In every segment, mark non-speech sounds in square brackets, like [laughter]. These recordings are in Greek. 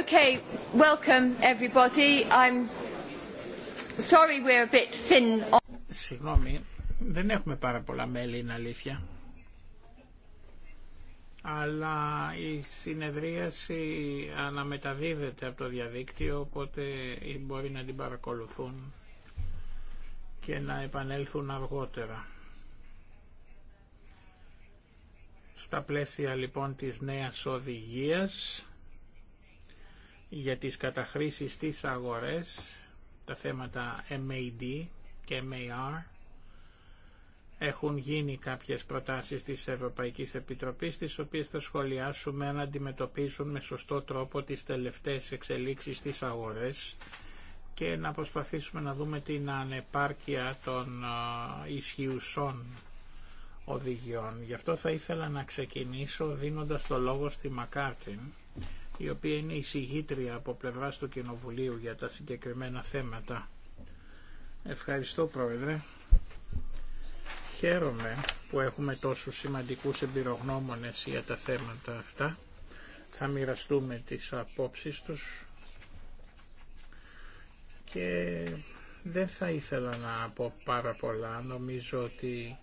Okay, Συγγνώμη, δεν έχουμε πάρα πολλά μέλη, είναι αλήθεια. Αλλά η συνεδρίαση αναμεταδίδεται από το διαδίκτυο, οπότε μπορεί να την παρακολουθούν και να επανέλθουν αργότερα. Στα πλαίσια λοιπόν της νέας οδηγίας, για τις καταχρήσεις στις αγορές, τα θέματα MAD και MAR, έχουν γίνει κάποιες προτάσεις της Ευρωπαϊκής Επιτροπής, τις οποίες θα σχολιάσουμε να αντιμετωπίσουν με σωστό τρόπο τις τελευταίες εξελίξεις στις αγορές και να προσπαθήσουμε να δούμε την ανεπάρκεια των ισχυουσών οδηγιών. Γι' αυτό θα ήθελα να ξεκινήσω δίνοντας το λόγο στη Μακάρτιν, η οποία είναι εισηγήτρια από πλευρά του Κοινοβουλίου για τα συγκεκριμένα θέματα. Ευχαριστώ Πρόεδρε. Χαίρομαι που έχουμε τόσους σημαντικούς εμπειρογνώμονες για τα θέματα αυτά. Θα μοιραστούμε τις απόψεις τους και δεν θα ήθελα να πω πάρα πολλά. Νομίζω ότι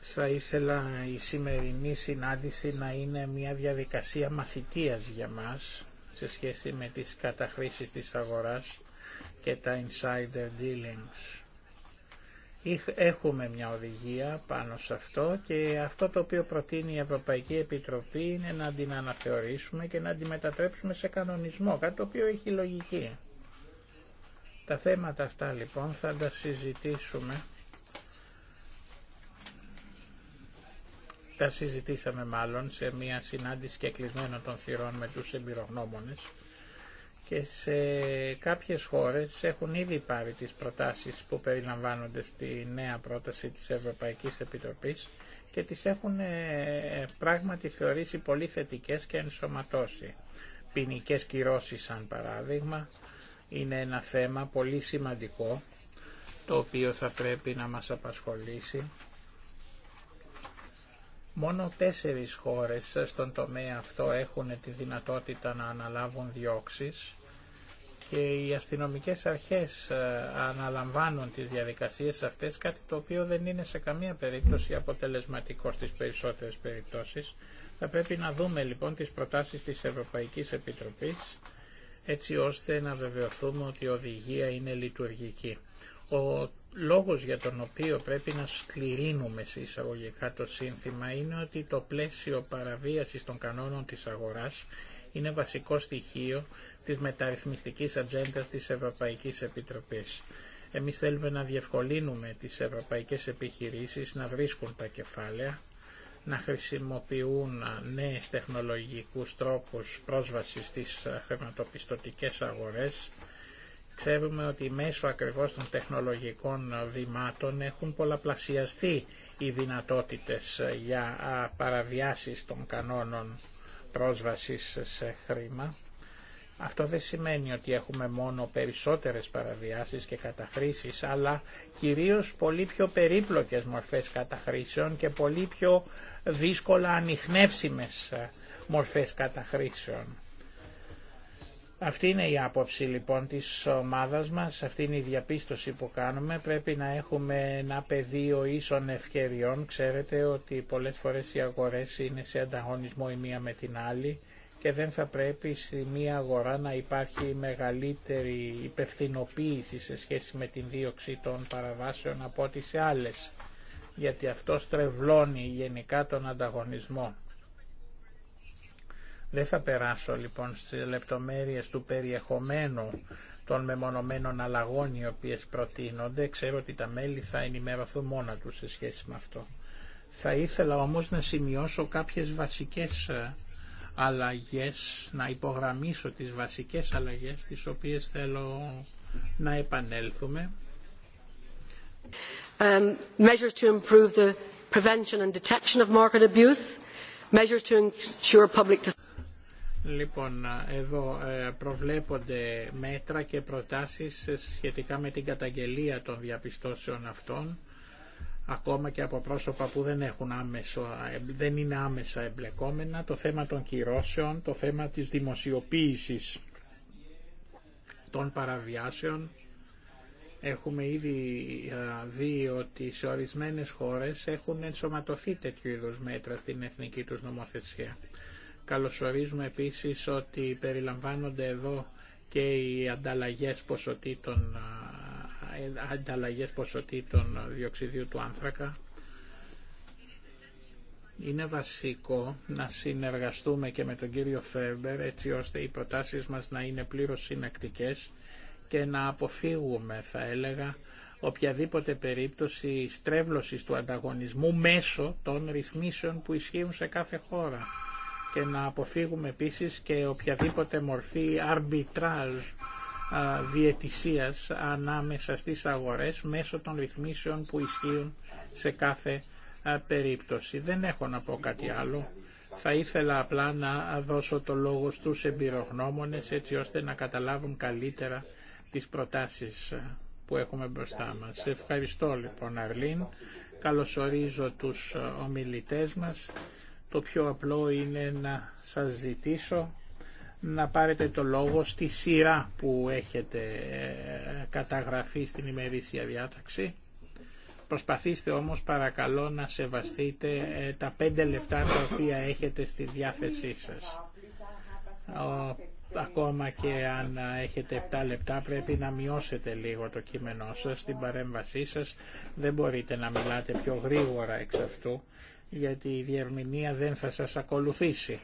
θα ήθελα η σημερινή συνάντηση να είναι μια διαδικασία μαθητείας για μας σε σχέση με τις καταχρήσεις της αγοράς και τα insider dealings. Έχουμε μια οδηγία πάνω σε αυτό και αυτό το οποίο προτείνει η Ευρωπαϊκή Επιτροπή είναι να την αναθεωρήσουμε και να την μετατρέψουμε σε κανονισμό, κάτι το οποίο έχει λογική. Τα θέματα αυτά λοιπόν θα τα συζητήσουμε τα συζητήσαμε μάλλον σε μια συνάντηση και κλεισμένο των θυρών με τους εμπειρογνώμονες και σε κάποιες χώρες έχουν ήδη πάρει τις προτάσεις που περιλαμβάνονται στη νέα πρόταση της Ευρωπαϊκής Επιτροπής και τις έχουν ε, πράγματι θεωρήσει πολύ θετικές και ενσωματώσει. Ποινικέ κυρώσεις σαν παράδειγμα είναι ένα θέμα πολύ σημαντικό το οποίο θα πρέπει να μας απασχολήσει Μόνο τέσσερις χώρες στον τομέα αυτό έχουν τη δυνατότητα να αναλάβουν διώξεις και οι αστυνομικές αρχές ε, αναλαμβάνουν τις διαδικασίες αυτές, κάτι το οποίο δεν είναι σε καμία περίπτωση αποτελεσματικό στις περισσότερες περιπτώσεις. Θα πρέπει να δούμε λοιπόν τις προτάσεις της Ευρωπαϊκής Επιτροπής, έτσι ώστε να βεβαιωθούμε ότι η οδηγία είναι λειτουργική. Ο λόγος για τον οποίο πρέπει να σκληρύνουμε σε εισαγωγικά το σύνθημα είναι ότι το πλαίσιο παραβίασης των κανόνων της αγοράς είναι βασικό στοιχείο της μεταρρυθμιστικής ατζέντα της Ευρωπαϊκής Επιτροπής. Εμείς θέλουμε να διευκολύνουμε τις ευρωπαϊκές επιχειρήσεις να βρίσκουν τα κεφάλαια, να χρησιμοποιούν νέες τεχνολογικούς τρόπους πρόσβασης στις χρηματοπιστωτικές αγορές, Ξέρουμε ότι μέσω ακριβώς των τεχνολογικών βημάτων έχουν πολλαπλασιαστεί οι δυνατότητες για παραβιάσεις των κανόνων πρόσβασης σε χρήμα. Αυτό δεν σημαίνει ότι έχουμε μόνο περισσότερες παραβιάσεις και καταχρήσεις, αλλά κυρίως πολύ πιο περίπλοκες μορφές καταχρήσεων και πολύ πιο δύσκολα ανιχνεύσιμες μορφές καταχρήσεων. Αυτή είναι η άποψη λοιπόν της ομάδας μας, αυτή είναι η διαπίστωση που κάνουμε. Πρέπει να έχουμε ένα πεδίο ίσων ευκαιριών. Ξέρετε ότι πολλές φορές οι αγορές είναι σε ανταγωνισμό η μία με την άλλη και δεν θα πρέπει στη μία αγορά να υπάρχει μεγαλύτερη υπευθυνοποίηση σε σχέση με την δίωξη των παραβάσεων από ό,τι σε άλλες, γιατί αυτό στρεβλώνει γενικά τον ανταγωνισμό. Δεν θα περάσω λοιπόν στις λεπτομέρειες του περιεχομένου των μεμονωμένων αλλαγών οι οποίες προτείνονται. Ξέρω ότι τα μέλη θα ενημερωθούν μόνα τους σε σχέση με αυτό. Θα ήθελα όμως να σημειώσω κάποιες βασικές ε, αλλαγές, να υπογραμμίσω τις βασικές αλλαγές τις οποίες θέλω να επανέλθουμε. Um, measures to improve the prevention and detection of market abuse, measures to ensure public Λοιπόν, εδώ ε, προβλέπονται μέτρα και προτάσεις σχετικά με την καταγγελία των διαπιστώσεων αυτών, ακόμα και από πρόσωπα που δεν, έχουν άμεσο, δεν είναι άμεσα εμπλεκόμενα, το θέμα των κυρώσεων, το θέμα της δημοσιοποίησης των παραβιάσεων. Έχουμε ήδη ε, δει ότι σε ορισμένες χώρες έχουν ενσωματωθεί τέτοιου είδους μέτρα στην εθνική τους νομοθεσία. Καλωσορίζουμε επίσης ότι περιλαμβάνονται εδώ και οι ανταλλαγές ποσοτήτων, ανταλλαγές ποσοτήτων διοξιδίου του άνθρακα. Είναι βασικό να συνεργαστούμε και με τον κύριο Φέρμπερ έτσι ώστε οι προτάσεις μας να είναι πλήρως συνακτικές και να αποφύγουμε θα έλεγα οποιαδήποτε περίπτωση στρέβλωσης του ανταγωνισμού μέσω των ρυθμίσεων που ισχύουν σε κάθε χώρα και να αποφύγουμε επίσης και οποιαδήποτε μορφή αρμπιτράζ διαιτησίας ανάμεσα στις αγορές μέσω των ρυθμίσεων που ισχύουν σε κάθε περίπτωση. Δεν έχω να πω κάτι άλλο. Θα ήθελα απλά να δώσω το λόγο στους εμπειρογνώμονες έτσι ώστε να καταλάβουν καλύτερα τις προτάσεις που έχουμε μπροστά μας. Ευχαριστώ λοιπόν Αρλίν. Καλωσορίζω τους ομιλητές μας το πιο απλό είναι να σας ζητήσω να πάρετε το λόγο στη σειρά που έχετε ε, καταγραφεί στην ημερήσια διάταξη. Προσπαθήστε όμως παρακαλώ να σεβαστείτε ε, τα πέντε λεπτά τα οποία έχετε στη διάθεσή σας. Ακόμα και αν έχετε 7 λεπτά πρέπει να μειώσετε λίγο το κείμενό σας, την παρέμβασή σας. Δεν μπορείτε να μιλάτε πιο γρήγορα εξ αυτού γιατί η διερμηνία δεν θα σας ακολουθήσει.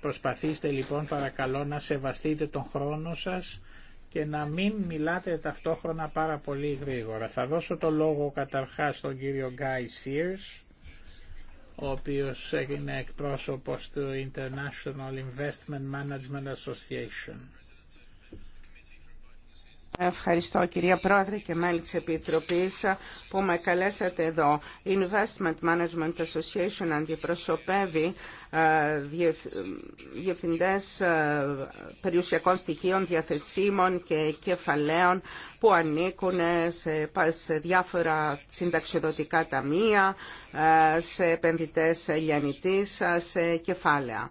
Προσπαθήστε λοιπόν παρακαλώ να σεβαστείτε τον χρόνο σας και να μην μιλάτε ταυτόχρονα πάρα πολύ γρήγορα. Θα δώσω το λόγο καταρχάς στον κύριο Guy Sears, ο οποίος έγινε εκπρόσωπος του International Investment Management Association. Ευχαριστώ κυρία Πρόεδρε και μέλη της Επιτροπής που με καλέσατε εδώ. Η Investment Management Association αντιπροσωπεύει ε, διευθυντές ε, περιουσιακών στοιχείων διαθεσίμων και κεφαλαίων που ανήκουν σε διάφορα συνταξιδοτικά ταμεία, ε, σε επενδυτές λιανητής, σε κεφάλαια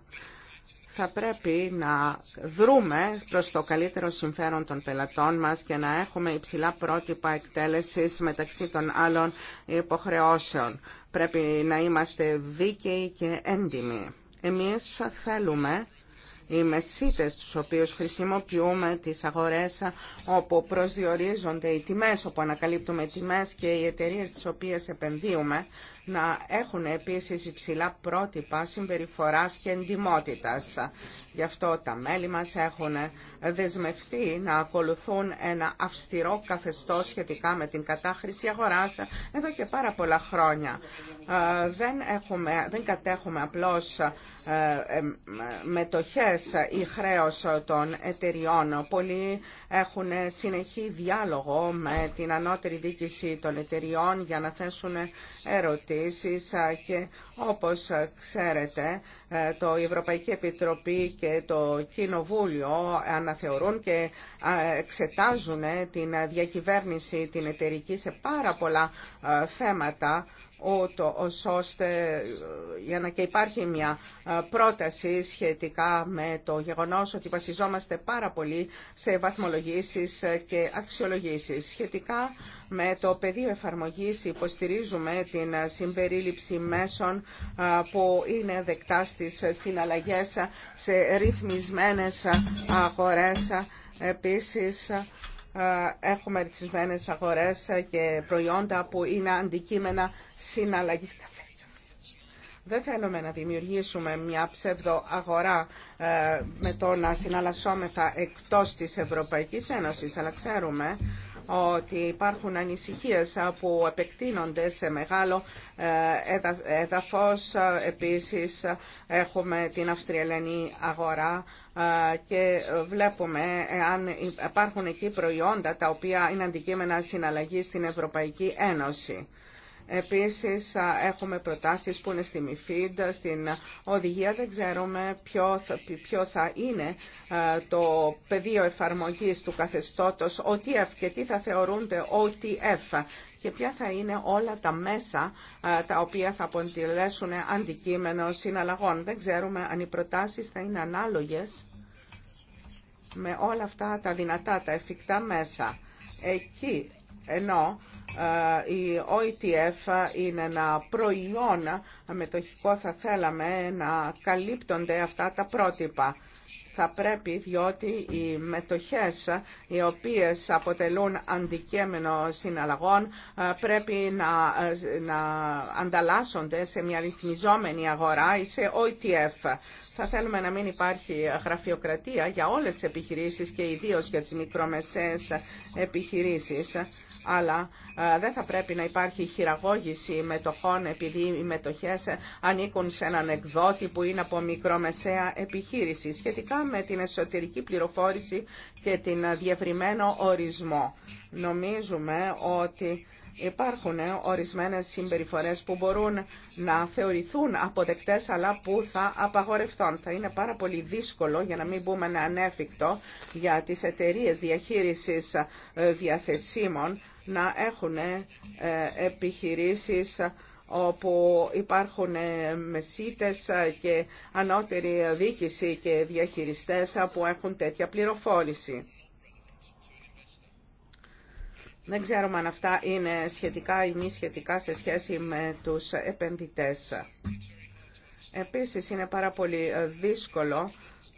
θα πρέπει να δρούμε προς το καλύτερο συμφέρον των πελατών μας και να έχουμε υψηλά πρότυπα εκτέλεσης μεταξύ των άλλων υποχρεώσεων. Πρέπει να είμαστε δίκαιοι και έντιμοι. Εμείς θέλουμε οι μεσίτες τους οποίους χρησιμοποιούμε τις αγορές όπου προσδιορίζονται οι τιμές, όπου ανακαλύπτουμε τιμές και οι εταιρείες τις οποίες επενδύουμε να έχουν επίσης υψηλά πρότυπα συμπεριφοράς και εντιμότητας. Γι' αυτό τα μέλη μας έχουν δεσμευτεί να ακολουθούν ένα αυστηρό καθεστώς σχετικά με την κατάχρηση αγοράς εδώ και πάρα πολλά χρόνια. Ε, δεν, έχουμε, δεν κατέχουμε απλώς ε, ε, μετοχές ή χρέος των εταιριών. Πολλοί έχουν συνεχή διάλογο με την ανώτερη δίκηση των εταιριών για να θέσουν ερωτήσεις και και όπως ξέρετε, ε, το Ευρωπαϊκή Επιτροπή και το Κοινοβούλιο αναθεωρούν και ε, εξετάζουν ε, την διακυβέρνηση την εταιρική σε πάρα πολλά θέματα ούτω ώστε ε, για να και υπάρχει μια ε, πρόταση σχετικά με το γεγονός ότι βασιζόμαστε πάρα πολύ σε βαθμολογήσεις ε, και αξιολογήσεις. Σχετικά με το πεδίο εφαρμογής υποστηρίζουμε την συμπερίληψη μέσων που είναι δεκτά στις συναλλαγές σε ρυθμισμένες αγορές. Επίσης, ε, έχουμε ρυθμισμένε αγορές και προϊόντα που είναι αντικείμενα συναλλαγής. Δεν θέλουμε να δημιουργήσουμε μια ψεύδο αγορά ε, με το να συναλλασσόμεθα εκτός της Ευρωπαϊκής Ένωσης, αλλά ξέρουμε ότι υπάρχουν ανησυχίες που επεκτείνονται σε μεγάλο ε, έδαφος. Επίσης έχουμε την Αυστριαλιανή αγορά ε, και βλέπουμε αν υπάρχουν εκεί προϊόντα τα οποία είναι αντικείμενα συναλλαγής στην Ευρωπαϊκή Ένωση. Επίσης έχουμε προτάσεις που είναι στη ΜΥΦΙΔ, στην οδηγία δεν ξέρουμε ποιο, θα είναι το πεδίο εφαρμογής του καθεστώτος OTF και τι θα θεωρούνται OTF και ποια θα είναι όλα τα μέσα τα οποία θα αποτελέσουν αντικείμενο συναλλαγών. Δεν ξέρουμε αν οι προτάσεις θα είναι ανάλογες με όλα αυτά τα δυνατά, τα εφικτά μέσα. Εκεί ενώ ε, η OETF είναι ένα προϊόν μετοχικό θα θέλαμε να καλύπτονται αυτά τα πρότυπα. Θα πρέπει διότι οι μετοχές οι οποίες αποτελούν αντικέμενο συναλλαγών ε, πρέπει να, ε, να ανταλλάσσονται σε μια ρυθμιζόμενη αγορά ή σε OETF. Θα θέλουμε να μην υπάρχει γραφειοκρατία για όλες τις επιχειρήσεις και ιδίως για τις μικρομεσαίες επιχειρήσεις, αλλά δεν θα πρέπει να υπάρχει χειραγώγηση μετοχών επειδή οι μετοχές ανήκουν σε έναν εκδότη που είναι από μικρομεσαία επιχείρηση σχετικά με την εσωτερική πληροφόρηση και την διευρυμένο ορισμό. Νομίζουμε ότι υπάρχουν ορισμένες συμπεριφορές που μπορούν να θεωρηθούν αποδεκτές αλλά που θα απαγορευθούν. Θα είναι πάρα πολύ δύσκολο, για να μην μπούμε ανέφικτο, για τις εταιρείε διαχείρισης ε, διαθεσίμων να έχουν ε, επιχειρήσεις όπου υπάρχουν μεσίτες και ανώτερη δίκηση και διαχειριστές που έχουν τέτοια πληροφόρηση. Δεν ξέρουμε αν αυτά είναι σχετικά ή μη σχετικά σε σχέση με τους επενδυτές. Επίσης, είναι πάρα πολύ δύσκολο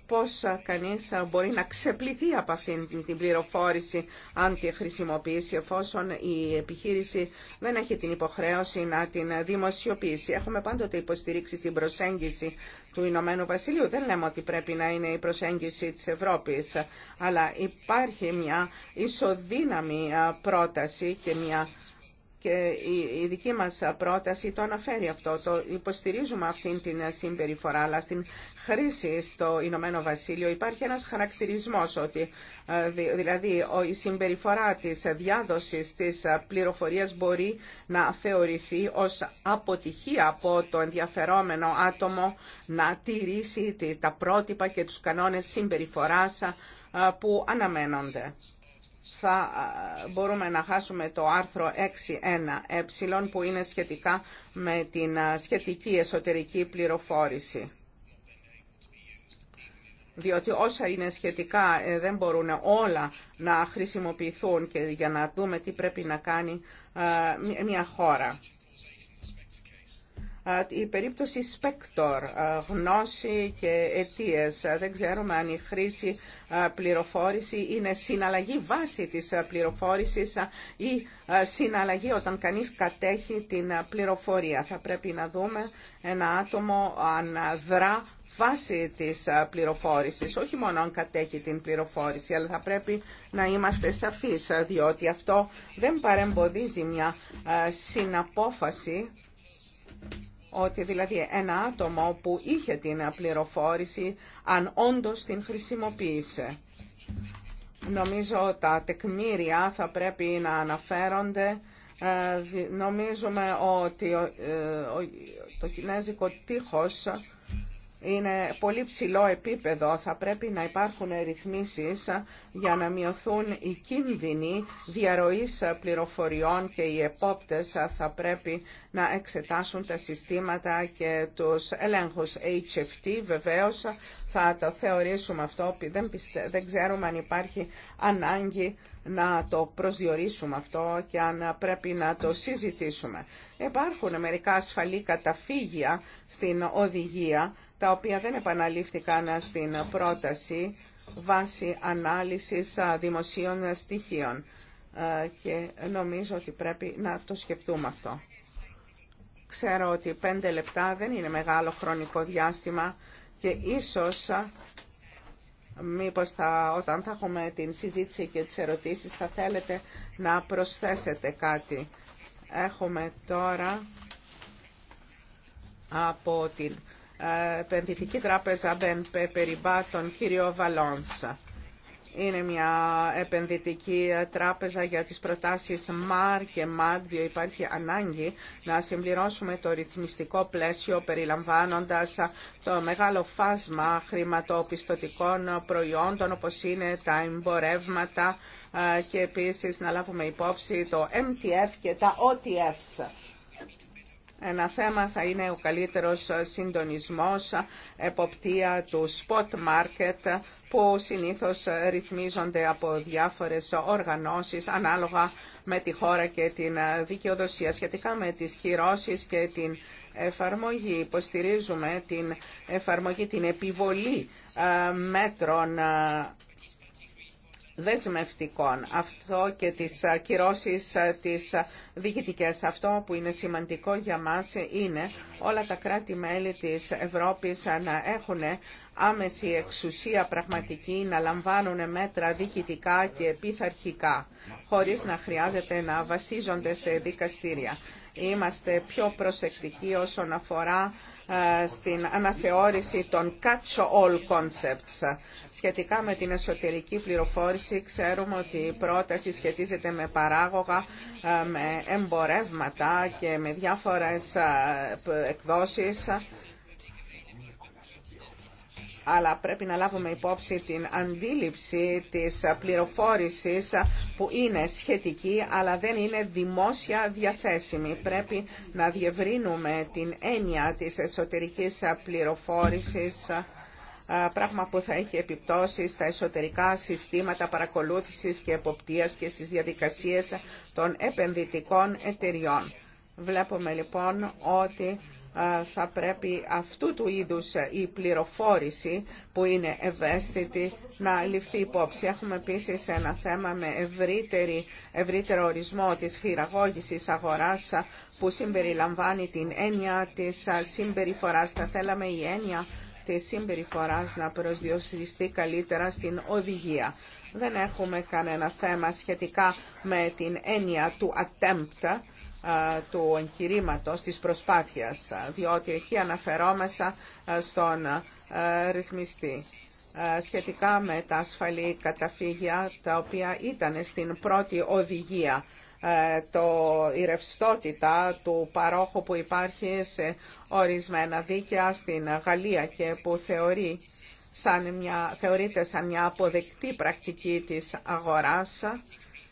πώς κανείς μπορεί να ξεπληθεί από αυτήν την πληροφόρηση αν τη χρησιμοποιήσει εφόσον η επιχείρηση δεν έχει την υποχρέωση να την δημοσιοποιήσει. Έχουμε πάντοτε υποστηρίξει την προσέγγιση του Ηνωμένου Βασιλείου. Δεν λέμε ότι πρέπει να είναι η προσέγγιση της Ευρώπης, αλλά υπάρχει μια ισοδύναμη πρόταση και μια και η δική μας πρόταση το αναφέρει αυτό. Το υποστηρίζουμε αυτήν την συμπεριφορά, αλλά στην χρήση στο Ηνωμένο Βασίλειο υπάρχει ένας χαρακτηρισμός ότι ε, δηλαδή η συμπεριφορά της διάδοσης της πληροφορίας μπορεί να θεωρηθεί ως αποτυχία από το ενδιαφερόμενο άτομο να τηρήσει τα πρότυπα και τους κανόνες συμπεριφοράς ε, που αναμένονται θα μπορούμε να χάσουμε το άρθρο 6.1 ε που είναι σχετικά με την σχετική εσωτερική πληροφόρηση. Διότι όσα είναι σχετικά ε, δεν μπορούν όλα να χρησιμοποιηθούν και για να δούμε τι πρέπει να κάνει μια χώρα η περίπτωση Spector, γνώση και αιτίες. Δεν ξέρουμε αν η χρήση πληροφόρηση είναι συναλλαγή βάση της πληροφόρησης ή συναλλαγή όταν κανείς κατέχει την πληροφορία. Θα πρέπει να δούμε ένα άτομο αν δρά βάση της πληροφόρησης, όχι μόνο αν κατέχει την πληροφόρηση, αλλά θα πρέπει να είμαστε σαφείς, διότι αυτό δεν παρεμποδίζει μια συναπόφαση ότι δηλαδή ένα άτομο που είχε την πληροφόρηση αν όντως την χρησιμοποίησε. Νομίζω τα τεκμήρια θα πρέπει να αναφέρονται. Ε, νομίζουμε ότι ε, το κινέζικο τείχος είναι πολύ ψηλό επίπεδο. Θα πρέπει να υπάρχουν ρυθμίσεις για να μειωθούν οι κίνδυνοι διαρροής πληροφοριών και οι επόπτες θα πρέπει να εξετάσουν τα συστήματα και τους ελέγχους HFT. Βεβαίως θα το θεωρήσουμε αυτό. Δεν, Δεν ξέρουμε αν υπάρχει ανάγκη να το προσδιορίσουμε αυτό και αν πρέπει να το συζητήσουμε. Υπάρχουν μερικά ασφαλή καταφύγια στην οδηγία τα οποία δεν επαναλήφθηκαν στην πρόταση βάσει ανάλυσης δημοσίων στοιχείων και νομίζω ότι πρέπει να το σκεφτούμε αυτό. Ξέρω ότι πέντε λεπτά δεν είναι μεγάλο χρονικό διάστημα και ίσως μήπως θα, όταν θα έχουμε την συζήτηση και τις ερωτήσεις θα θέλετε να προσθέσετε κάτι. Έχουμε τώρα από την επενδυτική τράπεζα BNP Paribas, τον κύριο Βαλόνσα. Είναι μια επενδυτική τράπεζα για τις προτάσεις ΜΑΡ και ΜΑΤ, διότι υπάρχει ανάγκη να συμπληρώσουμε το ρυθμιστικό πλαίσιο περιλαμβάνοντας το μεγάλο φάσμα χρηματοπιστωτικών προϊόντων όπως είναι τα εμπορεύματα ε, και επίσης να λάβουμε υπόψη το MTF και τα OTFs. Ένα θέμα θα είναι ο καλύτερος συντονισμός, εποπτεία του spot market που συνήθως ρυθμίζονται από διάφορες οργανώσεις ανάλογα με τη χώρα και την δικαιοδοσία σχετικά με τις κυρώσεις και την εφαρμογή. Υποστηρίζουμε την εφαρμογή, την επιβολή ε, μέτρων ε, δεσμευτικών. Αυτό και τις κυρώσεις ε, της ε, διοικητικές. Αυτό που είναι σημαντικό για μας είναι όλα τα κράτη-μέλη της Ευρώπης να έχουν άμεση εξουσία πραγματική να λαμβάνουν μέτρα διοικητικά και επιθαρχικά, χωρίς να χρειάζεται να βασίζονται σε δικαστήρια είμαστε πιο προσεκτικοί όσον αφορά ε, στην αναθεώρηση των catch-all concepts. Σχετικά με την εσωτερική πληροφόρηση, ξέρουμε ότι η πρόταση σχετίζεται με παράγωγα, ε, με εμπορεύματα και με διάφορες ε, εκδόσεις αλλά πρέπει να λάβουμε υπόψη την αντίληψη της πληροφόρησης που είναι σχετική αλλά δεν είναι δημόσια διαθέσιμη. Πρέπει να διευρύνουμε την έννοια της εσωτερικής πληροφόρησης πράγμα που θα έχει επιπτώσει στα εσωτερικά συστήματα παρακολούθησης και εποπτείας και στις διαδικασίες των επενδυτικών εταιριών. Βλέπουμε λοιπόν ότι θα πρέπει αυτού του είδους η πληροφόρηση που είναι ευαίσθητη να ληφθεί υπόψη. Έχουμε επίσης ένα θέμα με ευρύτερη, ευρύτερο ορισμό της φυραγώγησης αγοράς που συμπεριλαμβάνει την έννοια της συμπεριφοράς. Θα θέλαμε η έννοια της συμπεριφοράς να προσδιοριστεί καλύτερα στην οδηγία. Δεν έχουμε κανένα θέμα σχετικά με την έννοια του attempt ε, του εγχειρήματο της προσπάθειας, ε, διότι εκεί αναφερόμεσα ε, στον ρυθμιστή σχετικά με τα ασφαλή καταφύγια, τα οποία ήταν στην πρώτη οδηγία το, η ρευστότητα του παρόχου που υπάρχει σε ορισμένα δίκαια στην Γαλλία και που μια, θεωρείται σαν μια αποδεκτή πρακτική της αγοράς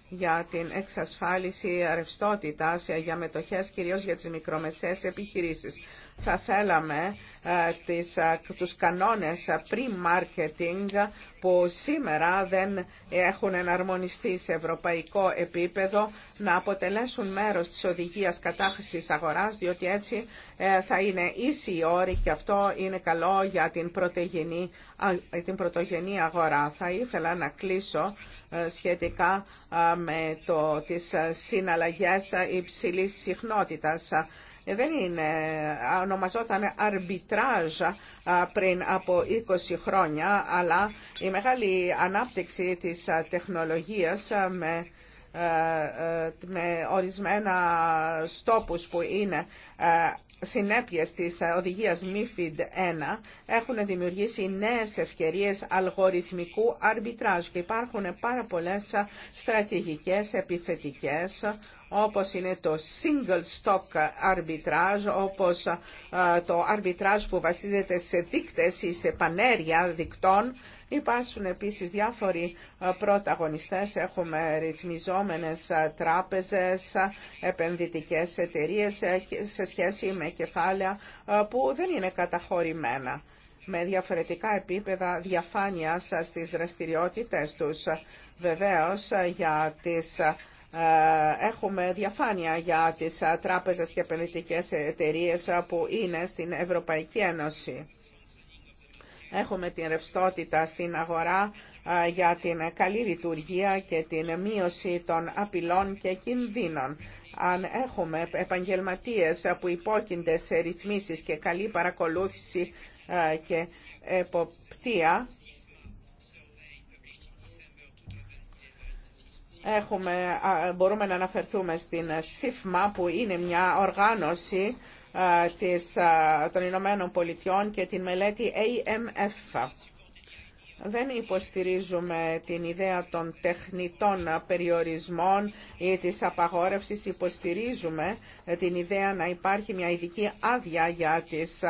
για την εξασφάλιση ρευστότητα για μετοχές, κυρίως για τις μικρομεσαίες επιχειρήσεις. Θα θέλαμε ε, τις, ε, τους κανόνες pre-marketing που σήμερα δεν έχουν εναρμονιστεί σε ευρωπαϊκό επίπεδο να αποτελέσουν μέρος της οδηγίας κατάχρησης αγοράς διότι έτσι ε, θα είναι ίση η όρη και αυτό είναι καλό για την την πρωτογενή αγορά. Θα ήθελα να κλείσω σχετικά με το, τις συναλλαγές υψηλής συχνότητας. Ε, δεν είναι, ονομαζόταν αρμπιτράζ πριν από 20 χρόνια, αλλά η μεγάλη ανάπτυξη της τεχνολογίας με ε, ε, με ορισμένα στόπους που είναι ε, συνέπειες της οδηγίας MIFID 1 έχουν δημιουργήσει νέες ευκαιρίες αλγοριθμικού αρμπιτράζ και υπάρχουν πάρα πολλές στρατηγικές επιθετικές όπως είναι το single stock arbitrage, όπως το arbitrage που βασίζεται σε δείκτες ή σε πανέρια δικτών Υπάρχουν επίσης διάφοροι ε, πρωταγωνιστές. Έχουμε ρυθμιζόμενες ε, τράπεζες, ε, επενδυτικές εταιρείες σε σχέση με κεφάλαια που δεν είναι καταχωρημένα με διαφορετικά επίπεδα διαφάνειας στις δραστηριότητες τους. Βεβαίως, για τις, έχουμε διαφάνεια για τις τράπεζες και επενδυτικές εταιρείες που είναι στην Ευρωπαϊκή Ένωση. Έχουμε την ρευστότητα στην αγορά για την καλή λειτουργία και την μείωση των απειλών και κινδύνων. Αν έχουμε επαγγελματίες που υπόκεινται σε ρυθμίσεις και καλή παρακολούθηση και εποπτεία, Έχουμε, μπορούμε να αναφερθούμε στην ΣΥΦΜΑ που είναι μια οργάνωση της, των Ηνωμένων Πολιτειών και την μελέτη AMF. Δεν υποστηρίζουμε την ιδέα των τεχνητών περιορισμών ή της απαγόρευσης. Υποστηρίζουμε την ιδέα να υπάρχει μια ειδική άδεια για τις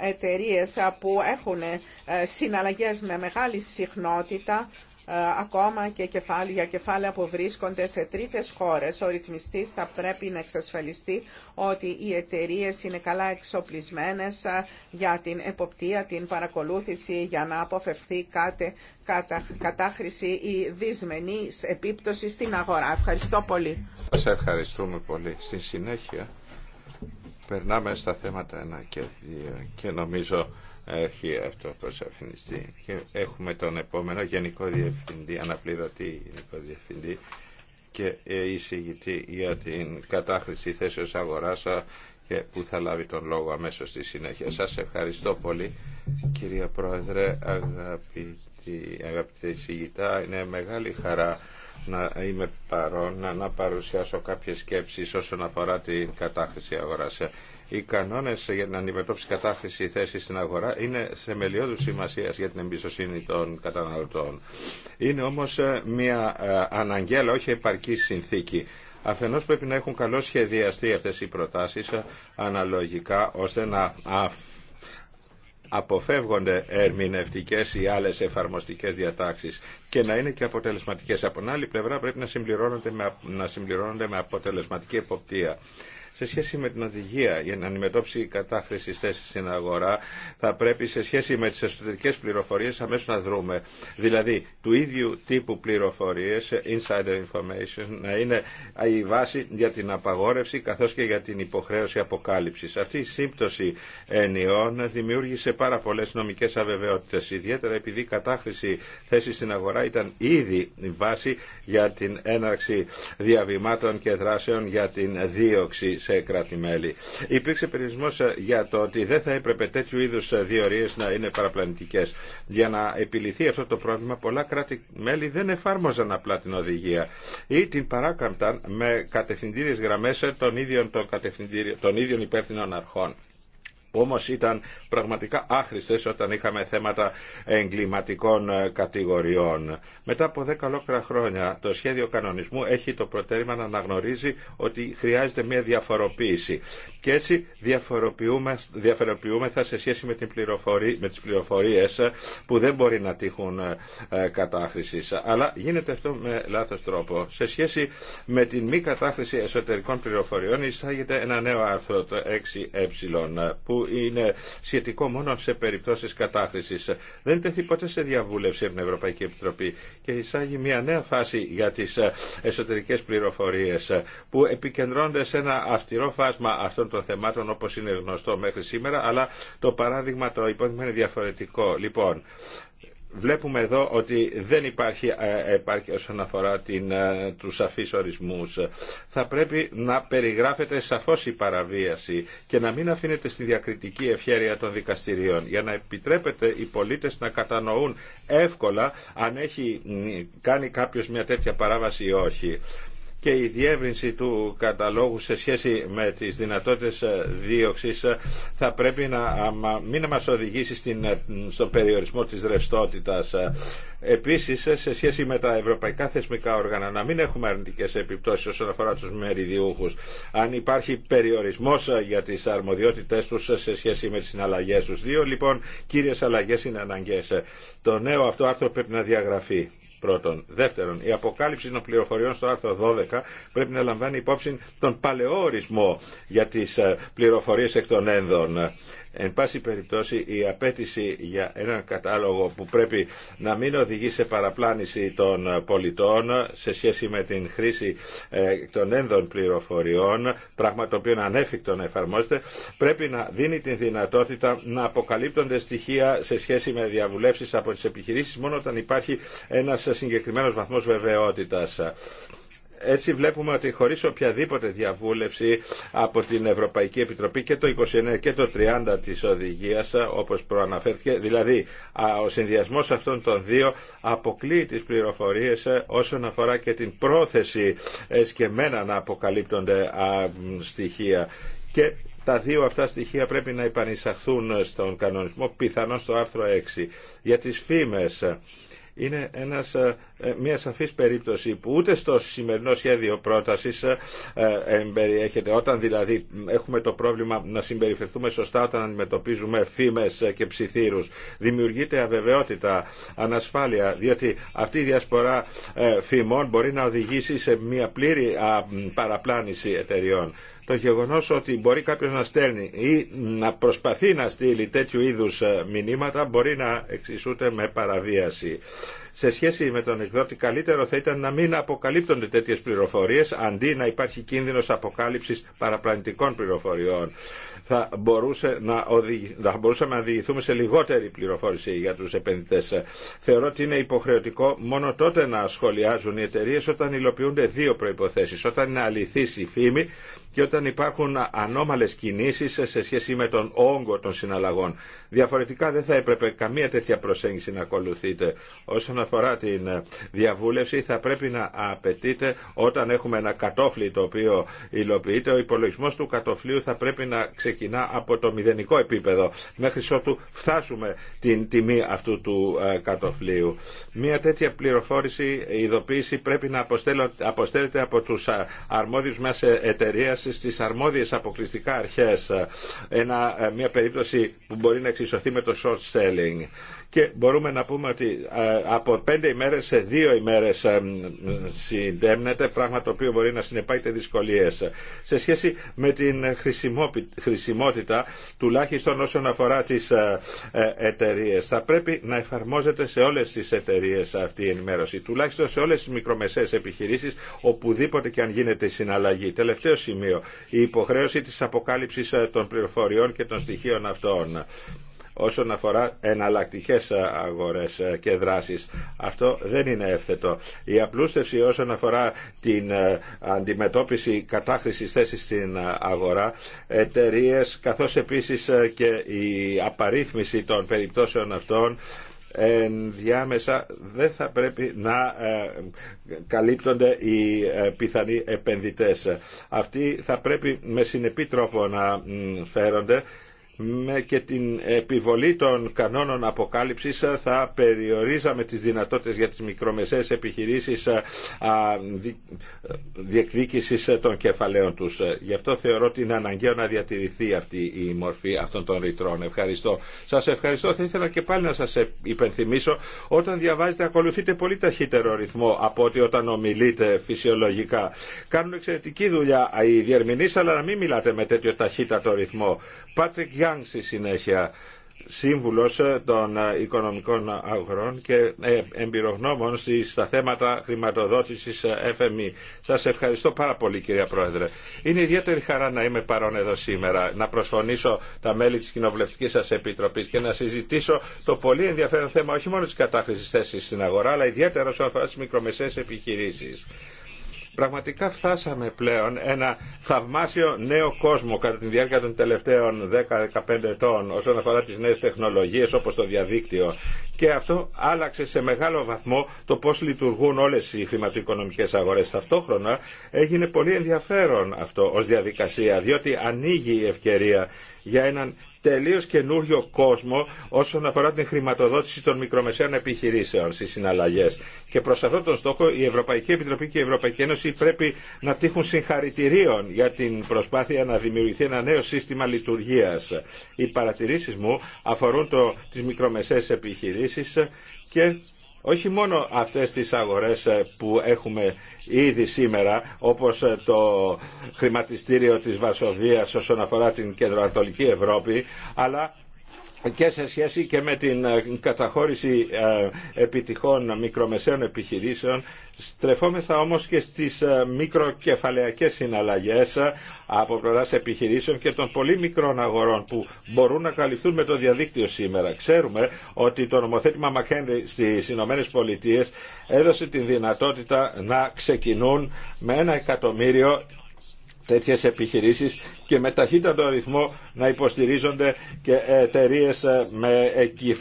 εταιρείε που έχουν ε, συναλλαγές με μεγάλη συχνότητα ε, ακόμα και κεφάλαια, κεφάλαια που βρίσκονται σε τρίτες χώρες. Ο ρυθμιστής θα πρέπει να εξασφαλιστεί ότι οι εταιρείε είναι καλά εξοπλισμένες ε, για την εποπτεία, την παρακολούθηση, για να αποφευθεί κάτε, κατα, κατάχρηση ή δυσμενής επίπτωση στην αγορά. Ευχαριστώ πολύ. Σας ευχαριστούμε πολύ. Στη συνέχεια περνάμε στα θέματα 1 και 2 και νομίζω έχει αυτό προσαφινιστεί. έχουμε τον επόμενο Γενικό Διευθυντή, αναπληρωτή Γενικό Διευθυντή και εισηγητή για την κατάχρηση θέσεως αγοράς και που θα λάβει τον λόγο αμέσως στη συνέχεια. Σας ευχαριστώ πολύ κυρία Πρόεδρε, αγαπητή, αγαπητή εισηγητά. Είναι μεγάλη χαρά να είμαι παρόν, να, παρουσιάσω κάποιες σκέψεις όσον αφορά την κατάχρηση αγοράς. Οι κανόνε για την αντιμετώπιση κατάχρηση θέση στην αγορά είναι θεμελιώδου σημασία για την εμπιστοσύνη των καταναλωτών. Είναι όμω ε, μια ε, αναγκαία αλλά όχι επαρκή συνθήκη. Αφενό πρέπει να έχουν καλώ σχεδιαστεί αυτέ οι προτάσει ε, αναλογικά ώστε να αποφεύγονται ερμηνευτικές ή άλλες εφαρμοστικές διατάξεις και να είναι και αποτελεσματικές. Από την άλλη πλευρά πρέπει να συμπληρώνονται να συμπληρώνονται με αποτελεσματική εποπτεία. Σε σχέση με την οδηγία για να την η κατάχρηση θέση στην αγορά, θα πρέπει σε σχέση με τι εσωτερικέ πληροφορίε αμέσω να δρούμε. Δηλαδή, του ίδιου τύπου πληροφορίε, insider information, να είναι η βάση για την απαγόρευση καθώ και για την υποχρέωση αποκάλυψη. Αυτή η σύμπτωση ενιών δημιούργησε πάρα πολλέ νομικέ αβεβαιότητε, ιδιαίτερα επειδή η κατάχρηση θέση στην αγορά ήταν ήδη η βάση για την έναρξη διαβημάτων και δράσεων για την δίωξη σε κράτη-μέλη. Υπήρξε περιορισμό ε, για το ότι δεν θα έπρεπε τέτοιου είδου ε, διορίε να είναι παραπλανητικέ. Για να επιληθεί αυτό το πρόβλημα, πολλά κράτη-μέλη δεν εφάρμοζαν απλά την οδηγία ή την παράκαμπταν με κατευθυντήριε γραμμέ ε, των ίδιων, των ίδιων υπεύθυνων αρχών όμως ήταν πραγματικά άχρηστες όταν είχαμε θέματα εγκληματικών ε, κατηγοριών. Μετά από 10 ολόκληρα χρόνια το σχέδιο κανονισμού έχει το προτέρημα να αναγνωρίζει ότι χρειάζεται μια διαφοροποίηση. Και έτσι διαφοροποιούμε, διαφοροποιούμεθα σε σχέση με, την πληροφορία, με τις πληροφορίες ε, που δεν μπορεί να τύχουν ε, κατάχρησης. Αλλά γίνεται αυτό με λάθος τρόπο. Σε σχέση με την μη κατάχρηση εσωτερικών πληροφοριών εισάγεται ένα νέο άρθρο το 6ε που είναι σχετικό μόνο σε περιπτώσει κατάχρηση. Δεν τεθεί ποτέ σε διαβούλευση από την Ευρωπαϊκή Επιτροπή και εισάγει μια νέα φάση για τι ε, εσωτερικέ πληροφορίε ε, που επικεντρώνονται σε ένα αυστηρό φάσμα αυτών των θεμάτων όπω είναι γνωστό μέχρι σήμερα αλλά το παράδειγμα το υπόδειγμα είναι διαφορετικό. Λοιπόν, βλέπουμε εδώ ότι δεν υπάρχει επάρκεια όσον αφορά την, ε, τους σαφείς ορισμούς. Θα πρέπει να περιγράφεται σαφώς η παραβίαση και να μην αφήνεται στη διακριτική ευχέρεια των δικαστηριών για να επιτρέπεται οι πολίτες να κατανοούν εύκολα αν έχει κάνει κάποιος μια τέτοια παράβαση ή όχι και η διεύρυνση του καταλόγου σε σχέση με τις δυνατότητες ε, δίωξης ε, θα πρέπει να μην μας οδηγήσει στην, ε, περιορισμό της ρευστότητα. Επίσης, σε σχέση με τα ευρωπαϊκά θεσμικά όργανα, να μην έχουμε αρνητικές επιπτώσεις όσον αφορά τους μεριδιούχους. Αν υπάρχει περιορισμός για τις αρμοδιότητες τους σε σχέση με τις συναλλαγές τους. Δύο, λοιπόν, κύριες αλλαγές είναι αναγκαίες. Το νέο αυτό άρθρο πρέπει να διαγραφεί. Πρώτον. Δεύτερον, η αποκάλυψη των πληροφοριών στο άρθρο 12 πρέπει να λαμβάνει υπόψη τον παλαιό ορισμό για τις ε, πληροφορίες εκ των ένδων. Εν πάση περιπτώσει η απέτηση για έναν κατάλογο που πρέπει να μην οδηγεί σε παραπλάνηση των πολιτών σε σχέση με την χρήση ε, των ένδων πληροφοριών, πράγμα το οποίο είναι ανέφικτο να εφαρμόζεται, πρέπει να δίνει την δυνατότητα να αποκαλύπτονται στοιχεία σε σχέση με διαβουλεύσεις από τις επιχειρήσεις μόνο όταν υπάρχει ένας συγκεκριμένος βαθμός βεβαιότητας έτσι βλέπουμε ότι χωρίς οποιαδήποτε διαβούλευση από την Ευρωπαϊκή Επιτροπή και το 29 και το 30 της οδηγίας όπως προαναφέρθηκε δηλαδή ο συνδυασμός αυτών των δύο αποκλείει τις πληροφορίες ε, όσον αφορά και την πρόθεση εσκεμένα να αποκαλύπτονται στοιχεία και τα δύο αυτά στοιχεία πρέπει να επανεισαχθούν στον κανονισμό πιθανόν στο άρθρο 6 για τις φήμες είναι ένας, ε, ε, μια σαφής περίπτωση που ούτε στο σημερινό σχέδιο πρότασης ε, εμπεριέχεται. Όταν δηλαδή έχουμε το πρόβλημα να συμπεριφερθούμε σωστά όταν αντιμετωπίζουμε φήμες και ψιθύρους. Δημιουργείται αβεβαιότητα, ανασφάλεια, διότι αυτή η διασπορά φήμων μπορεί να οδηγήσει σε μια πλήρη παραπλάνηση εταιριών το γεγονός ότι μπορεί κάποιος να στέλνει ή να προσπαθεί να στείλει τέτοιου είδους ε, μηνύματα μπορεί να εξισούται με παραβίαση σε σχέση με τον εκδότη καλύτερο θα ήταν να μην αποκαλύπτονται τέτοιες πληροφορίες αντί να υπάρχει κίνδυνος αποκάλυψης παραπλανητικών πληροφοριών. Θα, μπορούσε να θα μπορούσαμε να οδηγηθούμε σε λιγότερη πληροφόρηση για τους επενδυτές. Θεωρώ ότι είναι υποχρεωτικό μόνο τότε να σχολιάζουν οι εταιρείε όταν υλοποιούνται δύο προϋποθέσεις. Όταν είναι αληθής η φήμη και όταν υπάρχουν ανώμαλες κινήσεις σε σχέση με τον όγκο των συναλλαγών. Διαφορετικά δεν θα έπρεπε καμία τέτοια προσέγγιση να ακολουθείτε. Όσον αφορά την ε, διαβούλευση θα πρέπει να απαιτείται όταν έχουμε ένα κατόφλι το οποίο υλοποιείται. Ο υπολογισμό του κατοφλίου θα πρέπει να ξεκινά από το μηδενικό επίπεδο μέχρι ότου φτάσουμε την τιμή αυτού του ε, κατοφλίου. Μία τέτοια πληροφόρηση, ειδοποίηση πρέπει να αποστέλλεται από τους ε, αρμόδιους μιας εταιρείας στις αρμόδιες αποκλειστικά αρχές. Ένα, μια περίπτωση που μπορεί να αποστελλεται απο τους αρμοδιους μιας εταιρειας στις αρμοδιες αποκλειστικα αρχες μια περιπτωση που μπορει να εξισωθεί με το short selling. Και μπορούμε να πούμε ότι ε, από πέντε ημέρε, σε δύο ημέρε ε, συντέμνεται, πράγμα το οποίο μπορεί να συνεπάγεται δυσκολίε Σε σχέση με την χρησιμότητα, τουλάχιστον όσον αφορά τι ε, εταιρείε. θα πρέπει να εφαρμόζεται σε όλε τι εταιρείε αυτή η ενημέρωση, τουλάχιστον σε όλε τι μικρομεσαίες επιχειρήσει, οπουδήποτε και αν γίνεται η συναλλαγή. Τελευταίο σημείο, η υποχρέωση τη αποκάλυψης των πληροφοριών και των στοιχείων αυτών όσον αφορά εναλλακτικέ αγορέ και δράσει. Αυτό δεν είναι εύθετο. Η απλούστευση όσον αφορά την ε, αντιμετώπιση κατάχρηση θέση στην αγορά, εταιρείε καθώς επίση ε, και η απαρίθμηση των περιπτώσεων αυτών ενδιάμεσα δεν θα πρέπει να ε, καλύπτονται οι πιθανοί επενδυτές. Αυτοί θα πρέπει με συνεπή τρόπο να φέρονται με και την επιβολή των κανόνων αποκάλυψης θα περιορίζαμε τις δυνατότητες για τις μικρομεσαίες επιχειρήσεις διεκδίκησης των κεφαλαίων τους. Γι' αυτό θεωρώ ότι είναι αναγκαίο να διατηρηθεί αυτή η μορφή αυτών των ρητρών. Ευχαριστώ. Σας ευχαριστώ. Θα ήθελα και πάλι να σας ε, υπενθυμίσω όταν διαβάζετε ακολουθείτε πολύ ταχύτερο ρυθμό από ότι όταν ομιλείτε φυσιολογικά. Κάνουν εξαιρετική δουλειά οι διερμηνείς αλλά να μην μιλάτε με τέτοιο ταχύτατο ρυθμό. Patrick στη συνέχεια σύμβουλος των οικονομικών αγορών και ε, εμπειρογνώμων στα θέματα χρηματοδότησης FME. Σας ευχαριστώ πάρα πολύ κυρία Πρόεδρε. Είναι ιδιαίτερη χαρά να είμαι παρόν εδώ σήμερα, να προσφωνήσω τα μέλη της Κοινοβουλευτικής σας Επιτροπής και να συζητήσω το πολύ ενδιαφέρον θέμα όχι μόνο της κατάχρησης θέσης στην αγορά, αλλά ιδιαίτερα όσον αφορά τις μικρομεσαίες επιχειρήσεις. Πραγματικά φτάσαμε πλέον ένα θαυμάσιο νέο κόσμο κατά τη διάρκεια των τελευταίων 10-15 ετών όσον αφορά τις νέες τεχνολογίες όπως το διαδίκτυο και αυτό άλλαξε σε μεγάλο βαθμό το πώς λειτουργούν όλες οι χρηματοοικονομικές αγορές. Ταυτόχρονα έγινε πολύ ενδιαφέρον αυτό ως διαδικασία διότι ανοίγει η ευκαιρία για έναν Τελείω καινούριο κόσμο όσον αφορά την χρηματοδότηση των μικρομεσαίων επιχειρήσεων στις συναλλαγέ. Και προ αυτόν τον στόχο η Ευρωπαϊκή Επιτροπή και η Ευρωπαϊκή Ένωση πρέπει να τύχουν συγχαρητηρίων για την προσπάθεια να δημιουργηθεί ένα νέο σύστημα λειτουργίας. Οι παρατηρήσει μου αφορούν τι τις επιχειρήσει. και όχι μόνο αυτές τις αγορές ε, που έχουμε ήδη σήμερα όπως ε, το χρηματιστήριο της Βασοβίας όσον αφορά την κεντροανατολική Ευρώπη αλλά και σε σχέση και με την ε, καταχώρηση ε, επιτυχών μικρομεσαίων επιχειρήσεων στρεφόμεθα όμως και στις ε, μικροκεφαλαιακές συναλλαγές από πλευράς επιχειρήσεων και των πολύ μικρών αγορών που μπορούν να καλυφθούν με το διαδίκτυο σήμερα. Ξέρουμε ότι το νομοθέτημα Μακένρι στις Ηνωμένες Πολιτείες έδωσε την δυνατότητα να ξεκινούν με ένα εκατομμύριο τέτοιες επιχειρήσεις και με ταχύτατο αριθμό να υποστηρίζονται και εταιρείε ε, με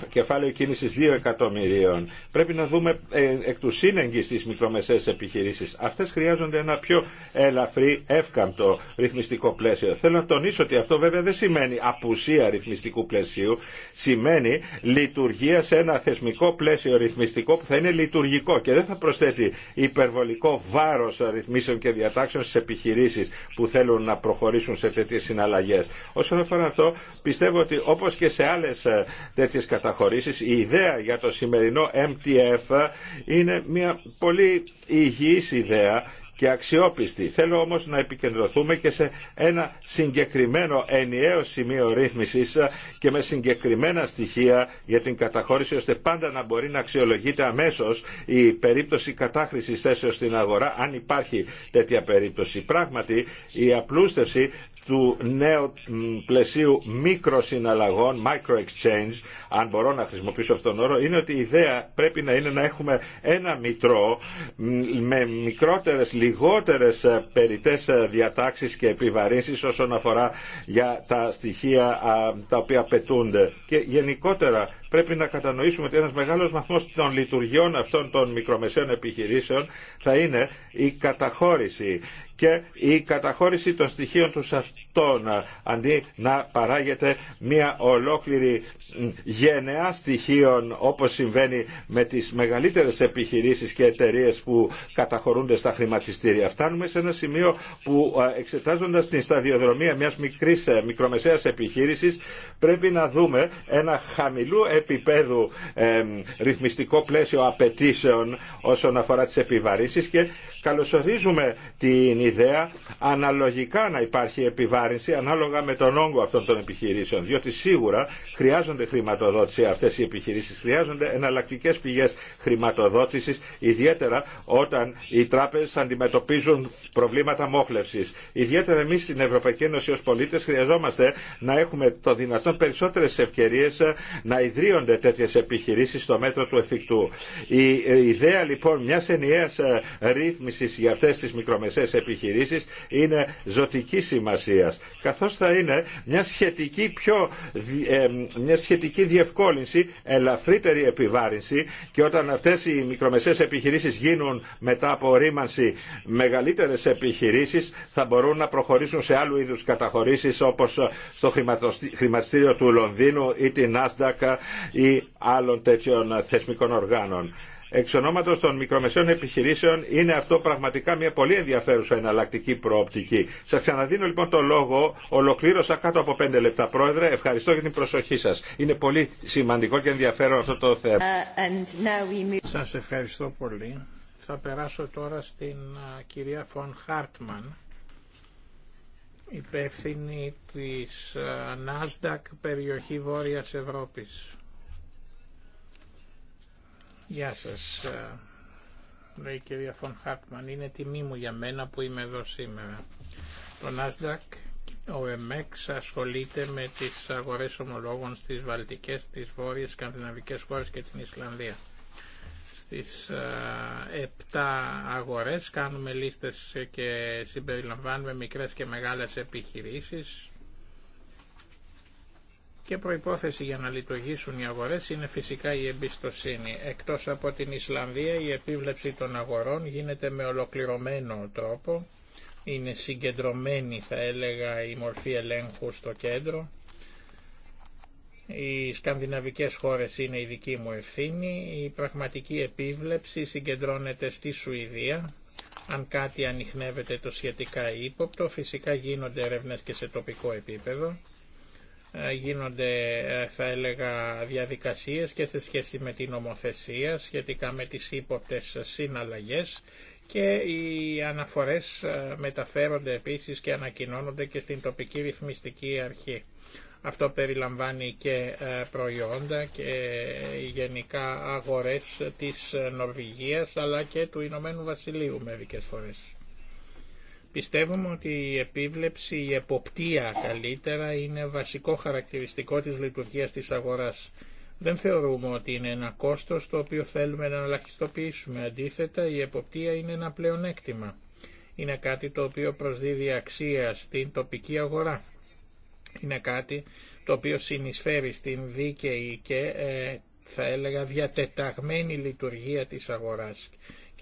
κεφάλαιο κίνησης 2 εκατομμυρίων. Πρέπει να δούμε ε, εκ του σύνεγγυ στις μικρομεσαίες επιχειρήσεις. Αυτές χρειάζονται ένα πιο ελαφρύ, εύκαμπτο ρυθμιστικό πλαίσιο. Θέλω να τονίσω ότι αυτό βέβαια δεν σημαίνει απουσία ρυθμιστικού πλαισίου. Σημαίνει λειτουργία σε ένα θεσμικό πλαίσιο ρυθμιστικό που θα είναι λειτουργικό και δεν θα προσθέτει υπερβολικό βάρος αριθμίσεων και διατάξεων στις επιχειρήσεις που θέλουν να προχωρήσουν σε τέτοιε συναλλαγέ. Όσον αφορά αυτό, πιστεύω ότι όπω και σε άλλε τέτοιε καταχωρήσει, η ιδέα για το σημερινό MTF ε, είναι μια πολύ υγιή ιδέα και αξιόπιστη. Θέλω όμως να επικεντρωθούμε και σε ένα συγκεκριμένο ενιαίο σημείο ρύθμισης και με συγκεκριμένα στοιχεία για την καταχώρηση ώστε πάντα να μπορεί να αξιολογείται αμέσως η περίπτωση κατάχρησης θέσεως στην αγορά αν υπάρχει τέτοια περίπτωση. Πράγματι η απλούστευση του νέου πλαισίου μικροσυναλλαγών, micro exchange, αν μπορώ να χρησιμοποιήσω αυτόν τον όρο, είναι ότι η ιδέα πρέπει να είναι να έχουμε ένα μητρό με μικρότερες, λιγότερες ε, περιτές ε, διατάξεις και επιβαρύνσεις όσον αφορά για τα στοιχεία τα οποία απαιτούνται Και γενικότερα πρέπει να κατανοήσουμε ότι ένας μεγάλος βαθμός των λειτουργιών αυτών των μικρομεσαίων επιχειρήσεων θα είναι η καταχώρηση και η καταχώρηση των στοιχείων του αυτών αντί να παράγεται μια ολόκληρη γενεά στοιχείων όπως συμβαίνει με τις μεγαλύτερες επιχειρήσεις και εταιρείε που καταχωρούνται στα χρηματιστήρια. Φτάνουμε σε ένα σημείο που εξετάζοντας την σταδιοδρομία μιας μικρής μικρομεσαίας επιχείρησης πρέπει να δούμε ένα χαμηλού επίπεδου ρυθμιστικό πλαίσιο απαιτήσεων όσον αφορά τις επιβαρύσεις και Καλωσορίζουμε την ιδέα αναλογικά να υπάρχει επιβάρυνση ανάλογα με τον όγκο αυτών των επιχειρήσεων. Διότι σίγουρα χρειάζονται χρηματοδότηση αυτέ οι επιχειρήσει, χρειάζονται εναλλακτικέ πηγέ χρηματοδότηση, ιδιαίτερα όταν οι τράπεζε αντιμετωπίζουν προβλήματα μόχλευση. Ιδιαίτερα εμεί στην Ευρωπαϊκή Ένωση ω πολίτε χρειαζόμαστε να έχουμε το δυνατόν περισσότερε ευκαιρίε να ιδρύονται τέτοιε επιχειρήσει στο μέτρο του εφικτού. Η ε, ιδέα λοιπόν μια ενιαία ε, ρύθμιση για αυτές τις μικρομεσαίες επιχειρήσεις είναι ζωτική σημασίας, καθώς θα είναι μια σχετική, πιο, ε, μια σχετική διευκόλυνση, ελαφρύτερη επιβάρυνση και όταν αυτές οι μικρομεσαίες επιχειρήσεις γίνουν μετά από ρήμανση μεγαλύτερες επιχειρήσεις θα μπορούν να προχωρήσουν σε άλλου είδους καταχωρήσεις όπως στο χρηματιστήριο του Λονδίνου ή την Nasdaq ή άλλων τέτοιων θεσμικών οργάνων εξ ονόματος των μικρομεσαίων επιχειρήσεων είναι αυτό πραγματικά μια πολύ ενδιαφέρουσα εναλλακτική προοπτική. Σας ξαναδίνω λοιπόν το λόγο, ολοκλήρωσα κάτω από πέντε λεπτά πρόεδρε, ευχαριστώ για την προσοχή σας. Είναι πολύ σημαντικό και ενδιαφέρον αυτό το θέμα. Uh, Σας ευχαριστώ πολύ. Θα περάσω τώρα στην κυρία Φων Χάρτμαν υπεύθυνη της uh, Nasdaq περιοχή Βόρειας Ευρώπης. Γεια σας, ε, λέει η κυρία Φων Χάρτμαν. Είναι τιμή μου για μένα που είμαι εδώ σήμερα. Το Nasdaq, ο MX ασχολείται με τις αγορές ομολόγων στις Βαλτικές, τις Βόρειες, Σκανδιναβικές χώρες και την Ισλανδία. Στις 7 ε, αγορές κάνουμε λίστες και συμπεριλαμβάνουμε μικρές και μεγάλες επιχειρήσεις και προϋπόθεση για να λειτουργήσουν οι αγορές είναι φυσικά η εμπιστοσύνη. Εκτός από την Ισλανδία η επίβλεψη των αγορών γίνεται με ολοκληρωμένο τρόπο, είναι συγκεντρωμένη θα έλεγα η μορφή ελέγχου στο κέντρο. Οι σκανδιναβικές χώρες είναι η δική μου ευθύνη, η πραγματική επίβλεψη συγκεντρώνεται στη Σουηδία, αν κάτι ανοιχνεύεται το σχετικά ύποπτο, φυσικά γίνονται έρευνες και σε τοπικό επίπεδο ε, γίνονται ε, θα έλεγα διαδικασίες και σε σχέση με την νομοθεσία σχετικά με τις ύποπτες συναλλαγές και οι αναφορές ε, μεταφέρονται επίσης και ανακοινώνονται και στην τοπική ρυθμιστική αρχή. Αυτό περιλαμβάνει και προϊόντα και γενικά αγορές της Νορβηγίας αλλά και του Ηνωμένου Βασιλείου μερικές φορές. Πιστεύουμε ότι η επίβλεψη, η εποπτεία καλύτερα είναι βασικό χαρακτηριστικό της λειτουργίας της αγοράς. Δεν θεωρούμε ότι είναι ένα κόστος το οποίο θέλουμε να ελαχιστοποιήσουμε. Αντίθετα, η εποπτεία είναι ένα πλεονέκτημα. Είναι κάτι το οποίο προσδίδει αξία στην τοπική αγορά. Είναι κάτι το οποίο συνεισφέρει στην δίκαιη και ε, θα έλεγα διατεταγμένη λειτουργία της αγοράς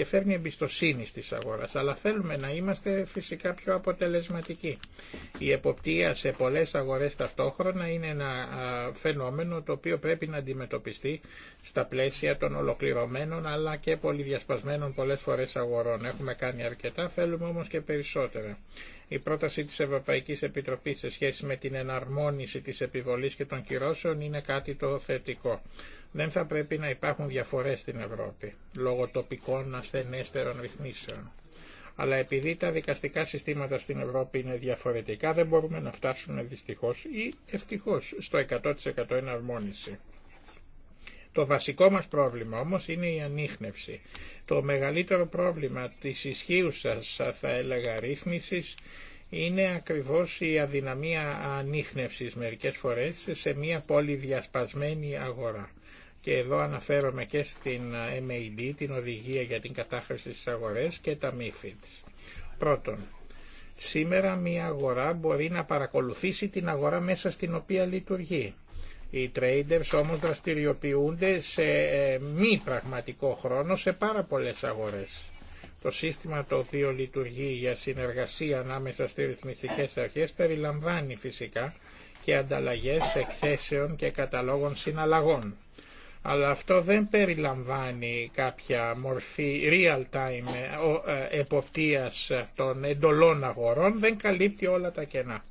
και φέρνει εμπιστοσύνη στις αγορές. αλλά θέλουμε να είμαστε φυσικά πιο αποτελεσματικοί. Η εποπτεία σε πολλές αγορές ταυτόχρονα είναι ένα φαινόμενο το οποίο πρέπει να αντιμετωπιστεί στα πλαίσια των ολοκληρωμένων αλλά και πολυδιασπασμένων πολλές φορές αγορών. Έχουμε κάνει αρκετά, θέλουμε όμως και περισσότερα. Η πρόταση της Ευρωπαϊκής Επιτροπής σε σχέση με την εναρμόνιση της επιβολής και των κυρώσεων είναι κάτι το θετικό δεν θα πρέπει να υπάρχουν διαφορές στην Ευρώπη λόγω τοπικών ασθενέστερων ρυθμίσεων. Αλλά επειδή τα δικαστικά συστήματα στην Ευρώπη είναι διαφορετικά, δεν μπορούμε να φτάσουμε δυστυχώς ή ευτυχώς στο 100% εναρμόνιση. Το βασικό μας πρόβλημα όμως είναι η ανείχνευση. Το μεγαλύτερο πρόβλημα της σα θα έλεγα, ρύθμισης είναι ακριβώς η αδυναμία ανείχνευσης μερικές φορές σε μια πολύ διασπασμένη αγορά και εδώ αναφέρομαι και στην ε, MAD, την Οδηγία για την Κατάχρηση στις Αγορές και τα MIFID. Πρώτον, σήμερα μια αγορά μπορεί να παρακολουθήσει την αγορά μέσα στην οποία λειτουργεί. Οι traders όμως δραστηριοποιούνται σε ε, μη πραγματικό χρόνο σε πάρα πολλές αγορές. Το σύστημα το οποίο λειτουργεί για συνεργασία ανάμεσα στις ρυθμιστικές αρχές περιλαμβάνει φυσικά και ανταλλαγές εκθέσεων και καταλόγων συναλλαγών αλλά αυτό δεν περιλαμβάνει κάποια μορφή real-time ε, ε, εποπτείας των εντολών αγορών, δεν καλύπτει όλα τα κενά.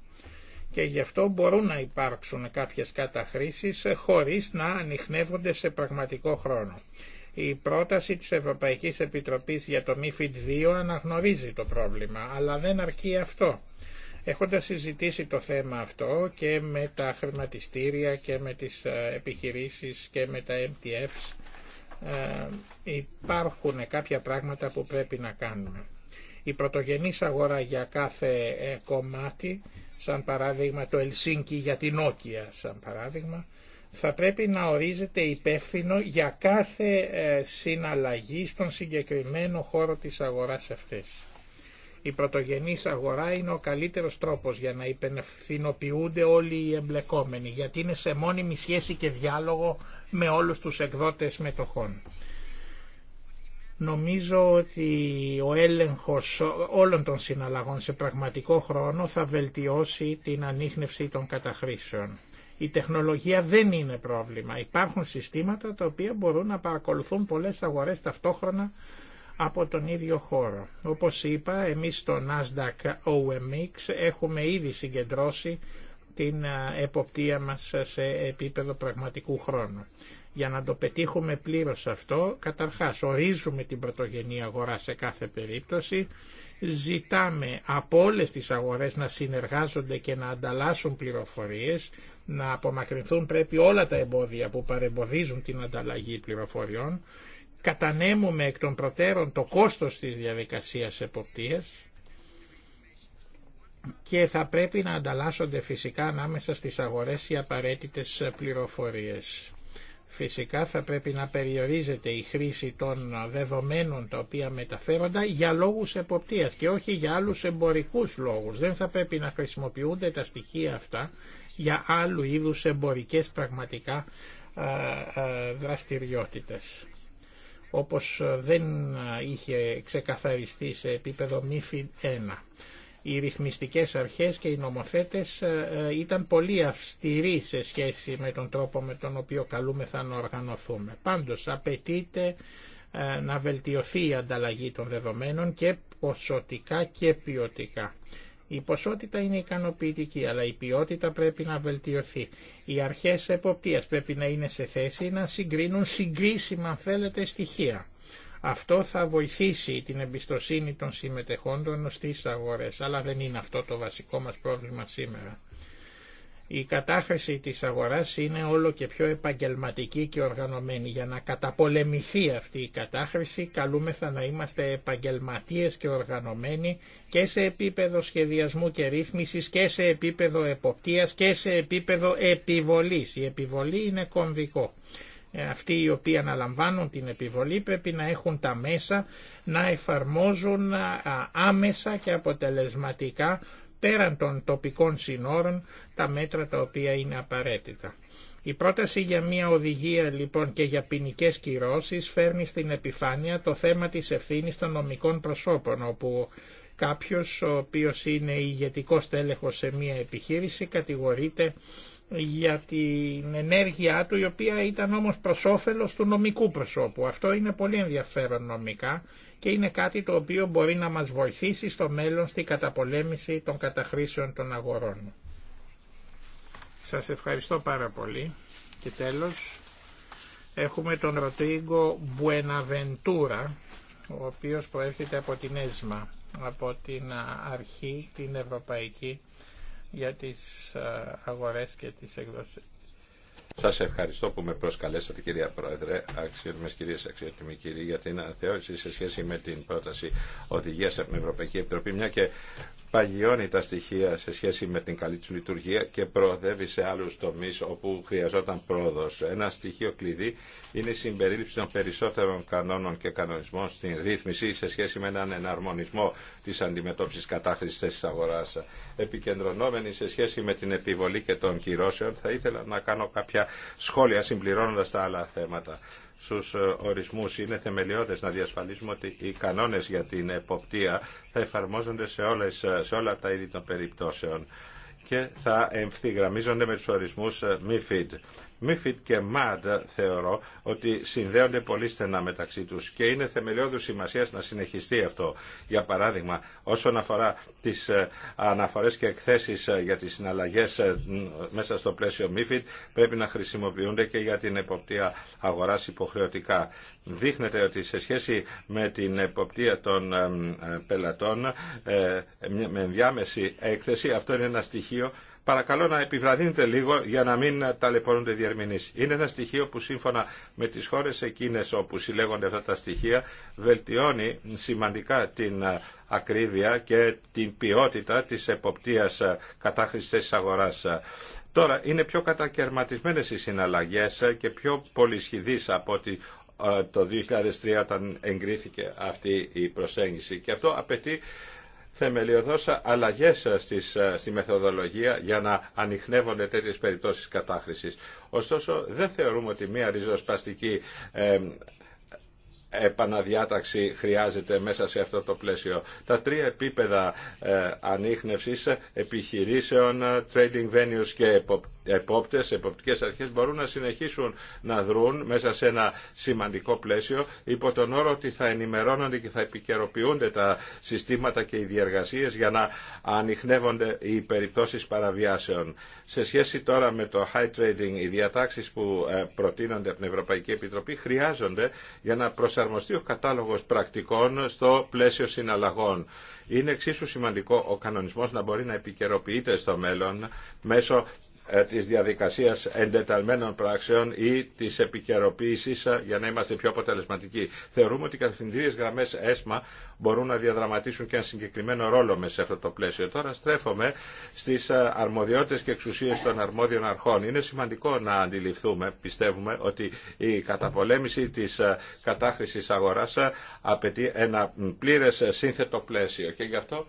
Και γι' αυτό μπορούν να υπάρξουν κάποιες καταχρήσεις ε, χωρίς να ανοιχνεύονται σε πραγματικό χρόνο. Η πρόταση της Ευρωπαϊκής Επιτροπής για το MIFID 2 αναγνωρίζει το πρόβλημα, αλλά δεν αρκεί αυτό. Έχοντας συζητήσει το θέμα αυτό και με τα χρηματιστήρια και με τις ε, επιχειρήσεις και με τα MTFs, ε, υπάρχουν κάποια πράγματα που πρέπει να κάνουμε. Η πρωτογενής αγορά για κάθε ε, κομμάτι, σαν παράδειγμα το Ελσίνκι για την Όκια, σαν παράδειγμα, θα πρέπει να ορίζεται υπεύθυνο για κάθε συναλλαγή στον συγκεκριμένο χώρο της αγοράς αυτής. Η πρωτογενής αγορά είναι ο καλύτερος τρόπος για να υπενευθυνοποιούνται όλοι οι εμπλεκόμενοι, γιατί είναι σε μόνιμη σχέση και διάλογο με όλους τους εκδότες μετοχών. Νομίζω ότι ο έλεγχος όλων των συναλλαγών σε πραγματικό χρόνο θα βελτιώσει την ανείχνευση των καταχρήσεων. Η τεχνολογία δεν είναι πρόβλημα. Υπάρχουν συστήματα τα οποία μπορούν να παρακολουθούν πολλές αγορές ταυτόχρονα από τον ίδιο χώρο. Όπως είπα, εμείς στο Nasdaq OMX έχουμε ήδη συγκεντρώσει την εποπτεία μας σε επίπεδο πραγματικού χρόνου. Για να το πετύχουμε πλήρως αυτό, καταρχάς ορίζουμε την πρωτογενή αγορά σε κάθε περίπτωση, ζητάμε από όλες τις αγορές να συνεργάζονται και να ανταλλάσσουν πληροφορίες, να απομακρυνθούν πρέπει όλα τα εμπόδια που παρεμποδίζουν την ανταλλαγή πληροφοριών κατανέμουμε εκ των προτέρων το κόστος της διαδικασίας εποπτείας και θα πρέπει να ανταλλάσσονται φυσικά ανάμεσα στις αγορές οι απαραίτητες πληροφορίες. Φυσικά θα πρέπει να περιορίζεται η χρήση των δεδομένων τα οποία μεταφέρονται για λόγους εποπτείας και όχι για άλλους εμπορικούς λόγους. Δεν θα πρέπει να χρησιμοποιούνται τα στοιχεία αυτά για άλλου είδους εμπορικές πραγματικά δραστηριότητες όπως ε, δεν ε, είχε ξεκαθαριστεί σε επίπεδο ΜΥΦΙΔ 1. Οι ρυθμιστικές αρχές και οι νομοθέτες ε, ήταν πολύ αυστηροί σε σχέση με τον τρόπο με τον οποίο καλούμεθα να οργανωθούμε. Πάντως απαιτείται να βελτιωθεί η ανταλλαγή των δεδομένων και ποσοτικά και ποιοτικά. Η ποσότητα είναι ικανοποιητική, αλλά η ποιότητα πρέπει να βελτιωθεί. Οι αρχές εποπτείας πρέπει να είναι σε θέση να συγκρίνουν συγκρίσιμα, αν θέλετε, στοιχεία. Αυτό θα βοηθήσει την εμπιστοσύνη των συμμετεχόντων στις αγορές, αλλά δεν είναι αυτό το βασικό μας πρόβλημα σήμερα. Η κατάχρηση της αγοράς είναι όλο και πιο επαγγελματική και οργανωμένη. Για να καταπολεμηθεί αυτή η κατάχρηση καλούμεθα να είμαστε επαγγελματίες και οργανωμένοι και σε επίπεδο σχεδιασμού και ρύθμισης και σε επίπεδο εποπτείας και σε επίπεδο επιβολής. Η επιβολή είναι κομβικό. Ε, αυτοί οι οποίοι αναλαμβάνουν την επιβολή πρέπει να έχουν τα μέσα να εφαρμόζουν άμεσα και αποτελεσματικά πέραν των τοπικών συνόρων τα μέτρα τα οποία είναι απαραίτητα. Η πρόταση για μια οδηγία λοιπόν και για ποινικέ κυρώσεις φέρνει στην επιφάνεια το θέμα της ευθύνης των νομικών προσώπων, όπου κάποιος ο οποίος είναι ηγετικό τέλεχος σε μια επιχείρηση κατηγορείται για την ενέργειά του η οποία ήταν όμως προς όφελος του νομικού προσώπου. Αυτό είναι πολύ ενδιαφέρον νομικά και είναι κάτι το οποίο μπορεί να μας βοηθήσει στο μέλλον στη καταπολέμηση των καταχρήσεων των αγορών. Σας ευχαριστώ πάρα πολύ και τέλος έχουμε τον Ροτρίγκο Μπουεναβεντούρα ο οποίος προέρχεται από την ΕΣΜΑ, από την αρχή την Ευρωπαϊκή για τις ε, αγορές και τις εκδοσίες. Σας ευχαριστώ που με προσκαλέσατε κυρία Πρόεδρε, αξιότιμες κυρίες, αξιότιμοι κύριοι, για την αναθεώρηση σε σχέση με την πρόταση οδηγίας από την Ευρωπαϊκή Επιτροπή, μια και παγιώνει τα στοιχεία σε σχέση με την καλή του λειτουργία και προοδεύει σε άλλους τομείς όπου χρειαζόταν πρόοδος. Ένα στοιχείο κλειδί είναι η συμπερίληψη των περισσότερων κανόνων και κανονισμών στην ρύθμιση σε σχέση με έναν εναρμονισμό της αντιμετώπισης κατάχρησης θέσης αγοράς. Επικεντρωνόμενοι σε σχέση με την επιβολή και των κυρώσεων θα ήθελα να κάνω κάποια σχόλια συμπληρώνοντας τα άλλα θέματα. Στου ε, ορισμούς. Είναι θεμελιώδε να διασφαλίσουμε ότι οι κανόνες για την εποπτεία θα εφαρμόζονται σε, όλες, ε, σε όλα τα είδη των περιπτώσεων και θα ευθυγραμμίζονται με τους ορισμούς ε, MIFID. MIFID και MAD θεωρώ ότι συνδέονται πολύ στενά μεταξύ τους και είναι θεμελιώδους σημασία να συνεχιστεί αυτό. Για παράδειγμα, όσον αφορά τις ε, αναφορές και εκθέσεις ε, για τις συναλλαγές ε, μέσα στο πλαίσιο MIFID πρέπει να χρησιμοποιούνται και για την εποπτεία αγοράς υποχρεωτικά. Δείχνεται ότι σε σχέση με την εποπτεία των πελατών με ενδιάμεση έκθεση αυτό είναι ένα στοιχείο παρακαλώ να επιβραδύνετε λίγο για να μην ταλαιπωρούνται οι διερμηνείς. Είναι ένα στοιχείο που σύμφωνα με τις χώρες εκείνες όπου συλλέγονται αυτά τα στοιχεία βελτιώνει σημαντικά την ε, ακρίβεια και την ποιότητα της εποπτείας ε, κατάχρησης της αγοράς. Τώρα είναι πιο κατακαιρματισμένες οι συναλλαγές ε, και πιο πολυσχηδείς από ότι το 2003 όταν εγκρίθηκε αυτή η προσέγγιση και αυτό απαιτεί θεμελιωδώς αλλαγές ε, στις, ε, στη μεθοδολογία για να ανοιχνεύονται τέτοιες περιπτώσεις κατάχρησης. Ωστόσο, δεν θεωρούμε ότι μια ριζοσπαστική ε, επαναδιάταξη χρειάζεται μέσα σε αυτό το πλαίσιο. Τα τρία επίπεδα ε, επιχειρήσεων, trading venues και επόπτες, εποπτικές αρχές μπορούν να συνεχίσουν να δρούν μέσα σε ένα σημαντικό πλαίσιο υπό τον όρο ότι θα ενημερώνονται και θα επικαιροποιούνται τα συστήματα και οι διεργασίες για να ανοιχνεύονται οι περιπτώσεις παραβιάσεων. Σε σχέση τώρα με το high trading, οι διατάξεις που ε, προτείνονται από την Ευρωπαϊκή Επιτροπή χρειάζονται για να προσαρμοστεί ο κατάλογος πρακτικών στο πλαίσιο συναλλαγών. Είναι εξίσου σημαντικό ο κανονισμός να μπορεί να επικαιροποιείται στο μέλλον μέσω ε, της διαδικασίας εντεταλμένων πράξεων ή της επικαιροποίηση ε, για να είμαστε πιο αποτελεσματικοί. Θεωρούμε ότι οι κατευθυντήριες γραμμές ΕΣΜΑ μπορούν να διαδραματίσουν και ένα συγκεκριμένο ρόλο μέσα σε αυτό το πλαίσιο. Τώρα στρέφομαι στις ε, αρμοδιότητες και εξουσίες των αρμόδιων αρχών. Είναι σημαντικό να αντιληφθούμε, πιστεύουμε, ότι η καταπολέμηση της κατάχρησης αγοράς απαιτεί ένα πλήρες σύνθετο πλαίσιο και γι' αυτό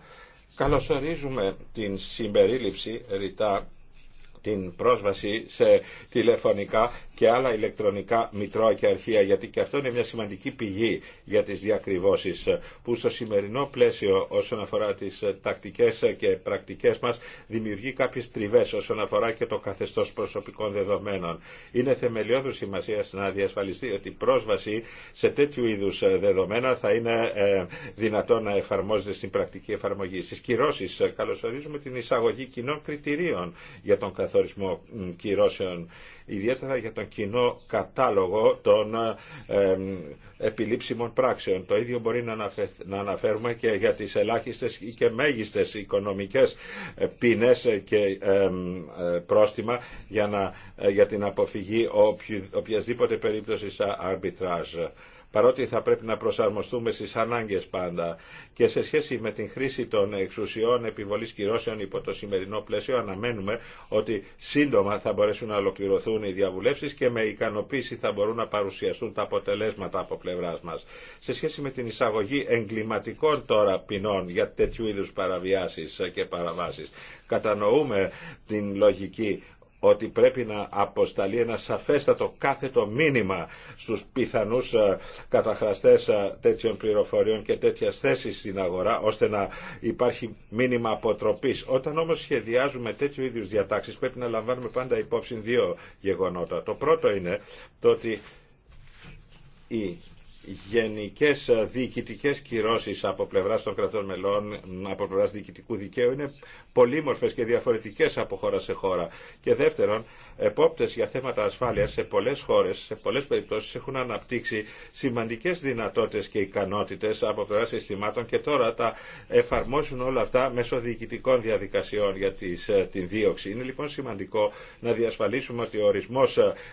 Καλωσορίζουμε την συμπερίληψη ρητά την πρόσβαση σε τηλεφωνικά και άλλα ηλεκτρονικά μητρώα και αρχεία, γιατί και αυτό είναι μια σημαντική πηγή για τις διακριβώσεις, ε, που στο σημερινό πλαίσιο όσον αφορά τις ε, τακτικές ε, και πρακτικές μας δημιουργεί κάποιες τριβές όσον αφορά και το καθεστώς προσωπικών δεδομένων. Είναι θεμελιώδου σημασία να διασφαλιστεί ότι η πρόσβαση σε τέτοιου είδους δεδομένα θα είναι δυνατό να εφαρμόζεται στην πρακτική εφαρμογή. Στις κυρώσεις καλωσορίζουμε την εισαγωγή κοινών κριτηρίων για τον καθορισμό κυρώσεων ιδιαίτερα για τον κοινό κατάλογο των επιλήψιμων πράξεων. Το ίδιο μπορεί να αναφέρουμε και για τις ελάχιστες ή και μέγιστες οικονομικές ε, πίνες και ε, πρόστιμα για να ε, για την αποφυγή οποιασδήποτε περίπτωσης arbitrage παρότι θα πρέπει να προσαρμοστούμε στις ανάγκες πάντα και σε σχέση με την χρήση των εξουσιών επιβολής κυρώσεων υπό το σημερινό πλαίσιο αναμένουμε ότι σύντομα θα μπορέσουν να ολοκληρωθούν οι διαβουλεύσεις και με ικανοποίηση θα μπορούν να παρουσιαστούν τα αποτελέσματα από πλευράς μας. Σε σχέση με την εισαγωγή εγκληματικών τώρα ποινών για τέτοιου είδους παραβιάσεις και παραβάσεις κατανοούμε την λογική ότι πρέπει να αποσταλεί ένα σαφέστατο κάθετο μήνυμα στους πιθανούς ε, καταχραστές ε, τέτοιων πληροφοριών και τέτοια θέσης στην αγορά, ώστε να υπάρχει μήνυμα αποτροπής. Όταν όμως σχεδιάζουμε τέτοιου είδους διατάξεις πρέπει να λαμβάνουμε πάντα υπόψη δύο γεγονότα. Το πρώτο είναι το ότι η γενικές ε, διοικητικές κυρώσεις από πλευράς των κρατών μελών, από πλευράς διοικητικού δικαίου είναι πολύμορφες και διαφορετικές από χώρα σε χώρα. Και δεύτερον, Επόπτε για θέματα ασφάλεια σε πολλέ χώρε, σε πολλέ περιπτώσει έχουν αναπτύξει σημαντικέ δυνατότητε και ικανότητε από πλευρά συστημάτων και τώρα τα εφαρμόσουν όλα αυτά μέσω διοικητικών διαδικασιών για τις, ε, την δίωξη. Είναι λοιπόν σημαντικό να διασφαλίσουμε ότι ο ορισμό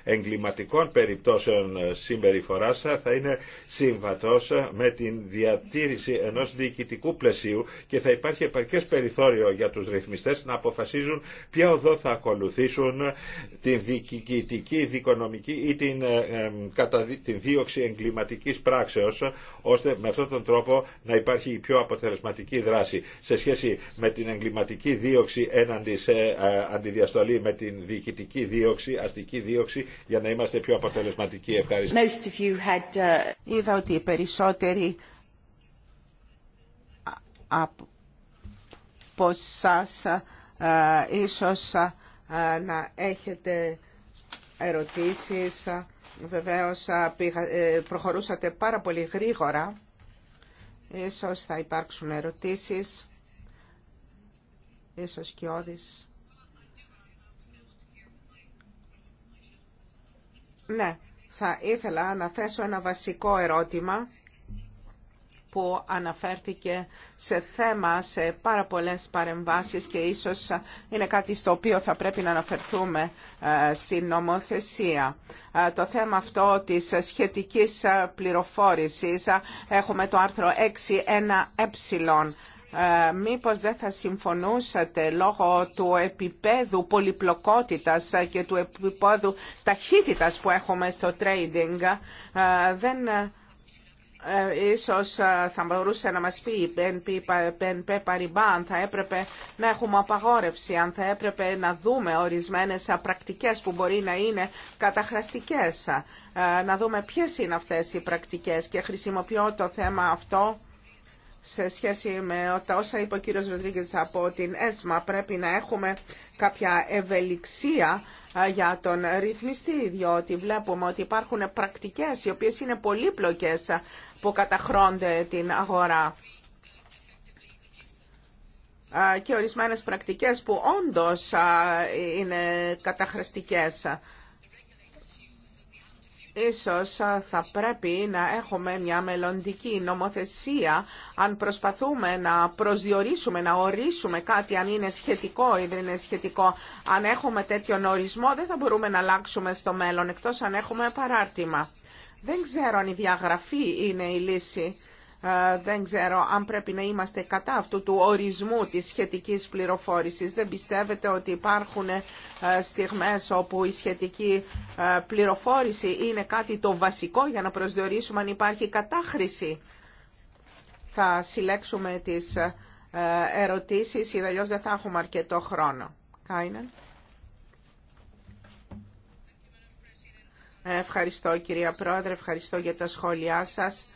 ε, εγκληματικών περιπτώσεων ε, συμπεριφορά θα είναι συμβατό με την διατήρηση ενό διοικητικού πλαισίου και θα υπάρχει επαρκέ περιθώριο για του ρυθμιστέ να αποφασίζουν ποια οδό θα ακολουθήσουν την διοικητική, δικονομική ή την, ε, κατά, την δίωξη εγκληματική πράξεως ώστε με αυτόν τον τρόπο να υπάρχει η πιο αποτελεσματική δράση σε σχέση με την εγκληματική δίωξη έναντι σε ε, αντιδιαστολή με την διοικητική δίωξη, αστική δίωξη για να είμαστε πιο αποτελεσματικοί. Ευχαριστώ. Ε, Είδα ότι οι να έχετε ερωτήσεις. Βεβαίως ε, προχωρούσατε πάρα πολύ γρήγορα. Ίσως θα υπάρξουν ερωτήσεις. Ίσως και όδης. Ναι, θα ήθελα να θέσω ένα βασικό ερώτημα που αναφέρθηκε σε θέμα σε πάρα πολλές παρεμβάσεις και ίσως είναι κάτι στο οποίο θα πρέπει να αναφερθούμε ε, στην νομοθεσία. Ε, το θέμα αυτό της σχετικής ε, πληροφόρησης έχουμε το άρθρο 6.1 ε μήπως δεν θα συμφωνούσατε λόγω του επίπεδου πολυπλοκότητας και του επίπεδου ταχύτητας που έχουμε στο trading δεν ε, ίσως ε, θα μπορούσε να μας πει η BNP αν θα έπρεπε να έχουμε απαγόρευση, αν θα έπρεπε να δούμε ορισμένες πρακτικές που μπορεί να είναι καταχραστικές, ε, να δούμε ποιες είναι αυτές οι πρακτικές και χρησιμοποιώ το θέμα αυτό σε σχέση με όσα είπε ο κύριος Ροντρίγκης από την ΕΣΜΑ. Πρέπει να έχουμε κάποια ευελιξία για τον ρυθμιστή, διότι βλέπουμε ότι υπάρχουν πρακτικές οι οποίες είναι πολύπλοκες που καταχρώνται την αγορά και ορισμένες πρακτικές που όντως είναι καταχρηστικές. Ίσως θα πρέπει να έχουμε μια μελλοντική νομοθεσία αν προσπαθούμε να προσδιορίσουμε, να ορίσουμε κάτι αν είναι σχετικό ή δεν είναι σχετικό. Αν έχουμε τέτοιον ορισμό δεν θα μπορούμε να αλλάξουμε στο μέλλον εκτός αν έχουμε παράρτημα. Δεν ξέρω αν η διαγραφή είναι η λύση. Ε, δεν ξέρω αν πρέπει να είμαστε κατά αυτού του ορισμού της σχετικής πληροφόρησης. Δεν πιστεύετε ότι υπάρχουν ε, στιγμές όπου η σχετική ε, πληροφόρηση είναι κάτι το βασικό για να προσδιορίσουμε αν υπάρχει κατάχρηση. Θα συλλέξουμε τις ερωτήσεις, ή δεν θα έχουμε αρκετό χρόνο. Κάινεν. Ευχαριστώ κυρία Πρόεδρε, ευχαριστώ για τα σχόλιά σας.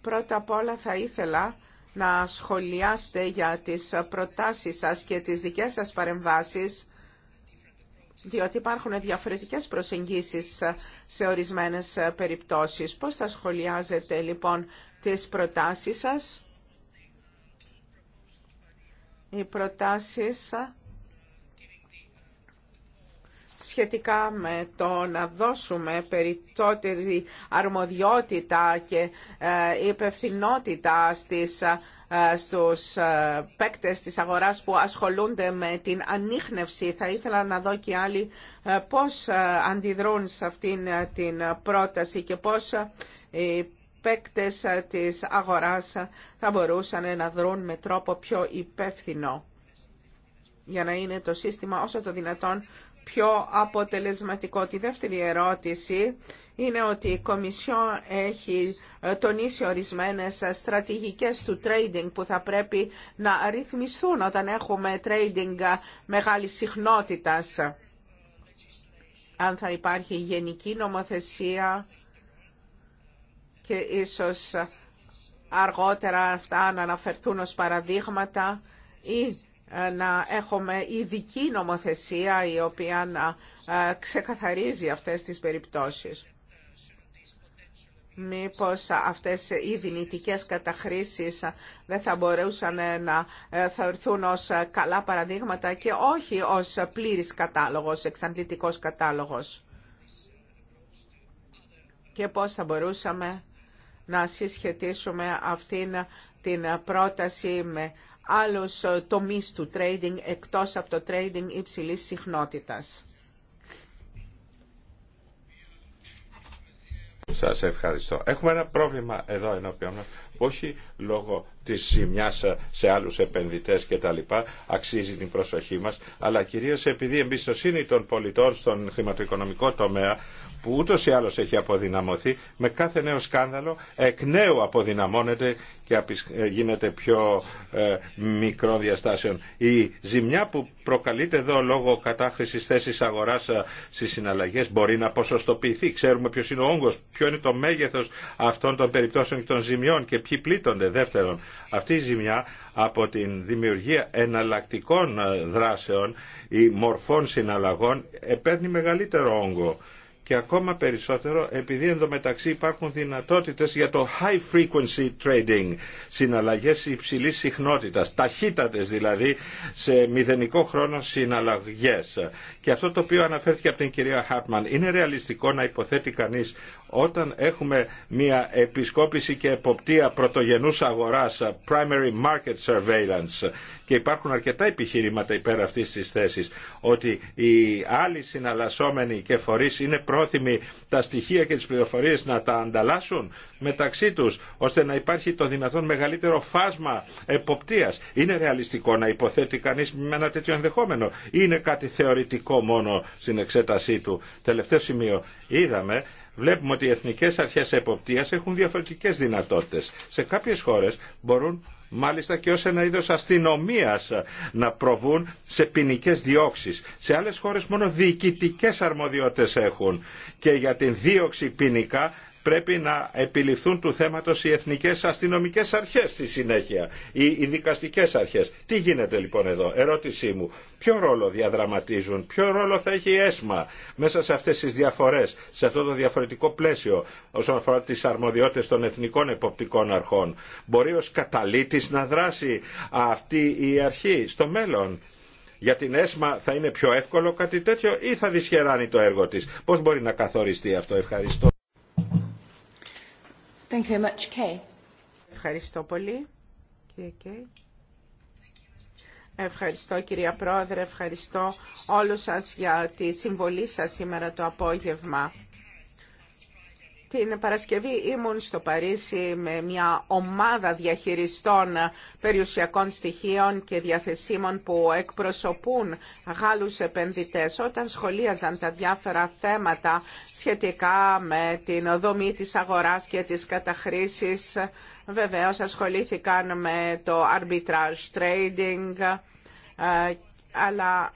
Πρώτα απ' όλα θα ήθελα να σχολιάσετε για τις προτάσεις σας και τις δικές σας παρεμβάσεις διότι υπάρχουν διαφορετικές προσεγγίσεις σε ορισμένες περιπτώσεις. Πώς θα σχολιάζετε λοιπόν τις προτάσεις σας. Οι προτάσεις σχετικά με το να δώσουμε περιτότερη αρμοδιότητα και ε, υπευθυνότητα στις ε, στους ε, παίκτες της αγοράς που ασχολούνται με την ανείχνευση. Θα ήθελα να δω και άλλοι πώς αντιδρούν σε αυτήν την πρόταση και πώς οι παίκτες της αγοράς θα μπορούσαν να δρουν με τρόπο πιο υπεύθυνο για να είναι το σύστημα όσο το δυνατόν πιο αποτελεσματικό. Τη δεύτερη ερώτηση είναι ότι η Κομισιόν έχει ε, τονίσει ορισμένες στρατηγικές του trading που θα πρέπει να ρυθμιστούν όταν έχουμε trading ε, μεγάλη συχνότητας. Αν θα υπάρχει γενική νομοθεσία και ίσως αργότερα αυτά να αναφερθούν ως παραδείγματα ή να έχουμε ειδική νομοθεσία η οποία να ε, ξεκαθαρίζει αυτές τις περιπτώσεις. Μήπως αυτές οι δυνητικές καταχρήσεις δεν θα μπορούσαν ε, να ε, θεωρηθούν ως καλά παραδείγματα και όχι ως πλήρης κατάλογος, εξαντλητικός κατάλογος. Και πώς θα μπορούσαμε να συσχετίσουμε αυτήν την πρόταση με άλλους ε, τομείς του trading εκτός από το trading υψηλής συχνότητας. Σας ευχαριστώ. Έχουμε ένα πρόβλημα εδώ ενώπιον όχι λόγω της ζημιάς σε άλλους επενδυτές λοιπά αξίζει την προσοχή μας, αλλά κυρίως επειδή η εμπιστοσύνη των πολιτών στον χρηματοοικονομικό τομέα που ούτως ή άλλως έχει αποδυναμωθεί, με κάθε νέο σκάνδαλο εκ νέου αποδυναμώνεται και ε, γίνεται πιο ε, μικρών διαστάσεων. Η ζημιά που προκαλείται εδώ λόγω κατάχρησης θέσης αγοράς ε, στις συναλλαγές μπορεί να ποσοστοποιηθεί. Ξέρουμε ποιος είναι ο όγκος, ποιο είναι το μέγεθος αυτών των περιπτώσεων και των ζημιών και ποιοι πλήττονται. Δεύτερον, αυτή η ζημιά από την δημιουργία εναλλακτικών ε, δράσεων ή μορφών συναλλαγών παίρνει μεγαλύτερο όγκο και ακόμα περισσότερο επειδή ενδομεταξύ υπάρχουν δυνατότητες για το high frequency trading, συναλλαγές υψηλής συχνότητας, ταχύτατες δηλαδή σε μηδενικό χρόνο συναλλαγές. Και αυτό το οποίο αναφέρθηκε από την κυρία Χάρτμαν, είναι ρεαλιστικό να υποθέτει κανείς όταν έχουμε μια επισκόπηση και εποπτεία πρωτογενούς αγοράς, primary market surveillance, και υπάρχουν αρκετά επιχειρήματα υπέρ αυτής της θέσης, ότι οι άλλοι συναλλασσόμενοι και φορείς είναι πρόθυμοι τα στοιχεία και τις πληροφορίες να τα ανταλλάσσουν μεταξύ τους ώστε να υπάρχει το δυνατόν μεγαλύτερο φάσμα εποπτείας. Είναι ρεαλιστικό να υποθέτει κανείς με ένα τέτοιο ενδεχόμενο είναι κάτι θεωρητικό μόνο στην εξέτασή του. Τελευταίο σημείο. Είδαμε βλέπουμε ότι οι Εθνικέ Αρχέ εποπτείας έχουν διαφορετικές δυνατότητες. Σε κάποιες χώρες μπορούν μάλιστα και ως ένα είδο αστυνομίας να προβούν σε ποινικέ διώξεις. Σε άλλες χώρες μόνο διοικητικέ αρμοδιότητες έχουν και για την δίωξη ποινικά πρέπει να επιληφθούν του θέματος οι εθνικές αστυνομικές αρχές στη συνέχεια, οι, οι δικαστικές αρχές. Τι γίνεται λοιπόν εδώ, ερώτησή μου, ποιο ρόλο διαδραματίζουν, ποιο ρόλο θα έχει η ΕΣΜΑ μέσα σε αυτές τις διαφορές, σε αυτό το διαφορετικό πλαίσιο όσον αφορά τις αρμοδιότητες των εθνικών εποπτικών αρχών. Μπορεί ως καταλήτης να δράσει αυτή η αρχή στο μέλλον για την ΕΣΜΑ θα είναι πιο εύκολο κάτι τέτοιο ή θα δυσχεράνει το έργο της. Πώς μπορεί να καθοριστεί αυτό. Ευχαριστώ. Ευχαριστώ πολύ, κύριε Κέι. Ευχαριστώ κυρία Πρόεδρε, ευχαριστώ όλους σας για τη συμβολή σας σήμερα το απόγευμα. Την Παρασκευή ήμουν στο Παρίσι με μια ομάδα διαχειριστών περιουσιακών στοιχείων και διαθεσίμων που εκπροσωπούν Γάλλους επενδυτές όταν σχολίαζαν τα διάφορα θέματα σχετικά με την δομή της αγοράς και της καταχρήσης. Βεβαίως ασχολήθηκαν με το arbitrage trading ε, αλλά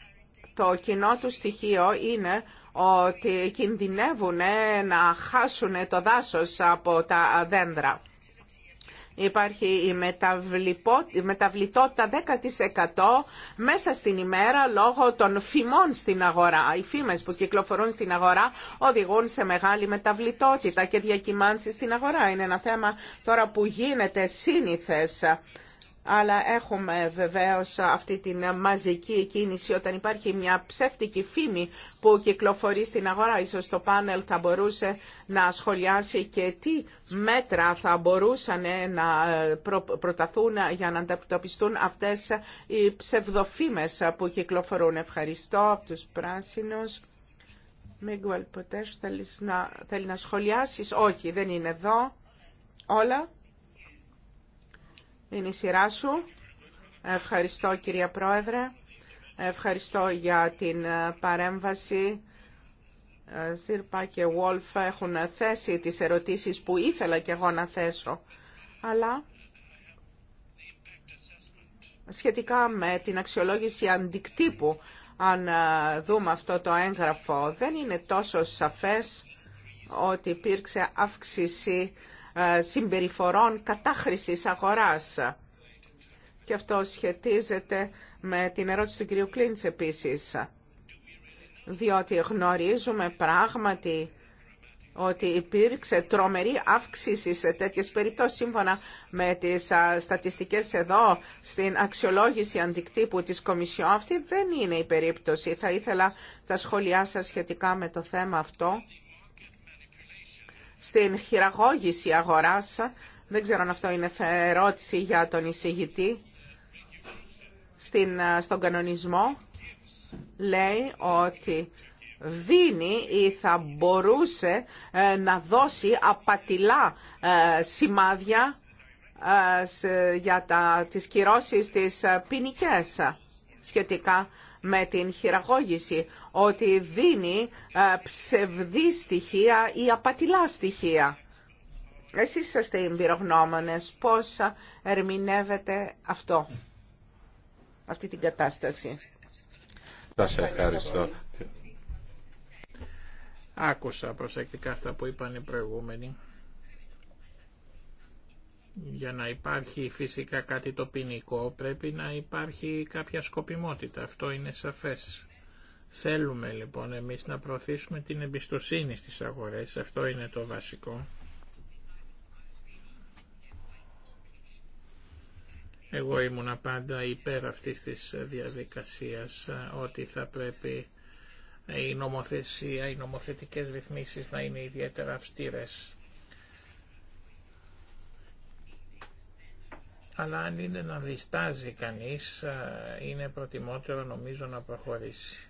το κοινό του στοιχείο είναι ότι κινδυνεύουν να χάσουν το δάσος από τα δέντρα. Υπάρχει η μεταβλητότητα 10% μέσα στην ημέρα λόγω των φημών στην αγορά. Οι φήμες που κυκλοφορούν στην αγορά οδηγούν σε μεγάλη μεταβλητότητα και διακυμάνσεις στην αγορά. Είναι ένα θέμα τώρα που γίνεται σύνηθες αλλά έχουμε βεβαίως αυτή την μαζική κίνηση όταν υπάρχει μια ψεύτικη φήμη που κυκλοφορεί στην αγορά. Ίσως το πάνελ θα μπορούσε να σχολιάσει και τι μέτρα θα μπορούσαν να προταθούν για να ανταπιτοπιστούν αυτές οι ψευδοφήμες που κυκλοφορούν. Ευχαριστώ από τους πράσινους. Μίγκουαλ Ποτέσου, θέλει να σχολιάσεις. Όχι, δεν είναι εδώ. Όλα. Είναι η σειρά σου. Ευχαριστώ κυρία Πρόεδρε. Ευχαριστώ για την ε, παρέμβαση. Ε, Σύρπα και Βόλφ έχουν θέσει τις ερωτήσεις που ήθελα και εγώ να θέσω. Αλλά σχετικά με την αξιολόγηση αντικτύπου, αν ε, δούμε αυτό το έγγραφο, δεν είναι τόσο σαφές ότι υπήρξε αύξηση ε, συμπεριφορών κατάχρησης αγοράς. Και αυτό σχετίζεται με την ερώτηση του κυρίου Κλίντς επίσης. Διότι γνωρίζουμε πράγματι ότι υπήρξε τρομερή αύξηση σε τέτοιες περιπτώσεις σύμφωνα με τις στατιστικές εδώ στην αξιολόγηση αντικτύπου της Κομισιόν. Αυτή δεν είναι η περίπτωση. Θα ήθελα τα σχόλιά σας σχετικά με το θέμα αυτό στην χειραγώγηση αγοράς. Δεν ξέρω αν αυτό είναι ερώτηση για τον εισηγητή. Στην, στον κανονισμό λέει ότι δίνει ή θα μπορούσε ε, να δώσει απατηλά ε, σημάδια ε, για τα, τις κυρώσεις της ποινικέ σχετικά με την χειραγώγηση ότι δίνει ε, ψευδή στοιχεία ή απατηλά στοιχεία. Εσείς είστε οι εμπειρογνώμονες. Πώς ερμηνεύετε αυτό, αυτή την κατάσταση. Σας ευχαριστώ. Άκουσα προσεκτικά αυτά που είπαν οι προηγούμενοι για να υπάρχει φυσικά κάτι το ποινικό πρέπει να υπάρχει κάποια σκοπιμότητα. Αυτό είναι σαφές. Θέλουμε λοιπόν εμείς να προωθήσουμε την εμπιστοσύνη στις αγορές. Αυτό είναι το βασικό. Εγώ ήμουν πάντα υπέρ αυτής της διαδικασίας ότι θα πρέπει η νομοθεσία, οι νομοθετικές ρυθμίσεις να είναι ιδιαίτερα αυστηρές. αλλά αν είναι να διστάζει κανείς, είναι προτιμότερο νομίζω να προχωρήσει.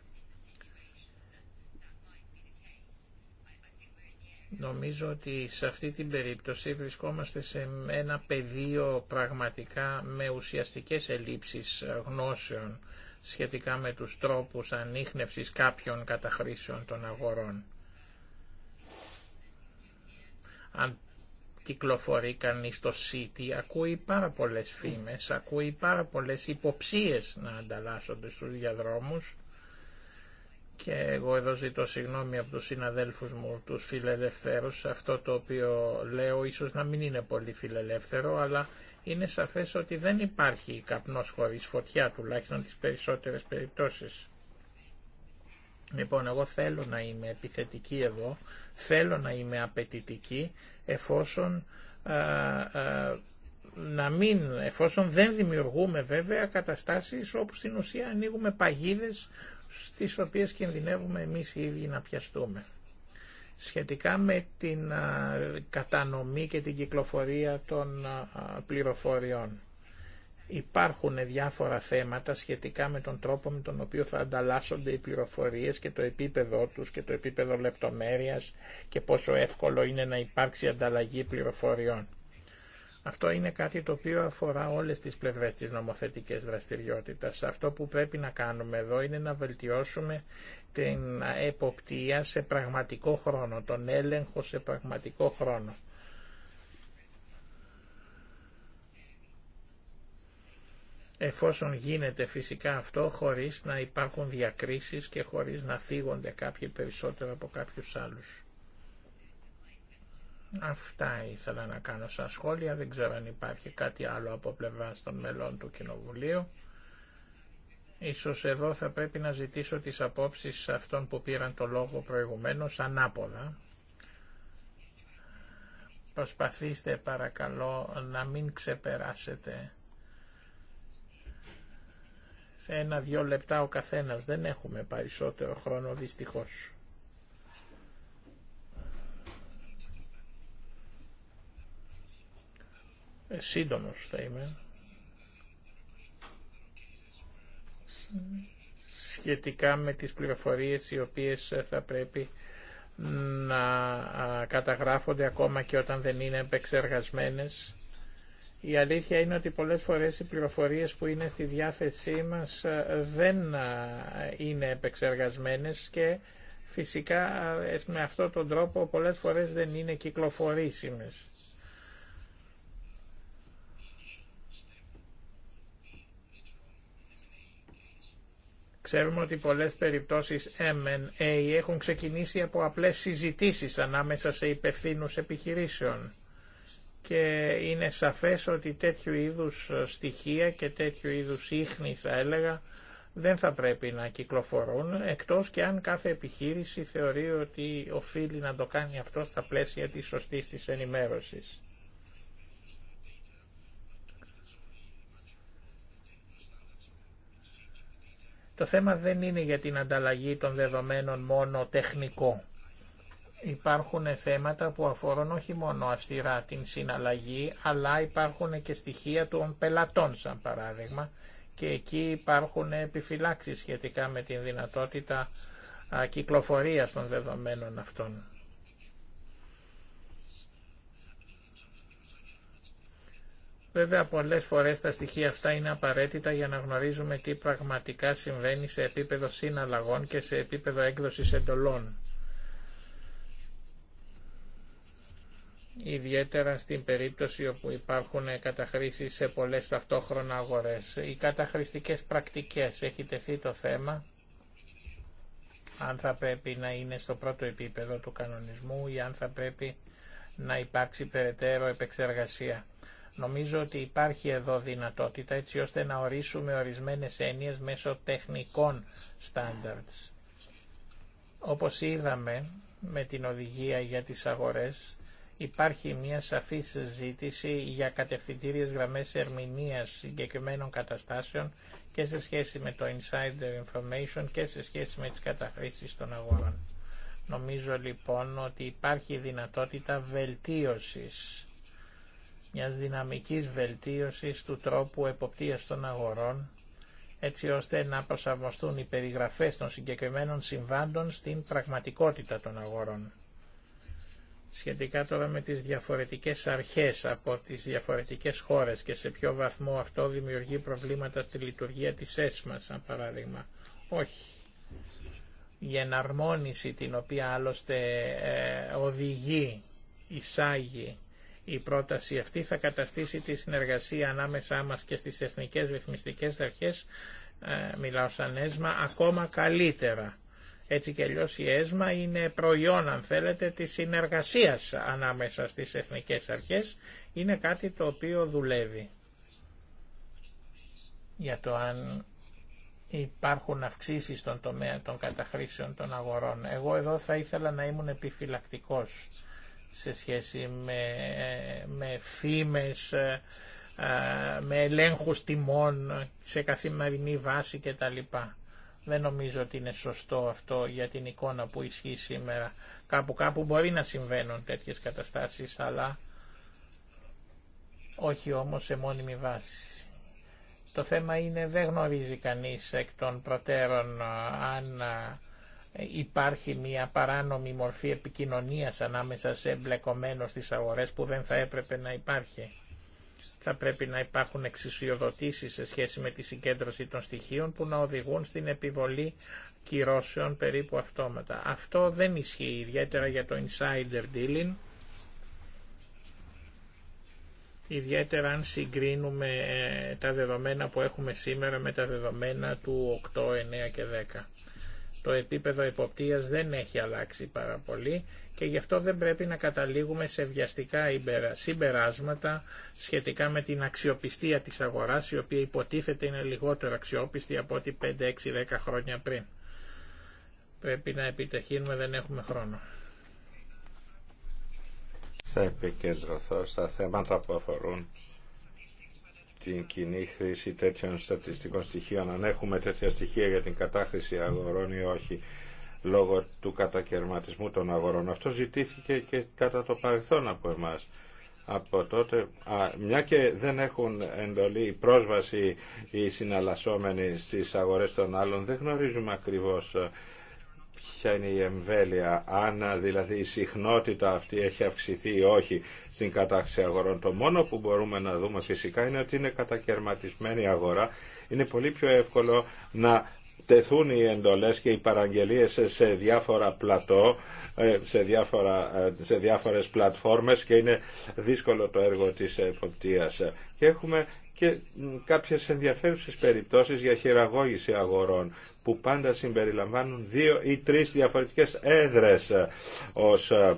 Νομίζω ότι σε αυτή την περίπτωση βρισκόμαστε σε ένα πεδίο πραγματικά με ουσιαστικές ελλείψεις γνώσεων σχετικά με τους τρόπους ανείχνευσης κάποιων καταχρήσεων των αγορών. Αν κυκλοφορεί κανείς στο City ακούει πάρα πολλές φήμες, ακούει πάρα πολλές υποψίες να ανταλλάσσονται στους διαδρόμους και εγώ εδώ ζητώ συγγνώμη από τους συναδέλφους μου, τους φιλελευθέρους, αυτό το οποίο λέω ίσως να μην είναι πολύ φιλελεύθερο, αλλά είναι σαφές ότι δεν υπάρχει καπνός χωρίς φωτιά, τουλάχιστον τις περισσότερες περιπτώσεις. Λοιπόν, εγώ θέλω να είμαι επιθετική εδώ, θέλω να είμαι απαιτητική εφόσον, α, α, να μην, εφόσον δεν δημιουργούμε βέβαια καταστάσεις όπου στην ουσία ανοίγουμε παγίδες στις οποίες κινδυνεύουμε εμείς οι ίδιοι να πιαστούμε. Σχετικά με την κατανομή και την κυκλοφορία των πληροφοριών υπάρχουν διάφορα θέματα σχετικά με τον τρόπο με τον οποίο θα ανταλλάσσονται οι πληροφορίες και το επίπεδό τους και το επίπεδο λεπτομέρειας και πόσο εύκολο είναι να υπάρξει ανταλλαγή πληροφοριών. Αυτό είναι κάτι το οποίο αφορά όλες τις πλευρές της νομοθετικής δραστηριότητας. Αυτό που πρέπει να κάνουμε εδώ είναι να βελτιώσουμε την εποπτεία σε πραγματικό χρόνο, τον έλεγχο σε πραγματικό χρόνο. εφόσον γίνεται φυσικά αυτό χωρίς να υπάρχουν διακρίσεις και χωρίς να φύγονται κάποιοι περισσότερο από κάποιους άλλους. Αυτά ήθελα να κάνω σαν σχόλια, δεν ξέρω αν υπάρχει κάτι άλλο από πλευρά των μελών του Κοινοβουλίου. Ίσως εδώ θα πρέπει να ζητήσω τις απόψεις αυτών που πήραν το λόγο προηγουμένως ανάποδα. Προσπαθήστε παρακαλώ να μην ξεπεράσετε σε ένα-δυο λεπτά ο καθένας. Δεν έχουμε περισσότερο χρόνο δυστυχώς. Ε, σύντομος θα είμαι. Σχετικά με τις πληροφορίες οι οποίες θα πρέπει να καταγράφονται ακόμα και όταν δεν είναι επεξεργασμένες η αλήθεια είναι ότι πολλές φορές οι πληροφορίες που είναι στη διάθεσή μας ε, δεν ε, είναι επεξεργασμένες και φυσικά ε, με αυτόν τον τρόπο πολλές φορές δεν είναι κυκλοφορήσιμες. Ξέρουμε ότι πολλές περιπτώσεις M&A έχουν ξεκινήσει από απλές συζητήσεις ανάμεσα σε υπευθύνους επιχειρήσεων και είναι σαφές ότι τέτοιου είδους στοιχεία και τέτοιου είδους ίχνη θα έλεγα δεν θα πρέπει να κυκλοφορούν εκτός και αν κάθε επιχείρηση θεωρεί ότι οφείλει να το κάνει αυτό στα πλαίσια της σωστής της ενημέρωσης. Το θέμα δεν είναι για την ανταλλαγή των δεδομένων μόνο τεχνικό υπάρχουν θέματα που αφορούν όχι μόνο αυστηρά την συναλλαγή, αλλά υπάρχουν και στοιχεία των πελατών, σαν παράδειγμα, και εκεί υπάρχουν επιφυλάξεις σχετικά με την δυνατότητα κυκλοφορίας των δεδομένων αυτών. Βέβαια πολλές φορές τα στοιχεία αυτά είναι απαραίτητα για να γνωρίζουμε τι πραγματικά συμβαίνει σε επίπεδο συναλλαγών και σε επίπεδο έκδοσης εντολών. ιδιαίτερα στην περίπτωση όπου υπάρχουν καταχρήσεις σε πολλές ταυτόχρονα αγορές. Οι καταχρηστικές πρακτικές, έχει τεθεί το θέμα, αν θα πρέπει να είναι στο πρώτο επίπεδο του κανονισμού ή αν θα πρέπει να υπάρξει περαιτέρω επεξεργασία. Νομίζω ότι υπάρχει εδώ δυνατότητα έτσι ώστε να ορίσουμε ορισμένες έννοιες μέσω τεχνικών standards. Όπως είδαμε με την οδηγία για τις αγορές, υπάρχει μια σαφή συζήτηση για κατευθυντήριες γραμμές ερμηνείας συγκεκριμένων καταστάσεων και σε σχέση με το insider information και σε σχέση με τις καταχρήσεις των αγορών. Νομίζω λοιπόν ότι υπάρχει δυνατότητα βελτίωσης, μιας δυναμικής βελτίωσης του τρόπου εποπτείας των αγορών, έτσι ώστε να προσαρμοστούν οι περιγραφές των συγκεκριμένων συμβάντων στην πραγματικότητα των αγορών σχετικά τώρα με τις διαφορετικές αρχές από τις διαφορετικές χώρες και σε ποιο βαθμό αυτό δημιουργεί προβλήματα στη λειτουργία της ΕΣΜΑ, σαν παράδειγμα. Όχι. Η εναρμόνιση την οποία άλλωστε ε, οδηγεί, εισάγει η πρόταση αυτή θα καταστήσει τη συνεργασία ανάμεσά μας και στις εθνικές ρυθμιστικές αρχές, ε, μιλάω σαν έσμα, ακόμα καλύτερα έτσι και αλλιώ η ΕΣΜΑ είναι προϊόν, αν θέλετε, της συνεργασίας ανάμεσα στις εθνικές αρχές. Είναι κάτι το οποίο δουλεύει. Για το αν υπάρχουν αυξήσεις στον τομέα των καταχρήσεων των αγορών. Εγώ εδώ θα ήθελα να ήμουν επιφυλακτικός σε σχέση με, με φήμες, ε, ε, με ελέγχους τιμών σε καθημερινή βάση κτλ. Δεν νομίζω ότι είναι σωστό αυτό για την εικόνα που ισχύει σήμερα. Κάπου κάπου μπορεί να συμβαίνουν τέτοιες καταστάσεις, αλλά όχι όμως σε μόνιμη βάση. Το θέμα είναι δεν γνωρίζει κανείς εκ των προτέρων αν υπάρχει μια παράνομη μορφή επικοινωνίας ανάμεσα σε εμπλεκομένους στις αγορές που δεν θα έπρεπε να υπάρχει θα πρέπει να υπάρχουν εξισιοδοτήσεις σε σχέση με τη συγκέντρωση των στοιχείων που να οδηγούν στην επιβολή κυρώσεων περίπου αυτόματα. Αυτό δεν ισχύει ιδιαίτερα για το insider dealing, ιδιαίτερα αν συγκρίνουμε ε, τα δεδομένα που έχουμε σήμερα με τα δεδομένα του 8, 9 και 10. Το επίπεδο εποπτείας δεν έχει αλλάξει πάρα πολύ και γι' αυτό δεν πρέπει να καταλήγουμε σε βιαστικά συμπεράσματα σχετικά με την αξιοπιστία της αγοράς, η οποία υποτίθεται είναι λιγότερο αξιόπιστη από ό,τι 5, 6, 10 χρόνια πριν. Πρέπει να επιτεχύνουμε, δεν έχουμε χρόνο. Θα επικεντρωθώ στα θέματα που αφορούν την κοινή χρήση τέτοιων στατιστικών στοιχείων, αν έχουμε τέτοια στοιχεία για την κατάχρηση αγορών ή όχι λόγω του κατακαιρματισμού των αγορών. Αυτό ζητήθηκε και κατά το παρελθόν από εμάς. Από τότε, μια και δεν έχουν εντολή πρόσβαση οι συναλλασσόμενοι στις αγορές των άλλων, δεν γνωρίζουμε ακριβώς ποια είναι η εμβέλεια, αν δηλαδή η συχνότητα αυτή έχει αυξηθεί ή όχι στην κατάξη αγορών. Το μόνο που μπορούμε να δούμε φυσικά είναι ότι είναι κατακαιρματισμένη η αγορά. Είναι πολύ πιο εύκολο να τεθούν οι εντολές και οι παραγγελίες σε διάφορα πλατό, ε, σε, διάφορα, ε, σε διάφορες πλατφόρμες και είναι δύσκολο το έργο της εποπτείας. Και έχουμε και κάποιες ενδιαφέρουσες περιπτώσεις για χειραγώγηση αγορών που πάντα συμπεριλαμβάνουν δύο ή τρεις διαφορετικές έδρες ως ε,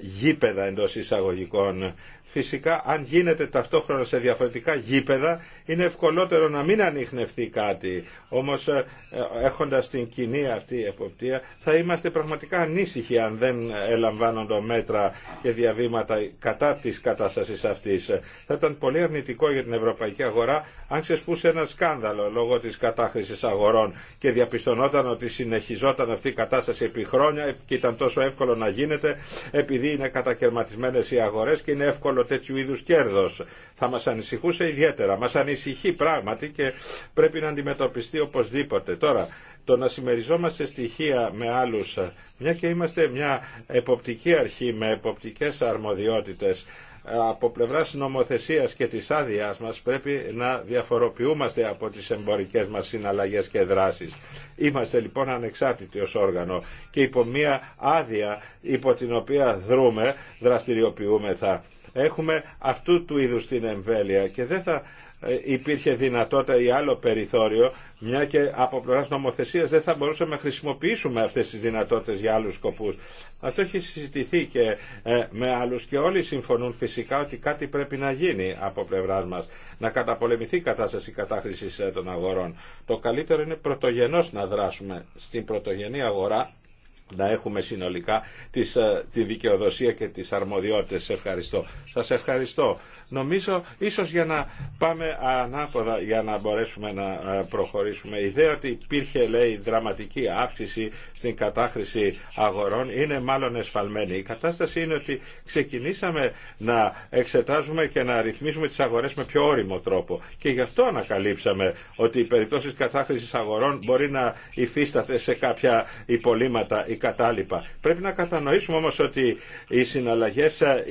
γήπεδα εντός εισαγωγικών. Φυσικά αν γίνεται ταυτόχρονα σε διαφορετικά γήπεδα είναι ευκολότερο να μην ανοιχνευτεί κάτι. Όμως ε, ε, έχοντας την κοινή αυτή εποπτεία θα είμαστε πραγματικά ανήσυχοι αν δεν ελαμβάνονται μέτρα και διαβήματα κατά της κατάστασης αυτής. Θα ήταν πολύ αρνητικό για την ευρωπαϊκή αγορά αν ξεσπούσε ένα σκάνδαλο λόγω της κατάχρησης αγορών και διαπιστωνόταν ότι συνεχιζόταν αυτή η κατάσταση επί χρόνια και ήταν τόσο εύκολο να γίνεται επειδή είναι κατακαιρματισμένες οι αγορές και είναι εύκολο τέτοιου είδους κέρδος. Θα μας ανησυχούσε ιδιαίτερα. Μας ανησυχεί πράγματι και πρέπει να αντιμετωπιστεί οπωσδήποτε. Τώρα, το να συμμεριζόμαστε στοιχεία με άλλους, μια και είμαστε μια εποπτική αρχή με εποπτικές αρμοδιότητες, ε, από πλευράς νομοθεσίας και της άδεια μας πρέπει να διαφοροποιούμαστε από τις εμπορικές μας συναλλαγές και δράσεις. Είμαστε λοιπόν ανεξάρτητοι ως όργανο και υπό μια άδεια υπό την οποία δρούμε, δραστηριοποιούμεθα. Έχουμε αυτού του είδους την εμβέλεια και δεν θα ε, υπήρχε δυνατότητα ή άλλο περιθώριο, μια και από πλευρά νομοθεσία δεν θα μπορούσαμε να χρησιμοποιήσουμε αυτέ τι δυνατότητε για άλλου σκοπού. Αυτό έχει συζητηθεί και ε, με άλλου και όλοι συμφωνούν φυσικά ότι κάτι πρέπει να γίνει από πλευρά μα. Να καταπολεμηθεί η κατάσταση κατάχρηση ε, των αγορών. Το καλύτερο είναι πρωτογενώ να δράσουμε στην πρωτογενή αγορά να έχουμε συνολικά τη δικαιοδοσία και τις αρμοδιότητες. Σας ευχαριστώ. Σας ευχαριστώ. Νομίζω ίσως για να πάμε ανάποδα για να μπορέσουμε να ε, προχωρήσουμε. Η ιδέα ότι υπήρχε λέει δραματική αύξηση στην κατάχρηση αγορών είναι μάλλον εσφαλμένη. Η κατάσταση είναι ότι ξεκινήσαμε να εξετάζουμε και να ρυθμίζουμε τις αγορές με πιο όριμο τρόπο. Και γι' αυτό ανακαλύψαμε ότι οι περιπτώσεις κατάχρησης αγορών μπορεί να υφίσταται σε κάποια υπολείμματα ή κατάλοιπα. Πρέπει να κατανοήσουμε όμως ότι οι συναλλαγές ε,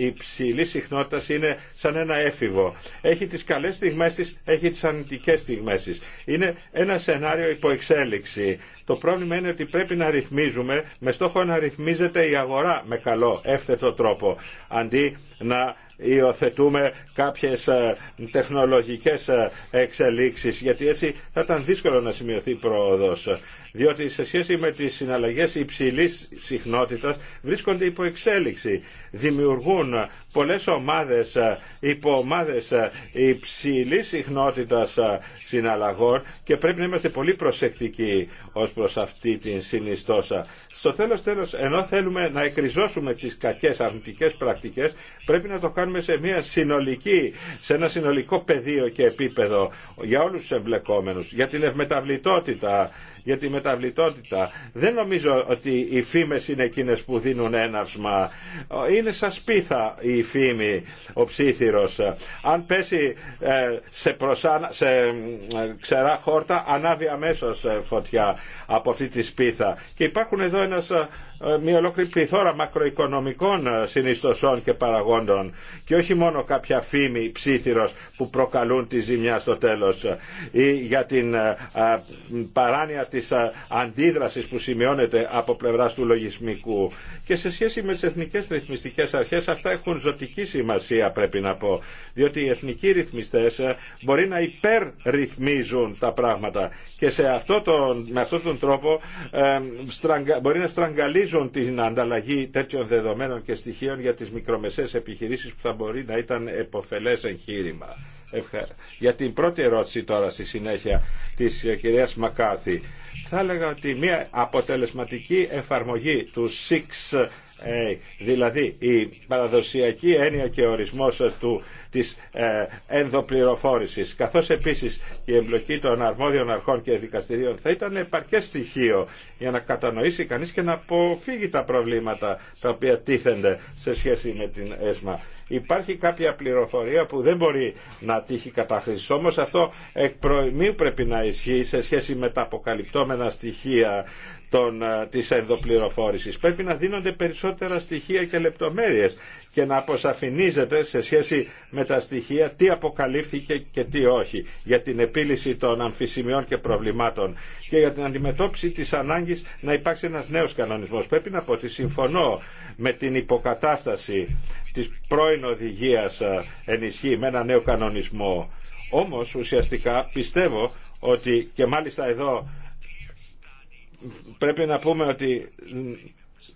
είναι σαν ένα ένα Έχει τις καλές στιγμές της, έχει τις αρνητικές στιγμές της. Είναι ένα σενάριο υποεξέλιξη. Το πρόβλημα είναι ότι πρέπει να ρυθμίζουμε με στόχο να ρυθμίζεται η αγορά με καλό, εύθετο τρόπο, αντί να υιοθετούμε κάποιες ε, τεχνολογικές ε, εξελίξεις, γιατί έτσι θα ήταν δύσκολο να σημειωθεί πρόοδος διότι σε σχέση με τις συναλλαγές υψηλής συχνότητας βρίσκονται υποεξέλιξη δημιουργούν πολλές ομάδες, ε, υποομάδες ε, υψηλής συχνότητας ε, συναλλαγών και πρέπει να είμαστε πολύ προσεκτικοί ως προς αυτή την συνιστόσα. Στο τέλος τέλος, ενώ θέλουμε να εκριζώσουμε τις κακές αρνητικές πρακτικές, πρέπει να το κάνουμε σε μια συνολική, σε ένα συνολικό πεδίο και επίπεδο για όλους τους εμπλεκόμενους, για την ευμεταβλητότητα, για τη μεταβλητότητα. Δεν νομίζω ότι οι φήμες είναι εκείνες που δίνουν έναυσμα είναι σαν σπίθα η φήμη, ο ψήθυρος. Αν πέσει ε, σε, προσά, σε ε, ξερά χόρτα ανάβει αμέσως ε, φωτιά από αυτή τη σπίθα. Και υπάρχουν εδώ ένας ε, μια ολόκληρη πληθώρα μακροοικονομικών ε, συνιστοσών και παραγόντων και όχι μόνο κάποια φήμη ψήθυρος που προκαλούν τη ζημιά στο τέλος ε, ή για την παράνοια της αντίδρασης που σημειώνεται από πλευράς του λογισμικού. Και σε σχέση με τις εθνικές ρυθμιστικές αρχές αυτά έχουν ζωτική σημασία πρέπει να πω, διότι οι εθνικοί ρυθμιστές μπορεί να υπερρυθμίζουν τα πράγματα και σε αυτό τον, με αυτόν τον τρόπο μπορεί να στραγγαλίζουν την ανταλλαγή τέτοιων δεδομένων και στοιχείων για τις μικρομεσαίες επιχειρήσεις που θα μπορεί να ήταν εποφελές εγχείρημα. Για την πρώτη ερώτηση τώρα στη συνέχεια της κυρίας Μακάρθη. Θα έλεγα ότι μια αποτελεσματική εφαρμογή του 6A, δηλαδή η παραδοσιακή έννοια και ορισμός του της ε, ενδοπληροφόρησης, καθώς επίσης η εμπλοκή των αρμόδιων αρχών και δικαστηρίων θα ήταν επαρκές στοιχείο για να κατανοήσει κανείς και να αποφύγει τα προβλήματα τα οποία τίθενται σε σχέση με την ΕΣΜΑ. Υπάρχει κάποια πληροφορία που δεν μπορεί να τύχει χρήση Όμως αυτό εκ πρέπει να ισχύει σε σχέση με τα αποκαλυπτόμενα στοιχεία των, ε, της ενδοπληροφόρησης. Πρέπει να δίνονται περισσότερα στοιχεία και λεπτομέρειες και να αποσαφηνίζεται σε σχέση με τα στοιχεία τι αποκαλύφθηκε και τι όχι για την επίλυση των αμφισημιών και προβλημάτων και για την αντιμετώπιση της ανάγκης να υπάρξει ένας νέος κανονισμός. Πρέπει να πω ότι συμφωνώ με την υποκατάσταση της πρώην οδηγίας ε, ενισχύει με ένα νέο κανονισμό. Όμως ουσιαστικά πιστεύω ότι και μάλιστα εδώ πρέπει να πούμε ότι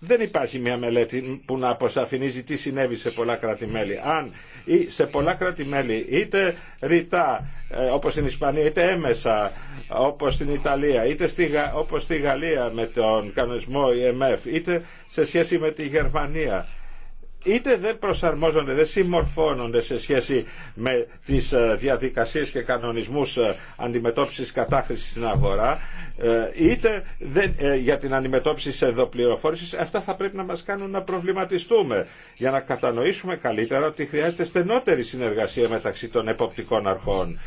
δεν υπάρχει μια μελέτη που να αποσαφηνίζει τι συνέβη σε πολλά κράτη-μέλη. Αν σε πολλά κράτη-μέλη είτε ρητά ε, όπως στην Ισπανία είτε έμεσα όπως στην Ιταλία είτε στη, όπως στη Γαλλία με τον κανονισμό EMF είτε σε σχέση με τη Γερμανία είτε δεν προσαρμόζονται, δεν συμμορφώνονται σε σχέση με τις ε, διαδικασίες και κανονισμούς ε, αντιμετώπισης κατάχρησης στην αγορά, ε, είτε δεν, για την αντιμετώπιση της ενδοπληροφόρησης, αυτά θα πρέπει να μας κάνουν να προβληματιστούμε για να κατανοήσουμε καλύτερα ότι χρειάζεται στενότερη συνεργασία μεταξύ των εποπτικών αρχών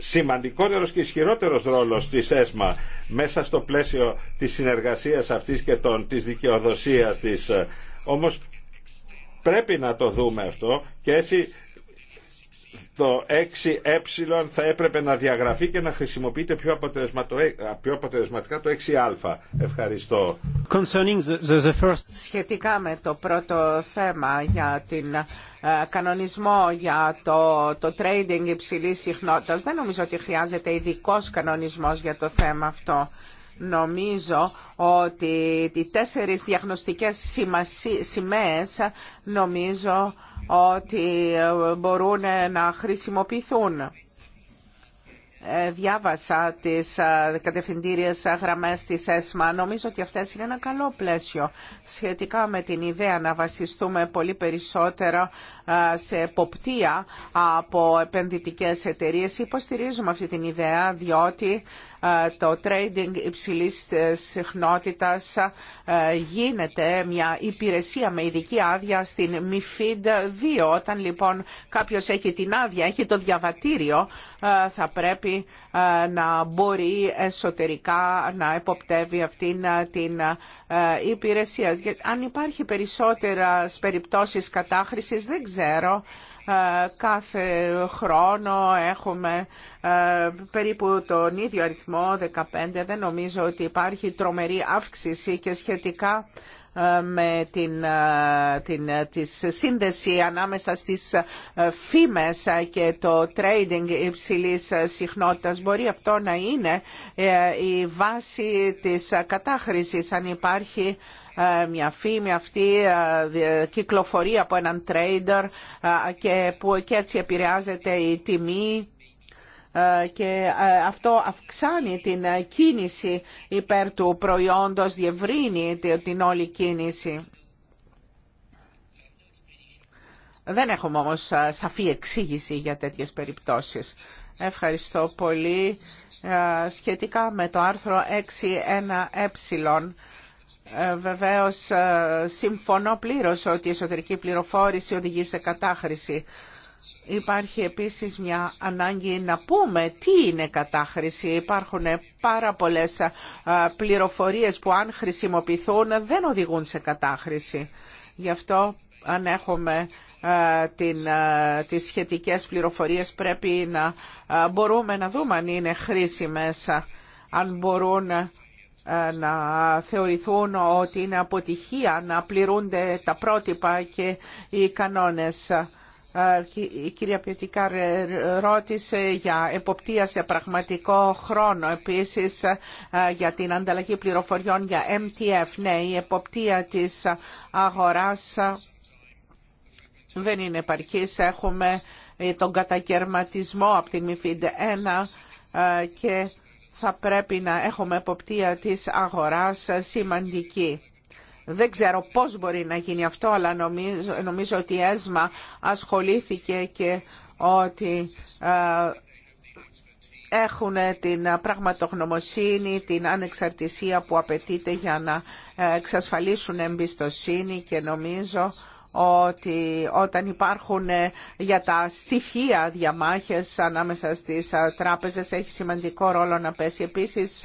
σημαντικότερος και ισχυρότερος ρόλος της ΕΣΜΑ μέσα στο πλαίσιο της συνεργασίας αυτής και των, της δικαιοδοσίας της. Όμως Πρέπει να το δούμε αυτό και έτσι το 6ε θα έπρεπε να διαγραφεί και να χρησιμοποιείται πιο, ε, πιο αποτελεσματικά το 6α. Ευχαριστώ. Σχετικά με το πρώτο θέμα για την ε, κανονισμό για το, το trading υψηλής συχνότητας, δεν νομίζω ότι χρειάζεται ειδικό κανονισμός για το θέμα αυτό. Νομίζω ότι οι τέσσερις διαγνωστικές σημαίες νομίζω ότι ε, μπορούν ε, να χρησιμοποιηθούν. Ε, διάβασα τις κατευθυντήριες γραμμές της ΕΣΜΑ. Νομίζω ότι αυτές είναι ένα καλό πλαίσιο σχετικά με την ιδέα να βασιστούμε πολύ περισσότερο σε εποπτεία από επενδυτικές εταιρείες. Υποστηρίζουμε αυτή την ιδέα διότι ε, το trading υψηλής ε, συχνότητας ε, γίνεται μια υπηρεσία με ειδική άδεια στην MIFID 2. Όταν λοιπόν κάποιος έχει την άδεια, έχει το διαβατήριο, θα πρέπει να μπορεί εσωτερικά να εποπτεύει αυτήν την υπηρεσία. Αν υπάρχει περισσότερα περιπτώσεις κατάχρησης δεν ξέρω ε, κάθε χρόνο έχουμε ε, περίπου τον ίδιο αριθμό, 15. Δεν νομίζω ότι υπάρχει τρομερή αύξηση και σχετικά ε, με την, της σύνδεση ανάμεσα στις φήμες και το trading υψηλής συχνότητας. Μπορεί αυτό να είναι η βάση της κατάχρησης αν υπάρχει ε, μια φήμη αυτή ε, κυκλοφορεί από έναν trader ε, και, που, και έτσι επηρεάζεται η τιμή και αυτό αυξάνει την κίνηση υπέρ του προϊόντος, διευρύνει την όλη κίνηση. Δεν έχουμε όμως σαφή εξήγηση για τέτοιες περιπτώσεις. Ευχαριστώ πολύ. Σχετικά με το άρθρο 6.1 ε, βεβαίως ε, συμφωνώ πλήρως ότι η εσωτερική πληροφόρηση οδηγεί σε κατάχρηση. Υπάρχει επίσης μια ανάγκη να πούμε τι είναι κατάχρηση. Υπάρχουν πάρα πολλές ε, πληροφορίες που αν χρησιμοποιηθούν δεν οδηγούν σε κατάχρηση. Γι' αυτό αν έχουμε την, τις σχετικές πληροφορίες πρέπει να μπορούμε να δούμε αν είναι χρήσιμες, αν μπορούν να θεωρηθούν ότι είναι αποτυχία να πληρούνται τα πρότυπα και οι κανόνες. Ε, η κυρία Πιετικά ε, ρώτησε για εποπτεία σε πραγματικό χρόνο, επίσης ε, για την ανταλλαγή πληροφοριών για MTF. Ναι, η εποπτεία της αγοράς δεν είναι επαρκής. Έχουμε τον κατακαιρματισμό από την MIFID 1 και θα πρέπει να έχουμε εποπτεία της αγοράς σημαντική. Δεν ξέρω πώς μπορεί να γίνει αυτό, αλλά νομίζω, νομίζω ότι η ΕΣΜΑ ασχολήθηκε και ότι ε, έχουν την πραγματογνωμοσύνη, την ανεξαρτησία που απαιτείται για να ε, εξασφαλίσουν εμπιστοσύνη και νομίζω ότι όταν υπάρχουν ε, για τα στοιχεία διαμάχες ανάμεσα στις ε, τράπεζες έχει σημαντικό ρόλο να πέσει. Επίσης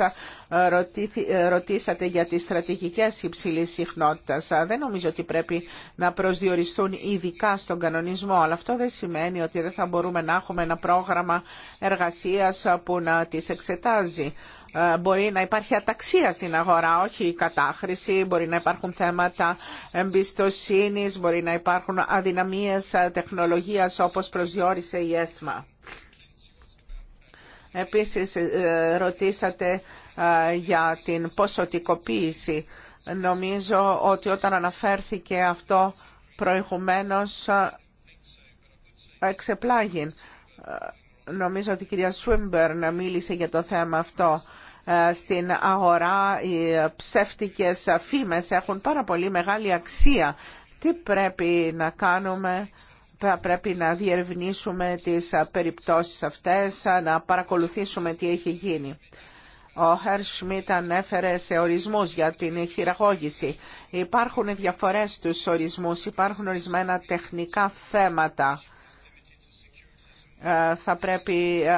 ε, ρωτήσατε για τις στρατηγικές υψηλής συχνότητας. Δεν νομίζω ότι πρέπει να προσδιοριστούν ειδικά στον κανονισμό, αλλά αυτό δεν σημαίνει ότι δεν θα μπορούμε να έχουμε ένα πρόγραμμα εργασίας που να τις εξετάζει. Ε, μπορεί να υπάρχει αταξία στην αγορά, όχι η κατάχρηση, μπορεί να υπάρχουν θέματα εμπιστοσύνης, μπορεί να υπάρχουν αδυναμίες τεχνολογίας όπως προσδιορίσε η ΕΣΜΑ. Επίσης ε, ρωτήσατε ε, για την ποσοτικοποίηση. Νομίζω ότι όταν αναφέρθηκε αυτό προηγουμένως εξεπλάγει. Νομίζω ότι η κυρία Σουίμπερ μίλησε για το θέμα αυτό. Ε, στην αγορά, οι ψεύτικες φήμες έχουν πάρα πολύ μεγάλη αξία. Τι πρέπει να κάνουμε, πρέπει να διερευνήσουμε τις περιπτώσεις αυτές, να παρακολουθήσουμε τι έχει γίνει. Ο Χερ Σμιτ ανέφερε σε ορισμούς για την χειραγώγηση. Υπάρχουν διαφορές στους ορισμούς, υπάρχουν ορισμένα τεχνικά θέματα ε, θα πρέπει ε,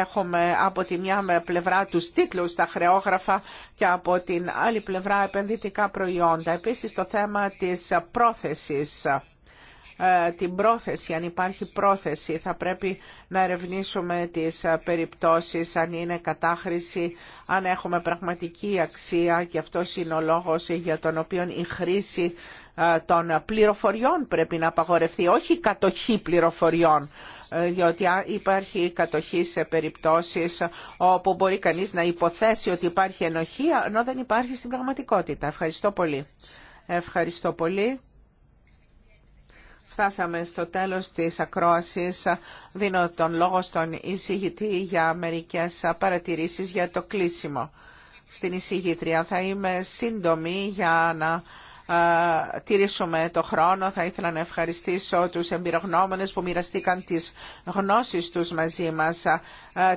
έχουμε από τη μια πλευρά τους τίτλους, τα χρεόγραφα και από την άλλη πλευρά επενδυτικά προϊόντα. Επίσης το θέμα της πρόθεσης ε, την πρόθεση, αν υπάρχει πρόθεση, θα πρέπει να ερευνήσουμε τις περιπτώσεις, αν είναι κατάχρηση, αν έχουμε πραγματική αξία και αυτός είναι ο λόγος για τον οποίο η χρήση ε, των πληροφοριών πρέπει να απαγορευτεί, όχι η κατοχή πληροφοριών, ε, διότι υπάρχει κατοχή σε περιπτώσεις όπου μπορεί κανείς να υποθέσει ότι υπάρχει ενοχή, ενώ δεν υπάρχει στην πραγματικότητα. Ευχαριστώ πολύ. Ευχαριστώ πολύ. Φτάσαμε στο τέλος της ακρόασης. Δίνω τον λόγο στον εισηγητή για μερικές παρατηρήσεις για το κλείσιμο. Στην εισηγήτρια θα είμαι σύντομη για να τηρήσουμε το χρόνο. Θα ήθελα να ευχαριστήσω τους εμπειρογνώμονες που μοιραστήκαν τις γνώσεις τους μαζί μας.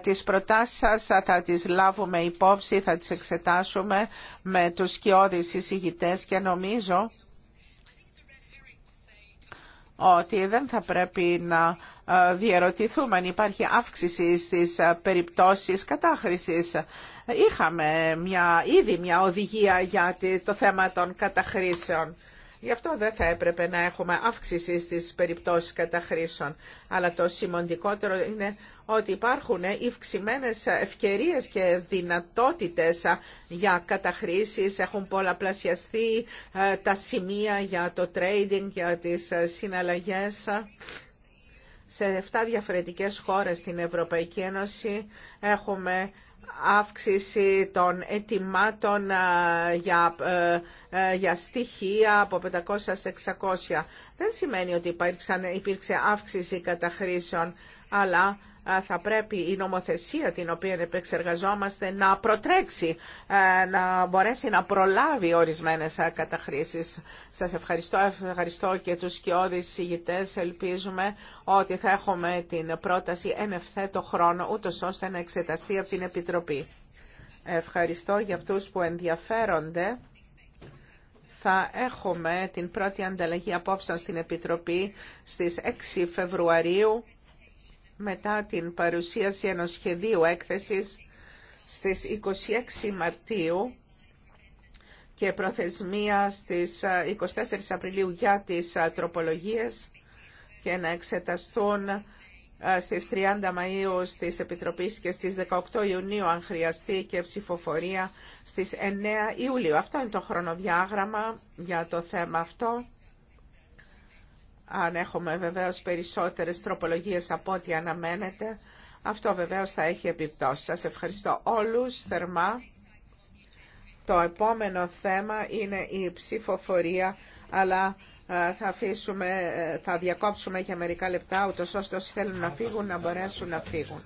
Τις προτάσεις σας θα τις λάβουμε υπόψη, θα τις εξετάσουμε με τους σκιώδεις εισηγητές και νομίζω ότι δεν θα πρέπει να διαρωτηθούμε αν υπάρχει αύξηση στις περιπτώσεις κατάχρησης είχαμε μια, ήδη μια οδηγία για το θέμα των καταχρήσεων. Γι' αυτό δεν θα έπρεπε να έχουμε αύξηση στις περιπτώσεις καταχρήσεων. Αλλά το σημαντικότερο είναι ότι υπάρχουν ευξημένες ευκαιρίες και δυνατότητες για καταχρήσεις. Έχουν πολλαπλασιαστεί ε, τα σημεία για το trading, για τις ε, συναλλαγές σε 7 διαφορετικές χώρες στην Ευρωπαϊκή Ένωση έχουμε αύξηση των ετοιμάτων για, ε, ε, για στοιχεία από 500 σε 600. Δεν σημαίνει ότι υπήρξε αύξηση καταχρήσεων, αλλά θα πρέπει η νομοθεσία την οποία επεξεργαζόμαστε να προτρέξει, να μπορέσει να προλάβει ορισμένες καταχρήσεις. Σας ευχαριστώ, ευχαριστώ και τους σκιώδεις συγητές. Ελπίζουμε ότι θα έχουμε την πρόταση εν ευθέτω χρόνο, ούτως ώστε να εξεταστεί από την Επιτροπή. Ευχαριστώ για αυτούς που ενδιαφέρονται. Θα έχουμε την πρώτη ανταλλαγή απόψεων στην Επιτροπή στις 6 Φεβρουαρίου μετά την παρουσίαση ενός σχεδίου έκθεσης στις 26 Μαρτίου και προθεσμία στις 24 ε, Απριλίου για τις ε, τροπολογίες και να εξεταστούν ε, στις 30 Μαΐου στις Επιτροπής και στις 18 Ιουνίου αν χρειαστεί και ψηφοφορία στις 9 Ιουλίου. Αυτό είναι το χρονοδιάγραμμα για το θέμα αυτό αν έχουμε βεβαίως περισσότερες τροπολογίες από ό,τι αναμένεται, αυτό βεβαίως θα έχει επιπτώσει. Σας ευχαριστώ όλους θερμά. Το επόμενο θέμα είναι η ψηφοφορία, αλλά ε, θα, αφήσουμε, ε, θα διακόψουμε για μερικά λεπτά, ούτως ώστε όσοι θέλουν να φύγουν να μπορέσουν να φύγουν.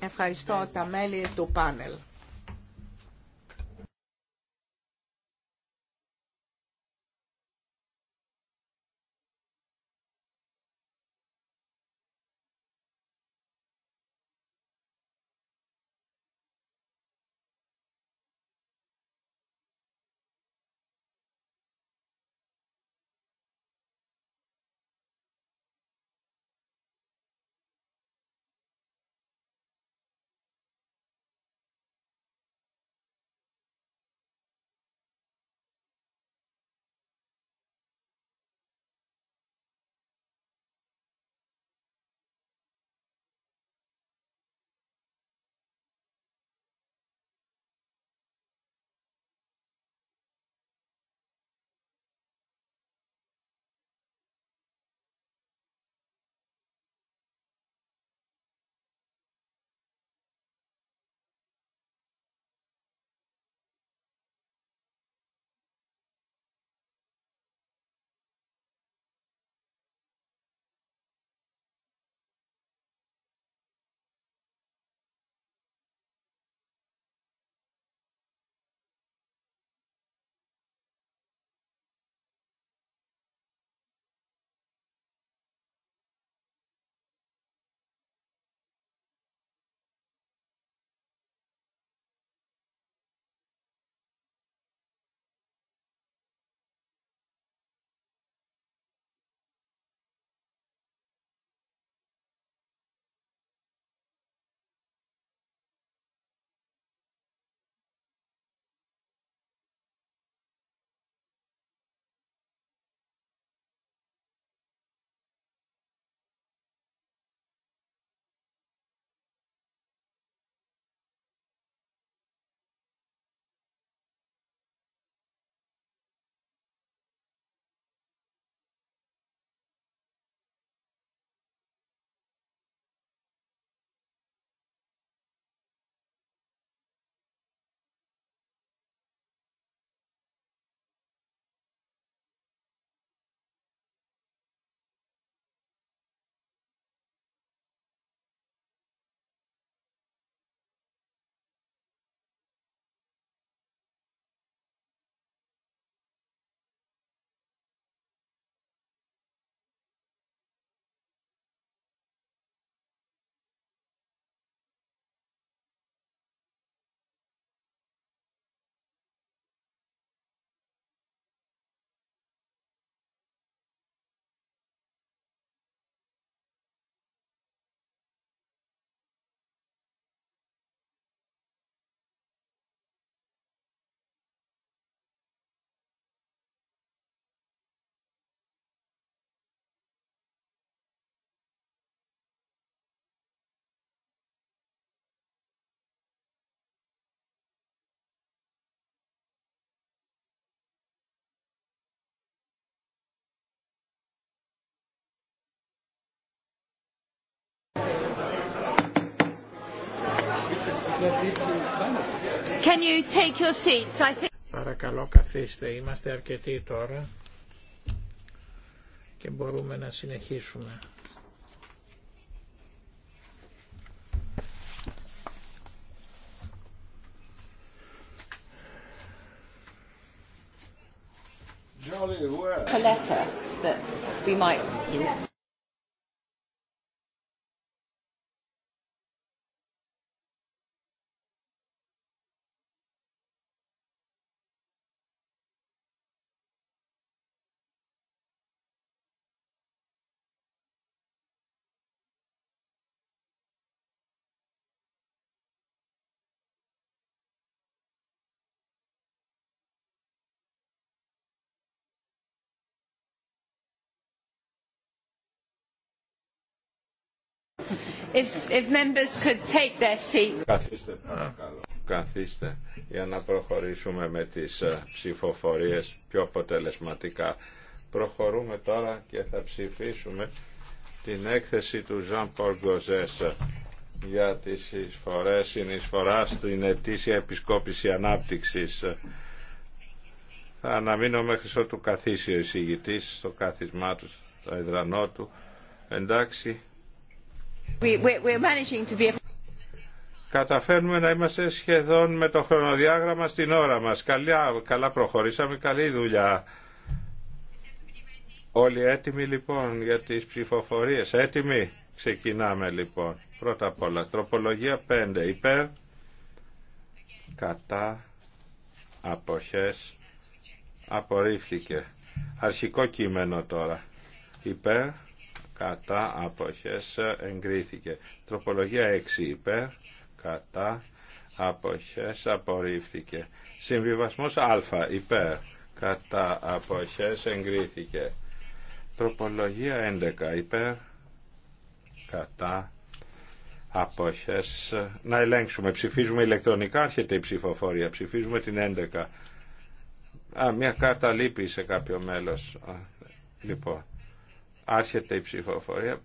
Ευχαριστώ τα μέλη του πάνελ. Can you take your seats? I think... Παρακαλώ καθίστε, είμαστε αρκετοί τώρα και μπορούμε να συνεχίσουμε. Jolly well. A letter that we might. Καθίστε παρακαλώ. Καθίστε για να προχωρήσουμε με τις ε, ψηφοφορίες πιο αποτελεσματικά. Προχωρούμε τώρα και θα ψηφίσουμε την έκθεση του Ζαν Paul για τις εισφορές συνεισφορά στην ετήσια επισκόπηση ανάπτυξης. Θα αναμείνω μέχρι ότου καθίσει ο εισηγητής στο κάθισμά του, στο εδρανό του. Εντάξει, Καταφέρνουμε να είμαστε σχεδόν με το χρονοδιάγραμμα στην ώρα μας. Καλά, καλά προχωρήσαμε, καλή δουλειά. Όλοι έτοιμοι λοιπόν για τις ψηφοφορίες. Έτοιμοι. Ξεκινάμε λοιπόν. Πρώτα απ' όλα. Τροπολογία 5. Υπέρ. Κατά. Αποχές. Απορρίφθηκε. Αρχικό κείμενο τώρα. Υπέρ κατά αποχές εγκρίθηκε. Τροπολογία 6 υπέρ κατά αποχές απορρίφθηκε. Συμβιβασμός α υπέρ κατά αποχές εγκρίθηκε. Τροπολογία 11 υπέρ κατά αποχές. Να ελέγξουμε. Ψηφίζουμε ηλεκτρονικά. Έρχεται η ψηφοφορία. Ψηφίζουμε την 11. Α, μια κάρτα λείπει σε κάποιο μέλος. Λοιπόν, Άρχεται η ψηφοφορία.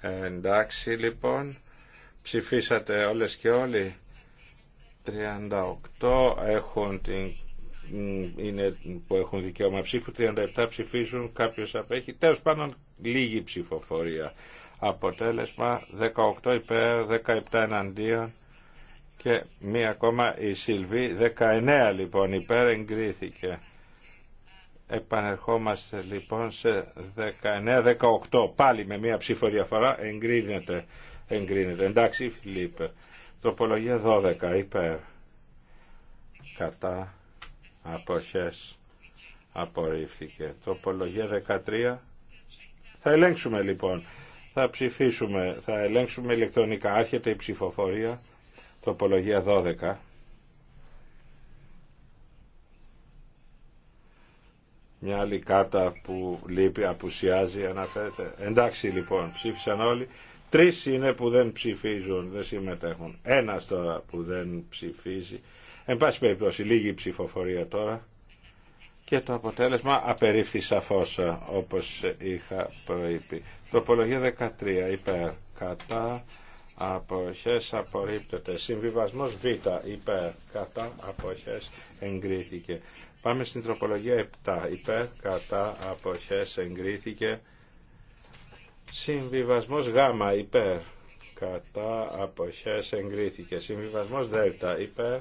Εντάξει λοιπόν, ψηφίσατε όλες και όλοι. 38 έχουν την, είναι που έχουν δικαίωμα ψήφου, 37 ψηφίζουν, κάποιος απέχει. Τέλος πάντων λίγη ψηφοφορία. Αποτέλεσμα 18 υπέρ, 17 εναντίον και μία ακόμα η Σιλβή 19 λοιπόν υπέρ εγκρίθηκε επανερχόμαστε λοιπόν σε 19-18 πάλι με μία ψηφοδιαφορά εγκρίνεται, εγκρίνεται. εντάξει Φιλίππε. τροπολογία 12 υπέρ κατά αποχές απορρίφθηκε τροπολογία 13 θα ελέγξουμε λοιπόν θα ψηφίσουμε, θα ελέγξουμε ηλεκτρονικά. Άρχεται η ψηφοφορία τοπολογία 12. Μια άλλη κάρτα που λείπει, απουσιάζει, αναφέρεται. Εντάξει λοιπόν, ψήφισαν όλοι. Τρεις είναι που δεν ψηφίζουν, δεν συμμετέχουν. Ένας τώρα που δεν ψηφίζει. Εν πάση περιπτώσει, λίγη ψηφοφορία τώρα. Και το αποτέλεσμα απερίφθη σαφώς, ε, όπως είχα προείπει. Τροπολογία 13, υπέρ, κατά, αποχές απορρίπτεται. Συμβιβασμός Β υπέρ κατά αποχές εγκρίθηκε. Πάμε στην τροπολογία 7 υπέρ κατά αποχές εγκρίθηκε. Συμβιβασμός Γ υπέρ κατά αποχές εγκρίθηκε. Συμβιβασμός Δ υπέρ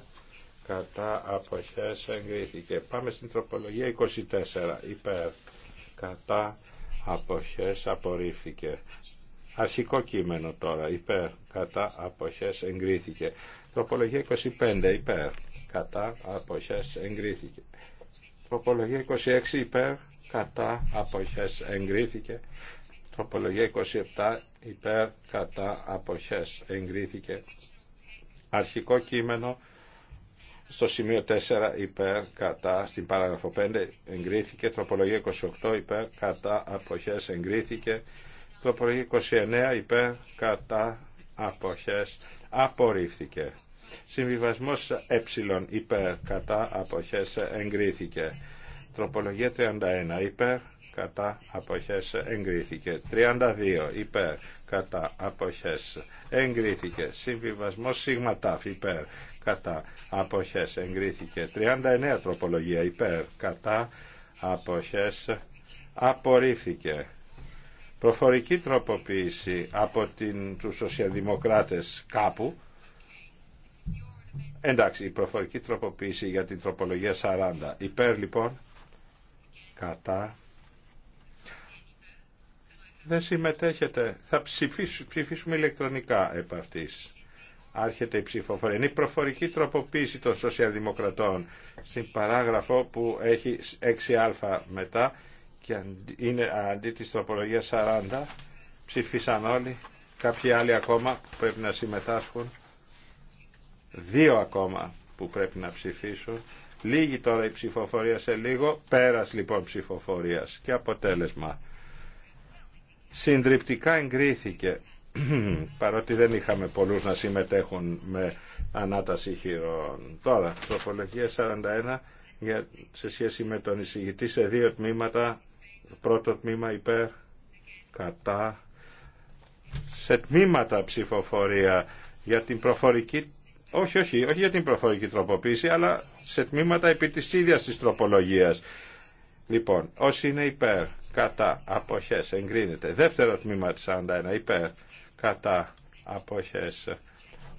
κατά αποχές εγκρίθηκε. Πάμε στην τροπολογία 24 υπέρ κατά αποχές απορρίφθηκε. Αρχικό κείμενο τώρα, υπέρ, κατά, αποχές, εγκρίθηκε. Τροπολογία 25, υπέρ, κατά, αποχές, εγκρίθηκε. Τροπολογία 26, υπέρ, κατά, αποχές, εγκρίθηκε. Τροπολογία 27, υπέρ, κατά, αποχές, εγκρίθηκε. Αρχικό κείμενο, στο σημείο 4 υπέρ κατά, στην παράγραφο 5 εγκρίθηκε, τροπολογία 28 υπέρ κατά, αποχές εγκρίθηκε, Τροπολογία 29 υπέρ κατά αποχές απορρίφθηκε. Συμβιβασμός ε υπέρ κατά αποχές εγκρίθηκε. Τροπολογία 31 υπέρ κατά αποχές εγκρίθηκε. 32 υπέρ κατά αποχές εγκρίθηκε. Συμβιβασμός σίγμα τάφ υπέρ κατά αποχές εγκρίθηκε. 39 τροπολογία υπέρ κατά αποχές απορρίφθηκε προφορική τροποποίηση από την, τους σοσιαλδημοκράτες κάπου. Εντάξει, η προφορική τροποποίηση για την τροπολογία 40. Υπέρ λοιπόν, κατά. Δεν συμμετέχετε. Θα ψηφίσουμε ηλεκτρονικά επ' αυτής. Άρχεται η ψηφοφορία. Είναι η προφορική τροποποίηση των σοσιαλδημοκρατών. στην παράγραφο που έχει 6α μετά και είναι αντί της τροπολογίας 40 ψηφίσαν όλοι κάποιοι άλλοι ακόμα πρέπει να συμμετάσχουν δύο ακόμα που πρέπει να ψηφίσουν λίγη τώρα η ψηφοφορία σε λίγο πέρας λοιπόν ψηφοφορίας και αποτέλεσμα συντριπτικά εγκρίθηκε [clears throat] παρότι δεν είχαμε πολλούς να συμμετέχουν με ανάταση χειρών τώρα τροπολογία 41 για, σε σχέση με τον εισηγητή σε δύο τμήματα Πρώτο τμήμα υπέρ, κατά. Σε τμήματα ψηφοφορία για την προφορική όχι, όχι, όχι για την προφορική τροποποίηση, αλλά σε τμήματα επί της ίδιας της τροπολογίας. Λοιπόν, όσοι είναι υπέρ, κατά, αποχές, εγκρίνεται. Δεύτερο τμήμα της 41, υπέρ, κατά, αποχές,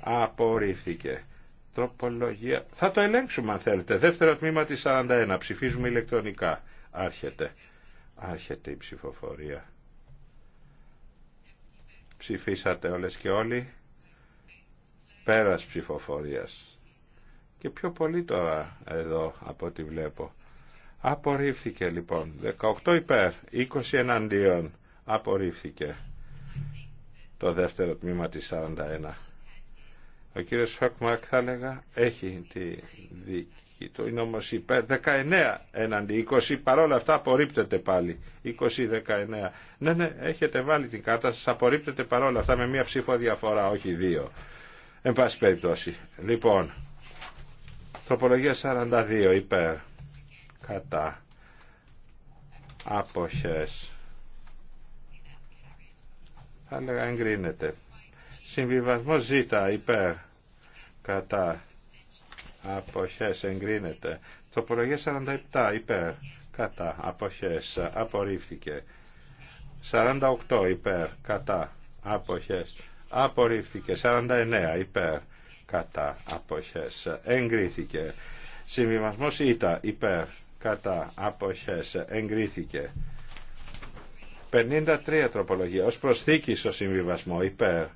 απορρίφθηκε. Τροπολογία. Θα το ελέγξουμε αν θέλετε. Δεύτερο τμήμα της 41. Ψηφίζουμε ηλεκτρονικά. Άρχεται. Άρχεται η ψηφοφορία. Ψηφίσατε όλες και όλοι. Πέρας ψηφοφορίας. Και πιο πολύ τώρα εδώ από ό,τι βλέπω. Απορρίφθηκε λοιπόν. 18 υπέρ, 20 εναντίον. Απορρίφθηκε το δεύτερο τμήμα της 41. Ο κύριος Φακμακ θα έλεγα έχει τη δική το είναι όμω υπέρ 19 έναντι 20 παρόλα αυτά απορρίπτεται πάλι 20-19 ναι ναι έχετε βάλει την κάρτα σα απορρίπτεται παρόλα αυτά με μια ψήφο διαφορά όχι δύο εν πάση περιπτώσει λοιπόν τροπολογία 42 υπέρ κατά άποχες θα έλεγα εγκρίνεται συμβιβασμό ζ υπέρ κατά αποχές εγκρίνεται. Τροπολογία 47 υπέρ κατά αποχές απορρίφθηκε. 48 υπέρ κατά αποχές απορρίφθηκε. 49 υπέρ κατά αποχές εγκρίθηκε. Συμβιβασμός ΙΤΑ υπέρ κατά αποχές εγκρίθηκε. 53 τροπολογία ως προσθήκη στο συμβιβασμό υπέρ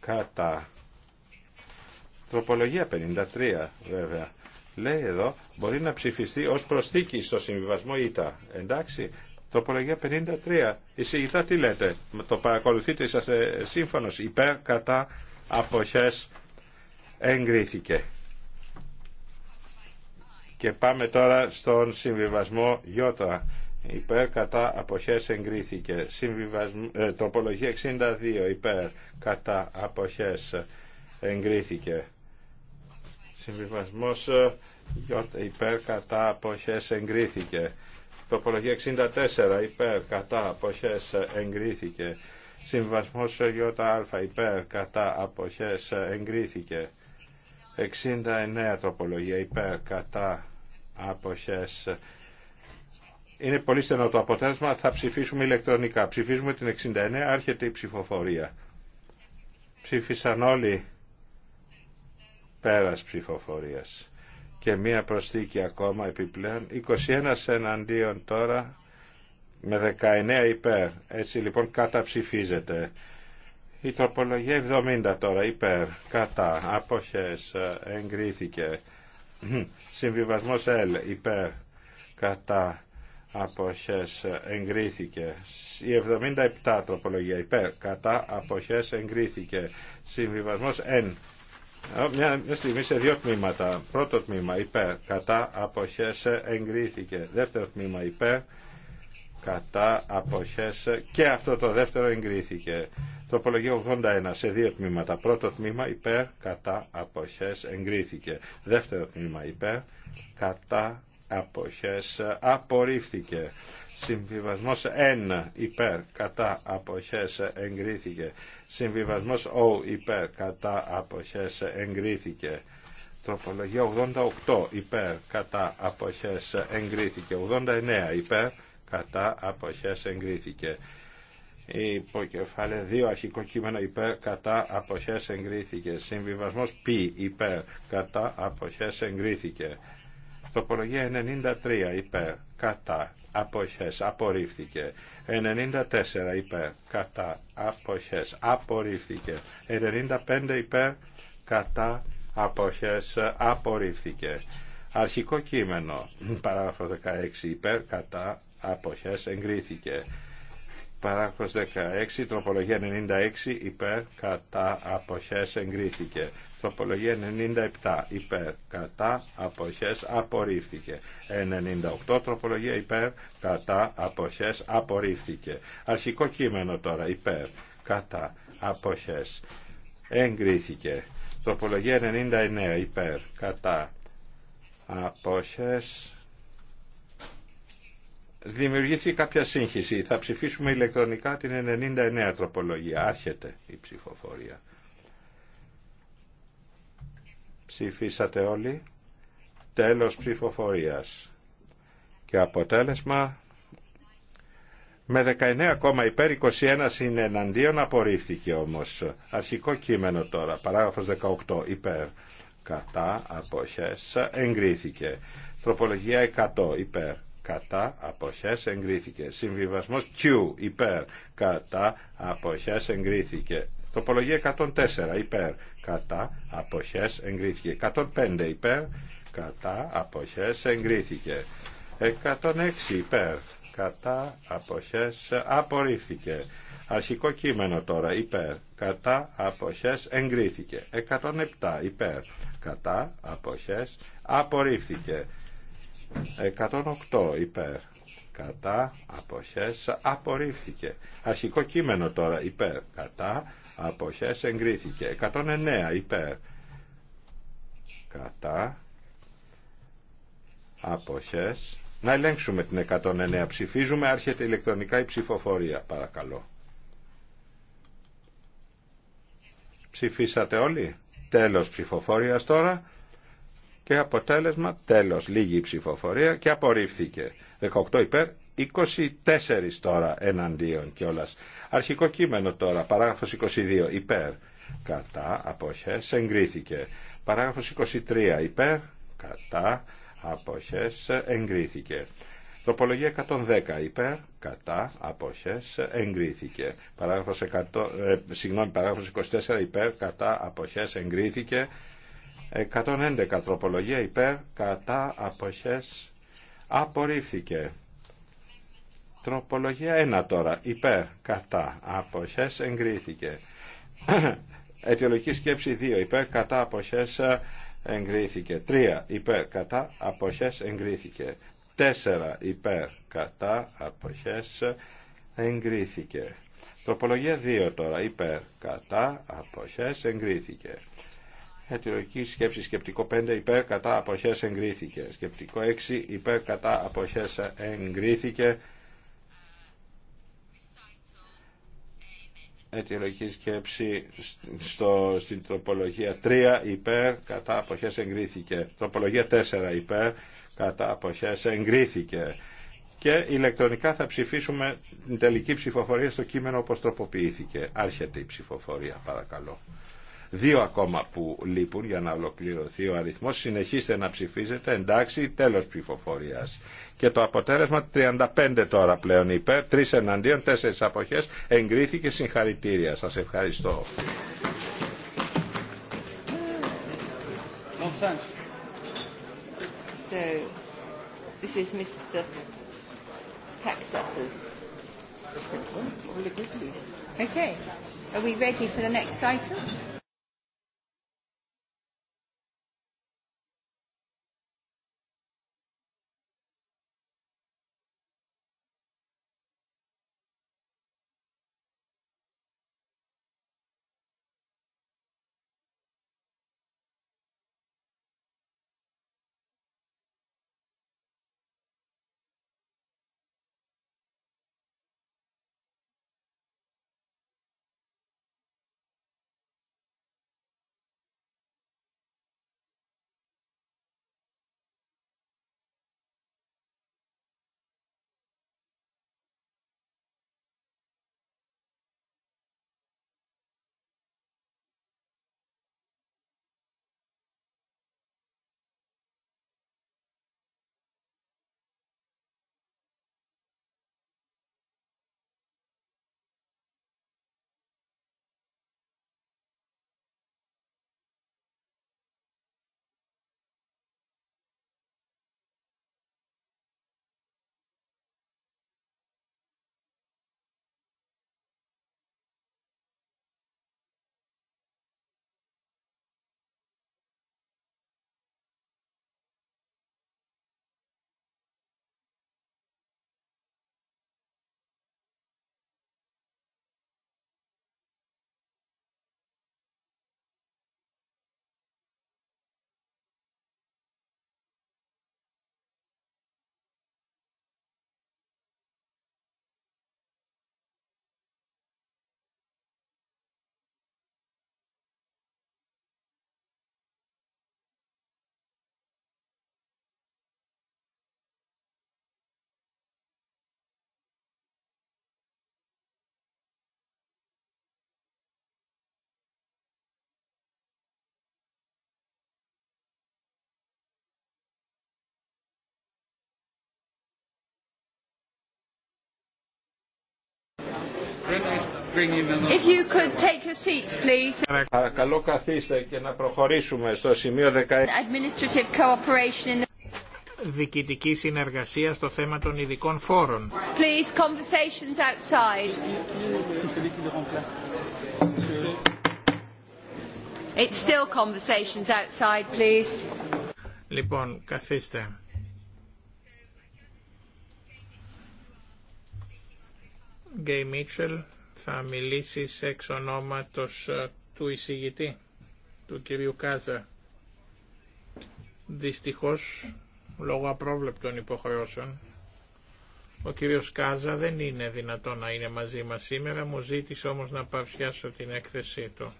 κατά Τροπολογία 53 βέβαια. Λέει εδώ μπορεί να ψηφιστεί ως προσθήκη στο συμβιβασμό ΙΤΑ. Εντάξει. Τροπολογία 53. Εισηγητά τι λέτε. Το παρακολουθείτε. Είσαστε σύμφωνος. Υπέρ κατά αποχές εγκρίθηκε. Και πάμε τώρα στον συμβιβασμό ΙΤΑ Υπέρ κατά αποχές εγκρίθηκε. Συμβιβασμ... Ε, τροπολογία 62. Υπέρ κατά αποχές εγκρίθηκε. Συμβιβασμός ε, υπέρ κατά αποχές εγκρίθηκε. Τοπολογία 64 υπέρ κατά αποχές ε, εγκρίθηκε. Συμβασμός ε, ΙΑ υπέρ κατά αποχές εγκρίθηκε. 69 τροπολογία υπέρ κατά αποχές είναι πολύ στενό το αποτέλεσμα. Θα ψηφίσουμε ηλεκτρονικά. Ψηφίζουμε την 69. Άρχεται η ψηφοφορία. Ψήφισαν όλοι πέρας ψηφοφορίας. Και μία προσθήκη ακόμα επιπλέον, 21 εναντίον τώρα με 19 υπέρ. Έτσι λοιπόν καταψηφίζεται. Η τροπολογία 70 τώρα υπέρ, κατά, αποχές, ε, εγκρίθηκε. [clears throat] Συμβιβασμός L υπέρ, κατά, αποχές, ε, εγκρίθηκε. Η 77 τροπολογία υπέρ, κατά, αποχές, εγκρίθηκε. Συμβιβασμός N μια, μια στιγμή σε δύο τμήματα. Πρώτο τμήμα υπέρ, κατά αποχές εγκρίθηκε. Δεύτερο τμήμα υπέρ, κατά αποχές και αυτό το δεύτερο εγκρίθηκε. Τροπολογία 81 σε δύο τμήματα. Πρώτο τμήμα υπέρ, κατά αποχές εγκρίθηκε. Δεύτερο τμήμα υπέρ, κατά αποχές απορρίφθηκε. Συμβιβασμός N υπέρ κατά αποχές εγκρίθηκε. Συμβιβασμός O υπέρ κατά αποχές εγκρίθηκε. Τροπολογία 88 υπέρ κατά αποχές εγκρίθηκε. 89 υπέρ κατά αποχές εγκρίθηκε. Υποκεφάλαια 2 αρχικό κείμενο υπέρ κατά αποχές εγκρίθηκε. Συμβιβασμός π υπέρ κατά αποχές εγκρίθηκε. Τοπολογία 93 υπέρ κατά αποχές απορρίφθηκε. 94 υπέρ κατά αποχές απορρίφθηκε. 95 υπέρ κατά αποχές απορρίφθηκε. Αρχικό κείμενο, παράγραφο 16 υπέρ κατά αποχές εγκρίθηκε. Παράγραφος 16, τροπολογία 96, υπέρ, κατά, αποχές, εγκρίθηκε. Τροπολογία 97, υπέρ, κατά, αποχές, απορρίφθηκε. 98, τροπολογία υπέρ, κατά, αποχές, απορρίφθηκε. Αρχικό κείμενο τώρα, υπέρ, κατά, αποχές, εγκρίθηκε. Τροπολογία 99, υπέρ, κατά, αποχές, Δημιουργήθηκε κάποια σύγχυση. Θα ψηφίσουμε ηλεκτρονικά την 99 τροπολογία. Άρχεται η ψηφοφορία. Ψηφίσατε όλοι. Τέλος ψηφοφορίας. Και αποτέλεσμα με 19 υπέρ 21 εναντίον. απορρίφθηκε όμως. Αρχικό κείμενο τώρα, παράγραφος 18 υπέρ κατά αποχές εγκρίθηκε. Τροπολογία 100 υπέρ κατά αποχές εγκρίθηκε. Συμβιβασμός Q υπέρ κατά αποχές εγκρίθηκε. Τοπολογία 104 υπέρ κατά αποχές εγκρίθηκε. 105 υπέρ κατά αποχές εγκρίθηκε. 106 υπέρ κατά αποχές απορρίφθηκε. Αρχικό κείμενο τώρα υπέρ κατά αποχές εγκρίθηκε. 107 υπέρ κατά αποχές απορρίφθηκε. 108 υπέρ κατά αποχές απορρίφθηκε αρχικό κείμενο τώρα υπέρ κατά αποχές εγκρίθηκε 109 υπέρ κατά αποχές να ελέγξουμε την 109 ψηφίζουμε άρχεται ηλεκτρονικά η ψηφοφορία παρακαλώ ψηφίσατε όλοι τέλος ψηφοφορίας τώρα και αποτέλεσμα τέλος λίγη ψηφοφορία και απορρίφθηκε 18 υπέρ 24 τώρα εναντίον κιόλας αρχικό κείμενο τώρα παράγραφος 22 υπέρ κατά αποχές εγκρίθηκε παράγραφος 23 υπέρ κατά αποχές εγκρίθηκε Τροπολογία 110 υπέρ, κατά, αποχές, εγκρίθηκε. Παράγραφος, 100, ε, συγγνώμη, παράγραφος 24 υπέρ, κατά, αποχές, εγκρίθηκε. 111 τροπολογία υπέρ κατά αποχές απορρίφθηκε. Τροπολογία 1 τώρα υπέρ κατά αποχές εγκρίθηκε. [coughs] Αιτιολογική σκέψη 2 υπέρ κατά αποχές εγκρίθηκε. 3 υπέρ κατά αποχές εγκρίθηκε. 4 υπέρ κατά αποχές εγκρίθηκε. Τροπολογία 2 τώρα υπέρ κατά αποχές εγκρίθηκε. Αιτιολογική σκέψη σκεπτικό 5 υπέρ κατά αποχές εγκρίθηκε. Σκεπτικό 6 υπέρ κατά αποχές εγκρίθηκε. Αιτιολογική σκέψη στο, στην τροπολογία 3 υπέρ κατά αποχές εγκρίθηκε. Τροπολογία 4 υπέρ κατά αποχές εγκρίθηκε. Και ηλεκτρονικά θα ψηφίσουμε την τελική ψηφοφορία στο κείμενο όπως τροποποιήθηκε. Άρχεται η ψηφοφορία παρακαλώ. Δύο ακόμα που λείπουν για να ολοκληρωθεί ο αριθμός. Συνεχίστε να ψηφίζετε. Εντάξει, τέλος ψηφοφορίας. Και το αποτέλεσμα 35 τώρα πλέον υπέρ, Τρεις εναντίον, τέσσερις αποχές. Εγκρίθηκε συγχαρητήρια. Σας ευχαριστώ. Okay. Are we ready for the next If you could take your seats, please. καθίστε και να προχωρήσουμε στο σημείο 16. Administrative cooperation in the... Διοικητική συνεργασία στο θέμα των ειδικών φόρων. Please, conversations outside. It's still conversations outside, please. Λοιπόν, καθίστε. Γκέι Μίτσελ, θα μιλήσει εξ ονόματος ε, του εισηγητή, του κυρίου Κάζα. Δυστυχώς, λόγω απρόβλεπτων υποχρεώσεων, ο κύριος Κάζα δεν είναι δυνατό να είναι μαζί μα σήμερα, μου ζήτησε όμως να παρουσιάσω την έκθεσή του.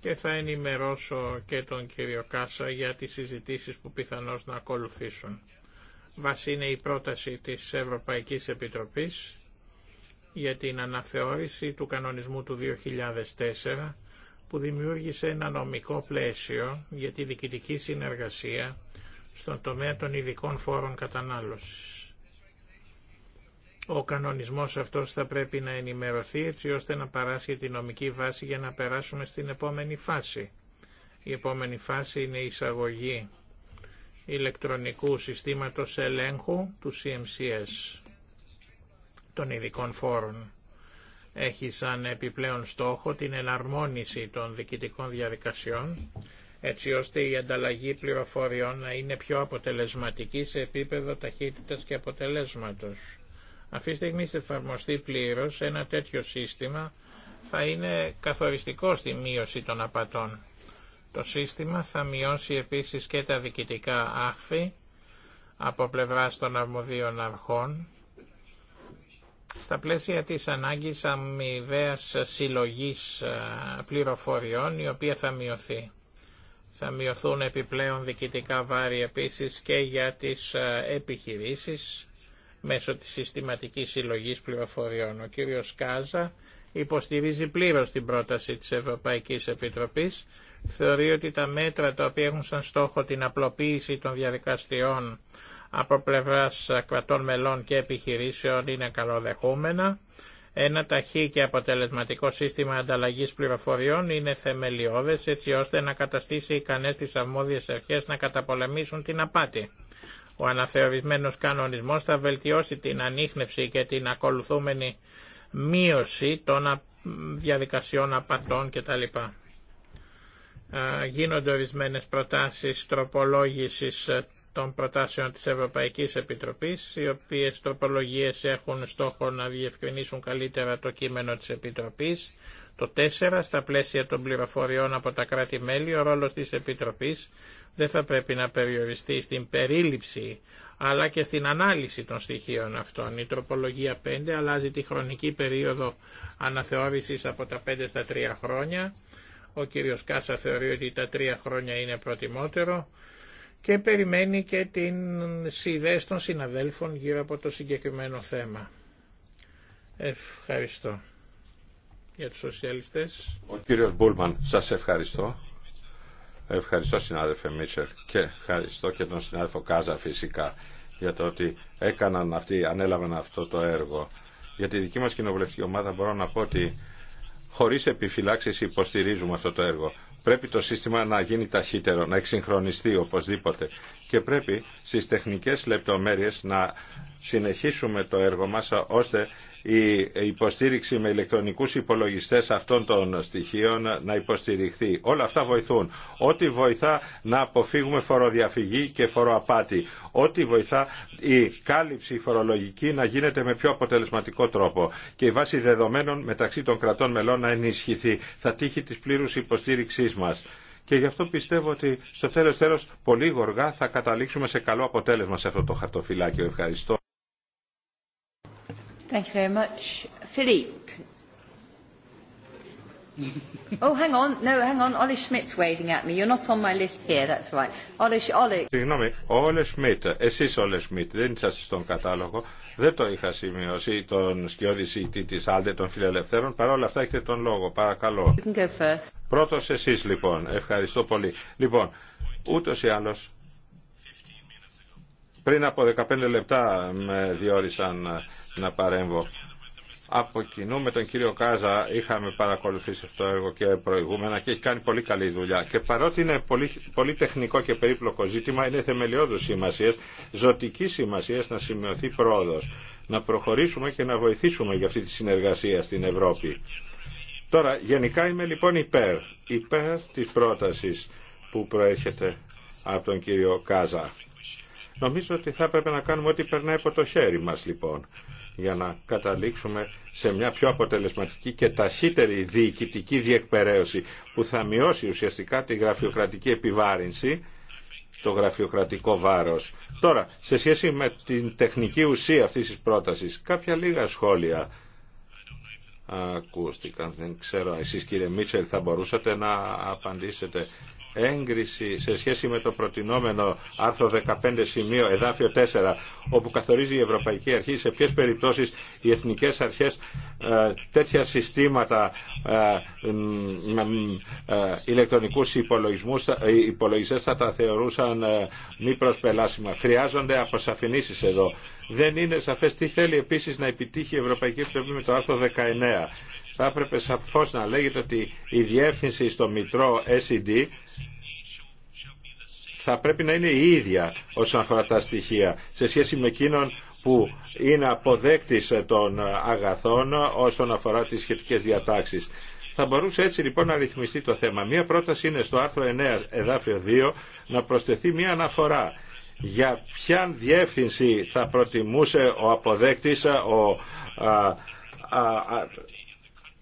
Και θα ενημερώσω και τον κύριο Κάσα για τις συζητήσεις που πιθανώς να ακολουθήσουν βάση είναι η πρόταση της Ευρωπαϊκής Επιτροπής για την αναθεώρηση του κανονισμού του 2004 που δημιούργησε ένα νομικό πλαίσιο για τη διοικητική συνεργασία στον τομέα των ειδικών φόρων κατανάλωσης. Ο κανονισμός αυτός θα πρέπει να ενημερωθεί έτσι ώστε να παράσχει τη νομική βάση για να περάσουμε στην επόμενη φάση. Η επόμενη φάση είναι η εισαγωγή ηλεκτρονικού συστήματος ελέγχου του CMCS των ειδικών φόρων. Έχει σαν επιπλέον στόχο την εναρμόνιση των διοικητικών διαδικασιών έτσι ώστε η ανταλλαγή πληροφοριών να είναι πιο αποτελεσματική σε επίπεδο ταχύτητας και αποτελέσματος. Αυτή τη στιγμή σε εφαρμοστεί πλήρως ένα τέτοιο σύστημα θα είναι καθοριστικό στη μείωση των απατών. Το σύστημα θα μειώσει επίσης και τα διοικητικά άχθη από πλευράς των αρμοδίων αρχών στα πλαίσια της ανάγκης αμοιβαίας συλλογής ε, πληροφοριών η οποία θα μειωθεί. Θα μειωθούν επιπλέον διοικητικά βάρη επίσης και για τις ε, επιχειρήσεις μέσω της συστηματικής συλλογής πληροφοριών. Ο κύριος Κάζα υποστηρίζει πλήρως την πρόταση της Ευρωπαϊκής Επιτροπής. Θεωρεί ότι τα μέτρα τα οποία έχουν σαν στόχο την απλοποίηση των διαδικαστιών από πλευράς κρατών μελών και επιχειρήσεων είναι καλοδεχούμενα. Ένα ταχύ και αποτελεσματικό σύστημα ανταλλαγής πληροφοριών είναι θεμελιώδες έτσι ώστε να καταστήσει ικανές τις αρμόδιες αρχές να καταπολεμήσουν την απάτη. Ο αναθεωρισμένος κανονισμός θα βελτιώσει την ανείχνευση και την ακολουθούμενη μείωση των διαδικασιών απατών κτλ. Γίνονται ορισμένε προτάσεις τροπολόγησης ε, των προτάσεων της Ευρωπαϊκής Επιτροπής, οι οποίες τροπολογίες έχουν στόχο να διευκρινίσουν καλύτερα το κείμενο της Επιτροπής, το 4. Στα πλαίσια των πληροφοριών από τα κράτη-μέλη, ο ρόλος της Επιτροπής δεν θα πρέπει να περιοριστεί στην περίληψη αλλά και στην ανάλυση των στοιχείων αυτών. Η τροπολογία 5 αλλάζει τη χρονική περίοδο αναθεώρησης από τα 5 στα 3 χρόνια. Ο κύριος Κάσα θεωρεί ότι τα 3 χρόνια είναι προτιμότερο και περιμένει και την ιδέες των συναδέλφων γύρω από το συγκεκριμένο θέμα. Ευχαριστώ για τους σοσιαλιστές. Ο κύριος Μπούλμαν, σας ευχαριστώ. Ευχαριστώ συνάδελφε Μίτσερ και ευχαριστώ και τον συνάδελφο Κάζα φυσικά για το ότι έκαναν αυτοί, ανέλαβαν αυτό το έργο. Για τη δική μας κοινοβουλευτική ομάδα μπορώ να πω ότι χωρίς επιφυλάξεις υποστηρίζουμε αυτό το έργο. Πρέπει το σύστημα να γίνει ταχύτερο, να εξυγχρονιστεί οπωσδήποτε και πρέπει στις τεχνικές λεπτομέρειες να συνεχίσουμε το έργο μας ώστε η υποστήριξη με ηλεκτρονικούς υπολογιστές αυτών των στοιχείων να υποστηριχθεί. Όλα αυτά βοηθούν. Ό,τι βοηθά να αποφύγουμε φοροδιαφυγή και φοροαπάτη. Ό,τι βοηθά η κάλυψη φορολογική να γίνεται με πιο αποτελεσματικό τρόπο και η βάση δεδομένων μεταξύ των κρατών μελών να ενισχυθεί. Θα τύχει της πλήρους υποστήριξής μας και γι' αυτό πιστεύω ότι στο τέλος τέλος πολύ γοργά θα καταλήξουμε σε καλό αποτέλεσμα σε αυτό το χαρτοφυλάκιο. Ευχαριστώ. Thank you very much. Philippe. oh, hang Δεν είσαστε στον κατάλογο. Δεν το είχα σημειώσει τον σκιώδη της Άλντε των Φιλελευθέρων. Παρ' όλα αυτά έχετε τον λόγο. Παρακαλώ. Πρώτο εσεί Πρώτος εσείς λοιπόν. Ευχαριστώ πολύ. Λοιπόν, ούτως ή άλλως πριν από 15 λεπτά με διόρισαν να παρέμβω. Από κοινού με τον κύριο Κάζα είχαμε παρακολουθήσει αυτό το έργο και προηγούμενα και έχει κάνει πολύ καλή δουλειά. Και παρότι είναι πολύ, πολύ τεχνικό και περίπλοκο ζήτημα, είναι θεμελιώδου σημασία, ζωτική σημασία να σημειωθεί πρόοδο. Να προχωρήσουμε και να βοηθήσουμε για αυτή τη συνεργασία στην Ευρώπη. Τώρα, γενικά είμαι λοιπόν υπέρ. Υπέρ τη πρόταση που προέρχεται από τον κύριο Κάζα Νομίζω ότι θα έπρεπε να κάνουμε ό,τι περνάει από το χέρι μας λοιπόν για να καταλήξουμε σε μια πιο αποτελεσματική και ταχύτερη διοικητική διεκπαιρέωση που θα μειώσει ουσιαστικά τη γραφειοκρατική επιβάρυνση, το γραφειοκρατικό βάρος. Τώρα, σε σχέση με την τεχνική ουσία αυτής της πρότασης, κάποια λίγα σχόλια ακούστηκαν. Δεν ξέρω, εσείς κύριε Μίτσελ θα μπορούσατε να απαντήσετε έγκριση σε σχέση με το προτινόμενο άρθρο 15 σημείο εδάφιο 4 όπου καθορίζει η Ευρωπαϊκή Αρχή σε ποιες περιπτώσεις οι εθνικές αρχές ε, τέτοια συστήματα ε, ε, ηλεκτρονικούς υπολογισμούς, υπολογιστές θα τα θεωρούσαν μη προσπελάσιμα. Χρειάζονται αποσαφηνήσεις εδώ. Δεν είναι σαφές τι θέλει επίσης να επιτύχει η Ευρωπαϊκή Επιτροπή με το άρθρο 19 θα έπρεπε σαφώς να λέγεται ότι η διεύθυνση στο Μητρό SED θα πρέπει να είναι η ίδια όσον αφορά τα στοιχεία σε σχέση με εκείνον που είναι αποδέκτης των αγαθών όσον αφορά τις σχετικές διατάξεις. Θα μπορούσε έτσι λοιπόν να ρυθμιστεί το θέμα. Μία πρόταση είναι στο άρθρο 9 εδάφιο 2 να προσθεθεί μία αναφορά για ποια διεύθυνση θα προτιμούσε ο αποδέκτης, ο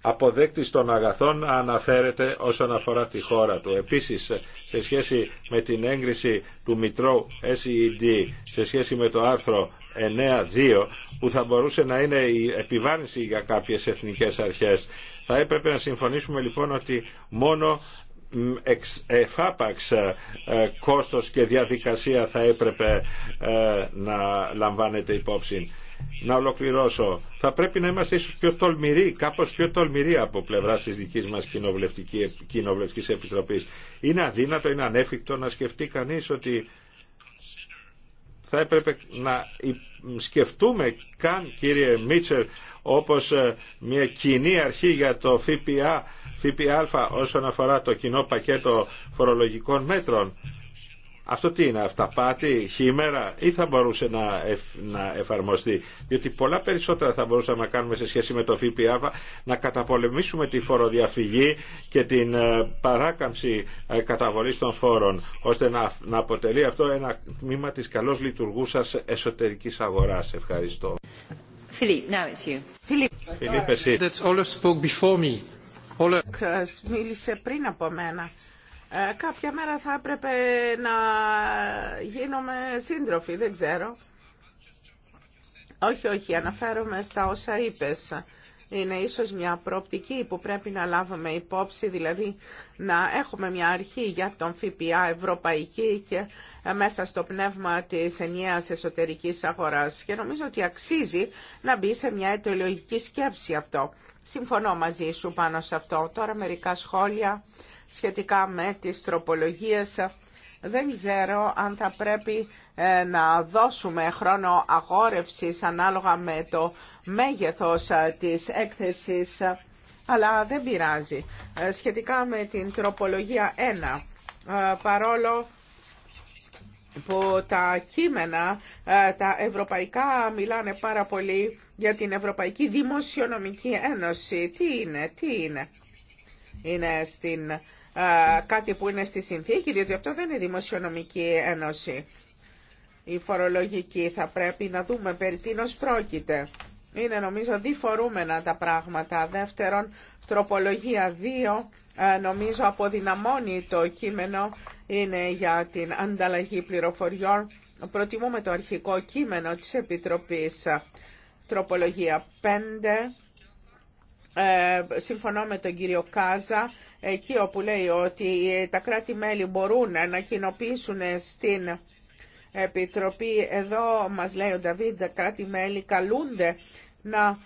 αποδέκτης των αγαθών αναφέρεται όσον αφορά τη χώρα του. Επίσης, σε σχέση με την έγκριση του Μητρώου SED, σε σχέση με το άρθρο 9.2, που θα μπορούσε να είναι η επιβάρυνση για κάποιες εθνικές αρχές, θα έπρεπε να συμφωνήσουμε λοιπόν ότι μόνο εφάπαξ ε, κόστος και διαδικασία θα έπρεπε ε, να λαμβάνεται υπόψη να ολοκληρώσω. Θα πρέπει να είμαστε ίσως πιο τολμηροί, κάπως πιο τολμηροί από πλευρά της δικής μας κοινοβουλευτικής επιτροπής. Είναι αδύνατο, είναι ανέφικτο να σκεφτεί κανείς ότι θα έπρεπε να σκεφτούμε καν κύριε Μίτσελ όπως ε, μια κοινή αρχή για το ΦΠΑ, ΦΠΑ όσον αφορά το κοινό πακέτο φορολογικών μέτρων αυτό τι είναι, αυταπάτη, χήμερα ή θα μπορούσε να, να εφαρμοστεί. Διότι πολλά περισσότερα θα μπορούσαμε να κάνουμε σε σχέση με το ΦΠΑ, να καταπολεμήσουμε τη φοροδιαφυγή και την ε, παράκαμψη ε, καταβολής των φόρων, ώστε να, να αποτελεί αυτό ένα τμήμα της καλώς λειτουργούσας εσωτερικής αγοράς. Ευχαριστώ. Φιλίπ, ε, κάποια μέρα θα έπρεπε να γίνομαι σύντροφοι, δεν ξέρω. Όχι, όχι, αναφέρομαι στα όσα είπες. Είναι ίσως μια προοπτική που πρέπει να λάβουμε υπόψη, δηλαδή να έχουμε μια αρχή για τον ΦΠΑ ευρωπαϊκή και μέσα στο πνεύμα της ενιαίας εσωτερικής αγοράς. Και νομίζω ότι αξίζει να μπει σε μια αιτιολογική σκέψη αυτό. Συμφωνώ μαζί σου πάνω σε αυτό. Τώρα μερικά σχόλια σχετικά με τις τροπολογίες. Δεν ξέρω αν θα πρέπει ε, να δώσουμε χρόνο αγόρευσης ανάλογα με το μέγεθος ε, της έκθεσης, ε, αλλά δεν πειράζει. Σχετικά με την τροπολογία 1, παρόλο που τα κείμενα, τα ευρωπαϊκά μιλάνε πάρα πολύ για την Ευρωπαϊκή Δημοσιονομική Ένωση. Τι είναι, τι είναι. Είναι στην κάτι που είναι στη συνθήκη, διότι αυτό δεν είναι δημοσιονομική ένωση. Η φορολογική θα πρέπει να δούμε περί τίνος πρόκειται. Είναι νομίζω διφορούμενα τα πράγματα. Δεύτερον, τροπολογία 2 νομίζω αποδυναμώνει το κείμενο. Είναι για την ανταλλαγή πληροφοριών. Προτιμούμε το αρχικό κείμενο της Επιτροπής. Τροπολογία 5 ε, συμφωνώ με τον κύριο Κάζα εκεί όπου λέει ότι τα κράτη-μέλη μπορούν να κοινοποιήσουν στην Επιτροπή. Εδώ μας λέει ο Νταβίδ, τα κράτη-μέλη καλούνται να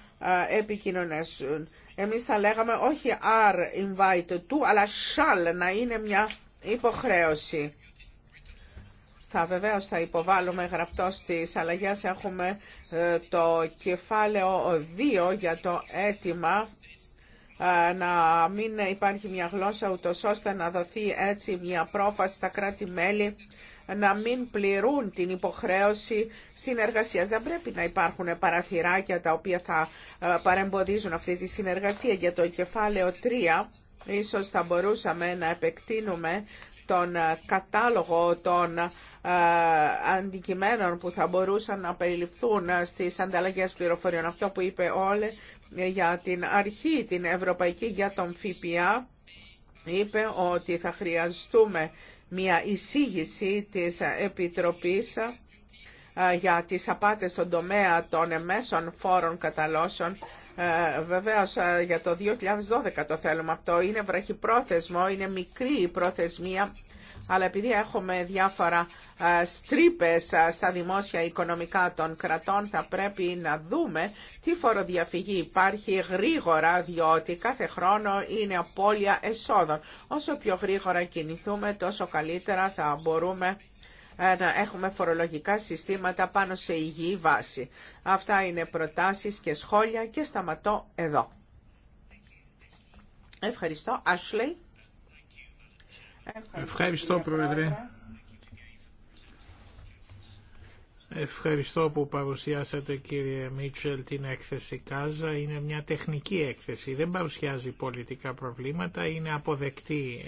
ε, επικοινωνήσουν. Εμείς θα λέγαμε όχι are invited to, αλλά shall να είναι μια υποχρέωση. Θα βεβαίως θα υποβάλουμε γραπτό στις αλλαγές. Έχουμε ε, το κεφάλαιο 2 για το αίτημα ε, να μην υπάρχει μια γλώσσα ούτως ώστε να δοθεί έτσι μια πρόφαση στα κράτη-μέλη να μην πληρούν την υποχρέωση συνεργασίας. Δεν πρέπει να υπάρχουν παραθυράκια τα οποία θα ε, παρεμποδίζουν αυτή τη συνεργασία. Για το κεφάλαιο 3 ίσως θα μπορούσαμε να επεκτείνουμε τον κατάλογο των ε, αντικειμένων που θα μπορούσαν να περιληφθούν στις ανταλλαγές πληροφοριών. Αυτό που είπε όλε για την αρχή, την ευρωπαϊκή για τον ΦΠΑ, είπε ότι θα χρειαστούμε μια εισήγηση της Επιτροπής ε, για τις απάτες στον τομέα των εμέσων φόρων καταλώσεων. Ε, βεβαίως για το 2012 το θέλουμε αυτό. Είναι βραχυπρόθεσμο, είναι μικρή η προθεσμία, αλλά επειδή έχουμε διάφορα στρίπες στα δημόσια οικονομικά των κρατών θα πρέπει να δούμε τι φοροδιαφυγή υπάρχει γρήγορα διότι κάθε χρόνο είναι απώλεια εσόδων. Όσο πιο γρήγορα κινηθούμε τόσο καλύτερα θα μπορούμε ε, να έχουμε φορολογικά συστήματα πάνω σε υγιή βάση. Αυτά είναι προτάσεις και σχόλια και σταματώ εδώ. Ευχαριστώ. Ashley. Ευχαριστώ, Πρόεδρε. Ευχαριστώ που παρουσιάσατε κύριε Μίτσελ την έκθεση Κάζα. Είναι μια τεχνική έκθεση, δεν παρουσιάζει πολιτικά προβλήματα, είναι αποδεκτή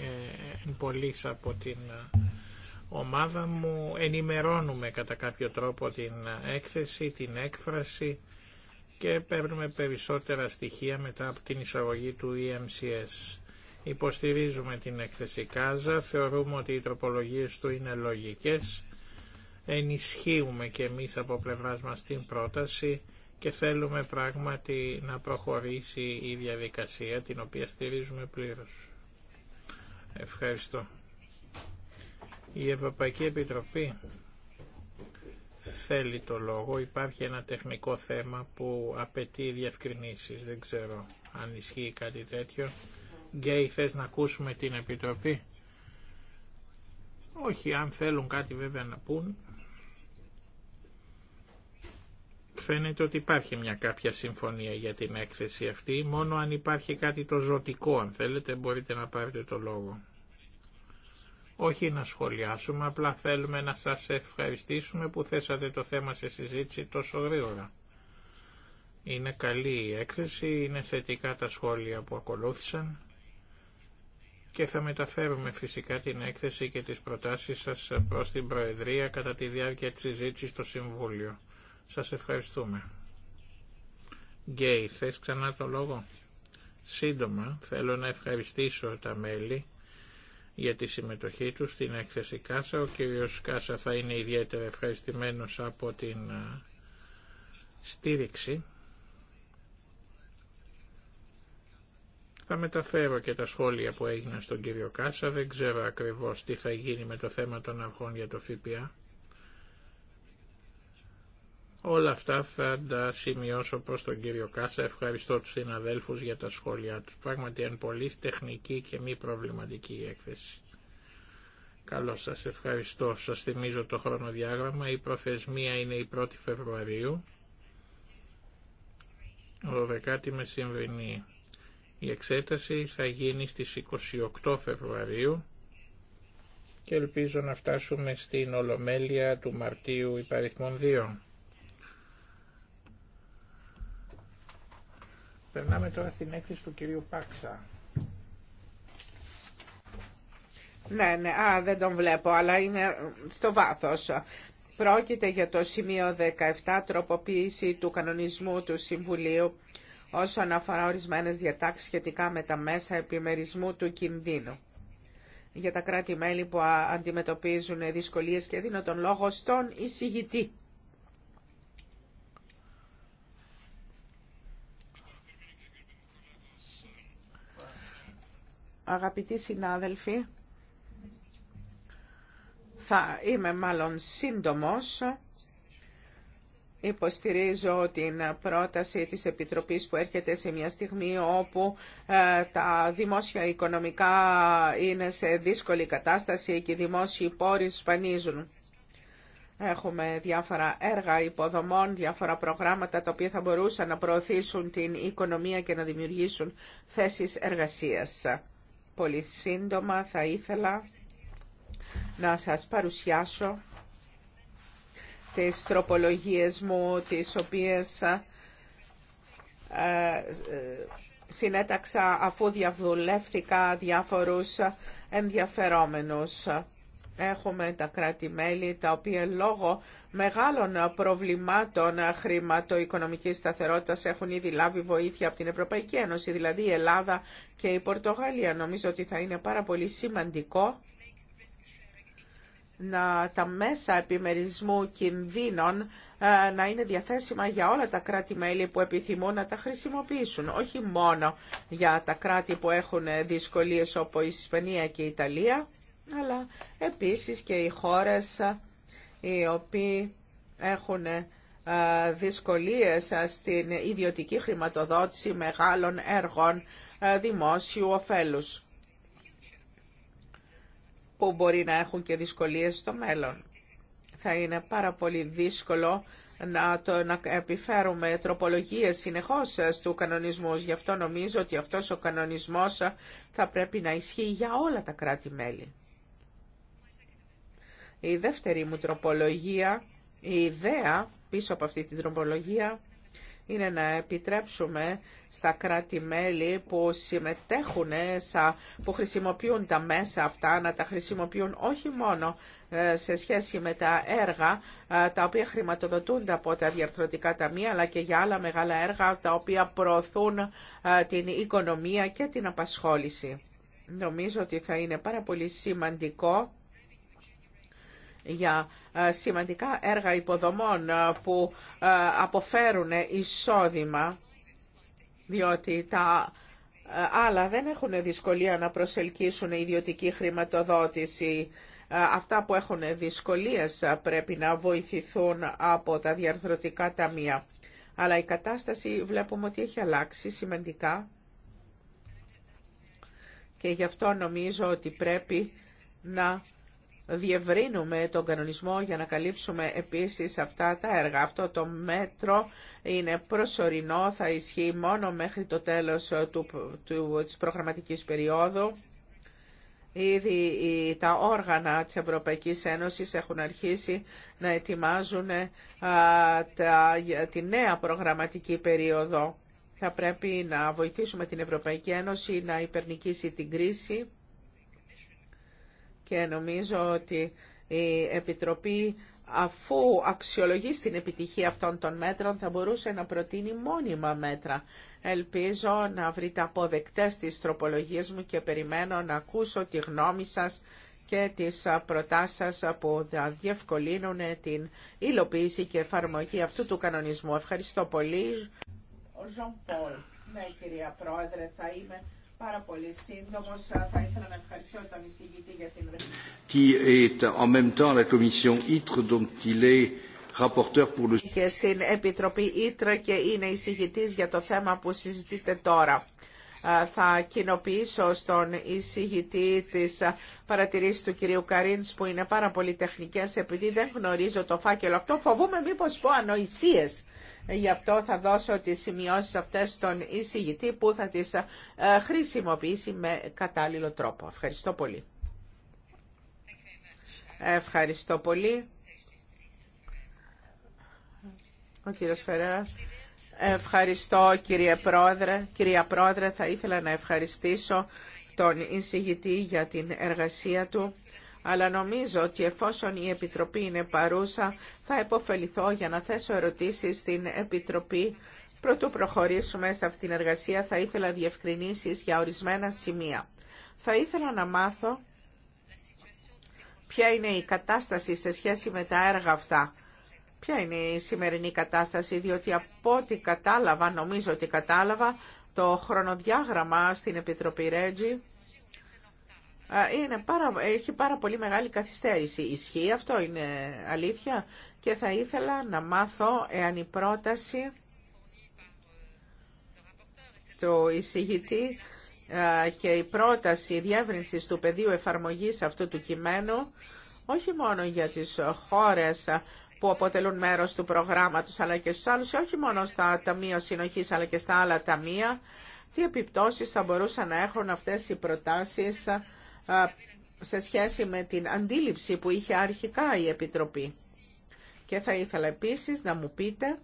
ε, πολλής από την ε, ομάδα μου. Ενημερώνουμε κατά κάποιο τρόπο την έκθεση, την έκφραση και παίρνουμε περισσότερα στοιχεία μετά από την εισαγωγή του EMCS. Υποστηρίζουμε την έκθεση Κάζα, θεωρούμε ότι οι τροπολογίες του είναι λογικές ενισχύουμε και εμείς από πλευράς μας την πρόταση και θέλουμε πράγματι να προχωρήσει η διαδικασία την οποία στηρίζουμε πλήρως. Ευχαριστώ. Η Ευρωπαϊκή Επιτροπή θέλει το λόγο. Υπάρχει ένα τεχνικό θέμα που απαιτεί διευκρινήσεις. Δεν ξέρω αν ισχύει κάτι τέτοιο. Γκέι, θες να ακούσουμε την Επιτροπή. Όχι, αν θέλουν κάτι βέβαια να πούν, Φαίνεται ότι υπάρχει μια κάποια συμφωνία για την έκθεση αυτή, μόνο αν υπάρχει κάτι το ζωτικό, αν θέλετε μπορείτε να πάρετε το λόγο. Όχι να σχολιάσουμε, απλά θέλουμε να σας ευχαριστήσουμε που θέσατε το θέμα σε συζήτηση τόσο γρήγορα. Είναι καλή η έκθεση, είναι θετικά τα σχόλια που ακολούθησαν και θα μεταφέρουμε φυσικά την έκθεση και τις προτάσεις σας προς την Προεδρία κατά τη διάρκεια της συζήτησης στο Συμβούλιο. Σας ευχαριστούμε. Γκέι, θες ξανά το λόγο. Σύντομα, θέλω να ευχαριστήσω τα μέλη για τη συμμετοχή του στην έκθεση Κάσα. Ο κύριος Κάσα θα είναι ιδιαίτερα ευχαριστημένος από την στήριξη. Θα μεταφέρω και τα σχόλια που έγιναν στον κύριο Κάσα. Δεν ξέρω ακριβώς τι θα γίνει με το θέμα των αρχών για το ΦΠΑ. Όλα αυτά θα τα σημειώσω προς τον κύριο Κάσα. Ευχαριστώ τους συναδέλφους για τα σχόλιά τους. Πράγματι είναι πολύ τεχνική και μη προβληματική η έκθεση. Καλώ σας ευχαριστώ. Σας θυμίζω το χρονοδιάγραμμα. Η προθεσμία είναι η 1η Φεβρουαρίου. 12η Μεσημβρινή. Η εξέταση θα γίνει στις 28 Φεβρουαρίου και ελπίζω να φτάσουμε στην Ολομέλεια του Μαρτίου υπαριθμών 2. Περνάμε τώρα στην έκθεση του κυρίου Πάξα. Ναι, ναι, α, δεν τον βλέπω, αλλά είναι στο βάθος. Πρόκειται για το σημείο 17, τροποποίηση του κανονισμού του Συμβουλίου όσον αφορά ορισμένες διατάξεις σχετικά με τα μέσα επιμερισμού του κινδύνου. Για τα κράτη-μέλη που αντιμετωπίζουν δυσκολίες και δίνω τον λόγο στον εισηγητή. Αγαπητοί συνάδελφοι, θα είμαι μάλλον σύντομος. Υποστηρίζω την πρόταση της Επιτροπής που έρχεται σε μια στιγμή όπου ε, τα δημόσια οικονομικά είναι σε δύσκολη κατάσταση και οι δημόσιοι πόροι σπανίζουν. Έχουμε διάφορα έργα υποδομών, διάφορα προγράμματα τα οποία θα μπορούσαν να προωθήσουν την οικονομία και να δημιουργήσουν θέσεις εργασίας. Πολύ σύντομα θα ήθελα να σας παρουσιάσω τις τροπολογίες μου, τις οποίες ε, ε, συνέταξα αφού διαβουλεύτηκα διάφορους ενδιαφερόμενους. Έχουμε τα κράτη-μέλη τα οποία λόγω μεγάλων προβλημάτων χρηματοοικονομικής σταθερότητας έχουν ήδη λάβει βοήθεια από την Ευρωπαϊκή Ένωση, δηλαδή η Ελλάδα και η Πορτογαλία. Νομίζω ότι θα είναι πάρα πολύ σημαντικό να τα μέσα επιμερισμού κινδύνων ε, να είναι διαθέσιμα για όλα τα κράτη-μέλη που επιθυμούν να τα χρησιμοποιήσουν. Όχι μόνο για τα κράτη που έχουν δυσκολίες όπως η Ισπανία και η Ιταλία, αλλά επίσης και οι χώρες ε, οι οποίοι έχουν ε, δυσκολίες ε, στην ιδιωτική χρηματοδότηση μεγάλων έργων δημόσιου ωφέλους που μπορεί να έχουν και δυσκολίες στο μέλλον. Θα είναι πάρα πολύ δύσκολο να, το, να επιφέρουμε τροπολογίες συνεχώς του κανονισμού. Γι' αυτό νομίζω ότι αυτός ο κανονισμός θα πρέπει να ισχύει για όλα τα κράτη-μέλη. Η δεύτερη μου τροπολογία, η ιδέα πίσω από αυτή την τροπολογία είναι να επιτρέψουμε στα κράτη-μέλη που συμμετέχουν, που χρησιμοποιούν τα μέσα αυτά, να τα χρησιμοποιούν όχι μόνο ε, σε σχέση με τα έργα ε, τα οποία χρηματοδοτούνται από τα διαρθρωτικά ταμεία, αλλά και για άλλα μεγάλα έργα τα οποία προωθούν ε, την οικονομία και την απασχόληση. Νομίζω ότι θα είναι πάρα πολύ σημαντικό για ε, σημαντικά έργα υποδομών ε, που ε, αποφέρουν εισόδημα, διότι τα άλλα δεν έχουν δυσκολία να προσελκύσουν ιδιωτική χρηματοδότηση. Αυτά που έχουν δυσκολίες πρέπει να βοηθηθούν από τα διαρθρωτικά ταμεία. Αλλά η κατάσταση βλέπουμε ότι έχει αλλάξει σημαντικά και γι' αυτό νομίζω ότι πρέπει να διευρύνουμε τον κανονισμό για να καλύψουμε επίσης αυτά τα έργα. Αυτό το μέτρο είναι προσωρινό, θα ισχύει μόνο μέχρι το τέλος του, του, της προγραμματικής περίοδου. Ήδη τα όργανα της Ευρωπαϊκής Ένωσης έχουν αρχίσει να ετοιμάζουν τη νέα προγραμματική περίοδο. Θα πρέπει να βοηθήσουμε την Ευρωπαϊκή Ένωση να υπερνικήσει την κρίση και νομίζω ότι η Επιτροπή αφού αξιολογεί στην επιτυχία αυτών των μέτρων θα μπορούσε να προτείνει μόνιμα μέτρα. Ελπίζω να βρείτε αποδεκτές τις τροπολογίες μου και περιμένω να ακούσω τη γνώμη σας και τις προτάσεις που θα διευκολύνουν την υλοποίηση και εφαρμογή αυτού του κανονισμού. Ευχαριστώ πολύ πάρα πολύ σύντομο. Θα ήθελα να ευχαριστήσω τον εισηγητή για την Qui Και στην Επιτροπή ΙΤΡΕ και είναι εισηγητή για το θέμα που συζητείτε τώρα. Θα κοινοποιήσω στον εισηγητή τις παρατηρήσεις του κυρίου Καρίνς που είναι πάρα πολύ τεχνικές επειδή δεν γνωρίζω το φάκελο αυτό. Φοβούμαι μήπως πω ανοησίες Γι' αυτό θα δώσω τις σημειώσεις αυτές στον εισηγητή που θα τις ε, χρησιμοποιήσει με κατάλληλο τρόπο. Ευχαριστώ πολύ. Ευχαριστώ πολύ. Ο κύριος Ευχαριστώ κύριε Πρόεδρε. Κυρία Πρόεδρε, θα ήθελα να ευχαριστήσω τον εισηγητή για την εργασία του αλλά νομίζω ότι εφόσον η Επιτροπή είναι παρούσα, θα επωφεληθώ για να θέσω ερωτήσεις στην Επιτροπή. Πρωτού προχωρήσουμε σε αυτήν την εργασία, θα ήθελα διευκρινήσεις για ορισμένα σημεία. Θα ήθελα να μάθω ποια είναι η κατάσταση σε σχέση με τα έργα αυτά. Ποια είναι η σημερινή κατάσταση, διότι από ό,τι κατάλαβα, νομίζω ότι κατάλαβα, το χρονοδιάγραμμα στην Επιτροπή Ρέτζι είναι έχει πάρα πολύ μεγάλη καθυστέρηση. Ισχύει αυτό, είναι αλήθεια. Και θα ήθελα να μάθω εάν η πρόταση του εισηγητή και η πρόταση διεύρυνση του πεδίου εφαρμογής αυτού του κειμένου, όχι μόνο για τις χώρες που αποτελούν μέρος του προγράμματος, αλλά και στους άλλους, όχι μόνο στα ταμεία συνοχής, αλλά και στα άλλα ταμεία, τι επιπτώσεις θα μπορούσαν να έχουν αυτές οι προτάσεις σε σχέση με την αντίληψη που είχε αρχικά η Επιτροπή. Και θα ήθελα επίσης να μου πείτε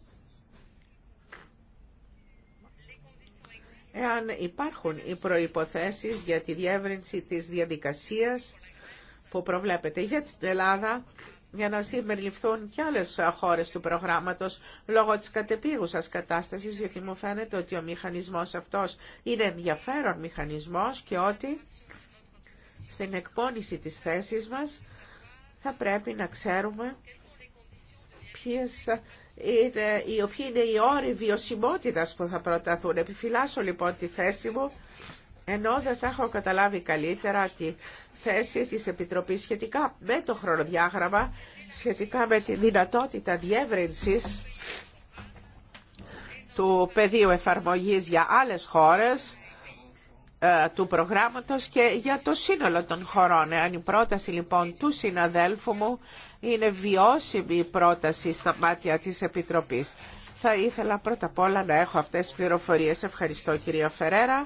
εάν υπάρχουν οι προϋποθέσεις για τη διεύρυνση της διαδικασίας που προβλέπεται για την Ελλάδα για να συμπεριληφθούν και άλλες χώρες του προγράμματος λόγω της κατεπίγουσας κατάστασης, γιατί μου φαίνεται ότι ο μηχανισμός αυτός είναι ενδιαφέρον μηχανισμός και ότι στην εκπόνηση της θέσης μας θα πρέπει να ξέρουμε ποιες είναι, ποιοι είναι οι όροι βιωσιμότητας που θα προταθούν. Επιφυλάσσω λοιπόν τη θέση μου, ενώ δεν θα έχω καταλάβει καλύτερα τη θέση της Επιτροπής σχετικά με το χρονοδιάγραμμα, σχετικά με τη δυνατότητα διεύρυνσης του πεδίου εφαρμογής για άλλες χώρες, ε, του προγράμματος και για το σύνολο των χωρών. Εάν η πρόταση λοιπόν του συναδέλφου μου είναι βιώσιμη η πρόταση στα μάτια της Επιτροπής. Θα ήθελα πρώτα απ' όλα να έχω αυτές τις πληροφορίες. Ευχαριστώ κυρία Φερέρα.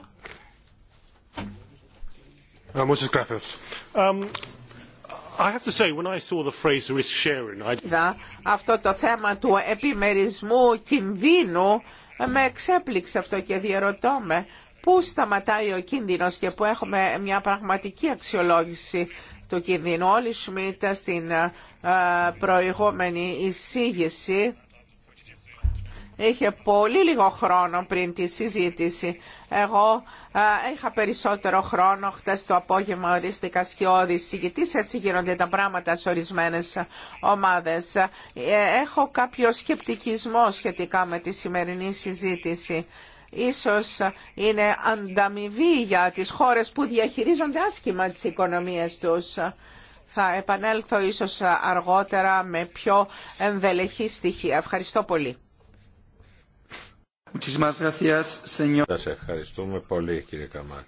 Uh, αυτό το θέμα του επιμερισμού κινδύνου ε, με εξέπληξε αυτό και διαρωτώ με πού σταματάει ο κίνδυνος και που έχουμε μια πραγματική αξιολόγηση του κίνδυνου. Όλοι Σμιτ στην ε, ε, προηγούμενη εισήγηση είχε πολύ λίγο χρόνο πριν τη συζήτηση. Εγώ α, ε, είχα περισσότερο χρόνο. Χθε το απόγευμα ορίστηκα σκιώδη συγκητή. Έτσι γίνονται τα πράγματα σε ορισμένε ομάδε. Έχω κάποιο σκεπτικισμό σχετικά με τη σημερινή συζήτηση ίσως είναι ανταμοιβή για τις χώρες που διαχειρίζονται άσχημα τις οικονομίες τους. Θα επανέλθω ίσως αργότερα με πιο ενδελεχή στοιχεία. Ευχαριστώ πολύ. Σας ευχαριστούμε πολύ κύριε Καμάλ.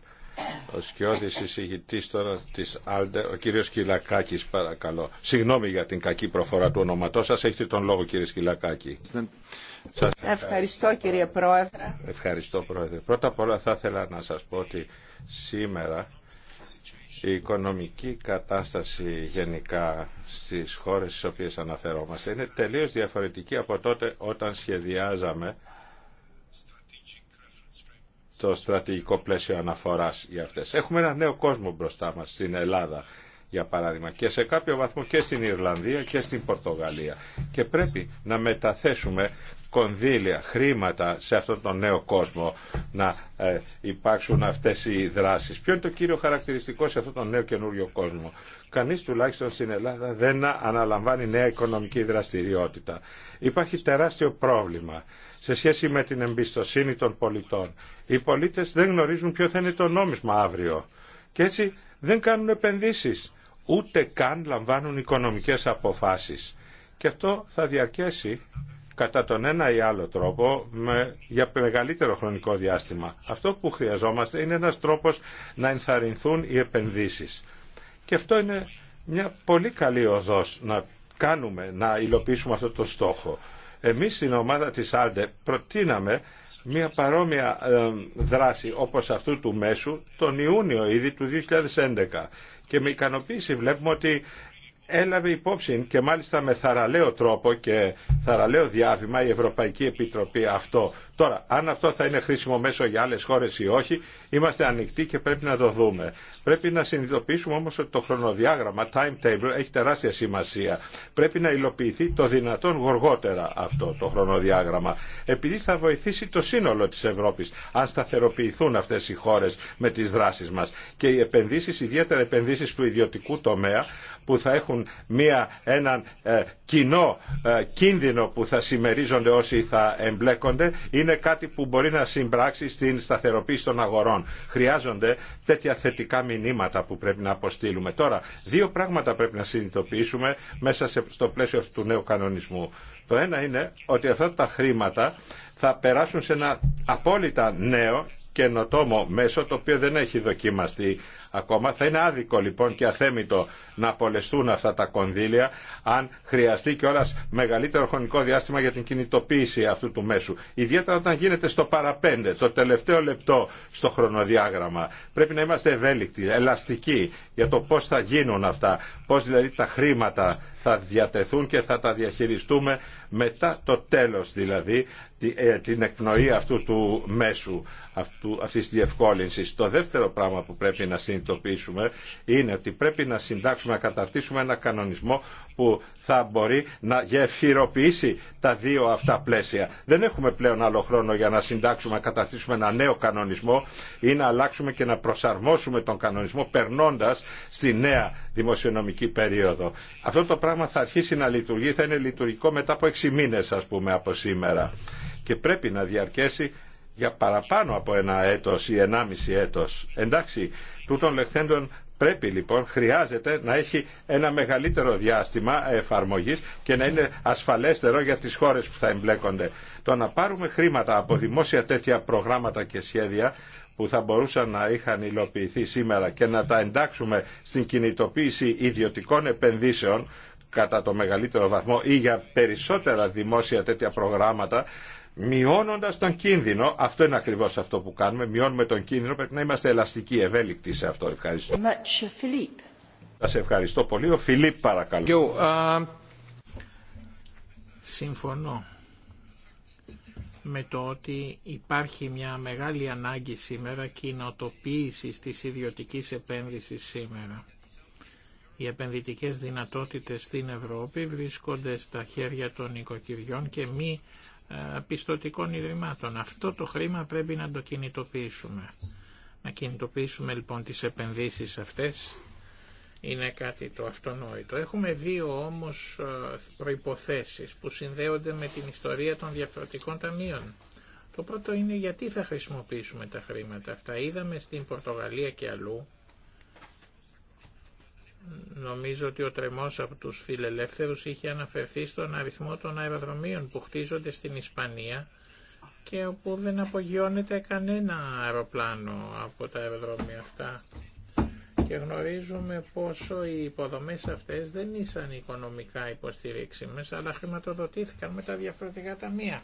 Ο σκιώδης εισηγητής τώρα της ΑΛΤΕ, ο κύριος Κυλακάκης παρακαλώ. Συγγνώμη για την κακή προφορά του ονοματός σας. Έχετε τον λόγο κύριε Σκυλακάκη ευχαριστώ κύριε Πρόεδρε. Ευχαριστώ Πρόεδρε. Πρώτα απ' όλα θα ήθελα να σας πω ότι σήμερα η οικονομική κατάσταση γενικά στις χώρες στις οποίες αναφερόμαστε είναι τελείως διαφορετική από τότε όταν σχεδιάζαμε το στρατηγικό πλαίσιο αναφοράς για αυτές. Έχουμε ένα νέο κόσμο μπροστά μας στην Ελλάδα για παράδειγμα και σε κάποιο βαθμό και στην Ιρλανδία και στην Πορτογαλία και πρέπει να μεταθέσουμε κονδύλια, χρήματα σε αυτόν τον νέο κόσμο να ε, υπάρξουν αυτές οι δράσεις. Ποιο είναι το κύριο χαρακτηριστικό σε αυτόν τον νέο καινούριο κόσμο. Κανείς τουλάχιστον στην Ελλάδα δεν αναλαμβάνει νέα οικονομική δραστηριότητα. Υπάρχει τεράστιο πρόβλημα σε σχέση με την εμπιστοσύνη των πολιτών. Οι πολίτες δεν γνωρίζουν ποιο θα είναι το νόμισμα αύριο και έτσι δεν κάνουν επενδύσεις ούτε καν λαμβάνουν οικονομικές αποφάσεις. Και αυτό θα διαρκέσει κατά τον ένα ή άλλο τρόπο με, για μεγαλύτερο χρονικό διάστημα. Αυτό που χρειαζόμαστε είναι ένας τρόπος να ενθαρρυνθούν οι επενδύσεις. Και αυτό είναι μια πολύ καλή οδός να κάνουμε, να υλοποιήσουμε αυτό το στόχο. Εμείς στην ομάδα της Άλντε προτείναμε μια παρόμοια ε, δράση όπως αυτού του μέσου τον Ιούνιο ήδη του 2011 και με ικανοποίηση βλέπουμε ότι έλαβε υπόψη και μάλιστα με θαραλέο τρόπο και θαραλέο διάβημα η Ευρωπαϊκή Επιτροπή αυτό Τώρα, αν αυτό θα είναι χρήσιμο μέσο για άλλε χώρε ή όχι, είμαστε ανοιχτοί και πρέπει να το δούμε. Πρέπει να συνειδητοποιήσουμε όμω ότι το χρονοδιάγραμμα, timetable, έχει τεράστια σημασία. Πρέπει να υλοποιηθεί το δυνατόν γοργότερα αυτό το χρονοδιάγραμμα. Επειδή θα βοηθήσει το σύνολο τη Ευρώπη, αν σταθεροποιηθούν αυτέ οι χώρε με τι δράσει μα. Και οι επενδύσει, ιδιαίτερα επενδύσει του ιδιωτικού τομέα, που θα έχουν μία, έναν ε, κοινό ε, κίνδυνο που θα συμμερίζονται όσοι θα εμπλέκονται, είναι κάτι που μπορεί να συμπράξει στην σταθεροποίηση των αγορών. Χρειάζονται τέτοια θετικά μηνύματα που πρέπει να αποστείλουμε. Τώρα, δύο πράγματα πρέπει να συνειδητοποιήσουμε μέσα στο πλαίσιο αυτού του νέου κανονισμού. Το ένα είναι ότι αυτά τα χρήματα θα περάσουν σε ένα απόλυτα νέο καινοτόμο μέσο το οποίο δεν έχει δοκιμαστεί ακόμα. Θα είναι άδικο λοιπόν και αθέμητο να απολεστούν αυτά τα κονδύλια αν χρειαστεί κιόλα μεγαλύτερο χρονικό διάστημα για την κινητοποίηση αυτού του μέσου. Ιδιαίτερα όταν γίνεται στο παραπέντε, το τελευταίο λεπτό στο χρονοδιάγραμμα. Πρέπει να είμαστε ευέλικτοι, ελαστικοί για το πώ θα γίνουν αυτά. Πώ δηλαδή τα χρήματα θα διατεθούν και θα τα διαχειριστούμε μετά το τέλος δηλαδή ε, την εκπνοή αυτού του μέσου, αυτού, αυτής της διευκόλυνσης. Το δεύτερο πράγμα που πρέπει να συνειδητοποιήσουμε είναι ότι πρέπει να συντάξουμε, να καταρτήσουμε ένα κανονισμό που θα μπορεί να γεφυροποιήσει τα δύο αυτά πλαίσια. Δεν έχουμε πλέον άλλο χρόνο για να συντάξουμε, να καταρτήσουμε ένα νέο κανονισμό ή να αλλάξουμε και να προσαρμόσουμε τον κανονισμό περνώντας στη νέα δημοσιονομική περίοδο. Αυτό το πράγμα θα αρχίσει να λειτουργεί, θα είναι λειτουργικό μετά από 6 μήνες ας πούμε από σήμερα και πρέπει να διαρκέσει για παραπάνω από ένα έτος ή ενάμιση έτος. Εντάξει, τούτων λεχθέντων πρέπει λοιπόν, χρειάζεται να έχει ένα μεγαλύτερο διάστημα εφαρμογής και να είναι ασφαλέστερο για τις χώρες που θα εμπλέκονται. Το να πάρουμε χρήματα από δημόσια τέτοια προγράμματα και σχέδια που θα μπορούσαν να είχαν υλοποιηθεί σήμερα και να τα εντάξουμε στην κινητοποίηση ιδιωτικών επενδύσεων κατά το μεγαλύτερο βαθμό ή για περισσότερα δημόσια τέτοια προγράμματα Μειώνοντα τον κίνδυνο, αυτό είναι ακριβώ αυτό που κάνουμε, μειώνουμε τον κίνδυνο, πρέπει να είμαστε ελαστικοί, ευέλικτοι σε αυτό. Ευχαριστώ. Uh, Σα ευχαριστώ πολύ. Ο Φιλίπ παρακαλώ. uh... Συμφωνώ με το ότι υπάρχει μια μεγάλη ανάγκη σήμερα κοινοτοποίηση της ιδιωτικής επένδυσης σήμερα. Οι επενδυτικές δυνατότητες στην Ευρώπη βρίσκονται στα χέρια των οικοκυριών και μη ε, πιστοτικών ιδρυμάτων. Αυτό το χρήμα πρέπει να το κινητοποιήσουμε. Να κινητοποιήσουμε λοιπόν τις επενδύσεις αυτές είναι κάτι το αυτονόητο. Έχουμε δύο όμως ε, προϋποθέσεις που συνδέονται με την ιστορία των διαφορετικών ταμείων. Το πρώτο είναι γιατί θα χρησιμοποιήσουμε τα χρήματα αυτά. Είδαμε στην Πορτογαλία και αλλού Νομίζω ότι ο τρεμός από τους φιλελεύθερους είχε αναφερθεί στον αριθμό των αεροδρομίων που χτίζονται στην Ισπανία και όπου δεν απογειώνεται κανένα αεροπλάνο από τα αεροδρόμια αυτά. Και γνωρίζουμε πόσο οι υποδομές αυτές δεν ήσαν οικονομικά υποστηρίξιμες, αλλά χρηματοδοτήθηκαν με τα διαφορετικά ταμεία.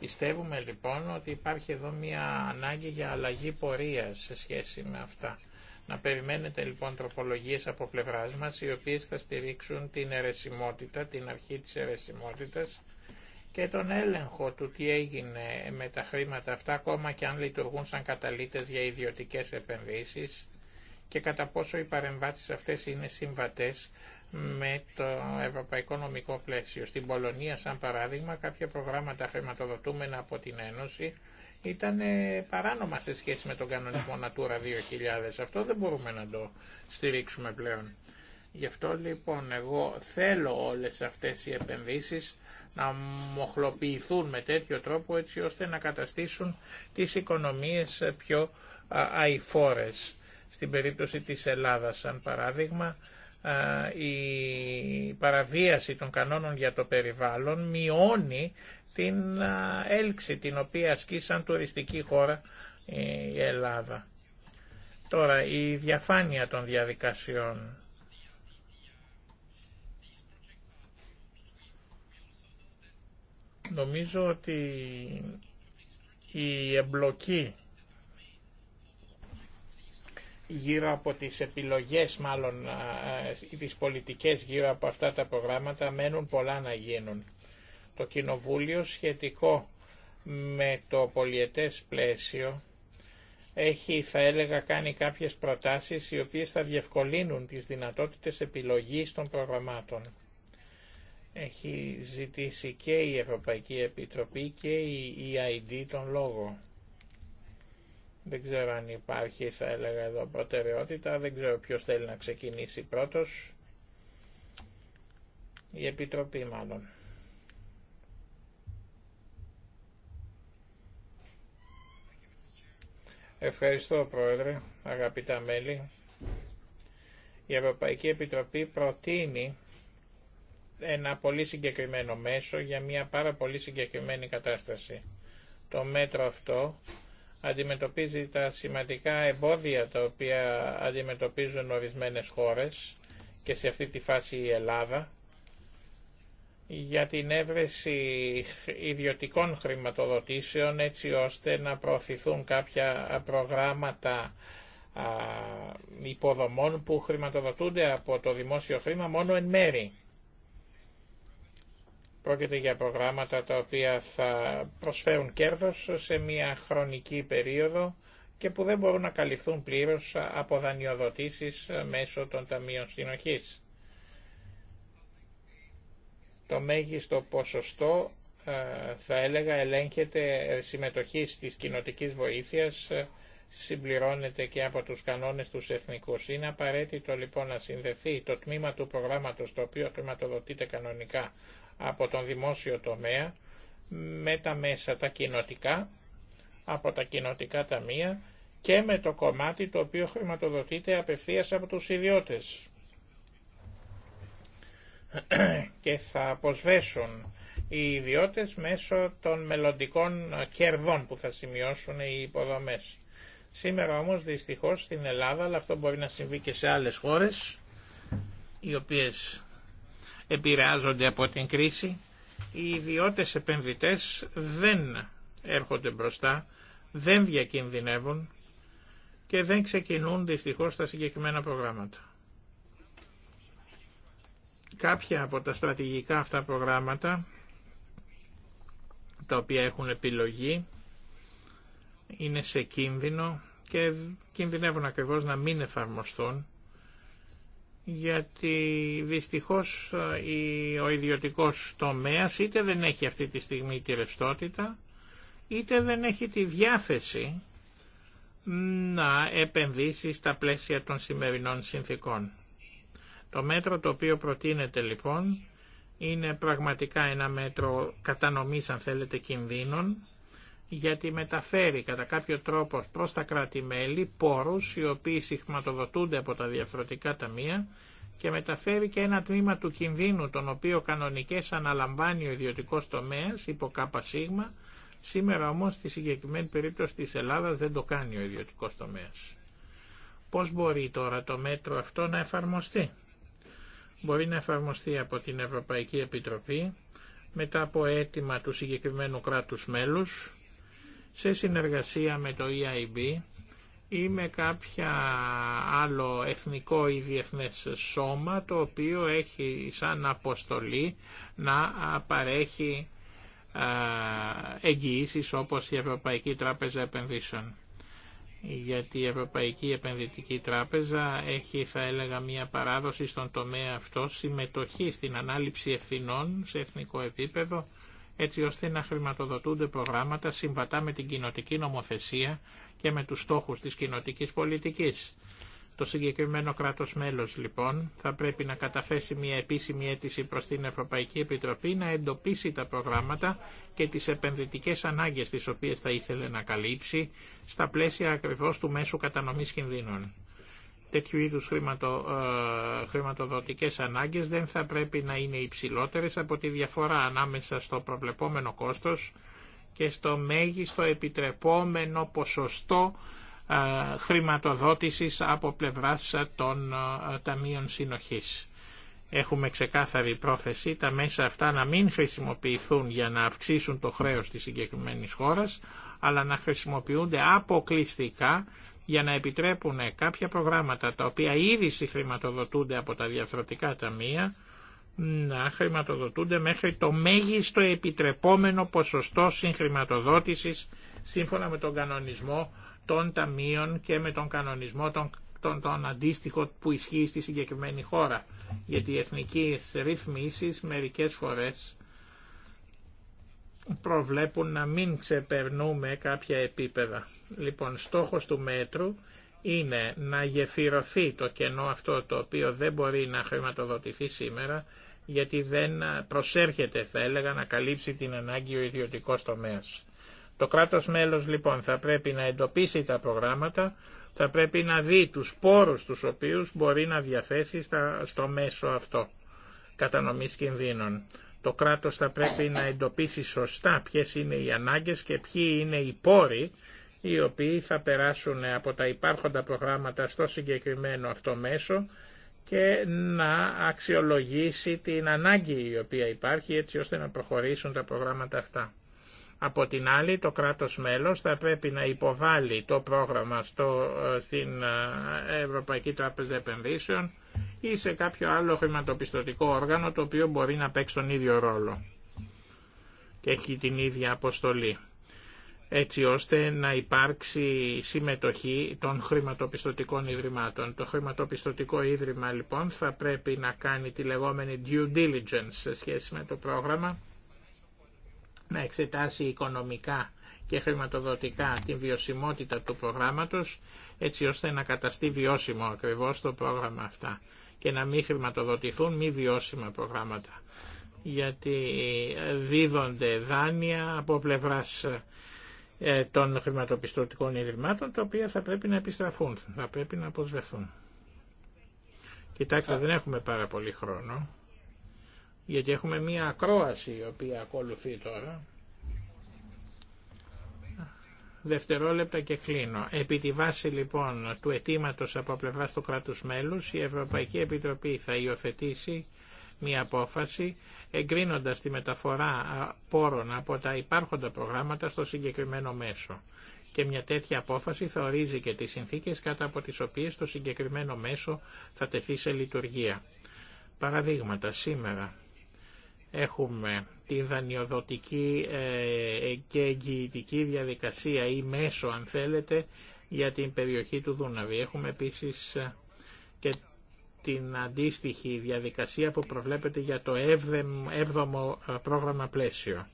Πιστεύουμε λοιπόν ότι υπάρχει εδώ μια ανάγκη για αλλαγή πορείας σε σχέση με αυτά. Να περιμένετε λοιπόν τροπολογίες από πλευράς μας, οι οποίες θα στηρίξουν την αιρεσιμότητα, την αρχή της αιρεσιμότητας και τον έλεγχο του τι έγινε με τα χρήματα αυτά, ακόμα και αν λειτουργούν σαν καταλήτες για ιδιωτικές επενδύσεις και κατά πόσο οι παρεμβάσεις αυτές είναι συμβατές με το ευρωπαϊκό νομικό πλαίσιο. Στην Πολωνία, σαν παράδειγμα, κάποια προγράμματα χρηματοδοτούμενα από την Ένωση ήταν παράνομα σε σχέση με τον κανονισμό Natura 2000. Αυτό δεν μπορούμε να το στηρίξουμε πλέον. Γι' αυτό λοιπόν εγώ θέλω όλες αυτές οι επενδύσεις να μοχλοποιηθούν με τέτοιο τρόπο έτσι ώστε να καταστήσουν τις οικονομίες πιο αηφόρες. Στην περίπτωση της Ελλάδας, σαν παράδειγμα, ε, η παραβίαση των κανόνων για το περιβάλλον μειώνει την ε, έλξη την οποία ασκεί σαν τουριστική χώρα ε, η Ελλάδα. Τώρα, η διαφάνεια των διαδικασιών. Νομίζω ότι η εμπλοκή γύρω από τις επιλογές μάλλον ή ε, ε, τις πολιτικές γύρω από αυτά τα προγράμματα μένουν πολλά να γίνουν. Το Κοινοβούλιο σχετικό με το πολιετές πλαίσιο έχει θα έλεγα κάνει κάποιες προτάσεις οι οποίες θα διευκολύνουν τις δυνατότητες επιλογής των προγραμμάτων. Έχει ζητήσει και η Ευρωπαϊκή Επιτροπή και η EID τον λόγο. Δεν ξέρω αν υπάρχει, θα έλεγα εδώ, προτεραιότητα. Δεν ξέρω ποιος θέλει να ξεκινήσει πρώτος. Η Επιτροπή μάλλον. Ευχαριστώ Πρόεδρε, αγαπητά μέλη. Η Ευρωπαϊκή Επιτροπή προτείνει ένα πολύ συγκεκριμένο μέσο για μια πάρα πολύ συγκεκριμένη κατάσταση. Το μέτρο αυτό αντιμετωπίζει τα σημαντικά εμπόδια τα οποία αντιμετωπίζουν ορισμένες χώρες και σε αυτή τη φάση η Ελλάδα για την έβρεση ιδιωτικών χρηματοδοτήσεων έτσι ώστε να προωθηθούν κάποια προγράμματα υποδομών που χρηματοδοτούνται από το δημόσιο χρήμα μόνο εν μέρη. Πρόκειται για προγράμματα τα οποία θα προσφέρουν κέρδος σε μια χρονική περίοδο και που δεν μπορούν να καλυφθούν πλήρως από δανειοδοτήσεις μέσω των Ταμείων Συνοχής. Το μέγιστο ποσοστό ε, θα έλεγα ελέγχεται ε, συμμετοχής της κοινοτικής βοήθειας ε, συμπληρώνεται και από τους κανόνες τους εθνικούς. Είναι απαραίτητο λοιπόν να συνδεθεί το τμήμα του προγράμματος το οποίο χρηματοδοτείται κανονικά από τον δημόσιο τομέα με τα μέσα τα κοινοτικά, από τα κοινοτικά ταμεία και με το κομμάτι το οποίο χρηματοδοτείται απευθείας από τους ιδιώτες [clears throat] και θα αποσβέσουν οι ιδιώτες μέσω των μελλοντικών κερδών που θα σημειώσουν οι υποδομές. Σήμερα όμως δυστυχώς στην Ελλάδα, αλλά αυτό μπορεί να συμβεί και σε άλλες χώρες, οι οποίες επηρεάζονται από την κρίση, οι ιδιώτες επενδυτές δεν έρχονται μπροστά, δεν διακινδυνεύουν και δεν ξεκινούν δυστυχώς τα συγκεκριμένα προγράμματα. Κάποια από τα στρατηγικά αυτά προγράμματα, τα οποία έχουν επιλογή, είναι σε κίνδυνο και κινδυνεύουν ακριβώς να μην εφαρμοστούν γιατί δυστυχώς ε, ο ιδιωτικός τομέας είτε δεν έχει αυτή τη στιγμή τη ρευστότητα, είτε δεν έχει τη διάθεση να επενδύσει στα πλαίσια των σημερινών συνθήκων. Το μέτρο το οποίο προτείνεται λοιπόν είναι πραγματικά ένα μέτρο κατανομής αν θέλετε κινδύνων γιατί μεταφέρει κατά κάποιο τρόπο προς τα κράτη-μέλη πόρους οι οποίοι συχματοδοτούνται από τα διαφορετικά ταμεία και μεταφέρει και ένα τμήμα του κινδύνου τον οποίο κανονικές αναλαμβάνει ο ιδιωτικός τομέας υπό ΚΣ, σήμερα όμως στη συγκεκριμένη περίπτωση της Ελλάδας δεν το κάνει ο ιδιωτικός τομέας. Πώς μπορεί τώρα το μέτρο αυτό να εφαρμοστεί. Μπορεί να εφαρμοστεί από την Ευρωπαϊκή Επιτροπή μετά από αίτημα του συγκεκριμένου κράτους μέλους σε συνεργασία με το EIB ή με κάποια άλλο εθνικό ή διεθνές σώμα το οποίο έχει σαν αποστολή να παρέχει εγγυήσεις όπως η Ευρωπαϊκή Τράπεζα Επενδύσεων. Γιατί η Ευρωπαϊκή Επενδυτική Τράπεζα έχει θα έλεγα μια παράδοση στον τομέα αυτό συμμετοχή στην ανάληψη ευθυνών σε εθνικό επίπεδο έτσι ώστε να χρηματοδοτούνται προγράμματα συμβατά με την κοινοτική νομοθεσία και με τους στόχους της κοινοτικής πολιτικής. Το συγκεκριμένο κράτος μέλος λοιπόν θα πρέπει να καταθέσει μια επίσημη αίτηση προς την Ευρωπαϊκή Επιτροπή να εντοπίσει τα προγράμματα και τις επενδυτικές ανάγκες τις οποίες θα ήθελε να καλύψει στα πλαίσια ακριβώς του μέσου κατανομής κινδύνων τέτοιου είδους χρηματο, ε, χρηματοδοτικές ανάγκες δεν θα πρέπει να είναι υψηλότερες από τη διαφορά ανάμεσα στο προβλεπόμενο κόστος και στο μέγιστο επιτρεπόμενο ποσοστό ε, χρηματοδότησης από πλευράς των ε, Ταμείων Συνοχής. Έχουμε ξεκάθαρη πρόθεση τα μέσα αυτά να μην χρησιμοποιηθούν για να αυξήσουν το χρέος της συγκεκριμένης χώρας, αλλά να χρησιμοποιούνται αποκλειστικά για να επιτρέπουν κάποια προγράμματα τα οποία ήδη συγχρηματοδοτούνται από τα διαθροτικά ταμεία να χρηματοδοτούνται μέχρι το μέγιστο επιτρεπόμενο ποσοστό συγχρηματοδότησης σύμφωνα με τον κανονισμό των ταμείων και με τον κανονισμό των, των, των αντίστοιχων που ισχύει στη συγκεκριμένη χώρα. Γιατί οι εθνικές ρυθμίσεις μερικές φορές προβλέπουν να μην ξεπερνούμε κάποια επίπεδα. Λοιπόν, στόχος του μέτρου είναι να γεφυρωθεί το κενό αυτό το οποίο δεν μπορεί να χρηματοδοτηθεί σήμερα γιατί δεν προσέρχεται θα έλεγα να καλύψει την ανάγκη ο ιδιωτικός τομέας. Το κράτος μέλος λοιπόν θα πρέπει να εντοπίσει τα προγράμματα, θα πρέπει να δει τους πόρους τους οποίους μπορεί να διαθέσει στο μέσο αυτό κατανομής κινδύνων. Το κράτος θα πρέπει να εντοπίσει σωστά ποιες είναι οι ανάγκες και ποιοι είναι οι πόροι οι οποίοι θα περάσουν από τα υπάρχοντα προγράμματα στο συγκεκριμένο αυτό μέσο και να αξιολογήσει την ανάγκη η οποία υπάρχει έτσι ώστε να προχωρήσουν τα προγράμματα αυτά. Από την άλλη, το κράτος μέλος θα πρέπει να υποβάλει το πρόγραμμα στο, ε, στην ε, Ευρωπαϊκή Τράπεζα Επενδύσεων ή σε κάποιο άλλο χρηματοπιστωτικό όργανο το οποίο μπορεί να παίξει τον ίδιο ρόλο και έχει την ίδια αποστολή έτσι ώστε να υπάρξει συμμετοχή των χρηματοπιστωτικών ιδρυμάτων. Το χρηματοπιστωτικό ίδρυμα λοιπόν θα πρέπει να κάνει τη λεγόμενη due diligence σε σχέση με το πρόγραμμα να εξετάσει οικονομικά και χρηματοδοτικά την βιωσιμότητα του προγράμματος, έτσι ώστε να καταστεί βιώσιμο ακριβώς το πρόγραμμα αυτά και να μην χρηματοδοτηθούν μη βιώσιμα προγράμματα. Γιατί δίδονται δάνεια από πλευράς ε, των χρηματοπιστωτικών ιδρυμάτων, τα οποία θα πρέπει να επιστραφούν, θα πρέπει να αποσβεθούν. Κοιτάξτε, δεν έχουμε πάρα πολύ χρόνο γιατί έχουμε μία ακρόαση η οποία ακολουθεί τώρα. Δευτερόλεπτα και κλείνω. Επί τη βάση λοιπόν του αιτήματο από πλευρά του κράτου μέλους, η Ευρωπαϊκή Επιτροπή θα υιοθετήσει μία απόφαση εγκρίνοντας τη μεταφορά πόρων από τα υπάρχοντα προγράμματα στο συγκεκριμένο μέσο. Και μια τέτοια απόφαση θα ορίζει και τις συνθήκες κατά από τι οποίες το συγκεκριμένο μέσο θα τεθεί σε λειτουργία. Παραδείγματα σήμερα Έχουμε την δανειοδοτική ε, και εγγυητική διαδικασία ή μέσο αν θέλετε για την περιοχή του Δούναβη. Έχουμε επίσης ε, και την αντίστοιχη διαδικασία που προβλέπεται για το 7ο ε, πρόγραμμα πλαίσιο.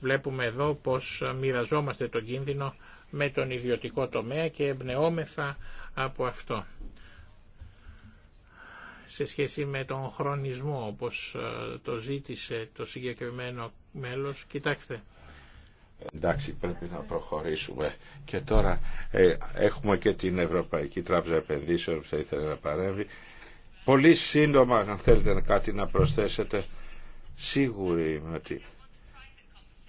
Βλέπουμε εδώ πως μοιραζόμαστε τον κίνδυνο με τον ιδιωτικό τομέα και εμπνεόμεθα από αυτό σε σχέση με τον χρονισμό όπως ε, το ζήτησε το συγκεκριμένο μέλος. Κοιτάξτε. Εντάξει, πρέπει να προχωρήσουμε. Και τώρα ε, έχουμε και την Ευρωπαϊκή Τράπεζα Επενδύσεων που θα ήθελε να παρέμβει. Πολύ σύντομα, αν θέλετε κάτι να προσθέσετε, σίγουροι είμαι ότι...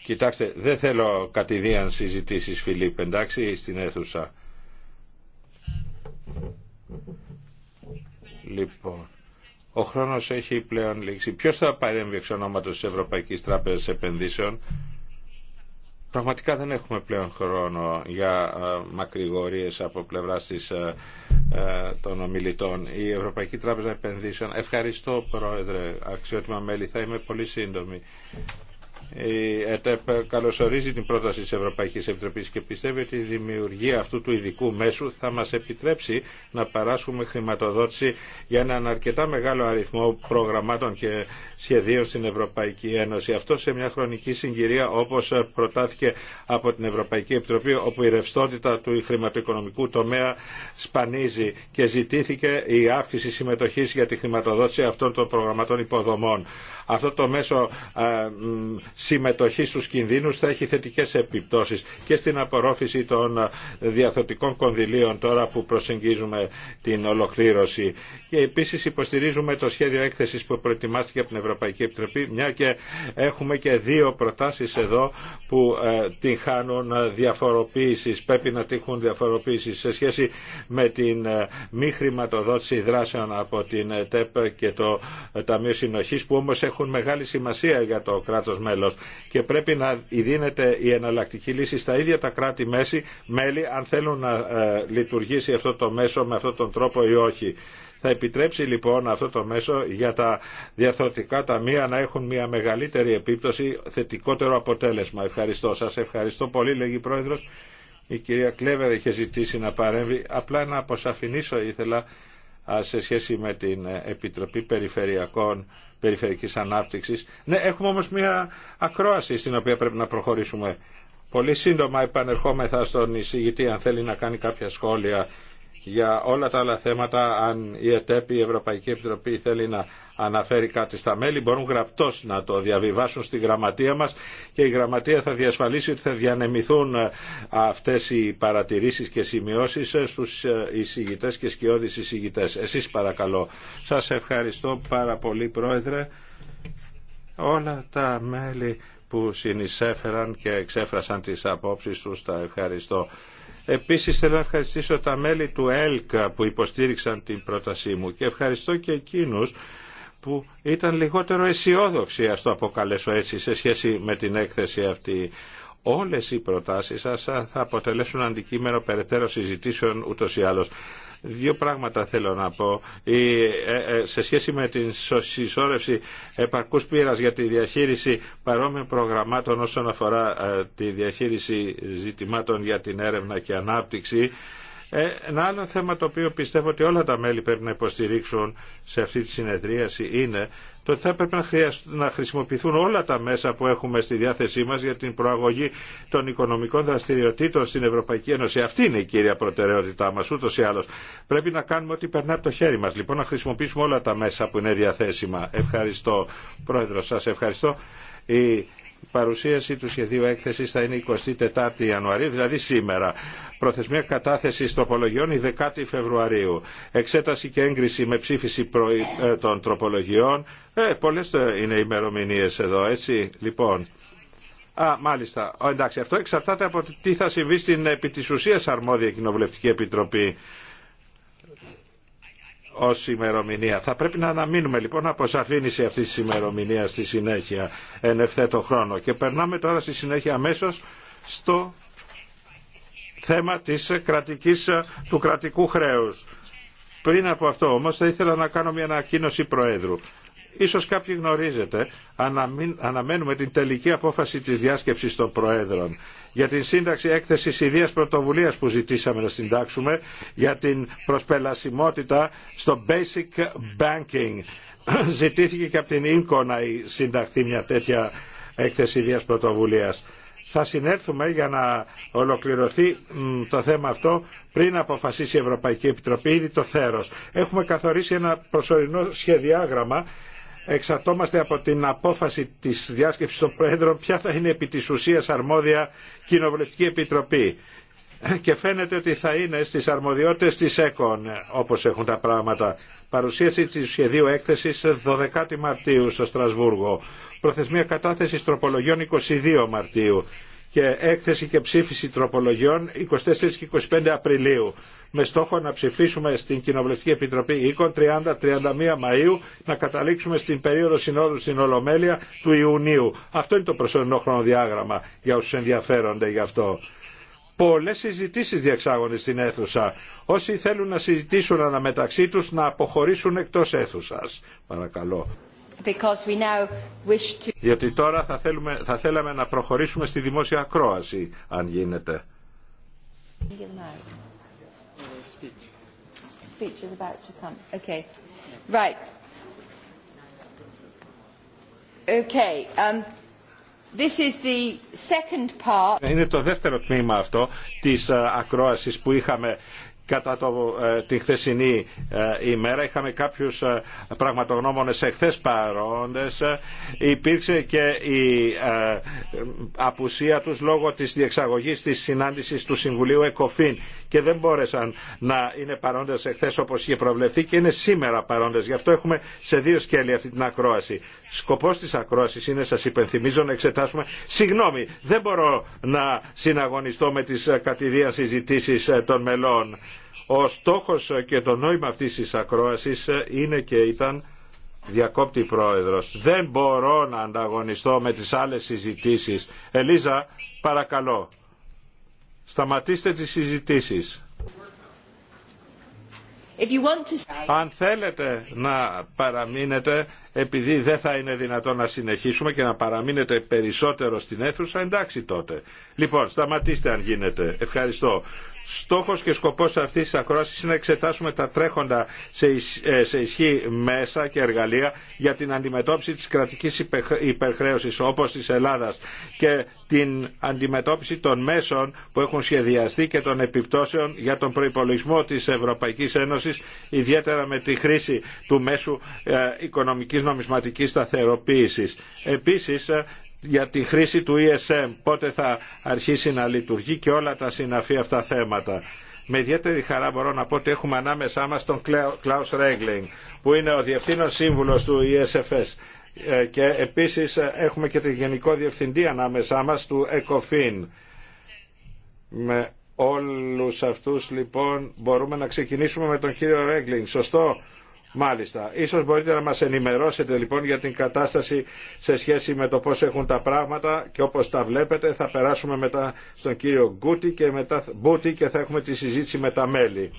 Κοιτάξτε, δεν θέλω κατηδίαν συζητήσεις, Φιλίπ, εντάξει, στην αίθουσα. Λοιπόν, ο χρόνος έχει πλέον λήξει. Ποιος θα παρέμβει εξ ονόματος της Ευρωπαϊκής Τράπεζας Επενδύσεων. Πραγματικά δεν έχουμε πλέον χρόνο για ε, μακρηγορίες από πλευράς της, ε, ε, των ομιλητών. Η Ευρωπαϊκή Τράπεζα Επενδύσεων. Ευχαριστώ, Πρόεδρε, αξιότιμα μέλη. Θα είμαι πολύ σύντομη η ΕΤΕΠ καλωσορίζει την πρόταση της Ευρωπαϊκής Επιτροπής και πιστεύει ότι η δημιουργία αυτού του ειδικού μέσου θα μας επιτρέψει να παράσχουμε χρηματοδότηση για έναν αρκετά μεγάλο αριθμό προγραμμάτων και σχεδίων στην Ευρωπαϊκή Ένωση. Αυτό σε μια χρονική συγκυρία όπως προτάθηκε από την Ευρωπαϊκή Επιτροπή όπου η ρευστότητα του χρηματοοικονομικού τομέα σπανίζει και ζητήθηκε η αύξηση συμμετοχής για τη χρηματοδότηση αυτών των προγραμματών υποδομών. Αυτό το μέσο συμμετοχής στους κινδύνους θα έχει θετικές επιπτώσεις και στην απορρόφηση των διαθωτικών κονδυλίων τώρα που προσεγγίζουμε την ολοκλήρωση. Και επίσης υποστηρίζουμε το σχέδιο έκθεσης που προετοιμάστηκε από την Ευρωπαϊκή Επιτροπή, μια και έχουμε και δύο προτάσεις εδώ που ε, την χάνουν διαφοροποίησης, πρέπει να τύχουν διαφοροποίησης σε σχέση με την ε, μη χρηματοδότηση δράσεων από την ΤΕΠ και το ε, Ταμείο Συνοχής που όμως έχουν μεγάλη σημασία για το κράτος μέλος και πρέπει να δίνεται η εναλλακτική λύση στα ίδια τα κράτη-μέλη αν θέλουν να λειτουργήσει αυτό το μέσο με αυτόν τον τρόπο ή όχι. Θα επιτρέψει λοιπόν αυτό το μέσο για τα διαθροτικά ταμεία να έχουν μια μεγαλύτερη επίπτωση, θετικότερο αποτέλεσμα. Ευχαριστώ σας. Ευχαριστώ πολύ, λέγει Πρόεδρος. Η κυρία Κλέβερ είχε ζητήσει να παρέμβει. Απλά να αποσαφηνίσω ήθελα σε σχέση με την Επιτροπή Περιφερειακών Περιφερειακής Ανάπτυξης. Ναι, έχουμε όμως μια ακρόαση στην οποία πρέπει να προχωρήσουμε. Πολύ σύντομα επανερχόμεθα στον εισηγητή αν θέλει να κάνει κάποια σχόλια για όλα τα άλλα θέματα, αν η ΕΤΕΠ, η Ευρωπαϊκή Επιτροπή, θέλει να αναφέρει κάτι στα μέλη, μπορούν γραπτώς να το διαβιβάσουν στη γραμματεία μας και η γραμματεία θα διασφαλίσει ότι θα διανεμηθούν ε, αυτές οι παρατηρήσεις και σημειώσεις ε, στους ε, εισηγητές και σκιώδεις εισηγητές. Εσείς παρακαλώ. Σας ευχαριστώ πάρα πολύ Πρόεδρε. Όλα τα μέλη που συνεισέφεραν και εξέφρασαν τις απόψεις τους τα ευχαριστώ. Επίσης θέλω να ευχαριστήσω τα μέλη του ΕΛΚΑ που υποστήριξαν την πρότασή μου και ευχαριστώ και εκείνους που ήταν λιγότερο αισιόδοξοι, ας το αποκαλέσω έτσι, σε σχέση με την έκθεση αυτή. Όλες οι προτάσεις σας θα αποτελέσουν αντικείμενο περαιτέρω συζητήσεων ούτως ή άλλως. Δύο πράγματα θέλω να πω. Ε, ε, σε σχέση με την συσσόρευση επαρκούς πείρας για τη διαχείριση παρόμοιων προγραμμάτων όσον αφορά ε, τη διαχείριση ζητημάτων για την έρευνα και ανάπτυξη, ένα άλλο θέμα το οποίο πιστεύω ότι όλα τα μέλη πρέπει να υποστηρίξουν σε αυτή τη συνεδρίαση είναι το ότι θα έπρεπε να χρησιμοποιηθούν όλα τα μέσα που έχουμε στη διάθεσή μας για την προαγωγή των οικονομικών δραστηριοτήτων στην Ευρωπαϊκή Ένωση. Αυτή είναι η κύρια προτεραιότητά μας, ούτως ή άλλως. Πρέπει να κάνουμε ό,τι περνά από το χέρι μας. Λοιπόν, να χρησιμοποιήσουμε όλα τα μέσα που είναι διαθέσιμα. Ευχαριστώ, Πρόεδρο. Σας ευχαριστώ. Η παρουσίαση του σχεδίου έκθεσης θα είναι 24 Ιανουαρίου, δηλαδή σήμερα. Προθεσμία κατάθεση τροπολογιών η 10η Φεβρουαρίου. Εξέταση και έγκριση με ψήφιση ε, των τροπολογιών. Ε, Πολλέ ε, είναι οι ημερομηνίε εδώ, έτσι. Λοιπόν. Α, μάλιστα. εντάξει, αυτό εξαρτάται από τι θα συμβεί στην επί τη ουσία αρμόδια κοινοβουλευτική επιτροπή ω ημερομηνία. Θα πρέπει να αναμείνουμε λοιπόν από σαφήνιση αυτή τη ημερομηνία στη συνέχεια εν ευθέτω χρόνο. Και περνάμε τώρα στη συνέχεια αμέσω στο θέμα της κρατικής, του κρατικού χρέους. Πριν από αυτό όμως θα ήθελα να κάνω μια ανακοίνωση Προέδρου. Ίσως κάποιοι γνωρίζετε, αναμένουμε την τελική απόφαση της διάσκεψης των Προέδρων για την σύνταξη έκθεσης ιδίας πρωτοβουλίας που ζητήσαμε να συντάξουμε για την προσπελασιμότητα στο Basic Banking. Ζητήθηκε και από την Ίνκο να συνταχθεί μια τέτοια έκθεση ιδίας πρωτοβουλίας θα συνέλθουμε για να ολοκληρωθεί το θέμα αυτό πριν αποφασίσει η Ευρωπαϊκή Επιτροπή ήδη το θέρος. Έχουμε καθορίσει ένα προσωρινό σχεδιάγραμμα εξαρτώμαστε από την απόφαση της διάσκεψης των Προέδρων ποια θα είναι επί της ουσίας αρμόδια Κοινοβουλευτική Επιτροπή. Και φαίνεται ότι θα είναι στις αρμοδιότητες της ΕΚΟΝ όπως έχουν τα πράγματα. Παρουσίαση της σχεδίου έκθεσης 12 Μαρτίου στο Στρασβούργο προθεσμία κατάθεσης τροπολογιών 22 Μαρτίου και έκθεση και ψήφιση τροπολογιών 24 και 25 Απριλίου με στόχο να ψηφίσουμε στην Κοινοβουλευτική Επιτροπή Επιτροπή 30-31 Μαΐου να καταλήξουμε στην περίοδο συνόδου στην Ολομέλεια του Ιουνίου. Αυτό είναι το προσωρινό χρονοδιάγραμμα για όσους ενδιαφέρονται γι' αυτό. Πολλές συζητήσεις διεξάγονται στην αίθουσα. Όσοι θέλουν να συζητήσουν αναμεταξύ τους να αποχωρήσουν εκτός αίθουσας. Παρακαλώ. Because we now wish to... τώρα θα, θέλουμε, θα θέλαμε να προχωρήσουμε στη δημόσια ακρόαση, αν γίνεται. Okay. Right. Okay. Um, this is the second part. Είναι το δεύτερο τμήμα αυτό της ε, ακρόασης που είχαμε κατά το, ε, τη χθεσινή ε, ημέρα. Είχαμε κάποιους ε, πραγματογνώμονες εχθές παρόντες. Υπήρξε και η απουσία τους λόγω της διεξαγωγής της συνάντησης του Συμβουλίου ΕΚΟΦΗΝ και δεν μπόρεσαν να είναι παρόντες εχθές όπως είχε προβλεφθεί και είναι σήμερα παρόντες. Γι' αυτό έχουμε σε δύο σκέλη αυτή την ακρόαση. Σκοπός της ακρόασης είναι, σας υπενθυμίζω, να εξετάσουμε... Συγγνώμη, δεν μπορώ να συναγωνιστώ με τις κατηδίαν συζητήσεις των μελών ο στόχος και το νόημα αυτής της ακρόασης είναι και ήταν διακόπτη πρόεδρος. Δεν μπορώ να ανταγωνιστώ με τις άλλες συζητήσεις. Ελίζα, παρακαλώ, σταματήστε τις συζητήσεις. Αν θέλετε να παραμείνετε, επειδή δεν θα είναι δυνατόν να συνεχίσουμε και να παραμείνετε περισσότερο στην αίθουσα, εντάξει τότε. Λοιπόν, σταματήστε αν γίνεται. Ευχαριστώ. Στόχος και σκοπός αυτής τη ακρόασης είναι να εξετάσουμε τα τρέχοντα ε, σε ισχύ μέσα και εργαλεία για την αντιμετώπιση της κρατικής υπερχρέωσης όπως τη Ελλάδα και την αντιμετώπιση των μέσων που έχουν σχεδιαστεί και των επιπτώσεων για τον προϋπολογισμό της Ευρωπαϊκής Ένωσης ιδιαίτερα με τη χρήση του μέσου ε, οικονομική νομισματική σταθεροποίηση. Επίσης ε, για τη χρήση του ESM, πότε θα αρχίσει να λειτουργεί και όλα τα συναφή αυτά θέματα. Με ιδιαίτερη χαρά μπορώ να πω ότι έχουμε ανάμεσά μας τον Klaus Regling, που είναι ο Διευθύνων Σύμβουλος του ESFS. Ε, και επίσης ε, έχουμε και τη Γενικό Διευθυντή ανάμεσά μας του ECOFIN. Με όλους αυτούς λοιπόν μπορούμε να ξεκινήσουμε με τον κύριο Ρέγκλινγκ. Σωστό Μάλιστα. Ίσως μπορείτε να μας ενημερώσετε λοιπόν για την κατάσταση σε σχέση με το πώς έχουν τα πράγματα και όπως τα βλέπετε θα περάσουμε μετά στον κύριο Γκούτι και, μετά... Μπούτι και θα έχουμε τη συζήτηση με τα μέλη.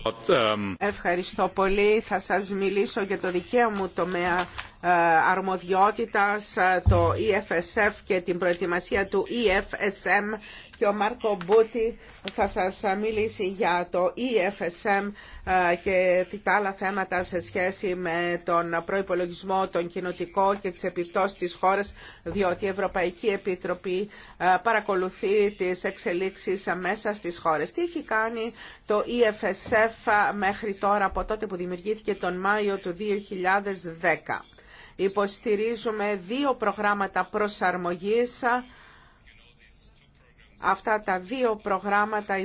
Ευχαριστώ πολύ. Θα σας μιλήσω για το δικαίωμα μου τομέα ε, αρμοδιότητας, ε, το EFSF και την προετοιμασία του EFSM και ο Μάρκο Μπούτι θα σας ε, μιλήσει για το EFSM ε, και τα άλλα θέματα σε σχέση με τον προϋπολογισμό, τον κοινοτικό και τις επιπτώσεις της χώρας, διότι η Ευρωπαϊκή Επιτροπή ε, παρακολουθεί τις εξελίξεις μέσα στις χώρες. Τι έχει κάνει το EFSF μέχρι τώρα από τότε που δημιουργήθηκε τον Μάιο του 2010. Υποστηρίζουμε δύο προγράμματα προσαρμογής Αυτά τα δύο προγράμματα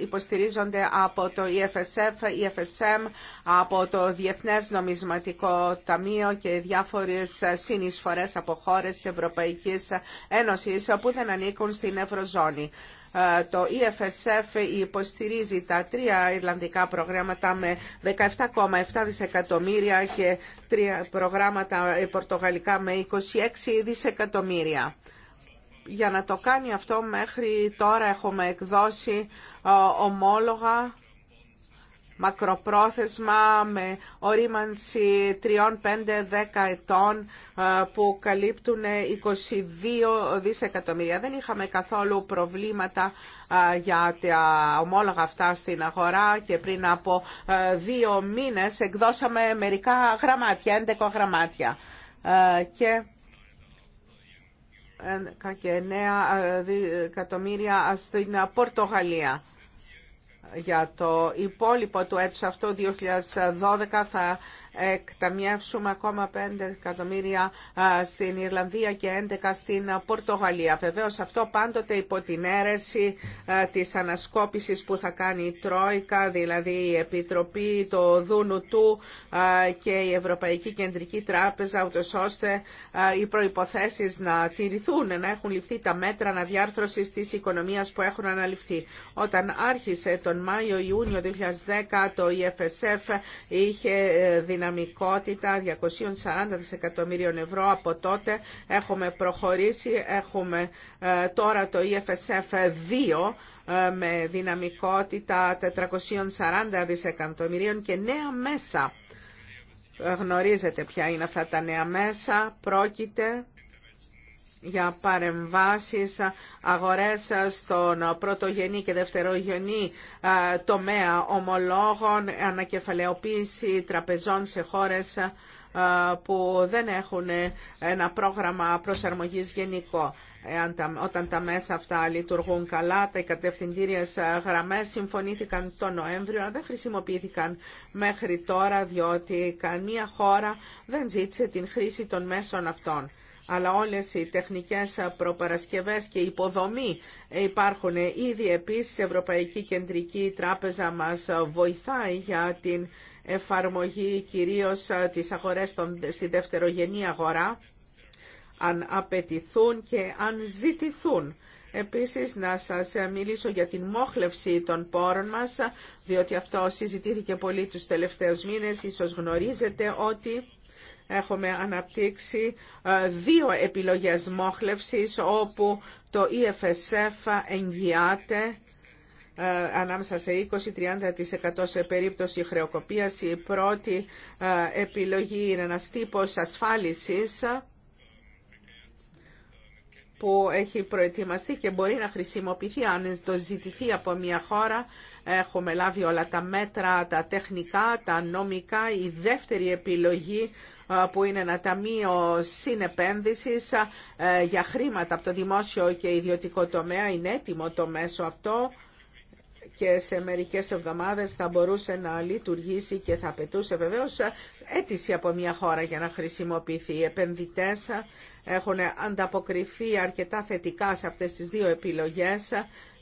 υποστηρίζονται από το EFSF, EFSM, από το Διεθνές Νομισματικό Ταμείο και διάφορες συνεισφορές από χώρες της Ευρωπαϊκής Ένωσης που δεν ανήκουν στην Ευρωζώνη. Ε, το EFSF υποστηρίζει τα τρία Ιρλανδικά προγράμματα με 17,7 δισεκατομμύρια και τρία προγράμματα πορτογαλικά με 26 δισεκατομμύρια για να το κάνει αυτό μέχρι τώρα έχουμε εκδώσει ομόλογα μακροπρόθεσμα με ορίμανση 3, 5, 10 ετών που καλύπτουν 22 δισεκατομμύρια. Δεν είχαμε καθόλου προβλήματα για τα ομόλογα αυτά στην αγορά και πριν από δύο μήνες εκδώσαμε μερικά γραμμάτια, 11 γραμμάτια. Και και 9 ε, εκατομμύρια στην Πορτογαλία. Για το υπόλοιπο του έτους αυτό, 2012, θα εκταμιεύσουμε ακόμα 5 εκατομμύρια στην Ιρλανδία και 11 στην Πορτογαλία. Βεβαίω αυτό πάντοτε υπό την αίρεση της ανασκόπησης που θα κάνει η Τρόικα, δηλαδή η Επιτροπή, το Δούνου του και η Ευρωπαϊκή Κεντρική Τράπεζα, ούτω ώστε οι προποθέσει να τηρηθούν, να έχουν ληφθεί τα μέτρα αναδιάρθρωση τη οικονομία που έχουν αναλυφθεί. Όταν άρχισε τον Μάιο-Ιούνιο 2010 το EFSF είχε ε, δυναμικότητα 240 δισεκατομμύριων ευρώ. Από τότε έχουμε προχωρήσει. Έχουμε ε, τώρα το EFSF 2 ε, με δυναμικότητα 440 δισεκατομμυρίων και νέα μέσα. Ε, γνωρίζετε ποια είναι αυτά τα νέα μέσα. Πρόκειται για παρεμβάσεις, αγορές στον πρωτογενή και δευτερογενή ε, τομέα ομολόγων, ανακεφαλαιοποίηση τραπεζών σε χώρες ε, που δεν έχουν ένα πρόγραμμα προσαρμογής γενικό. Όταν τα μέσα αυτά λειτουργούν καλά, τα κατευθυντήριε ε, γραμμές συμφωνήθηκαν τον Νοέμβριο, αλλά δεν χρησιμοποιήθηκαν μέχρι τώρα, διότι καμία χώρα δεν ζήτησε την χρήση των μέσων αυτών αλλά όλες οι τεχνικές προπαρασκευές και υποδομή υπάρχουν ήδη. Επίσης, η Ευρωπαϊκή Κεντρική Τράπεζα μας βοηθάει για την εφαρμογή κυρίως της αγορές στη δευτερογενή αγορά, αν απαιτηθούν και αν ζητηθούν. Επίσης, να σας μιλήσω για την μόχλευση των πόρων μας, διότι αυτό συζητήθηκε πολύ τους τελευταίους μήνες. Ίσως γνωρίζετε ότι έχουμε αναπτύξει ε, δύο επιλογές μόχλευσης όπου το EFSF εγγυάται ε, ανάμεσα σε 20-30% σε περίπτωση χρεοκοπίας. Η πρώτη ε, επιλογή είναι ένας τύπος ασφάλισης που έχει προετοιμαστεί και μπορεί να χρησιμοποιηθεί αν το ζητηθεί από μια χώρα. Έχουμε λάβει όλα τα μέτρα, τα τεχνικά, τα νομικά. Η δεύτερη επιλογή που είναι ένα ταμείο συνεπένδυσης ε, για χρήματα από το δημόσιο και ιδιωτικό τομέα. Είναι έτοιμο το μέσο αυτό και σε μερικές εβδομάδες θα μπορούσε να λειτουργήσει και θα απαιτούσε βεβαίως αίτηση από μια χώρα για να χρησιμοποιηθεί. Οι επενδυτές έχουν ανταποκριθεί αρκετά θετικά σε αυτές τις δύο επιλογές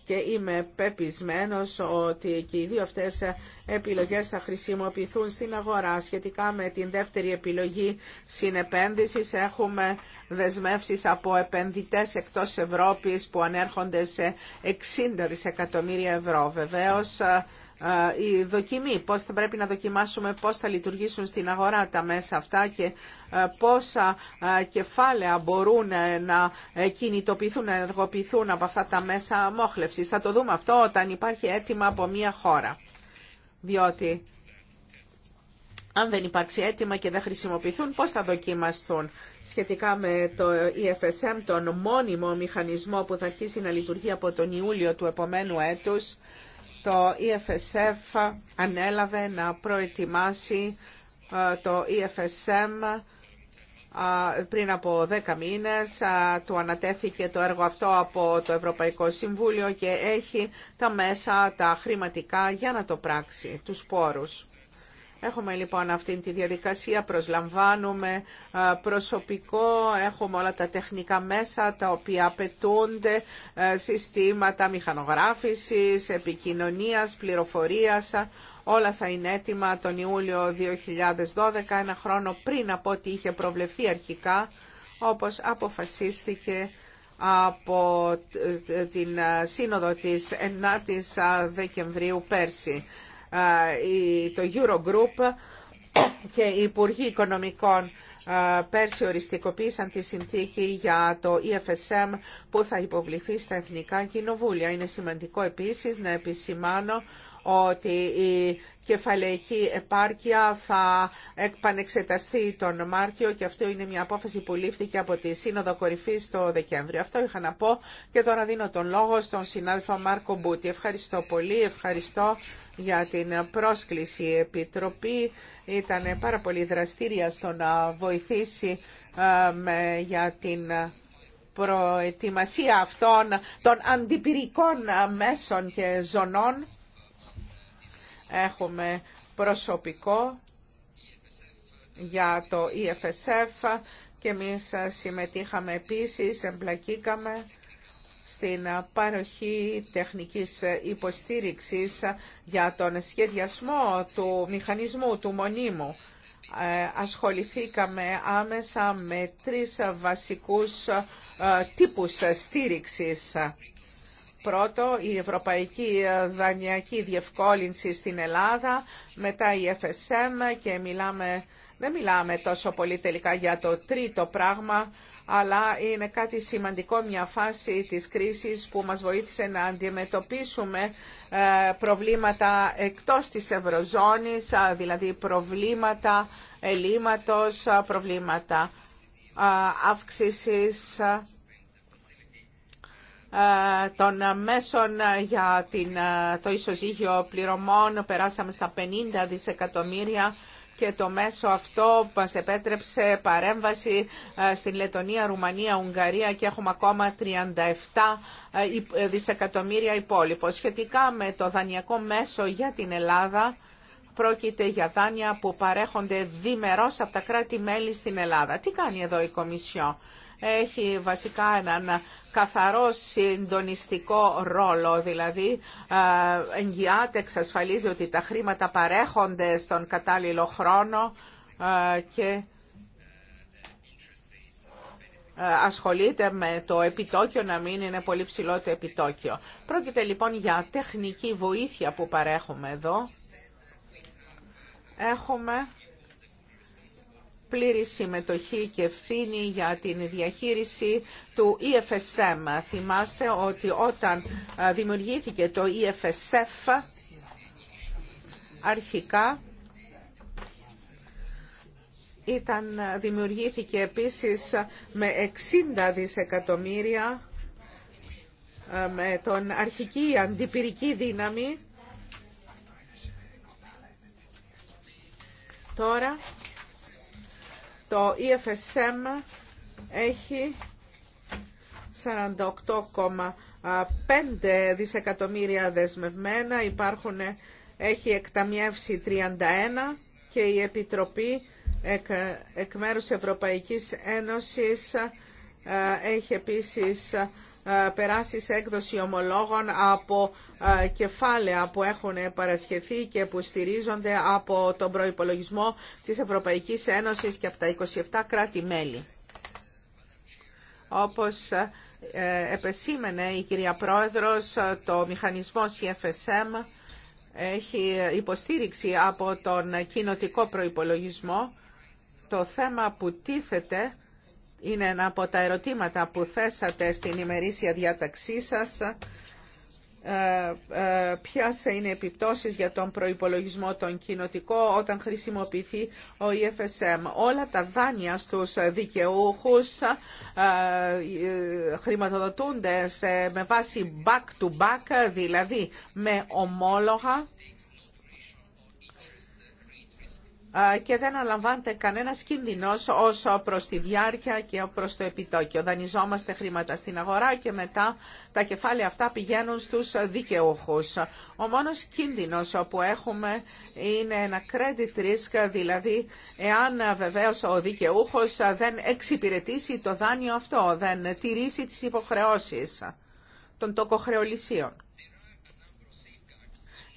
και είμαι πεπισμένος ότι και οι δύο αυτές επιλογές θα χρησιμοποιηθούν στην αγορά. Σχετικά με την δεύτερη επιλογή συνεπένδυσης έχουμε δεσμεύσεις από επενδυτές εκτός Ευρώπης που ανέρχονται σε 60 δισεκατομμύρια ευρώ. Βεβαίως η δοκιμή, πώς θα πρέπει να δοκιμάσουμε πώς θα λειτουργήσουν στην αγορά τα μέσα αυτά και ε, πόσα ε, κεφάλαια μπορούν ε, να κινητοποιηθούν, να ενεργοποιηθούν από αυτά τα μέσα μόχλευσης. Θα το δούμε αυτό όταν υπάρχει έτοιμα από μια χώρα. Διότι αν δεν υπάρξει έτοιμα και δεν χρησιμοποιηθούν, πώς θα δοκιμαστούν. Σχετικά με το EFSM, τον μόνιμο μηχανισμό που θα αρχίσει να λειτουργεί από τον Ιούλιο του επομένου έτους, το EFSF ανέλαβε να προετοιμάσει ε, το EFSM πριν από δέκα μήνες. Του ανατέθηκε το έργο αυτό από το Ευρωπαϊκό Συμβούλιο και έχει τα μέσα, τα χρηματικά για να το πράξει, τους πόρους. Έχουμε λοιπόν αυτή τη διαδικασία, προσλαμβάνουμε προσωπικό, έχουμε όλα τα τεχνικά μέσα τα οποία απαιτούνται, συστήματα μηχανογράφησης, επικοινωνίας, πληροφορίας, όλα θα είναι έτοιμα τον Ιούλιο 2012, ένα χρόνο πριν από ό,τι είχε προβλεφθεί αρχικά, όπως αποφασίστηκε από την σύνοδο της 9ης Δεκεμβρίου πέρσι το Eurogroup και οι Υπουργοί Οικονομικών πέρσι οριστικοποίησαν τη συνθήκη για το EFSM που θα υποβληθεί στα Εθνικά Κοινοβούλια. Είναι σημαντικό επίσης να επισημάνω ότι η κεφαλαϊκή επάρκεια θα επανεξεταστεί τον Μάρτιο και αυτό είναι μια απόφαση που λήφθηκε από τη Σύνοδο Κορυφή το Δεκέμβριο. Αυτό είχα να πω και τώρα δίνω τον λόγο στον συνάδελφο Μάρκο Μπούτη. Ευχαριστώ πολύ, ευχαριστώ για την πρόσκληση. Η Επιτροπή ήταν πάρα πολύ δραστήρια στο να βοηθήσει για την προετοιμασία αυτών των αντιπυρικών μέσων και ζωνών. Έχουμε προσωπικό για το EFSF και εμείς συμμετείχαμε επίσης, εμπλακήκαμε στην παροχή τεχνικής υποστήριξης για τον σχεδιασμό του μηχανισμού του μονίμου. Ε, ασχοληθήκαμε άμεσα με τρεις βασικούς ε, τύπους στήριξης. Πρώτο, η Ευρωπαϊκή Δανειακή Διευκόλυνση στην Ελλάδα, μετά η FSM και μιλάμε, δεν μιλάμε τόσο πολύ τελικά για το τρίτο πράγμα, αλλά είναι κάτι σημαντικό μια φάση της κρίσης που μας βοήθησε να αντιμετωπίσουμε ε, προβλήματα εκτός της Ευρωζώνης, δηλαδή προβλήματα ελλείμματος, προβλήματα αύξησης των μέσων για την, το ισοζύγιο πληρωμών. Περάσαμε στα 50 δισεκατομμύρια και το μέσο αυτό μας επέτρεψε παρέμβαση ε, στην Λετωνία, Ρουμανία, Ουγγαρία και έχουμε ακόμα 37 ε, ε, δισεκατομμύρια υπόλοιπο. Σχετικά με το δανειακό μέσο για την Ελλάδα, πρόκειται για δάνεια που παρέχονται διμερώς από τα κράτη-μέλη στην Ελλάδα. Τι κάνει εδώ η Κομισιόν έχει βασικά έναν καθαρό συντονιστικό ρόλο, δηλαδή ε, εγγυάται, εξασφαλίζει ότι τα χρήματα παρέχονται στον κατάλληλο χρόνο ε, και ε, ασχολείται με το επιτόκιο να μην είναι πολύ ψηλό το επιτόκιο. Πρόκειται λοιπόν για τεχνική βοήθεια που παρέχουμε εδώ. Έχουμε πλήρη συμμετοχή και ευθύνη για την διαχείριση του EFSM. Θυμάστε ότι όταν δημιουργήθηκε το EFSF, αρχικά ήταν, δημιουργήθηκε επίσης με 60 δισεκατομμύρια με τον αρχική αντιπυρική δύναμη. Τώρα το EFSM έχει 48,5 δισεκατομμύρια δεσμευμένα, υπάρχουν, έχει εκταμιεύσει 31 και η Επιτροπή εκ, εκ μέρους Ευρωπαϊκής Ένωσης ε, έχει επίσης ε, περάσει σε έκδοση ομολόγων από ε, κεφάλαια που έχουν παρασχεθεί και που στηρίζονται από τον προϋπολογισμό της Ευρωπαϊκής Ένωσης και από τα 27 κράτη-μέλη. Όπως ε, επεσήμενε η κυρία Πρόεδρος, το μηχανισμό CFSM έχει υποστήριξη από τον κοινοτικό προϋπολογισμό. Το θέμα που τίθεται είναι ένα από τα ερωτήματα που θέσατε στην ημερήσια διάταξή σας. Ε, ε ποια θα είναι επιπτώσεις για τον προϋπολογισμό τον κοινοτικό όταν χρησιμοποιηθεί ο EFSM. Όλα τα δάνεια στους δικαιούχους ε, χρηματοδοτούνται σε, με βάση back-to-back, -back, to back δηλαδη με ομόλογα και δεν αναλαμβάνεται κανένα κίνδυνο όσο προ τη διάρκεια και προ το επιτόκιο. Δανειζόμαστε χρήματα στην αγορά και μετά τα κεφάλαια αυτά πηγαίνουν στου δικαιούχου. Ο μόνο κίνδυνο που έχουμε είναι ένα credit risk, δηλαδή εάν βεβαίω ο δικαιούχο δεν εξυπηρετήσει το δάνειο αυτό, δεν τηρήσει τι υποχρεώσει των τοκοχρεωλησίων.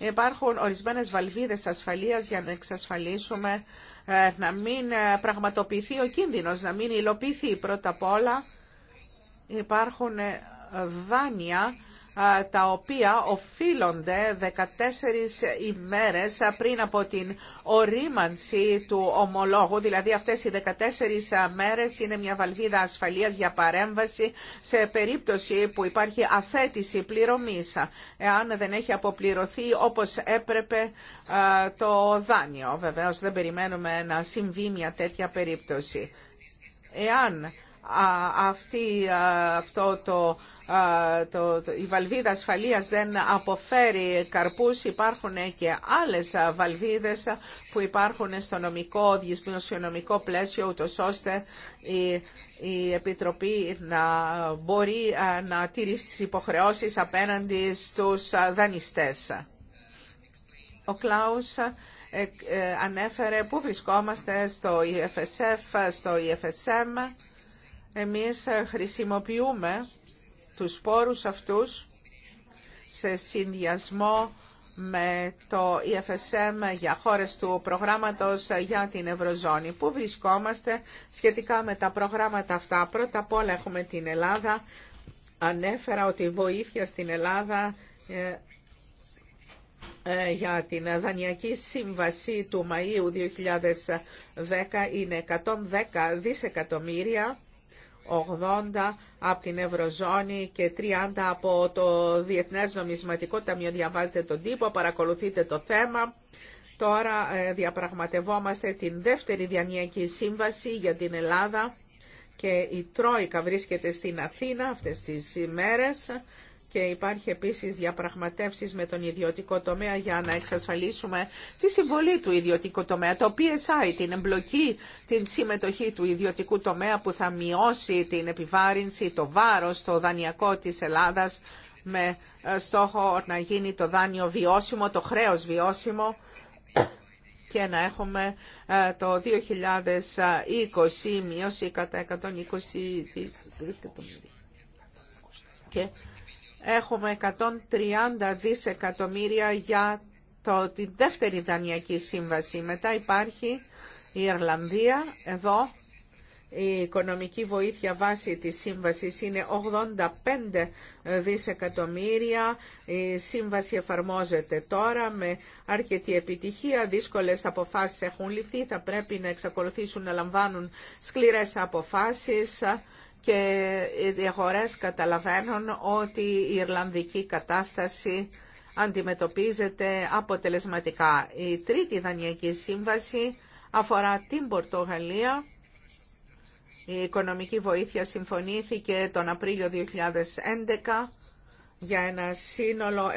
Υπάρχουν ορισμένες βαλβίδες ασφαλείας για να εξασφαλίσουμε ε, να μην ε, πραγματοποιηθεί ο κίνδυνος, να μην υλοποιηθεί πρώτα απ' όλα. Υπάρχουν ε, δάνεια τα οποία οφείλονται 14 ημέρες πριν από την ορίμανση του ομολόγου. Δηλαδή αυτές οι 14 μέρες είναι μια βαλβίδα ασφαλείας για παρέμβαση σε περίπτωση που υπάρχει αθέτηση πληρωμής, εάν δεν έχει αποπληρωθεί όπως έπρεπε το δάνειο. Βεβαίως δεν περιμένουμε να συμβεί μια τέτοια περίπτωση. Εάν αυτή, αυτό το, το, η βαλβίδα ασφαλείας δεν αποφέρει καρπούς. Υπάρχουν και άλλες βαλβίδες που υπάρχουν στο νομικό, δημοσιονομικό πλαίσιο, ούτως ώστε η, η Επιτροπή να μπορεί να τηρήσει τις υποχρεώσεις απέναντι στους δανειστές. Ο Κλάους ε, ε, ανέφερε πού βρισκόμαστε στο EFSF, στο EFSM εμείς ε, χρησιμοποιούμε τους σπόρους αυτούς σε συνδυασμό με το EFSM για χώρες του προγράμματος ε, για την Ευρωζώνη. Πού βρισκόμαστε σχετικά με τα προγράμματα αυτά. Πρώτα απ' όλα έχουμε την Ελλάδα. Ανέφερα ότι η βοήθεια στην Ελλάδα ε, για την Δανειακή Σύμβαση του Μαΐου 2010 είναι 110 δισεκατομμύρια 80 από την Ευρωζώνη και 30 από το Διεθνές Νομισματικό Ταμείο. Διαβάζετε τον τύπο, παρακολουθείτε το θέμα. Τώρα ε, διαπραγματευόμαστε την δεύτερη διανιακή σύμβαση για την Ελλάδα και η Τρόικα βρίσκεται στην Αθήνα αυτές τις ημέρες και υπάρχει επίσης διαπραγματεύσεις με τον ιδιωτικό τομέα για να εξασφαλίσουμε τη συμβολή του ιδιωτικού τομέα, το PSI, την εμπλοκή, την συμμετοχή του ιδιωτικού τομέα που θα μειώσει την επιβάρυνση, το βάρος, το δανειακό της Ελλάδας με ε, στόχο να γίνει το δάνειο βιώσιμο, το χρέος βιώσιμο και να έχουμε ε, το 2020 μείωση κατά 120 δις έχουμε 130 δισεκατομμύρια για το, τη δεύτερη δανειακή σύμβαση. Μετά υπάρχει η Ιρλανδία. Εδώ η οικονομική βοήθεια βάση της σύμβασης είναι 85 δισεκατομμύρια. Η σύμβαση εφαρμόζεται τώρα με αρκετή επιτυχία. Δύσκολες αποφάσεις έχουν ληφθεί. Θα πρέπει να εξακολουθήσουν να λαμβάνουν σκληρές αποφάσεις και οι αγορές καταλαβαίνουν ότι η Ιρλανδική κατάσταση αντιμετωπίζεται αποτελεσματικά. Η τρίτη δανειακή σύμβαση αφορά την Πορτογαλία. Η οικονομική βοήθεια συμφωνήθηκε τον Απρίλιο 2011 για ένα σύνολο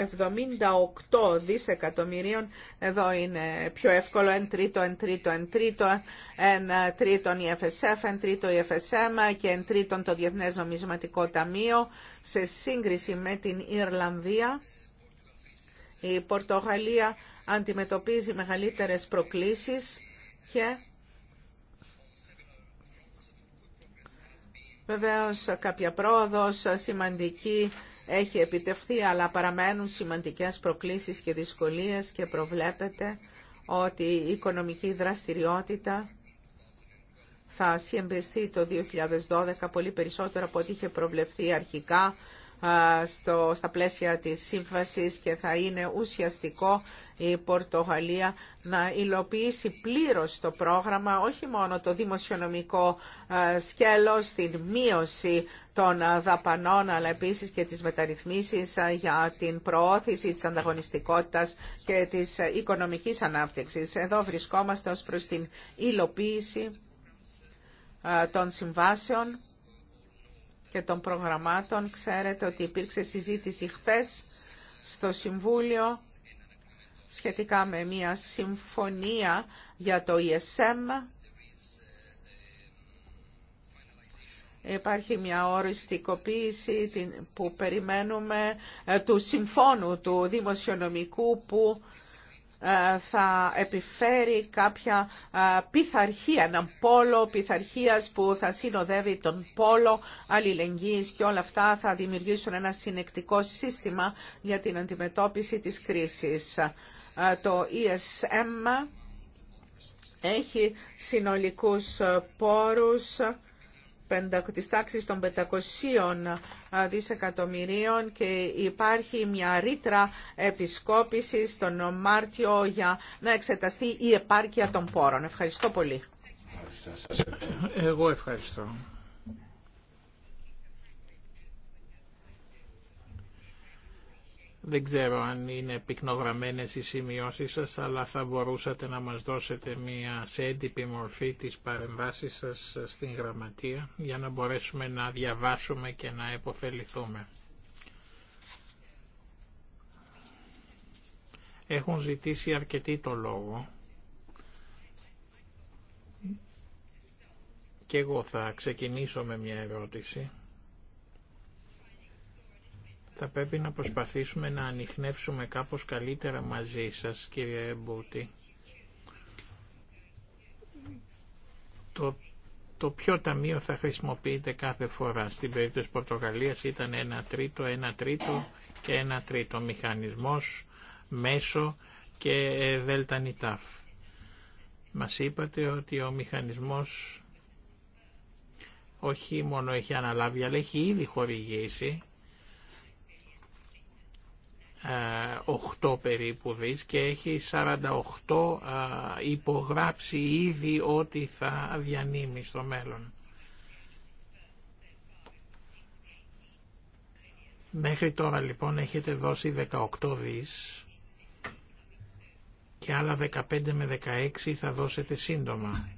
78 δισεκατομμυρίων. Εδώ είναι πιο εύκολο, εν τρίτο, εν τρίτο, εν τρίτο, εν τρίτον η FSF, εν τρίτο η FSM και εν τρίτον το Διεθνές Νομισματικό Ταμείο σε σύγκριση με την Ιρλανδία. Η Πορτογαλία αντιμετωπίζει μεγαλύτερες προκλήσεις και βεβαίως κάποια πρόοδος σημαντική έχει επιτευχθεί, αλλά παραμένουν σημαντικές προκλήσεις και δυσκολίες και προβλέπεται ότι η οικονομική δραστηριότητα θα συμπεριστεί το 2012 πολύ περισσότερο από ό,τι είχε προβλεφθεί αρχικά στα πλαίσια της σύμβασης και θα είναι ουσιαστικό η Πορτογαλία να υλοποιήσει πλήρως το πρόγραμμα, όχι μόνο το δημοσιονομικό σκέλος, την μείωση των δαπανών, αλλά επίσης και τις μεταρρυθμίσεις για την προώθηση της ανταγωνιστικότητας και της οικονομικής ανάπτυξης. Εδώ βρισκόμαστε ως προς την υλοποίηση των συμβάσεων και των προγραμμάτων. Ξέρετε ότι υπήρξε συζήτηση χθες στο Συμβούλιο σχετικά με μια συμφωνία για το ESM. Υπάρχει μια οριστικοποίηση που περιμένουμε ε, του συμφώνου του δημοσιονομικού που ε, θα επιφέρει κάποια ε, πειθαρχία, έναν πόλο πειθαρχία που θα συνοδεύει τον πόλο αλληλεγγύης και όλα αυτά θα δημιουργήσουν ένα συνεκτικό σύστημα για την αντιμετώπιση της κρίσης. Ε, το ESM έχει συνολικούς πόρους της τάξης των 500 δισεκατομμυρίων και υπάρχει μια ρήτρα επισκόπησης τον Μάρτιο για να εξεταστεί η επάρκεια των πόρων. Ευχαριστώ πολύ. Εγώ ευχαριστώ. Δεν ξέρω αν είναι πυκνογραμμένες οι σημειώσεις σας, αλλά θα μπορούσατε να μας δώσετε μία σε έντυπη μορφή της παρεμβάσης σας στην γραμματεία, για να μπορέσουμε να διαβάσουμε και να επωφεληθούμε. Έχουν ζητήσει αρκετοί το λόγο. Και εγώ θα ξεκινήσω με μια ερώτηση θα πρέπει να προσπαθήσουμε να ανοιχνεύσουμε κάπως καλύτερα μαζί σας, κύριε Μπούτη. Το, το ποιο ταμείο θα χρησιμοποιείτε κάθε φορά. Στην περίπτωση Πορτογαλίας ήταν ένα τρίτο, ένα τρίτο και ένα τρίτο. Μηχανισμός, μέσο και ε, δέλτα νιτάφ. Μας είπατε ότι ο μηχανισμός όχι μόνο έχει αναλάβει, αλλά έχει ήδη χορηγήσει 8 περίπου δις και έχει 48 υπογράψει ήδη ότι θα διανύμει στο μέλλον. Μέχρι τώρα λοιπόν έχετε δώσει 18 δις και άλλα 15 με 16 θα δώσετε σύντομα.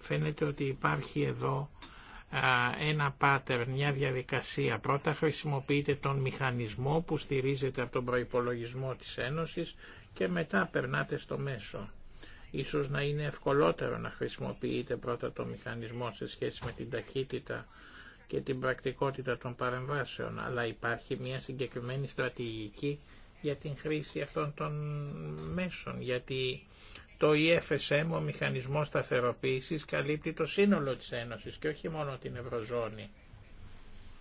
Φαίνεται ότι υπάρχει εδώ ένα pattern, μια διαδικασία. Πρώτα χρησιμοποιείτε τον μηχανισμό που στηρίζεται από τον προϋπολογισμό της Ένωσης και μετά περνάτε στο μέσο. Ίσως να είναι ευκολότερο να χρησιμοποιείτε πρώτα τον μηχανισμό σε σχέση με την ταχύτητα και την πρακτικότητα των παρεμβάσεων, αλλά υπάρχει μια συγκεκριμένη στρατηγική για την χρήση αυτών των μέσων, γιατί το EFSM, ο Μηχανισμός Σταθεροποίησης, καλύπτει το σύνολο της Ένωσης και όχι μόνο την Ευρωζώνη.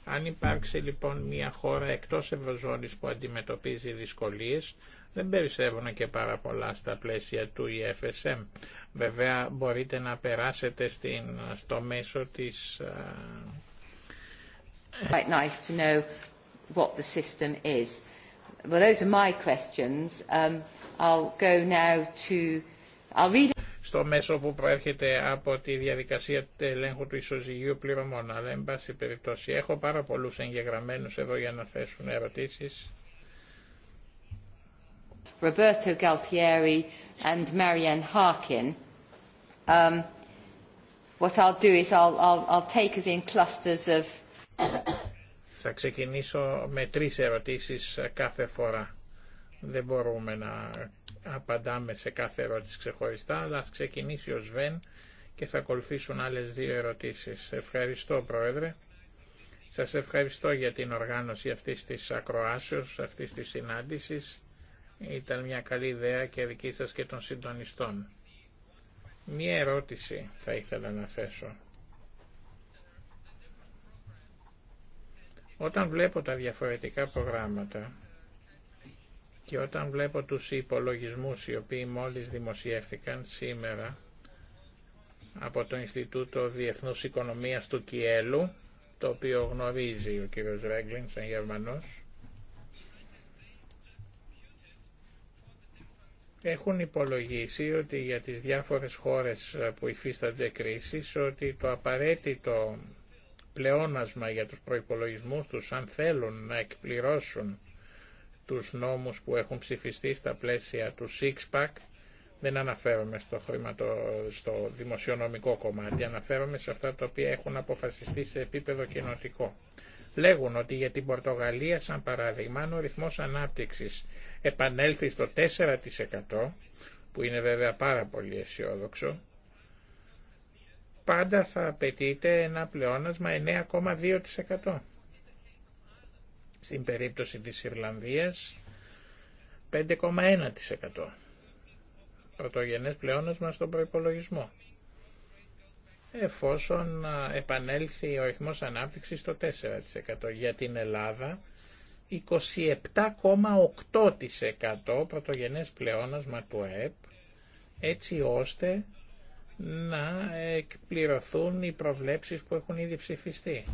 Αν υπάρξει λοιπόν μια χώρα εκτός Ευρωζώνης που αντιμετωπίζει δυσκολίες, δεν περισσεύουν και πάρα πολλά στα πλαίσια του EFSM. Βέβαια μπορείτε να περάσετε στην, στο μέσο της... Quite Well, those are my questions. Um, I'll go now to στο μέσο που προέρχεται από τη διαδικασία ελέγχου του ισοζυγίου πληρωμών. Αλλά, εν πάση περιπτώσει, έχω πάρα πολλούς εγγεγραμμένους εδώ για να θέσουν ερωτήσεις. Roberto and Marianne Harkin. Θα ξεκινήσω με τρεις ερωτήσεις ε, κάθε φορά. Δεν μπορούμε να απαντάμε σε κάθε ερώτηση ξεχωριστά, αλλά ας ξεκινήσει ο Σβέν και θα ακολουθήσουν άλλες δύο ερωτήσεις. Ευχαριστώ Πρόεδρε. Σας ευχαριστώ για την οργάνωση αυτής της ακροάσεως, αυτής της συνάντησης. Ήταν μια καλή ιδέα και δική σας και των συντονιστών. Μία ερώτηση θα ήθελα να θέσω. Όταν βλέπω τα διαφορετικά προγράμματα, και όταν βλέπω τους υπολογισμούς οι οποίοι μόλις δημοσιεύθηκαν σήμερα από το Ινστιτούτο Διεθνούς Οικονομίας του Κιέλου, το οποίο γνωρίζει ο κύριος Ρέγκλιν σαν Γερμανός, έχουν υπολογίσει ότι για τις διάφορες χώρες που υφίστανται κρίσεις ότι το απαραίτητο πλεόνασμα για τους προϋπολογισμούς τους αν θέλουν να εκπληρώσουν τους νόμους που έχουν ψηφιστεί στα πλαίσια του ΣΥΚΣΠΑΚ, δεν αναφέρομαι στο, χρηματο, στο δημοσιονομικό κομμάτι, αναφέρομαι σε αυτά τα οποία έχουν αποφασιστεί σε επίπεδο κοινοτικό. Λέγουν ότι για την Πορτογαλία, σαν παράδειγμα, αν ο ρυθμός ανάπτυξης επανέλθει στο 4%, που είναι βέβαια πάρα πολύ αισιόδοξο, πάντα θα απαιτείται ένα πλεόνασμα 9,2% στην περίπτωση της Ιρλανδίας 5,1%. Πρωτογενές πλεόνασμα στον προϋπολογισμό. Εφόσον επανέλθει ο ρυθμός ανάπτυξης στο 4%. Για την Ελλάδα 27,8% πρωτογενές πλεόνασμα του ΕΠ έτσι ώστε να εκπληρωθούν οι προβλέψεις που έχουν ήδη ψηφιστεί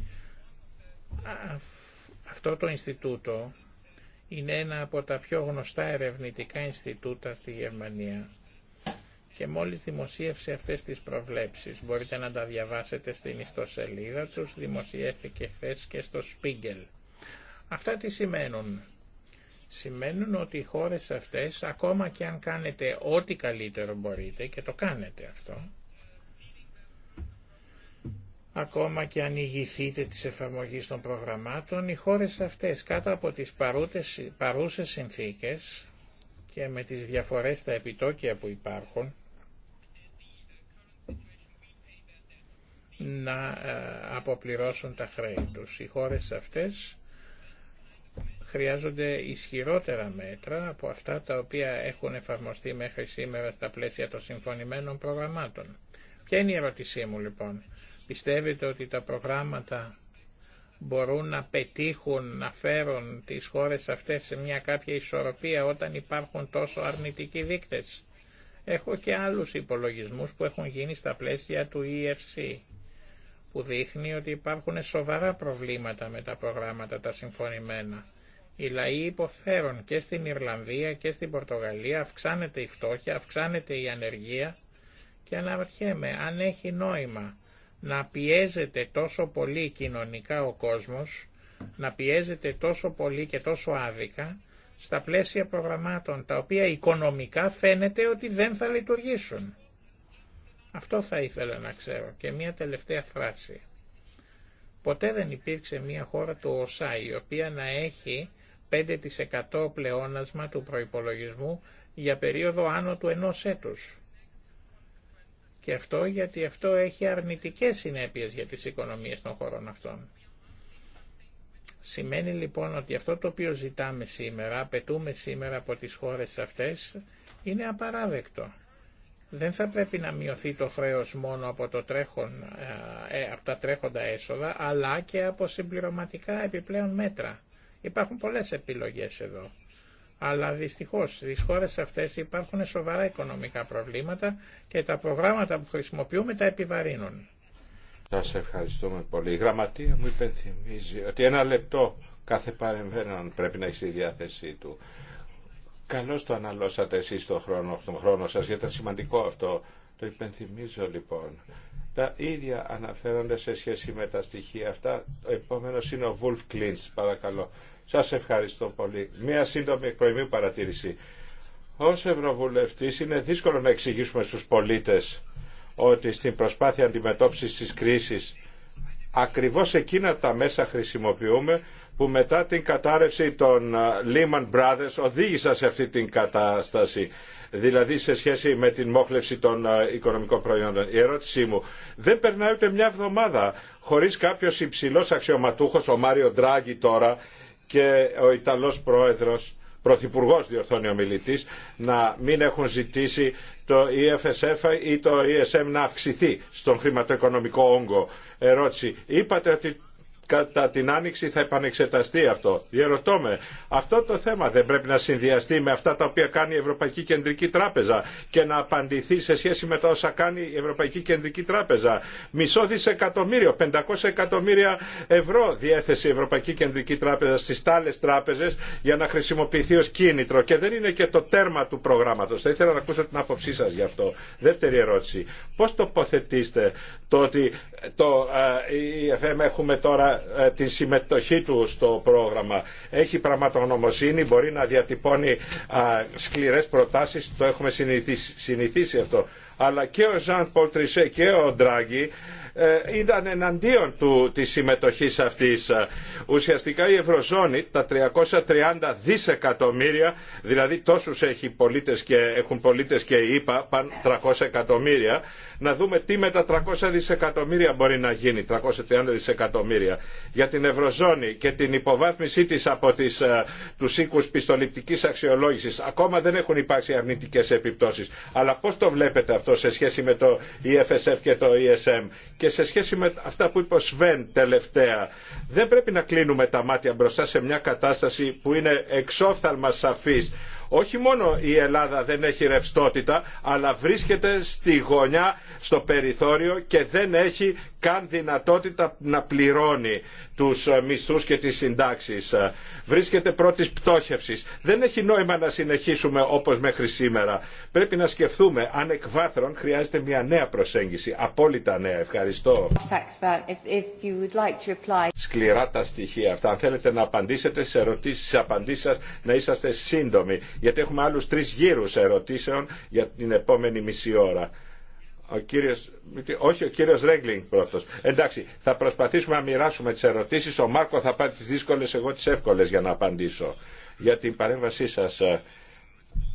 αυτό το Ινστιτούτο είναι ένα από τα πιο γνωστά ερευνητικά Ινστιτούτα στη Γερμανία και μόλις δημοσίευσε αυτές τις προβλέψεις. Μπορείτε να τα διαβάσετε στην ιστοσελίδα τους, δημοσιεύθηκε χθε και στο Spiegel. Αυτά τι σημαίνουν. Σημαίνουν ότι οι χώρες αυτές, ακόμα και αν κάνετε ό,τι καλύτερο μπορείτε, και το κάνετε αυτό, ακόμα και αν ηγηθείτε της εφαρμογής των προγραμμάτων, οι χώρες αυτές κάτω από τις παρούτες, παρούσες συνθήκες και με τις διαφορές στα επιτόκια που υπάρχουν, να ε, αποπληρώσουν τα χρέη τους. Οι χώρες αυτές χρειάζονται ισχυρότερα μέτρα από αυτά τα οποία έχουν εφαρμοστεί μέχρι σήμερα στα πλαίσια των συμφωνημένων προγραμμάτων. Ποια είναι η ερώτησή μου λοιπόν. Πιστεύετε ότι τα προγράμματα μπορούν να πετύχουν, να φέρουν τις χώρες αυτές σε μια κάποια ισορροπία όταν υπάρχουν τόσο αρνητικοί δείκτες. Έχω και άλλους υπολογισμούς που έχουν γίνει στα πλαίσια του EFC, που δείχνει ότι υπάρχουν σοβαρά προβλήματα με τα προγράμματα τα συμφωνημένα. Οι λαοί υποφέρουν και στην Ιρλανδία και στην Πορτογαλία, αυξάνεται η φτώχεια, αυξάνεται η ανεργία και αναρωτιέμαι αν έχει νόημα να πιέζεται τόσο πολύ κοινωνικά ο κόσμος, να πιέζεται τόσο πολύ και τόσο άδικα στα πλαίσια προγραμμάτων, τα οποία οικονομικά φαίνεται ότι δεν θα λειτουργήσουν. Αυτό θα ήθελα να ξέρω. Και μία τελευταία φράση. Ποτέ δεν υπήρξε μία χώρα του ΟΣΑ η οποία να έχει 5% πλεόνασμα του προϋπολογισμού για περίοδο άνω του ενός έτους. Και αυτό γιατί αυτό έχει αρνητικές συνέπειες για τις οικονομίες των χωρών αυτών. Σημαίνει λοιπόν ότι αυτό το οποίο ζητάμε σήμερα, απαιτούμε σήμερα από τις χώρες αυτές, είναι απαράδεκτο. Δεν θα πρέπει να μειωθεί το χρέος μόνο από, το τρέχον, ε, ε, από τα τρέχοντα έσοδα, αλλά και από συμπληρωματικά επιπλέον μέτρα. Υπάρχουν πολλές επιλογές εδώ. Αλλά δυστυχώς στις χώρες αυτές υπάρχουν σοβαρά οικονομικά προβλήματα και τα προγράμματα που χρησιμοποιούμε τα επιβαρύνουν. Σας ευχαριστούμε πολύ. Η γραμματεία μου υπενθυμίζει ότι ένα λεπτό κάθε παρεμβαίνον πρέπει να έχει στη διάθεσή του. Καλώς το αναλώσατε εσείς τον χρόνο, τον χρόνο σας, γιατί ήταν σημαντικό αυτό. Το υπενθυμίζω λοιπόν. Τα ίδια αναφέρονται σε σχέση με τα στοιχεία αυτά. Ο επόμενος είναι ο Βουλφ Κλίντς, παρακαλώ. Σας ευχαριστώ πολύ. Μία σύντομη εκπροημή παρατήρηση. Ως Ευρωβουλευτής είναι δύσκολο να εξηγήσουμε στους πολίτες ότι στην προσπάθεια αντιμετώπισης της κρίσης ακριβώς εκείνα τα μέσα χρησιμοποιούμε που μετά την κατάρρευση των ε, Lehman Brothers οδήγησαν σε αυτή την κατάσταση δηλαδή σε σχέση με την μόχλευση των ε, οικονομικών προϊόντων. Η ερώτησή μου, δεν περνάει ούτε μια εβδομάδα χωρίς κάποιος υψηλός αξιωματούχος, ο Μάριο Ντράγκη τώρα, και ο Ιταλός Πρόεδρος, Πρωθυπουργός διορθώνει ο μιλητής, να μην έχουν ζητήσει το EFSF ή το ESM να αυξηθεί στον χρηματοοικονομικό όγκο. Ερώτηση. Είπατε ότι κατά την άνοιξη θα επανεξεταστεί αυτό. Διερωτώ με, αυτό το θέμα δεν πρέπει να συνδυαστεί με αυτά τα οποία κάνει η Ευρωπαϊκή Κεντρική Τράπεζα και να απαντηθεί σε σχέση με τα όσα κάνει η Ευρωπαϊκή Κεντρική Τράπεζα. Μισό δισεκατομμύριο, 500 εκατομμύρια ευρώ διέθεσε η Ευρωπαϊκή Κεντρική Τράπεζα στις τάλες τράπεζες για να χρησιμοποιηθεί ως κίνητρο και δεν είναι και το τέρμα του προγράμματος. Θα ήθελα να ακούσω την άποψή σας γι' αυτό. Δεύτερη ερώτηση. Πώς τοποθετήσετε το ότι το, ε, έχουμε τώρα ε, την συμμετοχή του στο πρόγραμμα. Έχει πραγματογνωμοσύνη, μπορεί να διατυπώνει σκληρές προτάσεις, το έχουμε συνηθίσει αυτό αλλά και ο Ζαν Πολτρισέ και ο Ντράγκη ε, ήταν εναντίον του, της συμμετοχής αυτής. Ουσιαστικά η Ευρωζώνη τα 330 δισεκατομμύρια, δηλαδή τόσους έχει πολίτες και, έχουν πολίτες και είπα πάνω 300 εκατομμύρια, να δούμε τι με τα 300 δισεκατομμύρια μπορεί να γίνει, 330 δισεκατομμύρια. Για την Ευρωζώνη και την υποβάθμιση της από τις, ε, τους οίκους πιστοληπτικής αξιολόγησης, ακόμα δεν έχουν υπάρξει αρνητικές επιπτώσεις. Αλλά πώς το βλέπετε αυτό σε σχέση με το EFSF και το ESM και σε σχέση με αυτά που είπε ο Σβέν τελευταία, δεν πρέπει να κλείνουμε τα μάτια μπροστά σε μια κατάσταση που είναι εξόφθαλμα σαφής. Όχι μόνο η Ελλάδα δεν έχει ρευστότητα, αλλά βρίσκεται στη γωνιά, στο περιθώριο και δεν έχει καν δυνατότητα να πληρώνει τους ε, μισθούς και τις συντάξεις. Ε, βρίσκεται πρώτης πτώχευσης. Δεν έχει νόημα να συνεχίσουμε όπως μέχρι σήμερα. Πρέπει να σκεφτούμε αν εκ βάθρων χρειάζεται μια νέα προσέγγιση. Απόλυτα νέα. Ευχαριστώ. Σκληρά τα στοιχεία αυτά. Αν θέλετε να απαντήσετε σε ερωτήσεις, στις απαντήσεις σας, να είσαστε σύντομοι. Γιατί έχουμε άλλους τρεις γύρους ερωτήσεων για την επόμενη μισή ώρα. Ο κύριος, όχι, ο κύριος Ρέγκλινγκ πρώτος. Εντάξει, θα προσπαθήσουμε να μοιράσουμε τις ερωτήσεις. Ο Μάρκο θα πάρει τις δύσκολες, εγώ τις εύκολες για να απαντήσω. Για την παρέμβασή σας, ε,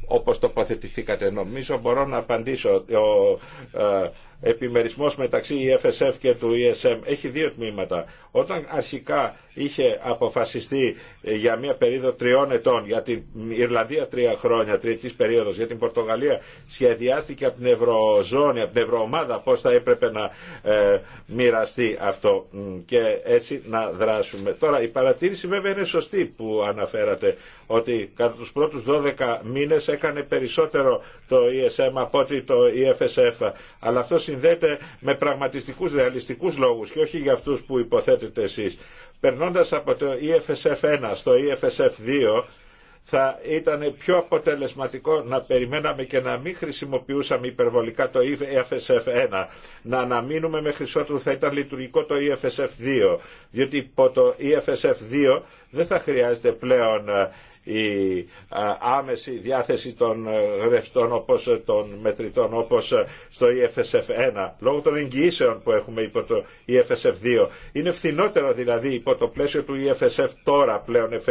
όπως τοποθετηθήκατε, νομίζω μπορώ να απαντήσω. Ο, ε, επιμερισμός μεταξύ EFSF και του ESM έχει δύο τμήματα. Όταν αρχικά είχε αποφασιστεί ε, για μια περίοδο τριών ετών, για την Ιρλανδία τρία χρόνια, τριετής περίοδος, για την Πορτογαλία σχεδιάστηκε από την Ευρωζώνη, από την Ευρωομάδα πώς θα έπρεπε να ε, μοιραστεί αυτό και έτσι να δράσουμε. Τώρα η παρατήρηση βέβαια είναι σωστή που αναφέρατε ότι κατά τους πρώτους 12 μήνες έκανε περισσότερο το ESM από ότι το EFSF αλλά συνδέεται με πραγματιστικούς ρεαλιστικού λόγους και όχι για αυτού που υποθέτετε εσείς. Περνώντας από το EFSF1 στο EFSF2 θα ήταν πιο αποτελεσματικό να περιμέναμε και να μην χρησιμοποιούσαμε υπερβολικά το EFSF1, να αναμείνουμε με ότου θα ήταν λειτουργικό το EFSF2, διότι υπό το EFSF2 δεν θα χρειάζεται πλέον ε, η άμεση διάθεση των γρευτών όπως των μετρητών όπως στο EFSF1 λόγω των εγγυήσεων που έχουμε υπό το EFSF2. Είναι φθηνότερο δηλαδή υπό το πλαίσιο του EFSF τώρα πλέον εφ'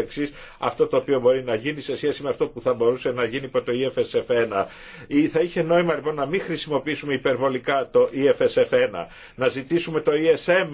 αυτό το οποίο μπορεί να γίνει σε σχέση με αυτό που θα μπορούσε να γίνει υπό το EFSF1. Ή θα είχε νόημα λοιπόν να μην χρησιμοποιήσουμε υπερβολικά το EFSF1, να ζητήσουμε το ESM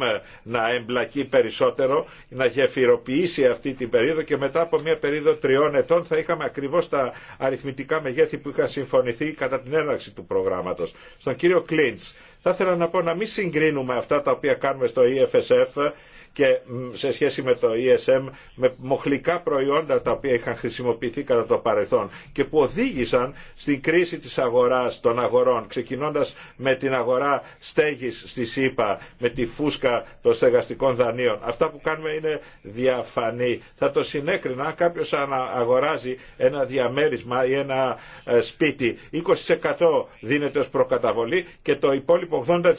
να εμπλακεί περισσότερο, να γεφυροποιήσει αυτή την περίοδο και μετά από μια περίοδο τριών τριών ετών θα είχαμε ακριβώς τα αριθμητικά μεγέθη που είχαν συμφωνηθεί κατά την έναρξη του προγράμματος. Στον κύριο Κλίντς, θα ήθελα να πω να μην συγκρίνουμε αυτά τα οποία κάνουμε στο EFSF και σε σχέση με το ESM με μοχλικά προϊόντα τα οποία είχαν χρησιμοποιηθεί κατά το παρελθόν και που οδήγησαν στην κρίση της αγοράς των αγορών ξεκινώντας με την αγορά στέγης στη ΣΥΠΑ με τη φούσκα των στεγαστικών δανείων. Αυτά που κάνουμε είναι διαφανή. Θα το συνέκρινα αν κάποιος αγοράζει ένα διαμέρισμα ή ένα ε, σπίτι 20% δίνεται ως προκαταβολή και το υπόλοιπο 80%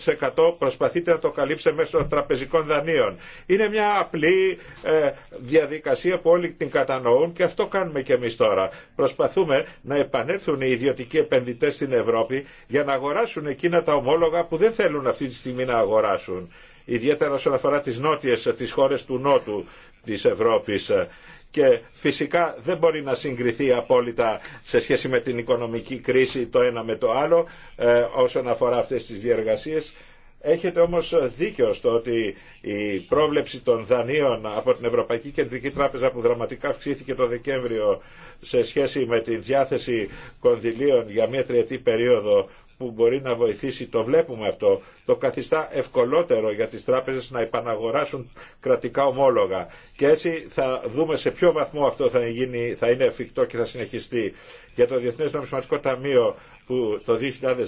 προσπαθείτε να το καλύψετε μέσω των τραπεζικών δανείων. Είναι μια απλή ε, διαδικασία που όλοι την κατανοούν και αυτό κάνουμε και εμείς τώρα. Προσπαθούμε να επανέλθουν οι ιδιωτικοί επενδυτές στην Ευρώπη για να αγοράσουν εκείνα τα ομόλογα που δεν θέλουν αυτή τη στιγμή να αγοράσουν. Ιδιαίτερα όσον αφορά τις νότιες, τις χώρες του νότου της Ευρώπης και φυσικά δεν μπορεί να συγκριθεί απόλυτα σε σχέση με την οικονομική κρίση το ένα με το άλλο ε, όσον αφορά αυτές τις διεργασίες Έχετε όμως δίκιο στο ότι η πρόβλεψη των δανείων από την Ευρωπαϊκή Κεντρική Τράπεζα που δραματικά αυξήθηκε το Δεκέμβριο σε σχέση με την διάθεση κονδυλίων για μια τριετή περίοδο που μπορεί να βοηθήσει, το βλέπουμε αυτό, το καθιστά ευκολότερο για τις τράπεζες να επαναγοράσουν κρατικά ομόλογα. Και έτσι θα δούμε σε ποιο βαθμό αυτό θα, γίνει, θα είναι εφικτό και θα συνεχιστεί. Για το Διεθνές Νομισματικό Ταμείο που το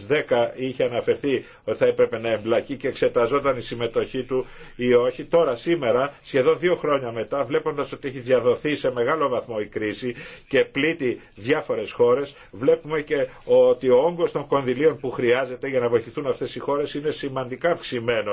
2010 είχε αναφερθεί ότι θα έπρεπε να εμπλακεί και εξεταζόταν η συμμετοχή του ή όχι. Τώρα σήμερα, σχεδόν δύο χρόνια μετά, βλέποντας ότι έχει διαδοθεί σε μεγάλο βαθμό η οχι τωρα σημερα σχεδον δυο χρονια μετα βλεποντα οτι εχει διαδοθει σε μεγαλο βαθμο η κριση και πλήττει διάφορε χώρε. βλέπουμε και ότι ο όγκο των κονδυλίων που χρειάζεται για να βοηθηθούν αυτέ οι χώρε είναι σημαντικά αυξημένο.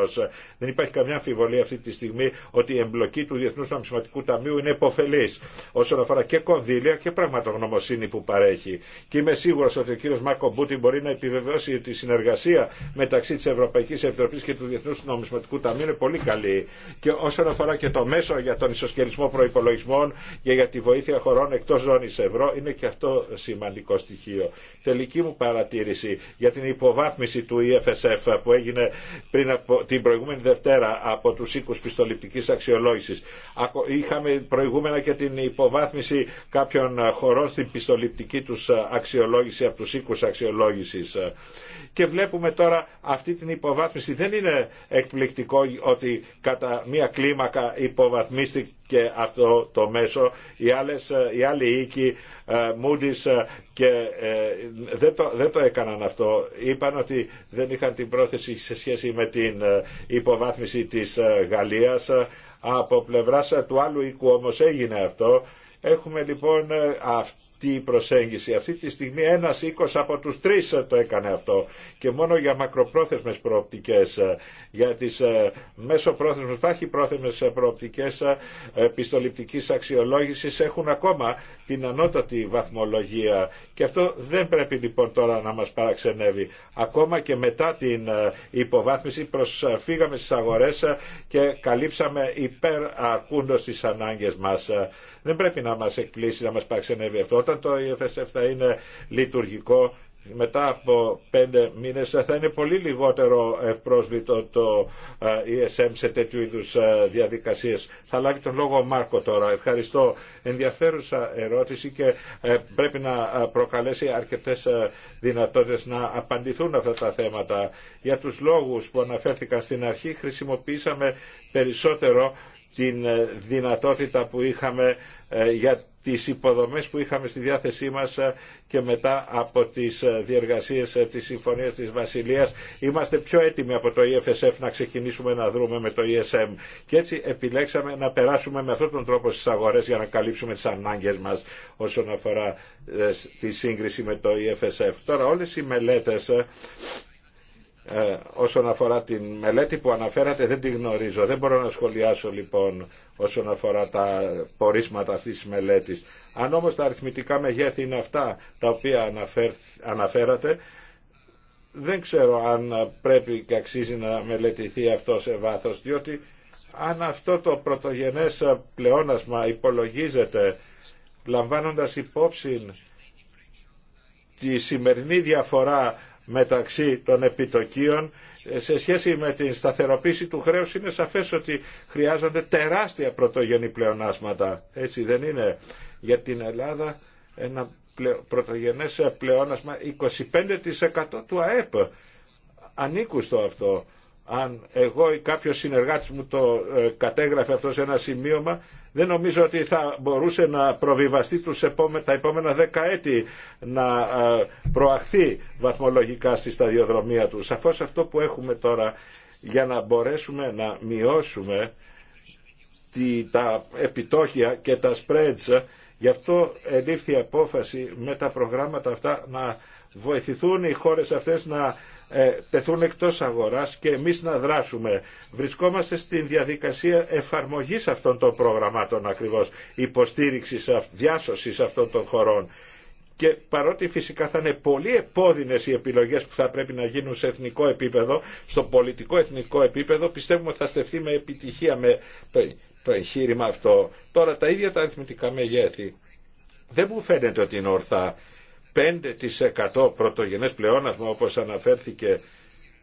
Δεν υπάρχει καμιά αμφιβολία αυτή τη στιγμή ότι η εμπλοκή του Διεθνού Νομισματικού Ταμείου είναι υποφελή όσον αφορά και κονδύλια και πραγματογνωμοσύνη που παρέχει. Και είμαι σίγουρο ότι ο κύριο Μάκο Μπούτι μπορεί να επιβεβαιώσει ότι η συνεργασία μεταξύ τη Ευρωπαϊκή Επιτροπής και του Διεθνού Νομισματικού Ταμείου είναι πολύ καλή. Και όσον αφορά και το μέσο για τον ισοσκελισμό προπολογισμών και για τη βοήθεια χωρών εκτό ζώνη ευρώ, είναι και αυτό σημαντικό στοιχείο τελική μου παρατήρηση για την υποβάθμιση του EFSF που έγινε πριν την προηγούμενη Δευτέρα από τους οίκους πιστοληπτικής αξιολόγησης. Είχαμε προηγούμενα και την υποβάθμιση κάποιων χωρών στην πιστοληπτική τους αξιολόγηση από τους οίκους αξιολόγησης. Και βλέπουμε τώρα αυτή την υποβάθμιση. Δεν είναι εκπληκτικό ότι κατά μία κλίμακα υποβαθμίστηκε αυτό το μέσο. άλλες, οι άλλοι οίκοι ε, Moody's ε, και ε, δεν το, δεν το έκαναν αυτό. Είπαν ότι δεν είχαν την πρόθεση σε σχέση με την υποβάθμιση της Γαλλίας. Από πλευράς του άλλου οίκου όμως έγινε αυτό. Έχουμε λοιπόν αυτό η προσέγγιση. Αυτή τη στιγμή ένας οίκο από τους τρει το έκανε αυτό και μόνο για μακροπρόθεσμες προοπτικές, ε, για τις ε, μέσοπρόθεσμες, υπάρχει πρόθεσμες προοπτικές ε, επιστοληπτικής αξιολόγησης έχουν ακόμα την ανώτατη βαθμολογία και αυτό δεν πρέπει λοιπόν τώρα να μας παραξενεύει. Ακόμα και μετά την υποβάθμιση προσφύγαμε στι αγορές και καλύψαμε υπερακούντος τις ανάγκες μα. Δεν πρέπει να μας εκπλήσει, να μας παξενεύει αυτό. Όταν το EFSF θα είναι λειτουργικό, μετά από πέντε μήνες θα είναι πολύ λιγότερο ευπρόσβητο το ε, ESM σε τέτοιου είδους ε, διαδικασίες. Θα λάβει τον λόγο ο Μάρκο τώρα. Ευχαριστώ. Ενδιαφέρουσα ερώτηση και ε, πρέπει να προκαλέσει αρκετές δυνατότητες να απαντηθούν αυτά τα θέματα. Για τους λόγους που αναφέρθηκαν στην αρχή χρησιμοποίησαμε περισσότερο την δυνατότητα που είχαμε ε, για τις υποδομές που είχαμε στη διάθεσή μας ε, και μετά από τις ε, διεργασίες της Συμφωνίας της Βασιλείας είμαστε πιο έτοιμοι από το EFSF να ξεκινήσουμε να δρούμε με το ESM και έτσι επιλέξαμε να περάσουμε με αυτόν τον τρόπο στις αγορές για να καλύψουμε τις ανάγκες μας όσον αφορά τη σύγκριση με το EFSF. Τώρα όλες οι μελέτες όσον αφορά την μελέτη που αναφέρατε δεν την γνωρίζω, δεν μπορώ να σχολιάσω λοιπόν όσον αφορά τα πορίσματα αυτής της μελέτης. Αν όμως τα αριθμητικά μεγέθη είναι αυτά τα οποία αναφέρατε, δεν ξέρω αν πρέπει και αξίζει να μελετηθεί αυτό σε βάθος, διότι αν αυτό το πρωτογενές πλεόνασμα υπολογίζεται λαμβάνοντας υπόψη τη σημερινή διαφορά μεταξύ των επιτοκίων σε σχέση με την σταθεροποίηση του χρέους είναι σαφές ότι χρειάζονται τεράστια πρωτογενή πλεονάσματα. Έτσι δεν είναι για την Ελλάδα ένα πρωτογενές πλεόνασμα 25% του ΑΕΠ. Ανήκουστο αυτό αν εγώ ή κάποιο συνεργάτη μου το ε, κατέγραφε αυτό σε ένα σημείωμα, δεν νομίζω ότι θα μπορούσε να προβιβαστεί τους τα επόμενα δέκα έτη να ε, προαχθεί βαθμολογικά στη σταδιοδρομία του. Σαφώ αυτό που έχουμε τώρα για να μπορέσουμε να μειώσουμε τα επιτόχια και τα spreads, γι' αυτό ελήφθη η απόφαση με τα προγράμματα αυτά να βοηθηθούν οι χώρες αυτές να ε, τεθούν εκτός αγοράς και εμείς να δράσουμε. Βρισκόμαστε στην διαδικασία εφαρμογής αυτών των προγραμμάτων ακριβώς, υποστήριξης, διάσωσης αυτών των χωρών. Και παρότι φυσικά θα είναι πολύ επώδυνες οι επιλογές που θα πρέπει να γίνουν σε εθνικό επίπεδο, στο πολιτικό εθνικό επίπεδο, πιστεύουμε ότι θα στεφθεί με επιτυχία με το εγχείρημα αυτό. Τώρα τα ίδια τα αριθμητικά μεγέθη. Δεν μου φαίνεται ότι είναι ορθά 5% πρωτογενές πλεόνασμα όπως αναφέρθηκε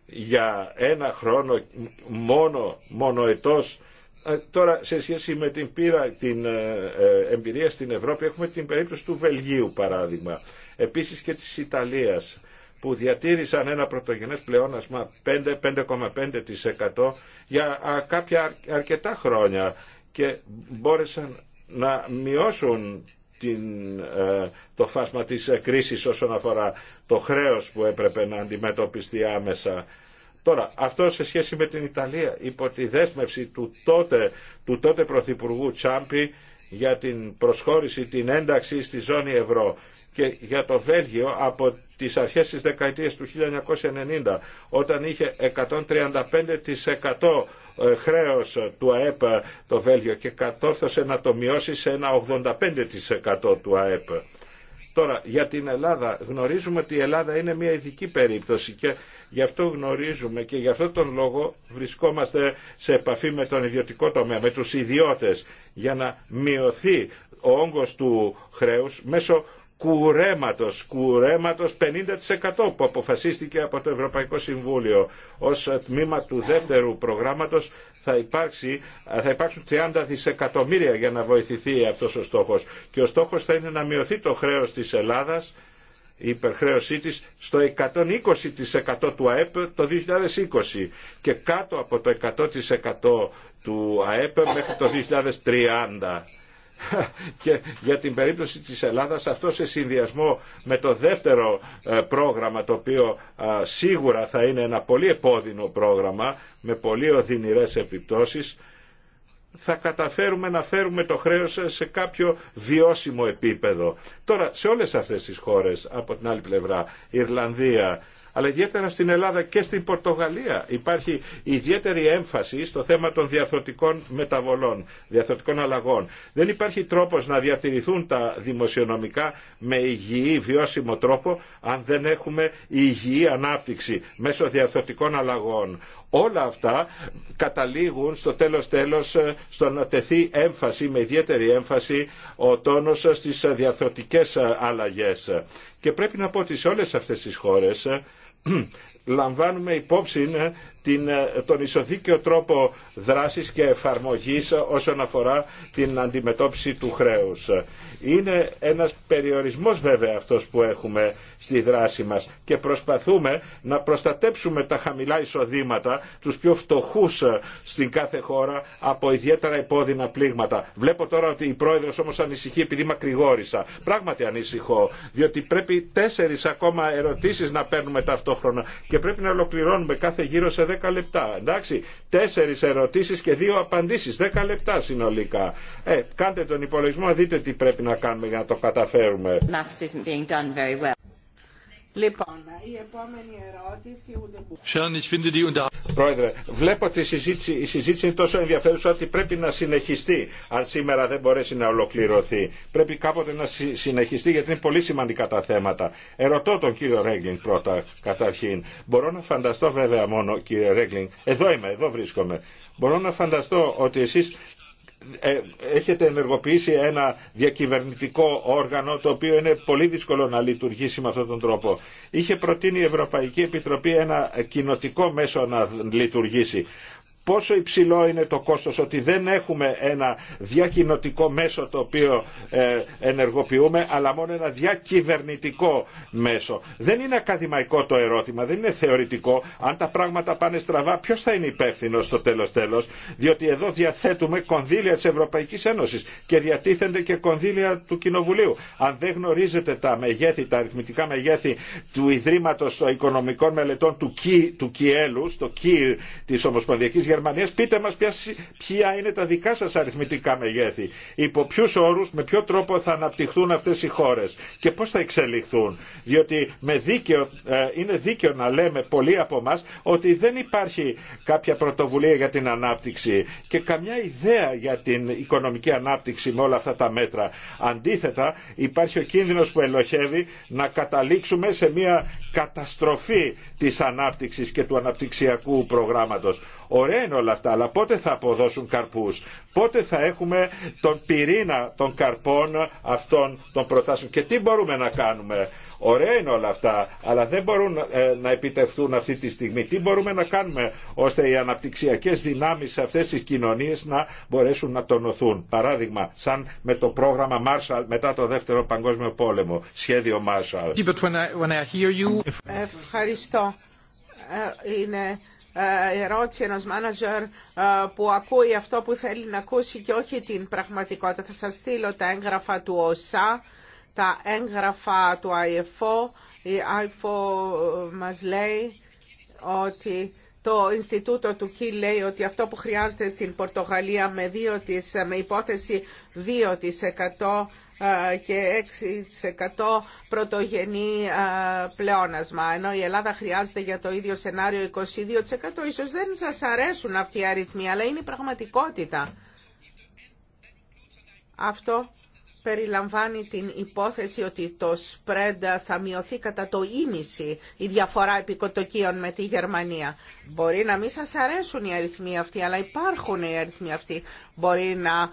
για ένα χρόνο μόνο, μόνο ετός. Ε, τώρα σε σχέση με την πείρα, την ε, ε, εμπειρία στην Ευρώπη έχουμε την περίπτωση του Βελγίου παράδειγμα. Επίσης και της Ιταλίας που διατήρησαν ένα πρωτογενές πλεόνασμα 5,5% για κάποια αρκετά χρόνια και μπόρεσαν να μειώσουν ε, το φάσμα της ε, κρίσης όσον αφορά το χρέος που έπρεπε να αντιμετωπιστεί άμεσα. Τώρα, αυτό σε σχέση με την Ιταλία, υπό τη δέσμευση του τότε, του τότε Πρωθυπουργού Τσάμπη για την προσχώρηση, την ένταξη στη ζώνη ευρώ και για το Βέλγιο από τις αρχές της δεκαετίας του 1990 όταν είχε 135% ε, χρέος του ΑΕΠ το Βέλγιο και κατόρθωσε να το μειώσει σε ένα 85% του ΑΕΠ. Τώρα, για την Ελλάδα. Γνωρίζουμε ότι η Ελλάδα είναι μια ειδική περίπτωση και γι' αυτό γνωρίζουμε και γι' αυτό τον λόγο βρισκόμαστε σε επαφή με τον ιδιωτικό τομέα, με τους ιδιώτες, για να μειωθεί ο όγκος του χρέους μέσω κουρέματος, κουρέματος 50% που αποφασίστηκε από το Ευρωπαϊκό Συμβούλιο ως τμήμα του δεύτερου προγράμματος θα, υπάρξει, θα υπάρξουν 30 δισεκατομμύρια για να βοηθηθεί αυτός ο στόχος και ο στόχος θα είναι να μειωθεί το χρέος της Ελλάδας η υπερχρέωσή της στο 120% του ΑΕΠ το 2020 και κάτω από το 100% του ΑΕΠ μέχρι το 2030 και για την περίπτωση της Ελλάδας αυτό σε συνδυασμό με το δεύτερο ε, πρόγραμμα το οποίο ε, σίγουρα θα είναι ένα πολύ επώδυνο πρόγραμμα με πολύ οδυνηρές επιπτώσεις θα καταφέρουμε να φέρουμε το χρέος σε κάποιο βιώσιμο επίπεδο. Τώρα, σε όλες αυτές τις χώρες, από την άλλη πλευρά, Ιρλανδία, αλλά ιδιαίτερα στην Ελλάδα και στην Πορτογαλία υπάρχει ιδιαίτερη έμφαση στο θέμα των διαθωτικών μεταβολών, διαθωτικών αλλαγών. Δεν υπάρχει τρόπος να διατηρηθούν τα δημοσιονομικά με υγιή βιώσιμο τρόπο αν δεν έχουμε υγιή ανάπτυξη μέσω διαθωτικών αλλαγών. Όλα αυτά καταλήγουν στο τέλος τέλος ε, στο να τεθεί έμφαση, με ιδιαίτερη έμφαση, ο τόνος στις διαθροτικές ε, αλλαγές. Και πρέπει να πω ότι σε όλες αυτές τις χώρες ε, λαμβάνουμε υπόψη ε, ε, τον ισοδίκαιο τρόπο δράσης και εφαρμογής όσον αφορά την αντιμετώπιση του χρέους. Είναι ένας περιορισμός βέβαια αυτός που έχουμε στη δράση μας και προσπαθούμε να προστατέψουμε τα χαμηλά εισοδήματα, τους πιο φτωχούς ε, στην κάθε χώρα από ιδιαίτερα υπόδεινα πλήγματα. Βλέπω τώρα ότι η πρόεδρος όμως ανησυχεί επειδή μακρηγόρησα. Πράγματι ανησυχώ, διότι πρέπει τέσσερις ακόμα ερωτήσεις να παίρνουμε ταυτόχρονα και πρέπει να ολοκληρώνουμε κάθε γύρω Δέκα λεπτά. Εντάξει, τέσσερις ερωτήσεις και δύο απαντήσεις, Δέκα λεπτά συνολικά. Ε, κάντε τον υπολογισμό, δείτε τι πρέπει να κάνουμε για να το καταφέρουμε. Λοιπόν, η επόμενη ερώτηση Πρόεδρε, βλέπω ότι η συζήτηση, η συζήτηση είναι τόσο ενδιαφέρουσα ότι πρέπει να συνεχιστεί αν σήμερα δεν μπορέσει να ολοκληρωθεί. Πρέπει κάποτε να συνεχιστεί γιατί είναι πολύ σημαντικά τα θέματα. Ερωτώ τον κύριο Ρέγκλινγκ πρώτα καταρχήν. Μπορώ να φανταστώ βέβαια μόνο κύριε Ρέγκλινγκ, εδώ είμαι, εδώ βρίσκομαι. Μπορώ να φανταστώ ότι εσείς ε, έχετε ενεργοποιήσει ένα διακυβερνητικό όργανο το οποίο είναι πολύ δύσκολο να λειτουργήσει με αυτόν τον τρόπο. Είχε προτείνει η Ευρωπαϊκή Επιτροπή ένα κοινοτικό μέσο να λειτουργήσει πόσο υψηλό είναι το κόστος ότι δεν έχουμε ένα διακοινωτικό μέσο το οποίο ε, ενεργοποιούμε αλλά μόνο ένα διακυβερνητικό μέσο. Δεν είναι ακαδημαϊκό το ερώτημα, δεν είναι θεωρητικό. Αν τα πράγματα πάνε στραβά ποιος θα είναι υπεύθυνο στο τέλος τέλος διότι εδώ διαθέτουμε κονδύλια της Ευρωπαϊκής Ένωσης και διατίθενται και κονδύλια του Κοινοβουλίου. Αν δεν γνωρίζετε τα μεγέθη, τα αριθμητικά μεγέθη του Ιδρύματος Οικονομικών Μελετών του, Κι, του Κιέλου, στο Κιρ της Ομοσπονδιακής Γερμανίας. Πείτε μας ποια είναι τα δικά σας αριθμητικά μεγέθη. Υπό ποιου όρους, με ποιο τρόπο θα αναπτυχθούν αυτές οι χώρες και πώς θα εξελιχθούν. Διότι με δίκαιο, ε, είναι δίκαιο να λέμε πολλοί από εμά ότι δεν υπάρχει κάποια πρωτοβουλία για την ανάπτυξη και καμιά ιδέα για την οικονομική ανάπτυξη με όλα αυτά τα μέτρα. Αντίθετα υπάρχει ο κίνδυνος που ελοχεύει να καταλήξουμε σε μια καταστροφή της ανάπτυξης και του αναπτυξιακού προγράμματος είναι όλα αυτά, αλλά πότε θα αποδώσουν καρπούς, πότε θα έχουμε τον πυρήνα των καρπών αυτών των προτάσεων και τι μπορούμε να κάνουμε. Ωραία είναι όλα αυτά, αλλά δεν μπορούν ε, να επιτευχθούν αυτή τη στιγμή. Τι μπορούμε να κάνουμε ώστε οι αναπτυξιακές δυνάμεις σε αυτές τις κοινωνίες να μπορέσουν να τονωθούν. Παράδειγμα, σαν με το πρόγραμμα Marshall μετά το Δεύτερο Παγκόσμιο Πόλεμο, σχέδιο Marshall. Ευχαριστώ. Ε, είναι ε, ερώτηση ενός μάνατζερ ε, που ακούει αυτό που θέλει να ακούσει και όχι την πραγματικότητα. Θα σας στείλω τα έγγραφα του ΟΣΑ, τα έγγραφα του ΑΕΦΟ. Η ΑΕΦΟ μας λέει ότι το Ινστιτούτο του Κι λέει ότι αυτό που χρειάζεται στην Πορτογαλία με, με υπόθεση 2% ε, και 6% πρωτογενή ε, πλεόνασμα. Ενώ η Ελλάδα χρειάζεται για το ίδιο σενάριο 22%. Ίσως δεν σας αρέσουν αυτοί οι αριθμοί, αλλά είναι η πραγματικότητα. Αυτό περιλαμβάνει την υπόθεση ότι το spread θα μειωθεί κατά το ίμιση η διαφορά επικοτοκίων με τη Γερμανία. Μπορεί να μην σα αρέσουν οι αριθμοί αυτοί, αλλά υπάρχουν οι αριθμοί αυτοί. Μπορεί να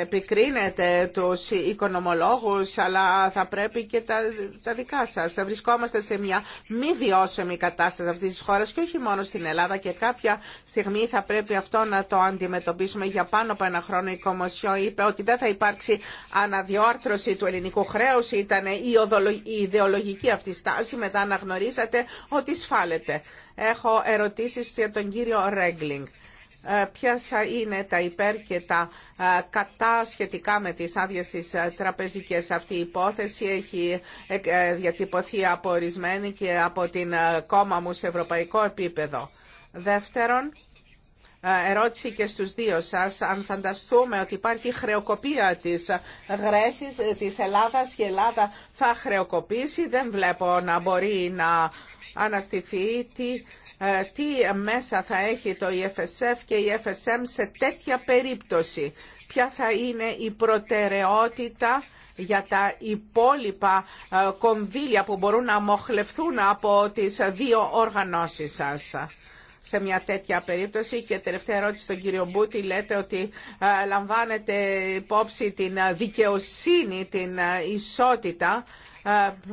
επικρίνετε του οικονομολόγους, αλλά θα πρέπει και τα, τα δικά σα. Βρισκόμαστε σε μια μη βιώσιμη κατάσταση αυτή τη χώρα και όχι μόνο στην Ελλάδα και κάποια στιγμή θα πρέπει αυτό να το αντιμετωπίσουμε. Για πάνω από ένα χρόνο η Κομοσιό είπε ότι δεν θα υπάρξει αναδιόρθρωση του ελληνικού χρέου. Ήταν η ιδεολογική αυτή στάση, μετά αναγνωρίσατε ότι σφάλεται. Έχω ερωτήσεις για τον κύριο Ρέγκλινγκ. Ε, ποια θα είναι τα υπέρ και τα ε, κατά σχετικά με τις άδειες της ε, τραπεζικές. Αυτή η υπόθεση έχει διατυπωθεί από ορισμένη και από την κόμμα μου σε ευρωπαϊκό επίπεδο. Δεύτερον, ερώτηση και στους δύο σας. Αν φανταστούμε ότι υπάρχει χρεοκοπία της Γρέσης της Ελλάδας και η Ελλάδα θα χρεοκοπήσει, δεν βλέπω να μπορεί να αναστηθεί, ε, τι, μέσα θα έχει το EFSF και η e FSM σε τέτοια περίπτωση. Ποια θα είναι η προτεραιότητα για τα υπόλοιπα ε, κονδύλια που μπορούν να μοχλευθούν από τις δύο οργανώσεις σας σε μια τέτοια περίπτωση. Και τελευταία ερώτηση στον κύριο Μπούτη. Λέτε ότι ε, λαμβάνετε υπόψη την δικαιοσύνη, την ισότητα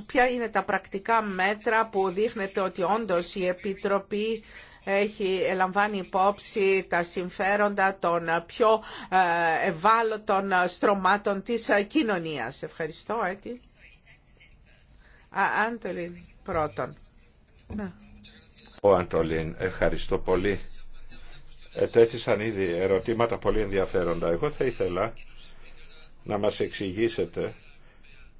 ποια είναι τα πρακτικά μέτρα που δείχνεται ότι όντως η Επιτροπή έχει λαμβάνει υπόψη τα συμφέροντα των πιο ε, ευάλωτων στρωμάτων της κοινωνίας. Ευχαριστώ, Έτη. Άντολιν πρώτον. Ο ναι. Αντολίν, ευχαριστώ πολύ. Ετέθησαν ήδη ερωτήματα πολύ ενδιαφέροντα. Εγώ θα ήθελα να μας εξηγήσετε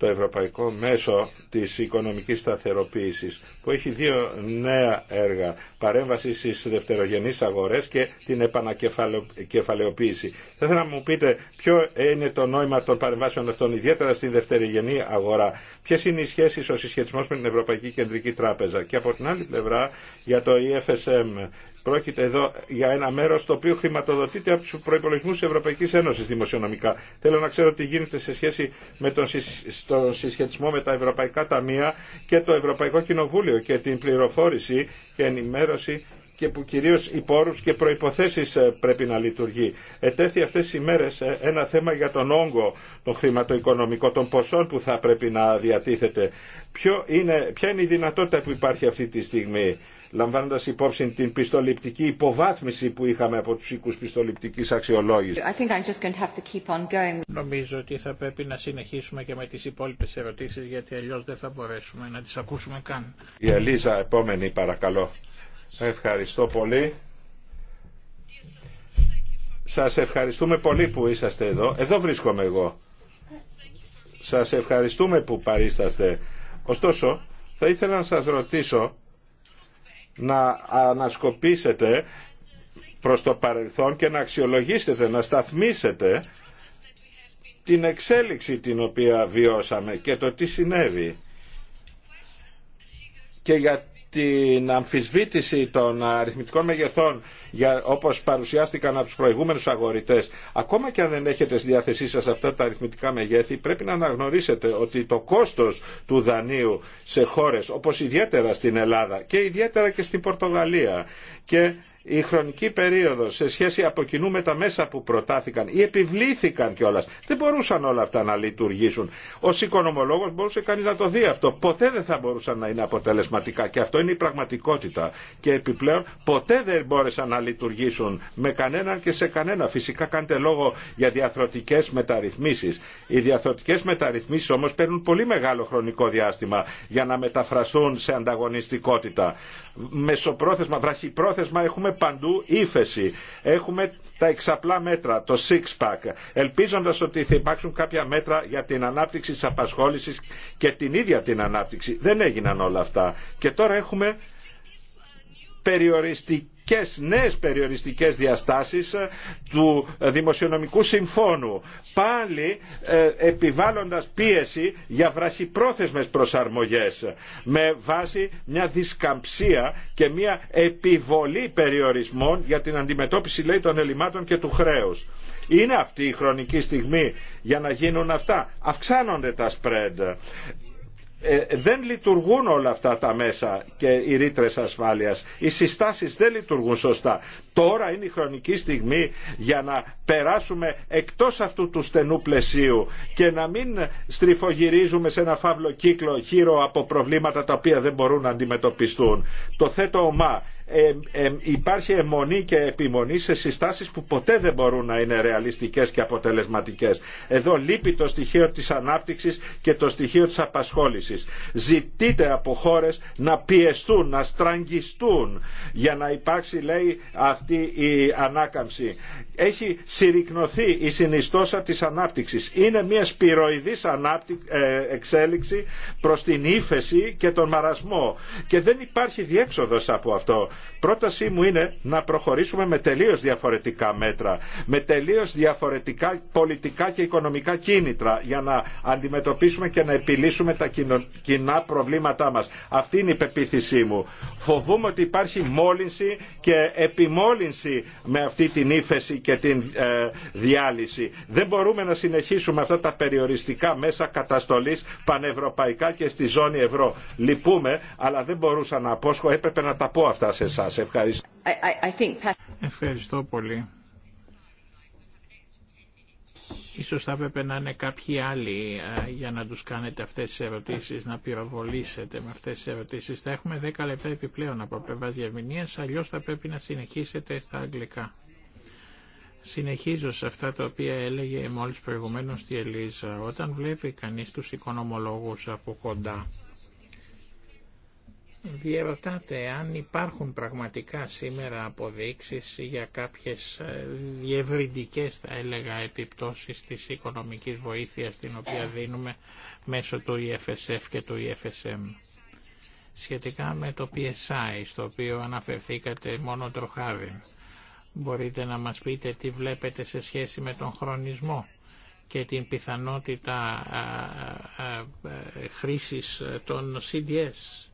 το Ευρωπαϊκό Μέσο της Οικονομικής Σταθεροποίησης που έχει δύο νέα έργα παρέμβαση στις δευτερογενείς αγορές και την επανακεφαλαιοποίηση. Θα ήθελα να μου πείτε ποιο είναι το νόημα των παρεμβάσεων αυτών ιδιαίτερα στη δευτερογενή αγορά. Ποιε είναι οι σχέσεις ο συσχετισμός με την Ευρωπαϊκή Κεντρική Τράπεζα και από την άλλη πλευρά για το EFSM Πρόκειται εδώ για ένα μέρο το οποίο χρηματοδοτείται από του προπολογισμού τη Ευρωπαϊκή Ένωση δημοσιονομικά. Θέλω να ξέρω τι γίνεται σε σχέση με τον στο συσχετισμό με τα Ευρωπαϊκά Ταμεία και το Ευρωπαϊκό Κοινοβούλιο και την πληροφόρηση και ενημέρωση και που κυρίω οι και προποθέσει ε, πρέπει να λειτουργεί. Ετέθη αυτέ τι μέρε ε, ένα θέμα για τον όγκο, των χρηματοοικονομικών, των ποσών που θα πρέπει να διατίθεται. Ποιο είναι, ποια είναι η δυνατότητα που υπάρχει αυτή τη στιγμή λαμβάνοντας υπόψη την πιστοληπτική υποβάθμιση που είχαμε από τους οίκους πιστοληπτικής αξιολόγησης. Νομίζω ότι θα πρέπει να συνεχίσουμε και με τις υπόλοιπες ερωτήσεις γιατί αλλιώς δεν θα μπορέσουμε να τις ακούσουμε καν. Η Ελίζα, επόμενη παρακαλώ. Ευχαριστώ πολύ. Σας ευχαριστούμε πολύ που είσαστε εδώ. Εδώ βρίσκομαι εγώ. Σας ευχαριστούμε που παρίσταστε. Ωστόσο, θα ήθελα να σας ρωτήσω να ανασκοπήσετε προς το παρελθόν και να αξιολογήσετε, να σταθμίσετε την εξέλιξη την οποία βιώσαμε και το τι συνέβη. Και για την αμφισβήτηση των αριθμητικών μεγεθών για, όπως παρουσιάστηκαν από τους προηγούμενους αγορητές. Ακόμα και αν δεν έχετε στη διάθεσή σας αυτά τα αριθμητικά μεγέθη, πρέπει να αναγνωρίσετε ότι το κόστος του δανείου σε χώρες όπως ιδιαίτερα στην Ελλάδα και ιδιαίτερα και στην Πορτογαλία και η χρονική περίοδο σε σχέση από κοινού με τα μέσα που προτάθηκαν ή επιβλήθηκαν κιόλα. Δεν μπορούσαν όλα αυτά να λειτουργήσουν. Ω οικονομολόγο μπορούσε κανεί να το δει αυτό. Ποτέ δεν θα μπορούσαν να είναι αποτελεσματικά και αυτό είναι η πραγματικότητα. Και επιπλέον ποτέ δεν μπόρεσαν να λειτουργήσουν με κανέναν και σε κανένα. Φυσικά κάνετε λόγο για διαθροτικέ μεταρρυθμίσει. Οι διαθροτικέ μεταρρυθμίσει όμω παίρνουν πολύ μεγάλο χρονικό διάστημα για να μεταφραστούν σε ανταγωνιστικότητα μεσοπρόθεσμα, βραχυπρόθεσμα έχουμε παντού ύφεση. Έχουμε τα εξαπλά μέτρα, το six pack, ελπίζοντας ότι θα υπάρξουν κάποια μέτρα για την ανάπτυξη της απασχόλησης και την ίδια την ανάπτυξη. Δεν έγιναν όλα αυτά. Και τώρα έχουμε περιοριστική και νέες περιοριστικές διαστάσεις ε, του Δημοσιονομικού Συμφώνου. Πάλι ε, επιβάλλοντας πίεση για βραχυπρόθεσμες προσαρμογές με βάση μια δισκαμψία και μια επιβολή περιορισμών για την αντιμετώπιση λέει, των ελλημάτων και του χρέους. Είναι αυτή η χρονική στιγμή για να γίνουν αυτά. Αυξάνονται τα spread. Ε, δεν λειτουργούν όλα αυτά τα μέσα και οι ρήτρε ασφάλεια. Οι συστάσει δεν λειτουργούν σωστά. Τώρα είναι η χρονική στιγμή για να περάσουμε εκτό αυτού του στενού πλαισίου και να μην στριφογυρίζουμε σε ένα φαύλο κύκλο γύρω από προβλήματα τα οποία δεν μπορούν να αντιμετωπιστούν. Το θέτω ομά υπάρχει αιμονή και επιμονή σε συστάσεις που ποτέ δεν μπορούν να είναι ρεαλιστικές και αποτελεσματικές. Εδώ λείπει το στοιχείο της ανάπτυξης και το στοιχείο της απασχόλησης. Ζητείτε από χώρες να πιεστούν, να στραγγιστούν για να υπάρξει λέει αυτή η ανάκαμψη. Έχει συρρυκνωθεί η συνιστόσα της ανάπτυξης. Είναι μια σπυροειδής ε, εξέλιξη προς την ύφεση και τον μαρασμό και δεν υπάρχει διέξοδος από αυτό Πρότασή μου είναι να προχωρήσουμε με τελείως διαφορετικά μέτρα, με τελείως διαφορετικά πολιτικά και οικονομικά κίνητρα για να αντιμετωπίσουμε και να επιλύσουμε τα κοινά προβλήματά μας. Αυτή είναι η πεποίθησή μου. Φοβούμαι ότι υπάρχει μόλυνση και επιμόλυνση με αυτή την ύφεση και την ε, διάλυση. Δεν μπορούμε να συνεχίσουμε αυτά τα περιοριστικά μέσα καταστολής πανευρωπαϊκά και στη ζώνη ευρώ. Λυπούμε, αλλά δεν μπορούσα να απόσχω, έπρεπε να τα πω αυτά σε Ευχαριστώ. πολύ. Ίσως θα έπρεπε να είναι κάποιοι άλλοι ε, για να τους κάνετε αυτές τις ερωτήσεις, να πυροβολήσετε με αυτές τις ερωτήσεις. Θα έχουμε 10 λεπτά επιπλέον από πλευράς διαμηνίας, αλλιώς θα πρέπει να συνεχίσετε στα αγγλικά. Συνεχίζω σε αυτά τα οποία έλεγε μόλις προηγουμένως τη Ελίζα. Όταν βλέπει κανείς τους οικονομολόγους από κοντά, διερωτάτε αν υπάρχουν πραγματικά σήμερα αποδείξεις για κάποιες ε, διευρυντικές θα έλεγα επιπτώσεις της οικονομικής βοήθειας την οποία δίνουμε μέσω του EFSF και του EFSM. Σχετικά με το PSI στο οποίο αναφερθήκατε μόνο τροχάδι, μπορείτε να μας πείτε τι βλέπετε σε σχέση με τον χρονισμό και την πιθανότητα ε, χρήσης των CDS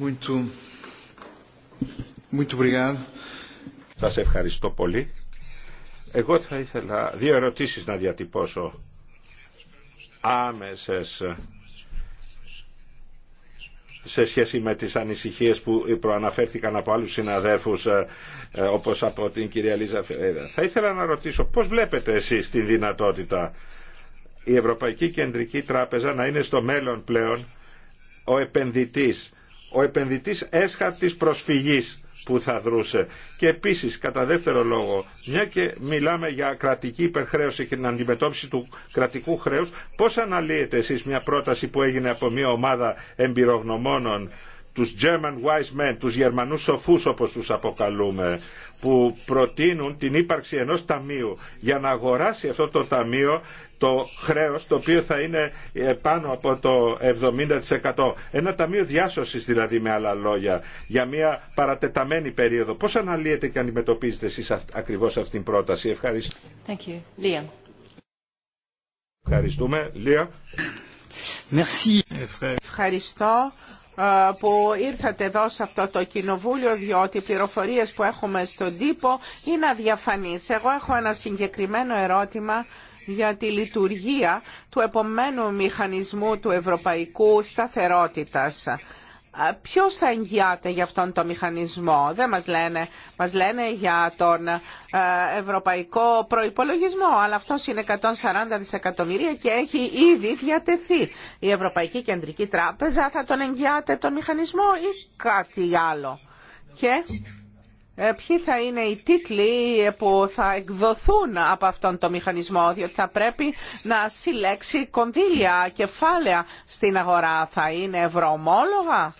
Muito, muito obrigado. Σας ευχαριστώ πολύ. Εγώ θα ήθελα δύο ερωτήσεις να διατυπώσω άμεσες σε σχέση με τις ανησυχίες που προαναφέρθηκαν από άλλους συναδέρφους ε, ε, όπως από την κυρία Λίζα Φερέδα. Θα ήθελα να ρωτήσω πώς βλέπετε εσείς την δυνατότητα η Ευρωπαϊκή Κεντρική Τράπεζα να είναι στο μέλλον πλέον ο επενδυτής ο επενδυτής της προσφυγής που θα δρούσε. Και επίσης, κατά δεύτερο λόγο, μια και μιλάμε για κρατική υπερχρέωση και την αντιμετώπιση του κρατικού χρέους, πώς αναλύετε εσείς μια πρόταση που έγινε από μια ομάδα εμπειρογνωμόνων, τους German wise men, τους Γερμανούς σοφούς όπως τους αποκαλούμε, που προτείνουν την ύπαρξη ενός ταμείου για να αγοράσει αυτό το ταμείο το χρέος το οποίο θα είναι ε, πάνω από το 70%. Ένα ταμείο διάσωσης δηλαδή με άλλα λόγια για μια παρατεταμένη περίοδο. Πώς αναλύετε και αντιμετωπίζετε εσείς ακριβώς αυτήν την πρόταση. Ευχαριστώ. Thank you. Ευχαριστούμε. Λία. Ευχαριστώ ε, που ήρθατε εδώ σε αυτό το κοινοβούλιο διότι οι πληροφορίες που έχουμε στον τύπο είναι αδιαφανείς. Εγώ έχω ένα συγκεκριμένο ερώτημα για τη λειτουργία του επομένου μηχανισμού του Ευρωπαϊκού Σταθερότητας. Ποιος θα εγγυάται για αυτόν τον μηχανισμό, δεν μας λένε. Μας λένε για τον ευρωπαϊκό προϋπολογισμό, αλλά αυτός είναι 140 δισεκατομμύρια και έχει ήδη διατεθεί. Η Ευρωπαϊκή Κεντρική Τράπεζα θα τον εγγυάται τον μηχανισμό ή κάτι άλλο. Και ε, ποιοι θα είναι οι τίτλοι που θα εκδοθούν από αυτόν τον μηχανισμό, διότι θα πρέπει να συλλέξει κονδύλια, κεφάλαια στην αγορά. Θα είναι ευρωομόλογα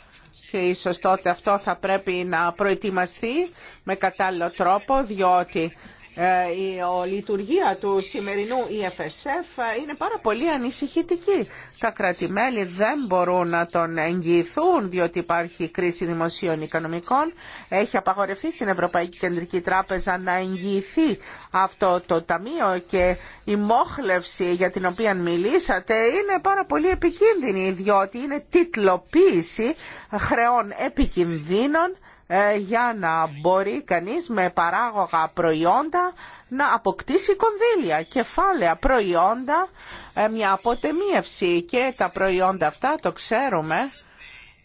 και ίσως τότε αυτό θα πρέπει να προετοιμαστεί με κατάλληλο τρόπο, διότι ε, η λειτουργία του σημερινού EFSF είναι πάρα πολύ ανησυχητική. Τα κρατημέλη δεν μπορούν να τον εγγυηθούν διότι υπάρχει κρίση δημοσίων οικονομικών. Έχει απαγορευτεί στην Ευρωπαϊκή Κεντρική Τράπεζα να εγγυηθεί αυτό το ταμείο και η μόχλευση για την οποία μιλήσατε είναι πάρα πολύ επικίνδυνη διότι είναι τίτλοποίηση χρεών επικινδύνων ε, για να μπορεί κανείς με παράγωγα προϊόντα να αποκτήσει κονδύλια, κεφάλαια, προϊόντα, ε, μια αποτεμίευση και τα προϊόντα αυτά το ξέρουμε.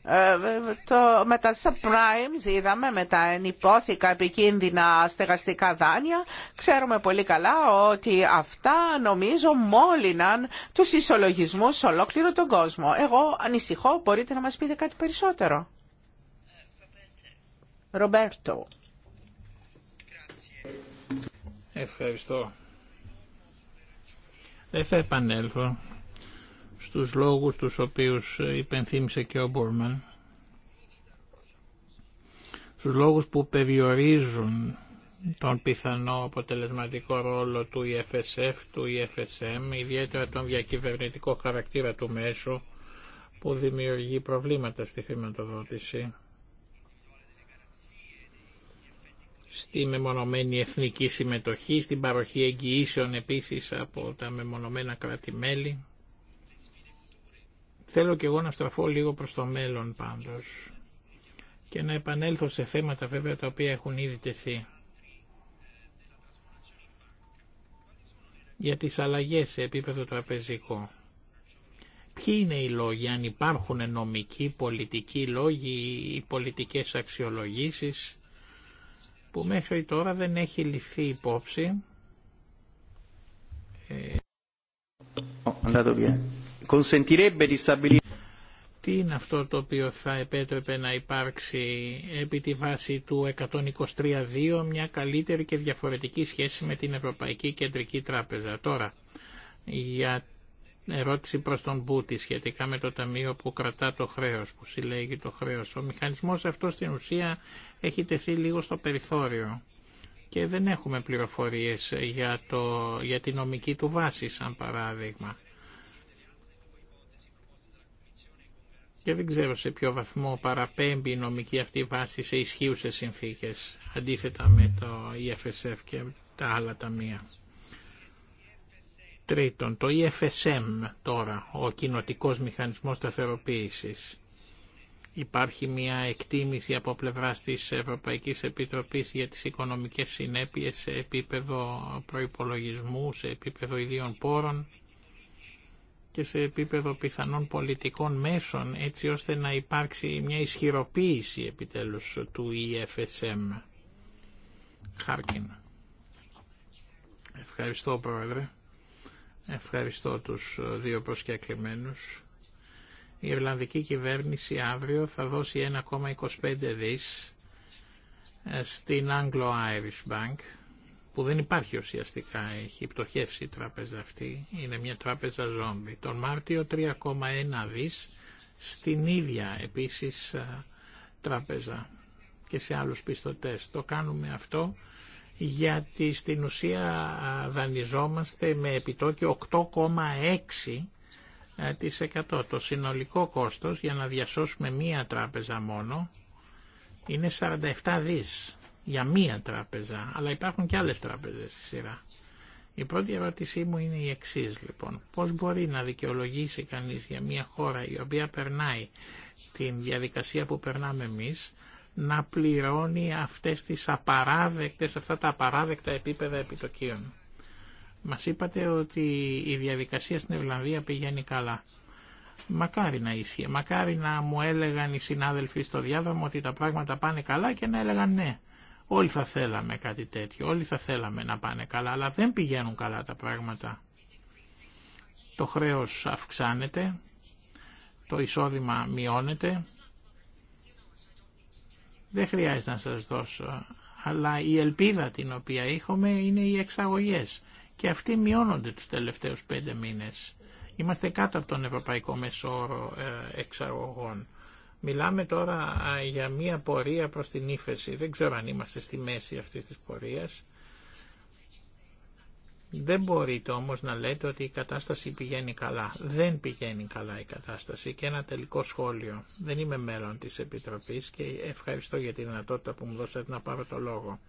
Ε, το, με τα subprimes είδαμε, με τα ενυπόθηκα επικίνδυνα στεγαστικά δάνεια. Ξέρουμε πολύ καλά ότι αυτά νομίζω μόλυναν τους ισολογισμούς σε ολόκληρο τον κόσμο. Εγώ ανησυχώ, μπορείτε να μας πείτε κάτι περισσότερο. Ρομπέρτο. Ευχαριστώ. Δεν θα επανέλθω στους λόγους τους οποίους υπενθύμισε και ο Μπούρμαν, στους λόγους που περιορίζουν τον πιθανό αποτελεσματικό ρόλο του EFSF, του EFSM, ιδιαίτερα τον διακυβερνητικό χαρακτήρα του μέσου που δημιουργεί προβλήματα στη χρηματοδότηση. στη μεμονωμένη εθνική συμμετοχή, στην παροχή εγγυήσεων επίσης από τα μεμονωμένα κράτη-μέλη. Θέλω και εγώ να στραφώ λίγο προς το μέλλον πάντως και να επανέλθω σε θέματα βέβαια τα οποία έχουν ήδη τεθεί. Για τις αλλαγές σε επίπεδο τραπεζικό. Ποιοι είναι οι λόγοι, αν υπάρχουν νομικοί, πολιτικοί λόγοι ή πολιτικές αξιολογήσεις που μέχρι τώρα δεν έχει ληφθεί υπόψη. Τι είναι αυτό το οποίο θα επέτρεπε να υπάρξει επί τη βάση του 123.2 μια καλύτερη και διαφορετική σχέση με την Ευρωπαϊκή Κεντρική Τράπεζα. Τώρα, για ερώτηση προς τον Μπούτη σχετικά με το ταμείο που κρατά το χρέος, που συλλέγει το χρέος. Ο μηχανισμός αυτός στην ουσία έχει τεθεί λίγο στο περιθώριο και δεν έχουμε πληροφορίες για, το, για τη νομική του βάση, σαν παράδειγμα. Και δεν ξέρω σε ποιο βαθμό παραπέμπει η νομική αυτή βάση σε ισχύουσες συνθήκες, αντίθετα με το EFSF και τα άλλα ταμεία. Τρίτον, το EFSM τώρα, ο Κοινοτικός Μηχανισμός Σταθεροποίησης. Υπάρχει μια εκτίμηση από πλευρά της Ευρωπαϊκής Επιτροπής για τις οικονομικές συνέπειες σε επίπεδο προϋπολογισμού, σε επίπεδο ιδίων πόρων και σε επίπεδο πιθανών πολιτικών μέσων έτσι ώστε να υπάρξει μια ισχυροποίηση επιτέλους του EFSM. Χάρκιν. Ευχαριστώ Πρόεδρε. Ευχαριστώ τους ε, δύο προσκεκλημένους. Η Ιρλανδική κυβέρνηση αύριο θα δώσει 1,25 δις ε, στην Anglo-Irish Bank, που δεν υπάρχει ουσιαστικά, έχει πτωχεύσει η τράπεζα αυτή, είναι μια τράπεζα ζόμπι. Τον Μάρτιο 3,1 δις στην ίδια επίσης ε, τράπεζα και σε άλλους πιστωτές. Το κάνουμε αυτό γιατί στην ουσία δανειζόμαστε με επιτόκιο 8,6%. Το συνολικό κόστος για να διασώσουμε μία τράπεζα μόνο είναι 47 δις για μία τράπεζα, αλλά υπάρχουν και άλλες τράπεζες στη σειρά. Η πρώτη ερώτησή μου είναι η εξής λοιπόν. Πώς μπορεί να δικαιολογήσει κανείς για μια χώρα η οποία περνάει την διαδικασία που περνάμε εμείς, να πληρώνει αυτές τις απαράδεκτες, αυτά τα απαράδεκτα επίπεδα επιτοκίων. Μας είπατε ότι η διαδικασία στην Ευλανδία πηγαίνει καλά. Μακάρι να ίσχυε, μακάρι να μου έλεγαν οι συνάδελφοι στο διάδρομο ότι τα πράγματα πάνε καλά και να έλεγαν ναι. Όλοι θα θέλαμε κάτι τέτοιο, όλοι θα θέλαμε να πάνε καλά, αλλά δεν πηγαίνουν καλά τα πράγματα. Το χρέος αυξάνεται, το εισόδημα μειώνεται, δεν χρειάζεται να σας δώσω, αλλά η ελπίδα την οποία είχαμε είναι οι εξαγωγές και αυτοί μειώνονται τους τελευταίους πέντε μήνες. Είμαστε κάτω από τον Ευρωπαϊκό Μεσόρο ε, εξαγωγών. Μιλάμε τώρα για μία πορεία προς την ύφεση. Δεν ξέρω αν είμαστε στη μέση αυτής της πορείας. Δεν μπορείτε όμως να λέτε ότι η κατάσταση πηγαίνει καλά. Δεν πηγαίνει καλά η κατάσταση και ένα τελικό σχόλιο. Δεν είμαι μέλλον της Επιτροπής και ευχαριστώ για τη δυνατότητα που μου δώσατε να πάρω το λόγο.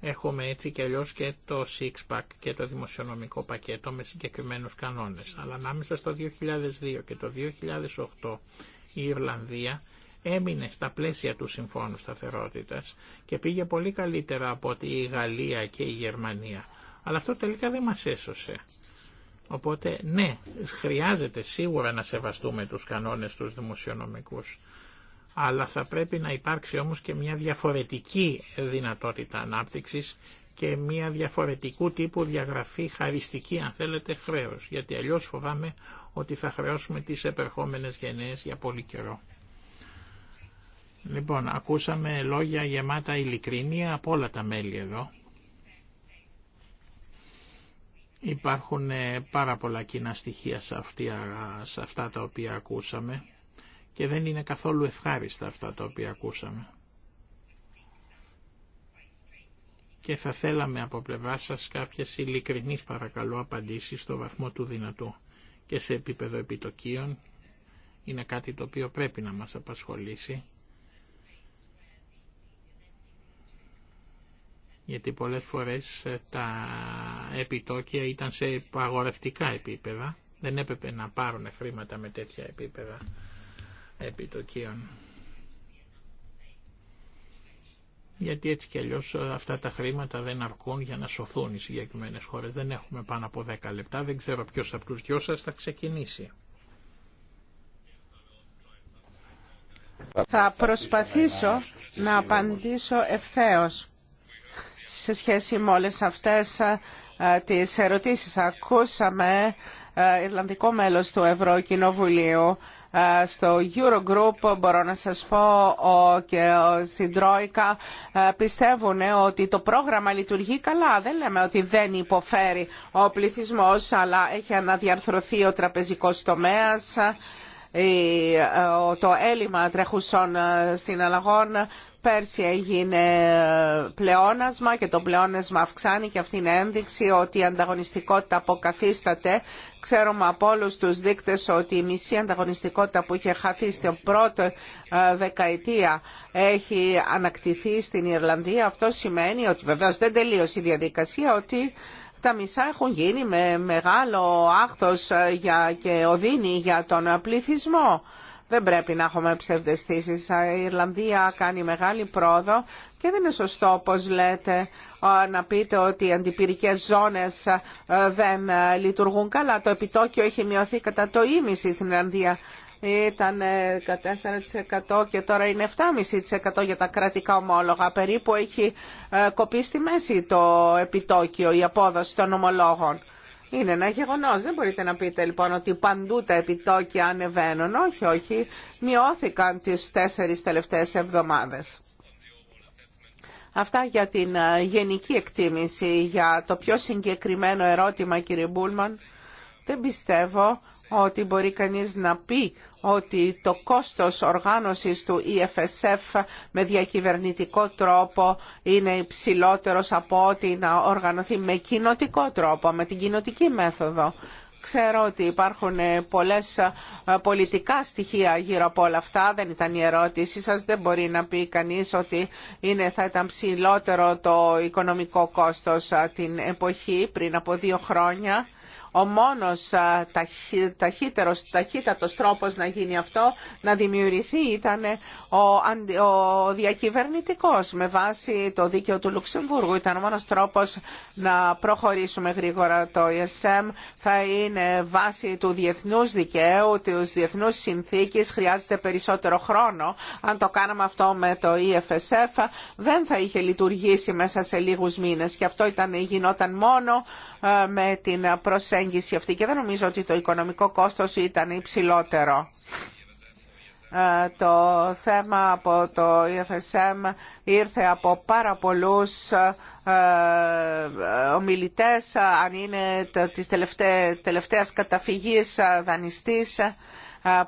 Έχουμε έτσι και αλλιώ και το six-pack και το δημοσιονομικό πακέτο με συγκεκριμένους κανόνες. Αλλά ανάμεσα στο 2002 και το 2008 η Ιρλανδία έμεινε στα πλαίσια του Συμφώνου Σταθερότητας και πήγε πολύ καλύτερα από ότι η Γαλλία και η Γερμανία. Αλλά αυτό τελικά δεν μας έσωσε. Οπότε ναι, χρειάζεται σίγουρα να σεβαστούμε τους κανόνες τους δημοσιονομικούς. Αλλά θα πρέπει να υπάρξει όμως και μια διαφορετική δυνατότητα ανάπτυξης και μια διαφορετικού τύπου διαγραφή χαριστική αν θέλετε χρέος. Γιατί αλλιώς φοβάμαι ότι θα χρεώσουμε τις επερχόμενες γενναίες για πολύ καιρό. Λοιπόν, ακούσαμε λόγια γεμάτα ειλικρίνεια από όλα τα μέλη εδώ. Υπάρχουν ε, πάρα πολλά κοινά στοιχεία σε, αυτά τα οποία ακούσαμε και δεν είναι καθόλου ευχάριστα αυτά τα οποία ακούσαμε. Και θα θέλαμε από πλευρά σας κάποιες ειλικρινείς παρακαλώ απαντήσεις στο βαθμό του δυνατού και σε επίπεδο επιτοκίων είναι κάτι το οποίο πρέπει να μας απασχολήσει γιατί πολλές φορές ε, τα επιτόκια ήταν σε αγορευτικά επίπεδα, δεν έπρεπε να πάρουν χρήματα με τέτοια επίπεδα επιτοκίων. Γιατί έτσι κι αλλιώς ε, αυτά τα χρήματα δεν αρκούν για να σωθούν οι συγκεκριμένε χώρες. Δεν έχουμε πάνω από δέκα λεπτά, δεν ξέρω ποιος από τους δυο σας θα ξεκινήσει. Θα προσπαθήσω να απαντήσω ευθέως σε σχέση με όλες αυτές ε, τις ερωτήσεις. Ακούσαμε ε, Ιρλανδικό μέλος του Ευρωκοινοβουλίου ε, στο Eurogroup μπορώ να σας πω και ο, στην Τρόικα πιστεύουν ότι το πρόγραμμα λειτουργεί καλά. Δεν λέμε ότι δεν υποφέρει ο πληθυσμός αλλά έχει αναδιαρθρωθεί ο τραπεζικός τομέας ε, το έλλειμμα τρεχουσών ε, συναλλαγών πέρσι έγινε πλεόνασμα και το πλεόνασμα αυξάνει και αυτή είναι ένδειξη ότι η ανταγωνιστικότητα αποκαθίσταται. Ξέρουμε από όλου τους δείκτε ότι η μισή ανταγωνιστικότητα που είχε χαθεί στην πρώτη ε, δεκαετία έχει ανακτηθεί στην Ιρλανδία. Αυτό σημαίνει ότι βεβαίω δεν τελείωσε η διαδικασία, ότι τα μισά έχουν γίνει με μεγάλο άχθος ε, για, και οδύνη για τον πληθυσμό. Δεν πρέπει να έχουμε ψευδεστήσεις. Η Ιρλανδία κάνει μεγάλη πρόοδο και δεν είναι σωστό, όπως λέτε, ε, να πείτε ότι οι αντιπυρικές ζώνες ε, δεν λειτουργούν καλά. Το επιτόκιο έχει μειωθεί κατά το ίμιση στην Ιρλανδία ήταν 14% ε, και τώρα είναι 7,5% για τα κρατικά ομόλογα. Περίπου έχει ε, κοπεί στη μέση το επιτόκιο, η απόδοση των ομολόγων. Είναι ένα γεγονό. Δεν μπορείτε να πείτε λοιπόν ότι παντού τα επιτόκια ανεβαίνουν. Όχι, όχι. Μειώθηκαν τις τέσσερις τελευταίες εβδομάδες. Αυτά για την ε, γενική εκτίμηση. Για το πιο συγκεκριμένο ερώτημα, κύριε Μπούλμαν, δεν πιστεύω ότι μπορεί κανείς να πει ότι το κόστος οργάνωσης του EFSF με διακυβερνητικό τρόπο είναι υψηλότερος από ότι να οργανωθεί με κοινοτικό τρόπο, με την κοινοτική μέθοδο. Ξέρω ότι υπάρχουν πολλές ε, πολιτικά στοιχεία γύρω από όλα αυτά. Δεν ήταν η ερώτησή σας. Δεν μπορεί να πει κανείς ότι είναι, θα ήταν ψηλότερο το οικονομικό κόστος ε, την εποχή πριν από δύο χρόνια ο μόνος ταχύτερος, ταχύτατος τρόπος να γίνει αυτό, να δημιουργηθεί ήταν ο, ο διακυβερνητικός με βάση το δίκαιο του Λουξεμβούργου. Ήταν ο μόνος τρόπος να προχωρήσουμε γρήγορα το ESM. Θα είναι βάση του διεθνούς δικαίου, του διεθνούς συνθήκης. Χρειάζεται περισσότερο χρόνο. Αν το κάναμε αυτό με το EFSF δεν θα είχε λειτουργήσει μέσα σε λίγους μήνες. Και αυτό ήταν, γινόταν μόνο ε, με την προσέγγιση προσέγγιση και δεν νομίζω ότι το οικονομικό κόστος ήταν υψηλότερο. Ε, το θέμα από το EFSM ήρθε από πάρα πολλούς ε, ομιλητές, αν είναι της τελευταίας καταφυγής ε, δανειστής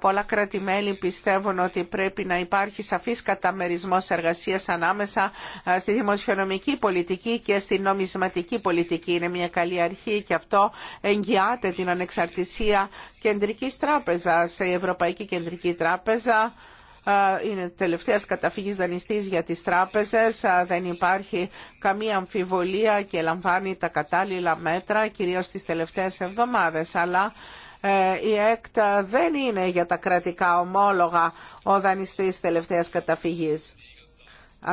πολλά κράτη-μέλη πιστεύουν ότι πρέπει να υπάρχει σαφής καταμερισμός εργασίας ανάμεσα στη δημοσιονομική πολιτική και στη νομισματική πολιτική. Είναι μια καλή αρχή και αυτό εγγυάται την ανεξαρτησία κεντρικής τράπεζας. Η Ευρωπαϊκή Κεντρική Τράπεζα είναι τελευταίας καταφύγης δανειστής για τις τράπεζες. Δεν υπάρχει καμία αμφιβολία και λαμβάνει τα κατάλληλα μέτρα, κυρίως τις τελευταίες εβδομάδες. Αλλά ε, η ΕΚΤ δεν είναι για τα κρατικά ομόλογα ο δανειστής τελευταίας καταφυγής.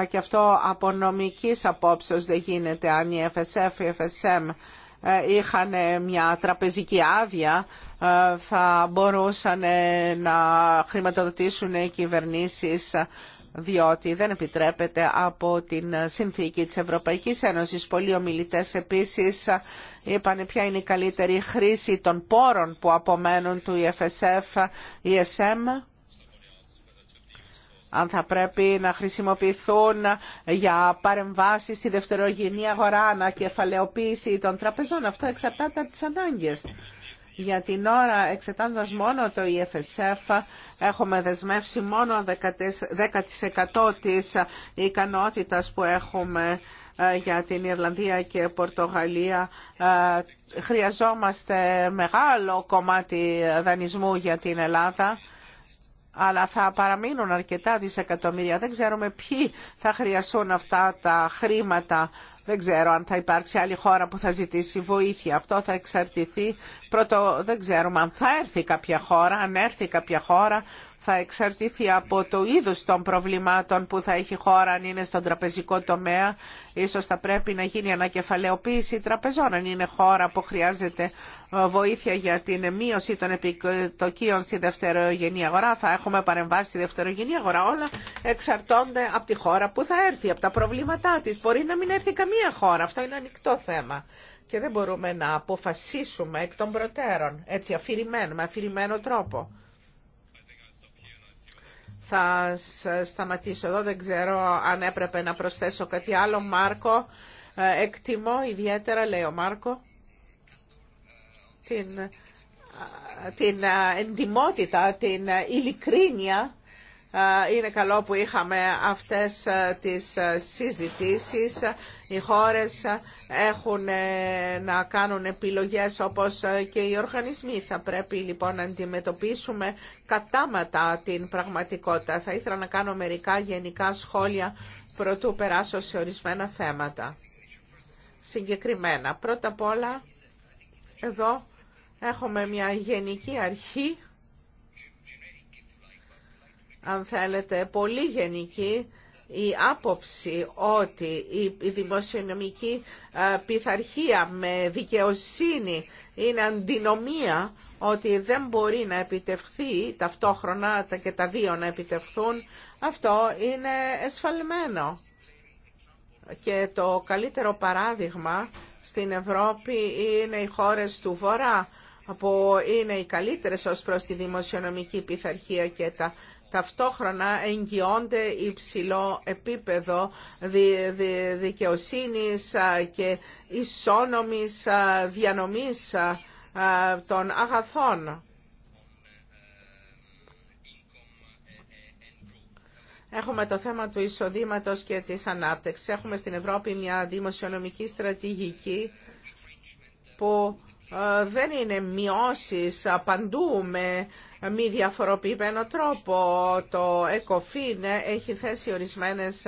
Και αυτό από νομικής απόψεως δεν γίνεται αν η FSF, η FSM ε, είχαν μια τραπεζική άδεια ε, θα μπορούσαν να χρηματοδοτήσουν οι κυβερνήσεις διότι δεν επιτρέπεται από την συνθήκη της Ευρωπαϊκής Ένωσης. Πολλοί ομιλητές επίσης είπαν ποια είναι η καλύτερη χρήση των πόρων που απομένουν του EFSF, ESM αν θα πρέπει να χρησιμοποιηθούν για παρεμβάσεις στη δευτερογενή αγορά, ανακεφαλαιοποίηση των τραπεζών. Αυτό εξαρτάται από τις ανάγκες. Για την ώρα, εξετάζοντας μόνο το EFSF, έχουμε δεσμεύσει μόνο 10% της ικανότητας που έχουμε ε, για την Ιρλανδία και Πορτογαλία. Ε, χρειαζόμαστε μεγάλο κομμάτι δανεισμού για την Ελλάδα αλλά θα παραμείνουν αρκετά δισεκατομμύρια. Δεν ξέρουμε ποιοι θα χρειαστούν αυτά τα χρήματα. Δεν ξέρω αν θα υπάρξει άλλη χώρα που θα ζητήσει βοήθεια. Αυτό θα εξαρτηθεί. Πρώτο δεν ξέρουμε αν θα έρθει κάποια χώρα, αν έρθει κάποια χώρα θα εξαρτηθεί από το είδους των προβλημάτων που θα έχει χώρα αν είναι στον τραπεζικό τομέα. Ίσως θα πρέπει να γίνει ανακεφαλαιοποίηση τραπεζών αν είναι χώρα που χρειάζεται ε, βοήθεια για την μείωση των επιτοκίων στη δευτερογενή αγορά. Θα έχουμε παρεμβάσει στη δευτερογενή αγορά. Όλα εξαρτώνται από τη χώρα που θα έρθει, από τα προβλήματά της. Μπορεί να μην έρθει καμία χώρα. Αυτό είναι ανοιχτό θέμα και δεν μπορούμε να αποφασίσουμε εκ των προτέρων, έτσι αφηρημένο, με αφηρημένο τρόπο. Θα σταματήσω εδώ, δεν ξέρω αν έπρεπε να προσθέσω κάτι άλλο. Μάρκο, ε, εκτιμώ ιδιαίτερα, λέει ο Μάρκο, την, ε, την ε, εντιμότητα, την ειλικρίνεια ε, είναι καλό που είχαμε αυτές ε, τις ε, συζητήσεις. Οι χώρες έχουν να κάνουν επιλογές όπως και οι οργανισμοί. Θα πρέπει λοιπόν να αντιμετωπίσουμε κατάματα την πραγματικότητα. Θα ήθελα να κάνω μερικά γενικά σχόλια προτού περάσω σε ορισμένα θέματα. Συγκεκριμένα. Πρώτα απ' όλα, εδώ έχουμε μια γενική αρχή αν θέλετε, πολύ γενική η άποψη ότι η δημοσιονομική πειθαρχία με δικαιοσύνη είναι αντινομία ότι δεν μπορεί να επιτευχθεί ταυτόχρονα και τα δύο να επιτευχθούν, αυτό είναι εσφαλμένο. Και το καλύτερο παράδειγμα στην Ευρώπη είναι οι χώρες του Βορρά, που είναι οι καλύτερες ως προς τη δημοσιονομική πειθαρχία και τα ταυτόχρονα εγγυώνται υψηλό επίπεδο δικαιοσύνης και ισόνομης διανομής των αγαθών. Έχουμε το θέμα του εισοδήματος και της ανάπτυξης. Έχουμε στην Ευρώπη μια δημοσιονομική στρατηγική που ε, δεν είναι μειώσεις παντού μη διαφοροποιημένο τρόπο. Το ΕΚΟΦΗΝ έχει θέσει ορισμένες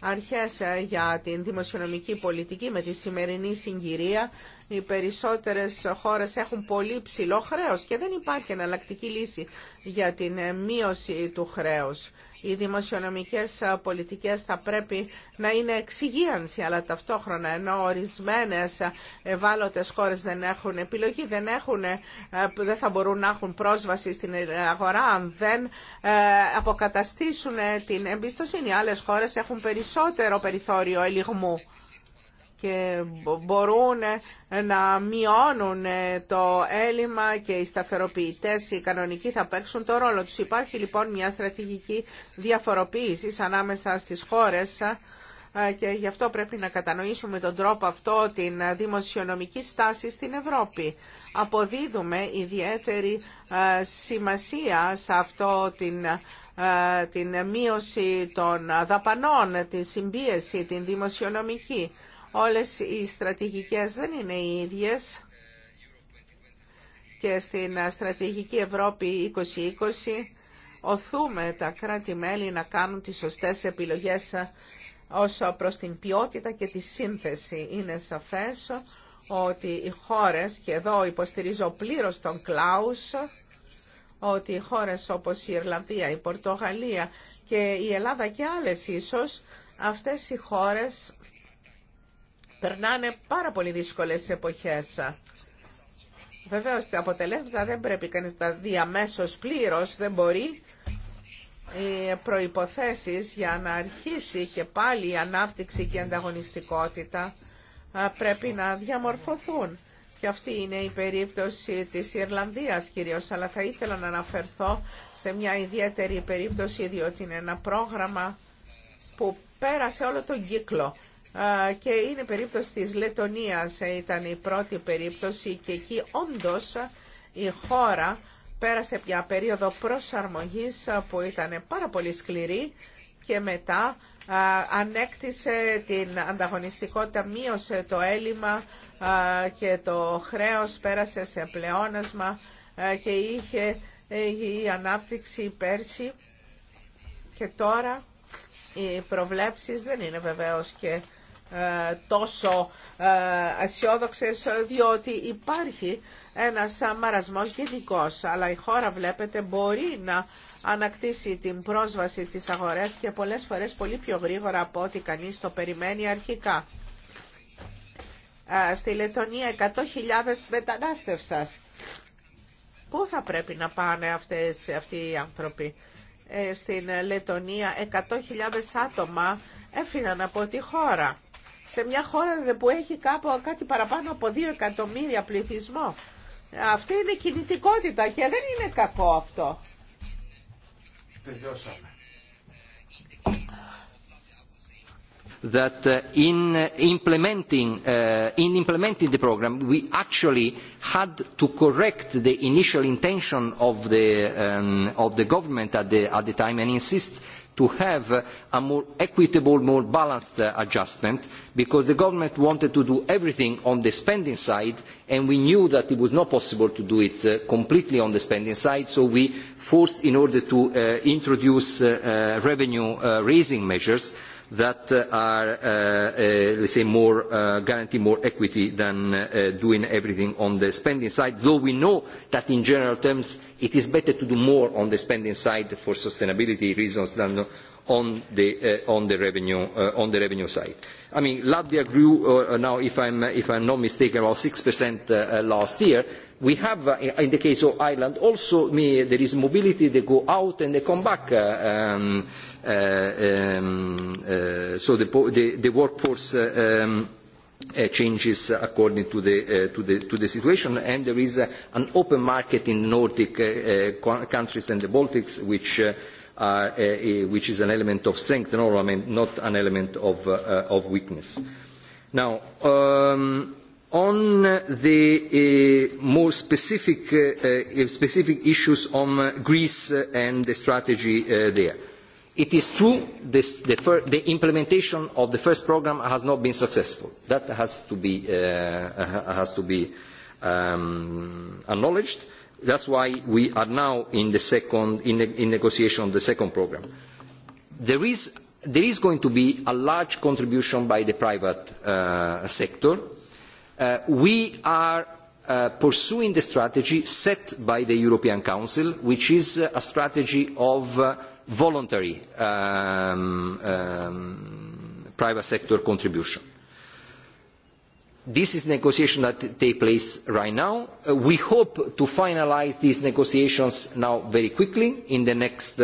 αρχές για την δημοσιονομική πολιτική με τη σημερινή συγκυρία. Οι περισσότερες χώρες έχουν πολύ ψηλό χρέος και δεν υπάρχει εναλλακτική λύση για την μείωση του χρέους. Οι δημοσιονομικές ε, πολιτικές θα πρέπει να είναι εξυγίανση, αλλά ταυτόχρονα ενώ ορισμένες ε, ευάλωτες χώρες δεν έχουν επιλογή, δεν, έχουν, ε, δεν θα μπορούν να έχουν πρόσβαση στην αγορά αν δεν αποκαταστήσουν την εμπιστοσύνη. Άλλες χώρες έχουν περισσότερο περιθώριο ελιγμού και μπορούν να μειώνουν το έλλειμμα και οι σταθεροποιητές οι κανονικοί θα παίξουν το ρόλο τους. Υπάρχει λοιπόν μια στρατηγική διαφοροποίηση ανάμεσα στις χώρες ε, και γι' αυτό πρέπει να κατανοήσουμε τον τρόπο αυτό την δημοσιονομική στάση στην Ευρώπη. Αποδίδουμε ιδιαίτερη ε, σημασία σε αυτό την ε, την μείωση των δαπανών, την συμπίεση, την δημοσιονομική. Όλες οι στρατηγικές δεν είναι οι ίδιες και στην ε, στρατηγική Ευρώπη 2020 οθούμε τα κράτη-μέλη να κάνουν τις σωστές επιλογές ε, όσο προς την ποιότητα και τη σύνθεση. Είναι σαφές ότι οι χώρες, και εδώ υποστηρίζω πλήρως τον Κλάους, ότι οι χώρες όπως η Ιρλανδία, η Πορτογαλία και η Ελλάδα και άλλες ίσως, αυτές οι χώρες περνάνε πάρα πολύ δύσκολες εποχές. Βεβαίως τα αποτελέσματα δεν πρέπει κανείς να δει αμέσως πλήρως, δεν μπορεί. Οι προϋποθέσεις για να αρχίσει και πάλι η ανάπτυξη και η ανταγωνιστικότητα πρέπει να διαμορφωθούν. Και αυτή είναι η περίπτωση της Ιρλανδίας κυρίως, αλλά θα ήθελα να αναφερθώ σε μια ιδιαίτερη περίπτωση, διότι είναι ένα πρόγραμμα που πέρασε όλο τον κύκλο και είναι περίπτωση της Λετωνίας ε, ήταν η πρώτη περίπτωση και εκεί όντως η χώρα πέρασε μια περίοδο προσαρμογής που ήταν πάρα πολύ σκληρή και μετά ανέκτησε την ανταγωνιστικότητα, μείωσε το έλλειμμα και το χρέος πέρασε σε πλεόνασμα και είχε ε, η ανάπτυξη πέρσι και τώρα οι προβλέψεις δεν είναι βεβαίως και ε, τόσο ε, αισιόδοξε, διότι υπάρχει ένας μαρασμό γενικό, αλλά η χώρα βλέπετε μπορεί να ανακτήσει την πρόσβαση στις αγορές και πολλές φορές πολύ πιο γρήγορα από ό,τι κανείς το περιμένει αρχικά. Ε, στη Λετωνία 100.000 μετανάστευσας Πού θα πρέπει να πάνε αυτές, αυτοί οι άνθρωποι. Στην Λετωνία 100.000 άτομα έφυγαν από τη χώρα σε μια χώρα που έχει κάπου κάτι παραπάνω από 2 εκατομμύρια πληθυσμό. Αυτή είναι κινητικότητα και δεν είναι κακό αυτό. Τελειώσαμε. That in implementing, in implementing the program, we actually had to correct the initial intention of the of the government at the at the time and insist to have a more equitable, more balanced adjustment, because the government wanted to do everything on the spending side, and we knew that it was not possible to do it completely on the spending side, so we forced, in order to introduce revenue-raising measures that are, let's say, more guarantee more equity than doing everything on the spending side. Though we know that in general terms it is better to do more on the spending side for sustainability reasons than on the revenue side. I mean, Latvia grew now, if I'm not mistaken, about 6% last year. We have, in the case of Ireland, also there is mobility. They go out and they come back so the workforce changes according to the situation and there is an open market in Nordic countries and the Baltics which is an element of strength not an element of weakness. Now on the more specific issues on Greece and the strategy there. It is true that the implementation of the first programme has not been successful. That has to be acknowledged. That's why we are now in the negotiation of the second programme. There is going to be a large contribution by the private sector. We are pursuing the strategy set by the European Council, which is a strategy of voluntary private sector contribution. This is negotiation that takes place right now. We hope to finalise these negotiations now very quickly in the next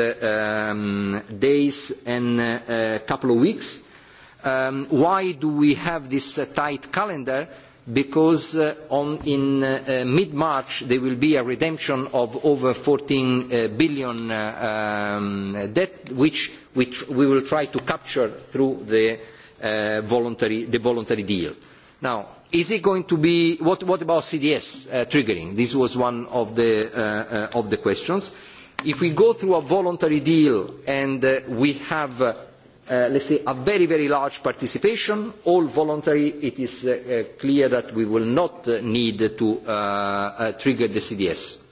days and a couple of weeks. Why do we have this tight calendar? because in mid-March there will be a redemption of over 14 billion debt, which we will try to capture through the voluntary deal. Now, is it going to be... What about CDS triggering? This was one of the questions. If we go through a voluntary deal and we have let's say, a very, very large participation, all voluntary. It is clear that we will not need to trigger the CDS.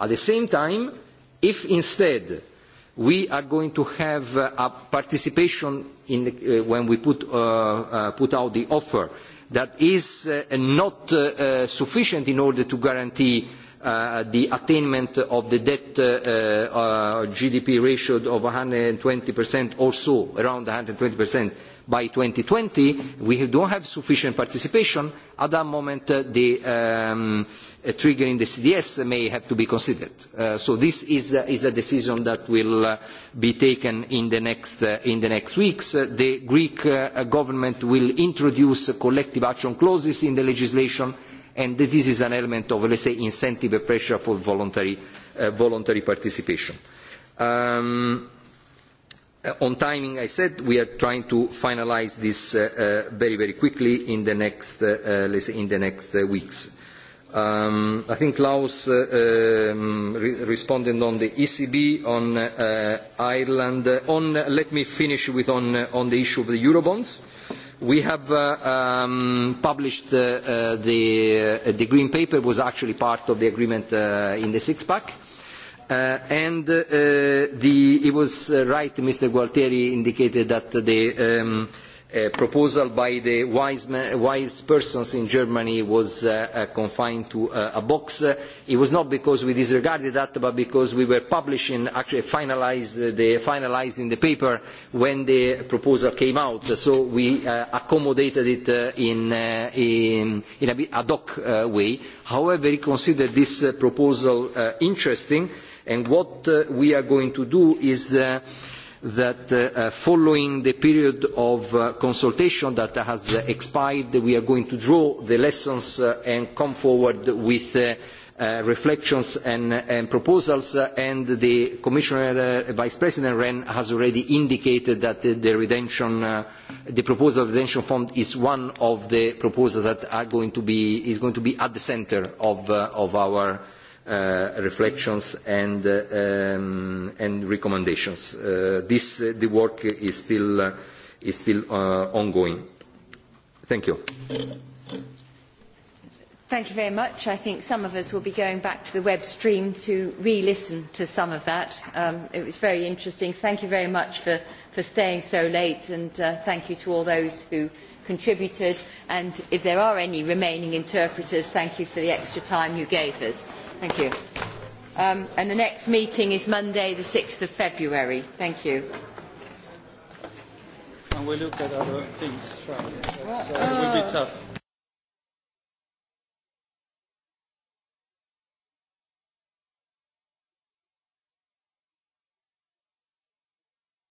At the same time, if instead we are going to have a participation when we put out the offer that is not sufficient in order to guarantee the attainment of the debt GDP ratio of 120% or so, around 120% by 2020, we not have sufficient participation. At that moment, the triggering the CDS may have to be considered. So this is a decision that will be taken in the next weeks. The Greek government will introduce collective action clauses in the legislation and this is an element of, let's say, incentive pressure for voluntary participation. On timing, I said, we are trying to finalise this very, very quickly in the next, let's say, in the next weeks. I think Klaus responded on the ECB, on Ireland. on. Let me finish with on the issue of the Eurobonds We have published the green paper was actually part of the agreement in the six pack, and it was right Mr Gualtieri indicated that the proposal by the wise persons in Germany was confined to a box. It was not because we disregarded that, but because we were publishing, actually finalising the paper when the proposal came out. So we accommodated it in a ad hoc way. However, we consider this proposal interesting, and what we are going to do is that following the period of consultation that has expired, we are going to draw the lessons and come forward with reflections and proposals. And the Commissioner, Vice President Rehn, has already indicated that the proposal of the redemption fund is one of the proposals that is going to be at the centre of our reflections and recommendations. This the work is still is still ongoing. Thank you. Thank you very much. I think some of us will be going back to the web stream to re-listen to some of that. It was very interesting. Thank you very much for for staying so late and thank you to all those who contributed and if there are any remaining interpreters, thank you for the extra time you gave us. Thank you. And the next meeting is Monday, the 6th of February. Thank you. And we look at other things. It will be tough.